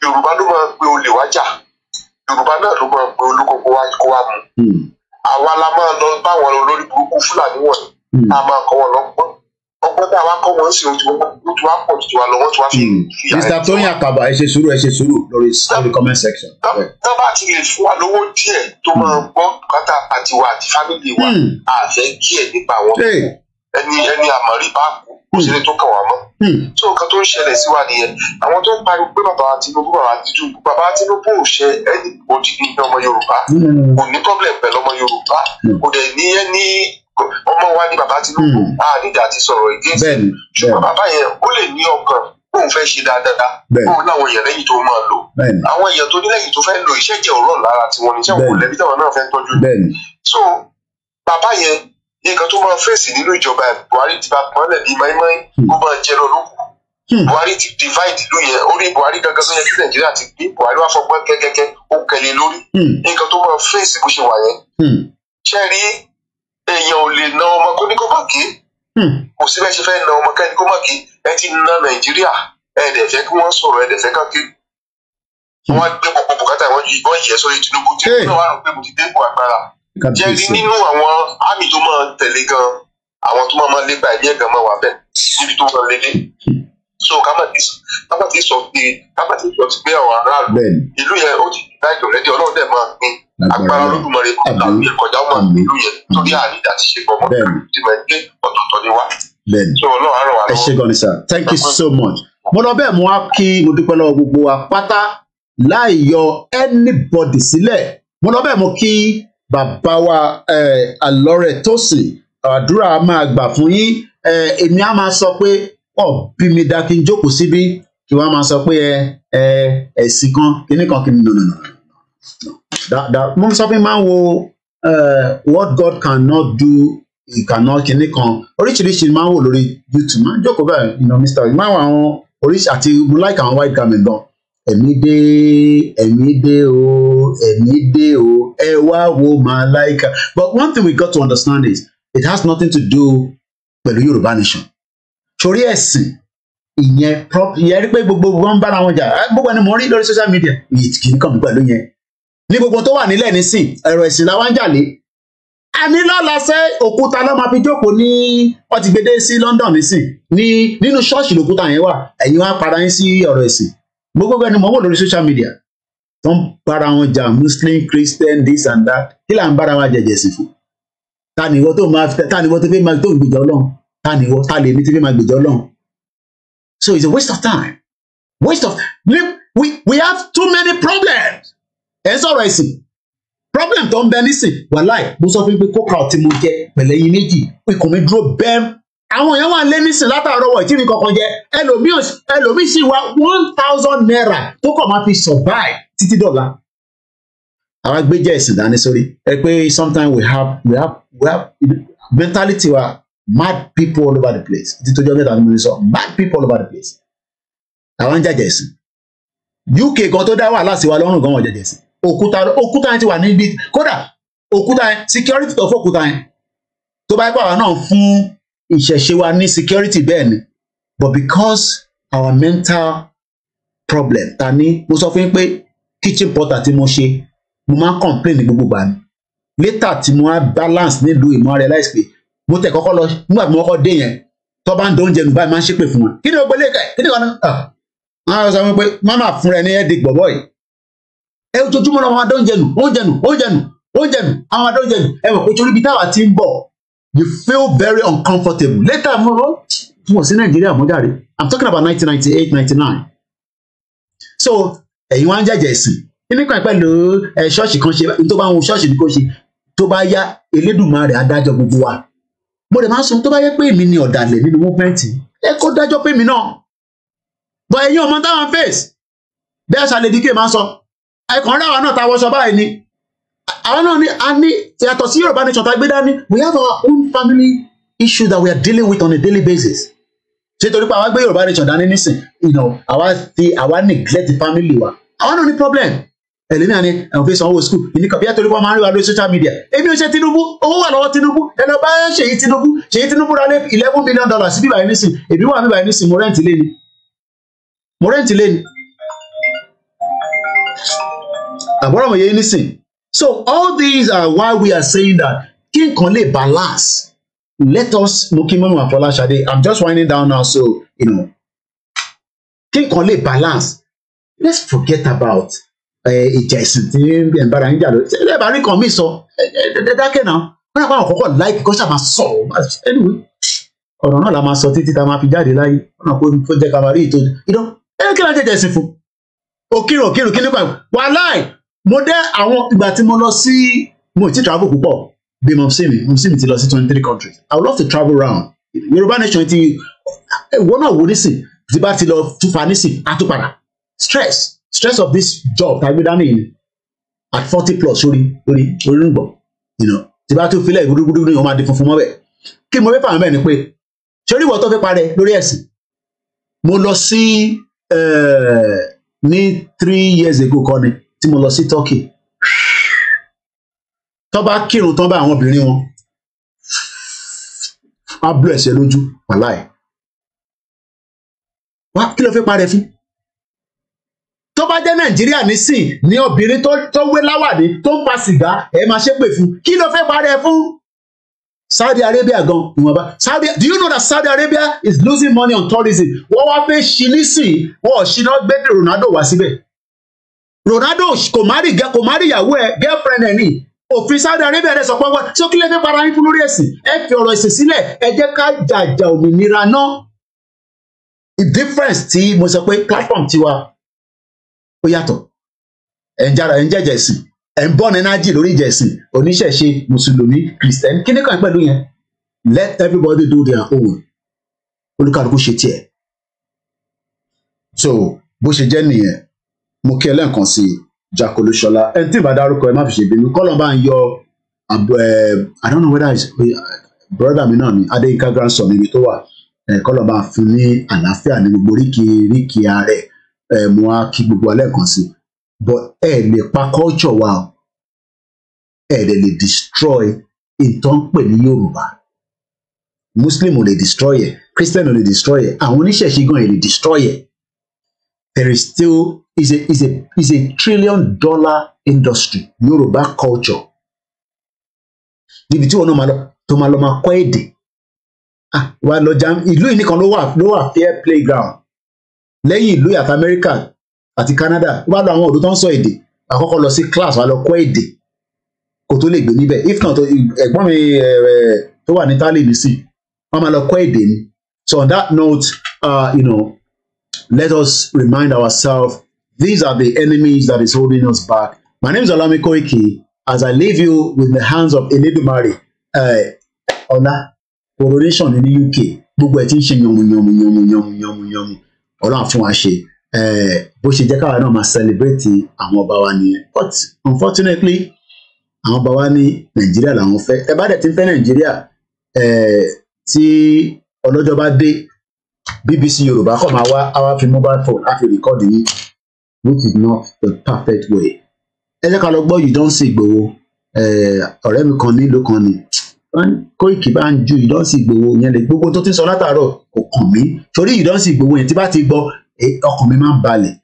yorùbá ló máa ń pe olè wájà yorùbá náà ló máa ń pe olókoko wa kó wa mú hmm. àwa la máa lọ báwọn olórí burúkú fúlàní wọ̀nyí hmm ọgbọ́n tá a wá kọ́ wọn sí ojú ojú wa pọ̀ ju wa lọ́wọ́ tí wọ́n fi. Hmm. Mr. Tóyìn Àkàbà ẹ ṣe sùúrù ẹ ṣe sùúrù lórí lórí comment section. tó bá ti lè fún wa lówó díẹ̀ tó máa hmm. gbọ́ kátà àti wa àti fámìlì wa àfẹ́ kí ẹ̀ nípa àwọn ẹni ẹni àmọ̀rí bá kú kò sí ní tó kàn wá mọ́. tó hmm. nǹkan tó ń ṣẹlẹ̀ sí wa nìyẹn àwọn tó ń pariwo pé bàbá Tinubu bàbá Tinubu bàbá Tinubu ò ṣe ẹni òdì ní ọmọ Yorùbá kò ní ọmọ wa ni bàbá Tinubu hmm. a nídìí àti sọ̀rọ̀ ìgbésẹ̀ ṣùgbọ́n bàbá yẹn ó lè ní ọkàn kóun fẹ́ ṣe dáadáa kóun láwọn èèyàn lẹ́yìn tó máa lò àwọn èèyàn tó ní lẹ́yìn tó fẹ́ lò iṣẹ́ jẹ́ ọ̀rọ̀ lára tiwọn ní sẹ́wọ̀n kò lẹ́bí táwọn náà fẹ́ tọ́jú so bàbá yẹn nǹkan tó máa fèsì nínú ìjọba Buhari ti bá pọ́nlẹ̀ bíi máímáí hmm. kó máa jẹ lọ lókun Buhari ti divide ìlú yẹn orí Buhari gangan sọ́yẹ́ kí Nàìjíríà ti gbé Buhari wá fọgbọ́n kẹ́kẹ́kẹ́ ó kẹlẹ̀ lórí hmm. nǹkan tó máa fèsì bó ṣe wà yẹn ṣẹ́ẹ̀rí èèyàn ò lè na ọmọ kó ní kó má hmm. kò sí bẹ́ẹ̀ ṣe fẹ́ na ọmọ kẹ́ni kó má ké ẹ ti na nàìjíríà ẹ̀ẹ́dẹ̀ fẹ́ kí wọ́n sọ̀rọ̀ ẹ̀ẹ́dẹ̀ fẹ́ kán ké hmm. wọ́n gbé gbogbo bùkátà wọn yìí wọ́n yẹ sórí tinubu tí wọ́n wá rò pé mo ti dépò agbára jẹ́ rí nínú àwọn àmì tó máa tẹ̀lé gan àwọn tó máa máa lépa ẹ̀mí ẹ̀gàn máa wà bẹ́ẹ̀ níbi tó máa lé dé hmm so kábàtì sọ pé kábàtì sọ pé àwọn aráàlú ìlú yẹn ó ti láì jọ rẹ́dí ọlọ́run dẹ̀ máa pín agbára olódùmarè kọjá ní ìkọjá ìlú yẹn torí àníjà ti ṣe gbọmọ tí mo gbé ọ̀tọ̀ọ̀tọ̀ ni wá. ẹ ṣe gan ni sir thank you so much. mo lọ bẹ́ẹ̀ mo wá kí mo dúpẹ́ lọ́wọ́ gbogbo wa láì yọ anybody sílẹ̀ mo lọ bẹ́ẹ̀ mo kí bàbá wa Alọ́rẹ̀ Tósìn àdúrà máa gbà fún yín èmi á máa sọ pé pọ̀ bí mi dá kí n jókòó síbí kí wọ́n máa sọ pé ẹ ẹ̀sìn kan kíní kan kíní nùnùnù. mo sọ pé máa ń wo what God cannot do ìkànnà kíní kan oríṣiríṣi máa ń wò lórí YouTube máa ń jókòó bẹ́ẹ̀ ìnà Mr. máa ń wà àwọn oríṣi àti mo like àwọn white garment gan ẹ̀mí dé ẹ̀mí dé o ẹ̀mí dé o ẹ wá wo like. but one thing we got to understand is it has nothing to do pẹ̀lú Yorùbá nation torí ẹ̀sìn ìyẹn ìyẹn rí pé gbogbo wọn ń bára wọn jà gbogbo ẹni mò ń rí lórí social media yìí kì í kàn mí pẹ̀lú yẹn ní gbogbo tó wà nílẹ̀ nísìn ẹ̀rọ ẹ̀sìn làwọn ń jà lé àní lọ́la ṣe òkúta lọ́ máa fi jókòó ní ọtìgbédé sí London nísìn ní nínú ṣọ́ọ̀ṣì lòkúta yẹn wà ẹ̀yin wá para yín sí ọ̀rọ̀ ẹ̀sìn gbogbo ẹni mò ń wò lórí social media tó ń bára wọn jà Muslim Christian this and that kí là ń bára wa jẹjẹ sí fún ta ni ìwọ tó máa tó gbèjà Ọlọ́run ta ni wọ ta lè ní tí fi máa gbèjọ lọhùn so it's a waste of time waste of we we have too many problems ẹ sọ̀rọ̀ ẹ̀sìn problem tó ń bẹ nísìn wàláì mo sọ fún mi pé kókà ọtí mo jẹ pẹ̀lẹ́ yín méjì ikùn mi dúró bẹ́ẹ̀m àwọn èèyàn wà lé nísìn látàárọ̀ wọ̀ ìtìrì kankan jẹ ẹlòmíì ẹlòmíì sì wá one thousand naira tó kàn máa fi survive títí dọ̀la àwa gbé jẹ́ ìsìn dání sórí ẹ pé sometimes we have we have we have mentality wa mad people all over the place títọ́jú ọgbẹ́ta ni mo ti sọ mad people all over the place làwọn ń jàjẹ̀ sí UK gan tó dá wàhálà sí wa lọ́rùn gan wọ́n jàjẹ̀ sí òkúta òkúta yẹn ti wà níbi kódà òkúta yẹn security tó fòkúta yẹn tó bá yẹ pé àwa náà fún ìṣẹ̀ṣe wa ní security bẹ́ẹ̀ ni but because our mental problem ta ni mo sọ fún yín pé kitchen porter tí mo ṣe mo máa ń complain ní gbogbo gbà ni later tí mo á balance nílùú ìmọ̀ realize pé mo tẹ̀ kọ́kọ́ lọ nígbà tí mo kọ́kọ́ dé yẹn tó bá ń dán oúnjẹ nù báyìí máa ń ṣépè fún wọn kí ni o gbélé kẹ kí ni kan náà ah. wọn sọ pé mama fúnra ẹni ẹdì gbọbọ yìí ẹ ojoojúmọ́ náà wọn máa dán oúnjẹ nù oúnjẹ nù oúnjẹ nù oúnjẹ nù àwọn máa dán oúnjẹ nù ẹ mọ̀ pé ibi táwa ti ń bọ̀ you feel very uncomfortable later mo rọ mo sí nàìjíríà mo jàre i'm talking about nineteen ninety eight ninety nine so ẹ̀yin wá ń jẹ́jẹ́ ẹ̀sìn nípa pẹ̀lú eh, ṣọ́ọ̀ṣì kan ṣe tó bá ń wo ṣọ́ọ̀ṣì ní kò ṣe tó bá yá Elédùmarè adájọ́ gbogbo wa mo dẹ̀ máa sọ tó bá yẹ pé èmi ni ọ̀dàlẹ̀ nínú múfẹ́ǹtì ẹ kó dájọ́ pé mi náà bọ̀ ẹ̀yin ọmọ táwọn fèsì bí àṣà lè máa sọ ẹkàn rẹ àwọn náà ta wọṣọ báyìí ni àwọn náà ni a ní yàtọ̀ sí Yorùbá nation tá a gbé dání we have our own family issue that we are dealing with on a daily basis ṣé torí pé àwa gbé Yorùbá nation dání nísìn àwa ti àwa neglect family wa àwa náà ní problem ẹlẹ́ni àní àwọn fẹsẹ̀ owó skul ìní kàbíyà torí wọn máa ń rí wa lórí social media èmi ò ṣe Tinubu owó wà lọ́wọ́ Tinubu ẹnà bá ń ṣèyí Tinubu ṣèyí Tinubu ra lé eleven million dollars bíbà yìí nísìn èmi wà bíbà yìí nísìn mo rẹ́ǹtì lé ni mo rẹ́ǹtì lé ni àbúrò mọ̀ yẹn nísìn so all these are why we are saying that kí nǹkan lè balance let us mo kí mọ́mọ́ àfọláṣadé I'm just winding down now so you know kí nǹkan lè balance let's forget about ìjà ìsìn tí ẹ̀ ń bára yín jà lórí ṣé ẹ bá rí kan mí sọ ẹ dákẹ́ náà wọ́n náà pàwọn kọ́kọ́ láì kọ́ sábà sọ̀rọ̀ anyway ọ̀rọ̀ náà la máa sọ títí tá a máa fi jáde láyé wọ́n náà kó jẹ́ ká máa rí ìtọ́jú ìdán ẹ kí ló ń jẹjẹ sí fún òkìrùn òkìrùn kí nípa wàláì mo dé àwọn ìgbà tí mo lọ sí mo ti travel púpọ̀ bí mo sì mi mo sì mi ti lọ sí twenty three countries I would love to travel round Yorùbá nation ti ìwọ náà wò nísìn tí bá ti lọ túfa nísìn àtúpadà stress stress of this job tàbí dání yìí at forty plus sórí lórí lórí nùgbọ ìnà tí bá tún filẹ̀ gbúdúgbúdú ni wọ́n máa di funfun mọ́ bẹ̀ kí mo fẹ́ fà mẹ́rin pé sórí ìwọ tó fi parẹ́ lórí ẹ̀sìn mo lọ sí eh, ní three years ago kọ́ ni tí mo lọ sí Turkey tó bá kírun tán bá àwọn obìnrin wọn á blú ẹ̀sẹ̀ lójú wàláì wá kí ló fẹ́ parẹ́ fún tó bá jẹ́ nàìjíríà nísìn ní obìnrin tó wé láwàdí tó ń pa sìgá ẹ máa ṣépè fún kí ló fẹ́ parẹ́ fún Saudi Arabia gan ìwọ̀nba Saudi do you know that Saudi Arabia is losing money on tourism wọ́n wá fẹ́ ṣí nísìn wọ́n ṣíná gbé Ronaldo wá síbẹ̀ Ronaldo kò má rí kò má rí ìyàwó ẹ girlfriend ẹ ní òfin Saudi Arabia rẹ sọ pé wọn tí ó kílẹ̀ fẹ́ para yín fún lórí ẹ̀sìn ẹ fi ọ̀rọ̀ ẹ̀sìn sílẹ̀ ẹ jẹ́ ká jàjà òmìnira náà difference tí mo sọ pé platform tiwa ó yàtọ̀ ẹ̀ ń jára ẹ̀ ń jẹ́jẹ̀ sìn ẹ̀ ń bọ́ nẹ́nájì lórí ìjẹ̀sìn oníṣẹ̀ṣe mùsùlùmí kìrìsìtẹ́nì kíní kan pẹ̀lú yẹn let everybody do their own olúkàlùkù ṣe tiẹ̀ so bó ṣe jẹ́ nìyẹn mo kí ẹ lẹ́ẹ̀kan sí Jakolo Ṣọlá ẹni tí ìbá dárúkọ ẹ má fi ṣe bínú kọ́lọ̀ bá ń yọ I don't know whether it's brother mi náà ni Adéyínká grandson níbi tó wà kọ́lọ̀ bá fún ní àlàáfíà ní gbogbo ríkì ríkì ààrẹ ẹ mú wa kí gbogbo alẹ́ kan sí but ẹ lè pa culture wa ẹ dẹ̀ lè destroy ìtàn pè ní Yorùbá Muslim ò lè destroy ẹ Christian ò lè destroy ẹ àwọn oníṣẹ̀ṣe gan ẹ lè destroy ẹ there is still is a is a is a trillion dollar industry Yorùbá culture níbi tí wọn náà máa lọ tó máa lọ máa kọ́ èdè ah wà lọ jam ìlú yìí nìkan ló wà ló wà fair playground lẹ́yìn ìlú àti amẹ́ríkà àti canada ó bá lọ àwọn ọ̀dọ́ tó ń sọ èdè àkọ́kọ́ lọ sí class wàá lọ kọ́ èdè kó tó lè gbé níbẹ̀ if not ẹ̀gbọ́n mi eh, tó wà ní tálí nísìn wọ́n máa lọ kọ́ èdè ni so on that note uh, you know, let us remind ourselves these are the enemies that is holding us back my name is Olami Koiki as I leave you with the hands of Elédùmarè eh, ọ̀la coronation in the UK gbogbo ẹ̀ tí ń ṣe yànmùyànmùyànmùyànmùyànmù ọlọ́run fún wa ṣe bó ṣe jẹ́ káwa náà máa celebrate àwọn ọba wa nìyẹn but unfortunately àwọn ọba wa ní nàìjíríà làwọn fẹ́ ẹ bá dẹ̀ ti ń fẹ́ nàìjíríà tí ọlọ́jọ́ bá dé BBC Yorùbá kọ́ máa wá àwa fi mobile phone á fi record yìí which is not the perfect way ẹ jẹ́ ká lọ gbọ́ you don see Igboho ọ̀rẹ́ mi kan nílùú kan ni Kóìkì bá ń ju ìdọ́sí Ìgbòho yẹn lè gbogbo tó ti sọ látàárọ̀ kò kàn mí torí ìdọ́sí Ìgbòho yẹn tí bá ti gbọ́ e, ọkàn mi máa ń balẹ̀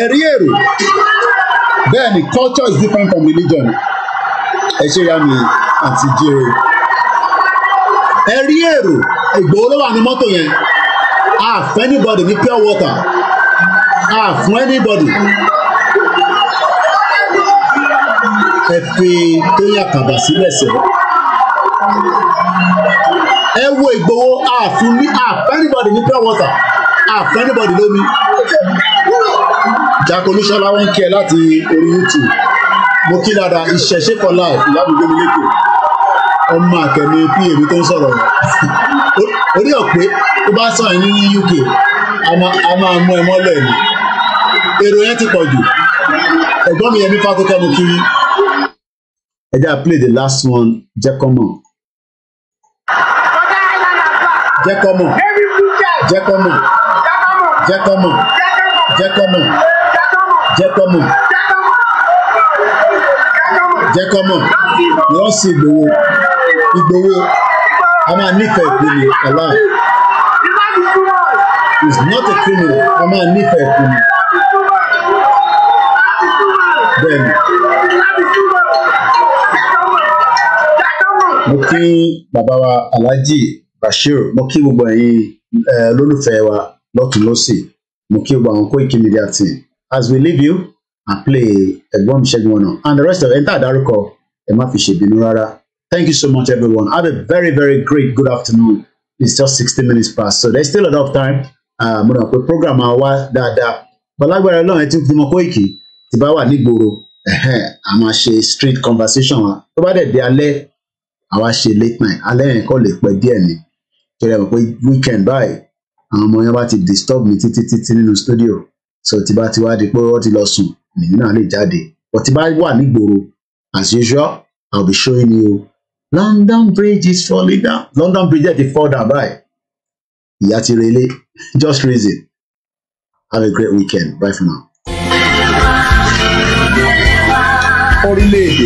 ẹ̀rí èrò bẹ́ẹ̀ ni culture is different from religion ẹ ṣe ya mi àti jire ẹ̀rí èrò Ìgbòho ló wà ní mọ́tò yẹn àfẹ́ anybody ní pure water are ah, fún anybody. ẹ fi tóyìn àkàbà sílẹ̀ sẹ́wọ́. ẹ wo ìgbowó àfún ní àfún anybody ní pure water àfún anybody lómi. jacolushola wọn kí ẹ láti orí youtube mo kí dáadáa ìṣẹ̀ṣe for life ìyábùgbé mi lẹ́kọ̀ọ́ ọmọ àkẹ́mi pa èmi tó ń sọ̀rọ̀ orí ọ̀pẹ tó bá sàn ní uk a máa mú ẹ mọ́lẹ̀ ni èrò yẹn ti pọ̀ jù ẹ̀gbọ́n mi yẹn mi fàkókò mo kiri. ẹ jẹ́ à play the last one jẹ́ kọ́ mọ̀ jẹ́ kọ́ mọ̀ jẹ́ kọ́ mọ̀ jẹ́ kọ́ mọ̀ jẹ́ kọ́ mọ̀ jẹ́ kọ́ mọ̀ jẹ́ kọ́ mọ̀ wọ́n sì gbowó ìgbowó a máa nífẹ̀ẹ́ ìpinnu ọ̀la is not a criminal a máa nífẹ̀ẹ́ ìpinnu bẹ́ẹ̀ni mo kí bàbá wa alhaji bashir mo kí gbogbo ẹ̀yin olólùfẹ́ wa lọ́tún lọ́sì mo kí gbogbo àwọn Koiki Media team as we leave you and play ẹ̀gbọ́n mi ṣẹ́gun ọ̀nà and the rest of ẹ̀ńtà àdárúkọ ẹ̀ má fi ṣèbínú rárá thank you so much everyone have a very very great good afternoon it's just sixteen minutes past so there's still a lot of time ah, mo dàn pé program àwa dáadáa pẹ̀lú agbára Ọlọ́run ẹ ti ń fún ọmọ Koiki tí bá wà nígboro a máa ṣe street conversation wa tó bá dẹ̀ di alẹ́ àwa ṣe late night alẹ́ yẹn kọ́ lè pẹ́ díẹ̀ ni kẹrẹ mọ̀ pé weekend báyìí àwọn ọmọ yẹn bá ti disturb mi títí títí nínú studio so tí bá ti wá di pé wọ́n ti lọ sùn nìyí náà lè jáde but tí bá wà nígboro as usual I'll be showing you London Bridge is falling down London Bridge ẹ̀ ti fall down báyìí ìyá ti relé just reason have a great weekend bye for now. orílẹ̀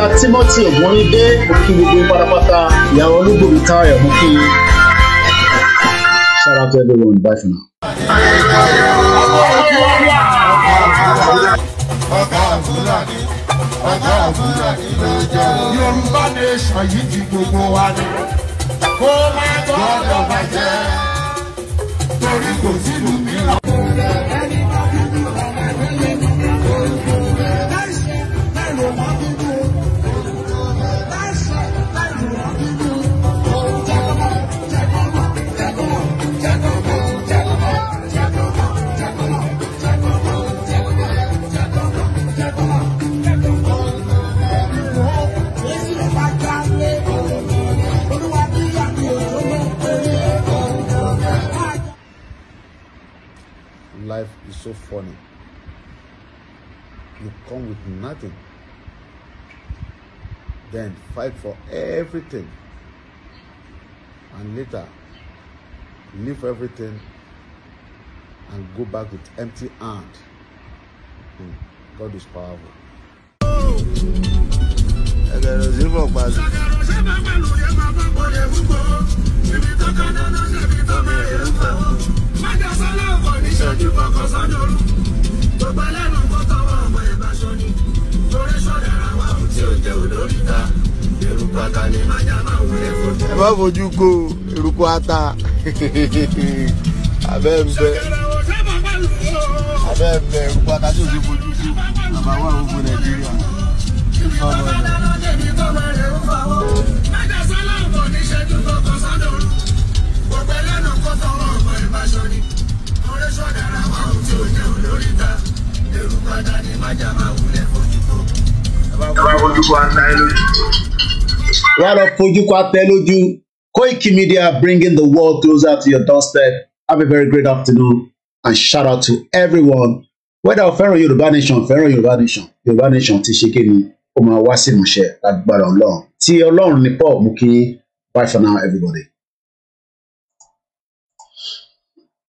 brother Timothy Ògúnríndé mo kí gbogbo pátápátá ìyàwó olúgbòmí táyọ̀ mo kí shout out to everyone bye for now. ọ̀gá Fúlàní ọ̀gá yìí ti gbogbo wa ni kó má gbọ́dọ̀ bàjẹ́ torí kò sí. so funny. You come with nothing. Then fight for everything. And later, leave everything and go back with empty hand. Hmm. God is powerful. ẹgẹrẹ májọsán náà kò ní ṣojú kọkọ sọdọrú gbogbo ẹlẹ́nu kó tọwọ́ ọmọ ẹ̀ bá ṣọ ni ni májà máa ń wúlẹ̀ fojú. ẹ má fojú ko eruku ata abẹ́ ń bẹ abẹ́ ń bẹ eruku ata tí ò sí fojú ko bàbá wà ó fún Nàìjíríà. fáṣọ ni ọ̀rẹ́ sọ̀dára wa ò tí ò jẹun lórí ta èrò padà ní májà máa wulẹ̀ fojú kọ. wàá fojú kọ ata ẹ lójú. wàá lọ fojú kọ ata ẹ lójú Koiki Media bringing the world closer to your doorstep have a very great afternoon and shout out to everyone whether o fẹ́ràn Yorùbá nation fẹ́ràn Yorùbá nation Yorùbá nation ti ṣe kí ni ó máa wá sí ìmúṣẹ lágbára Ọlọ́run tí Ọlọ́run ní Paul mú kí bye for now everybody.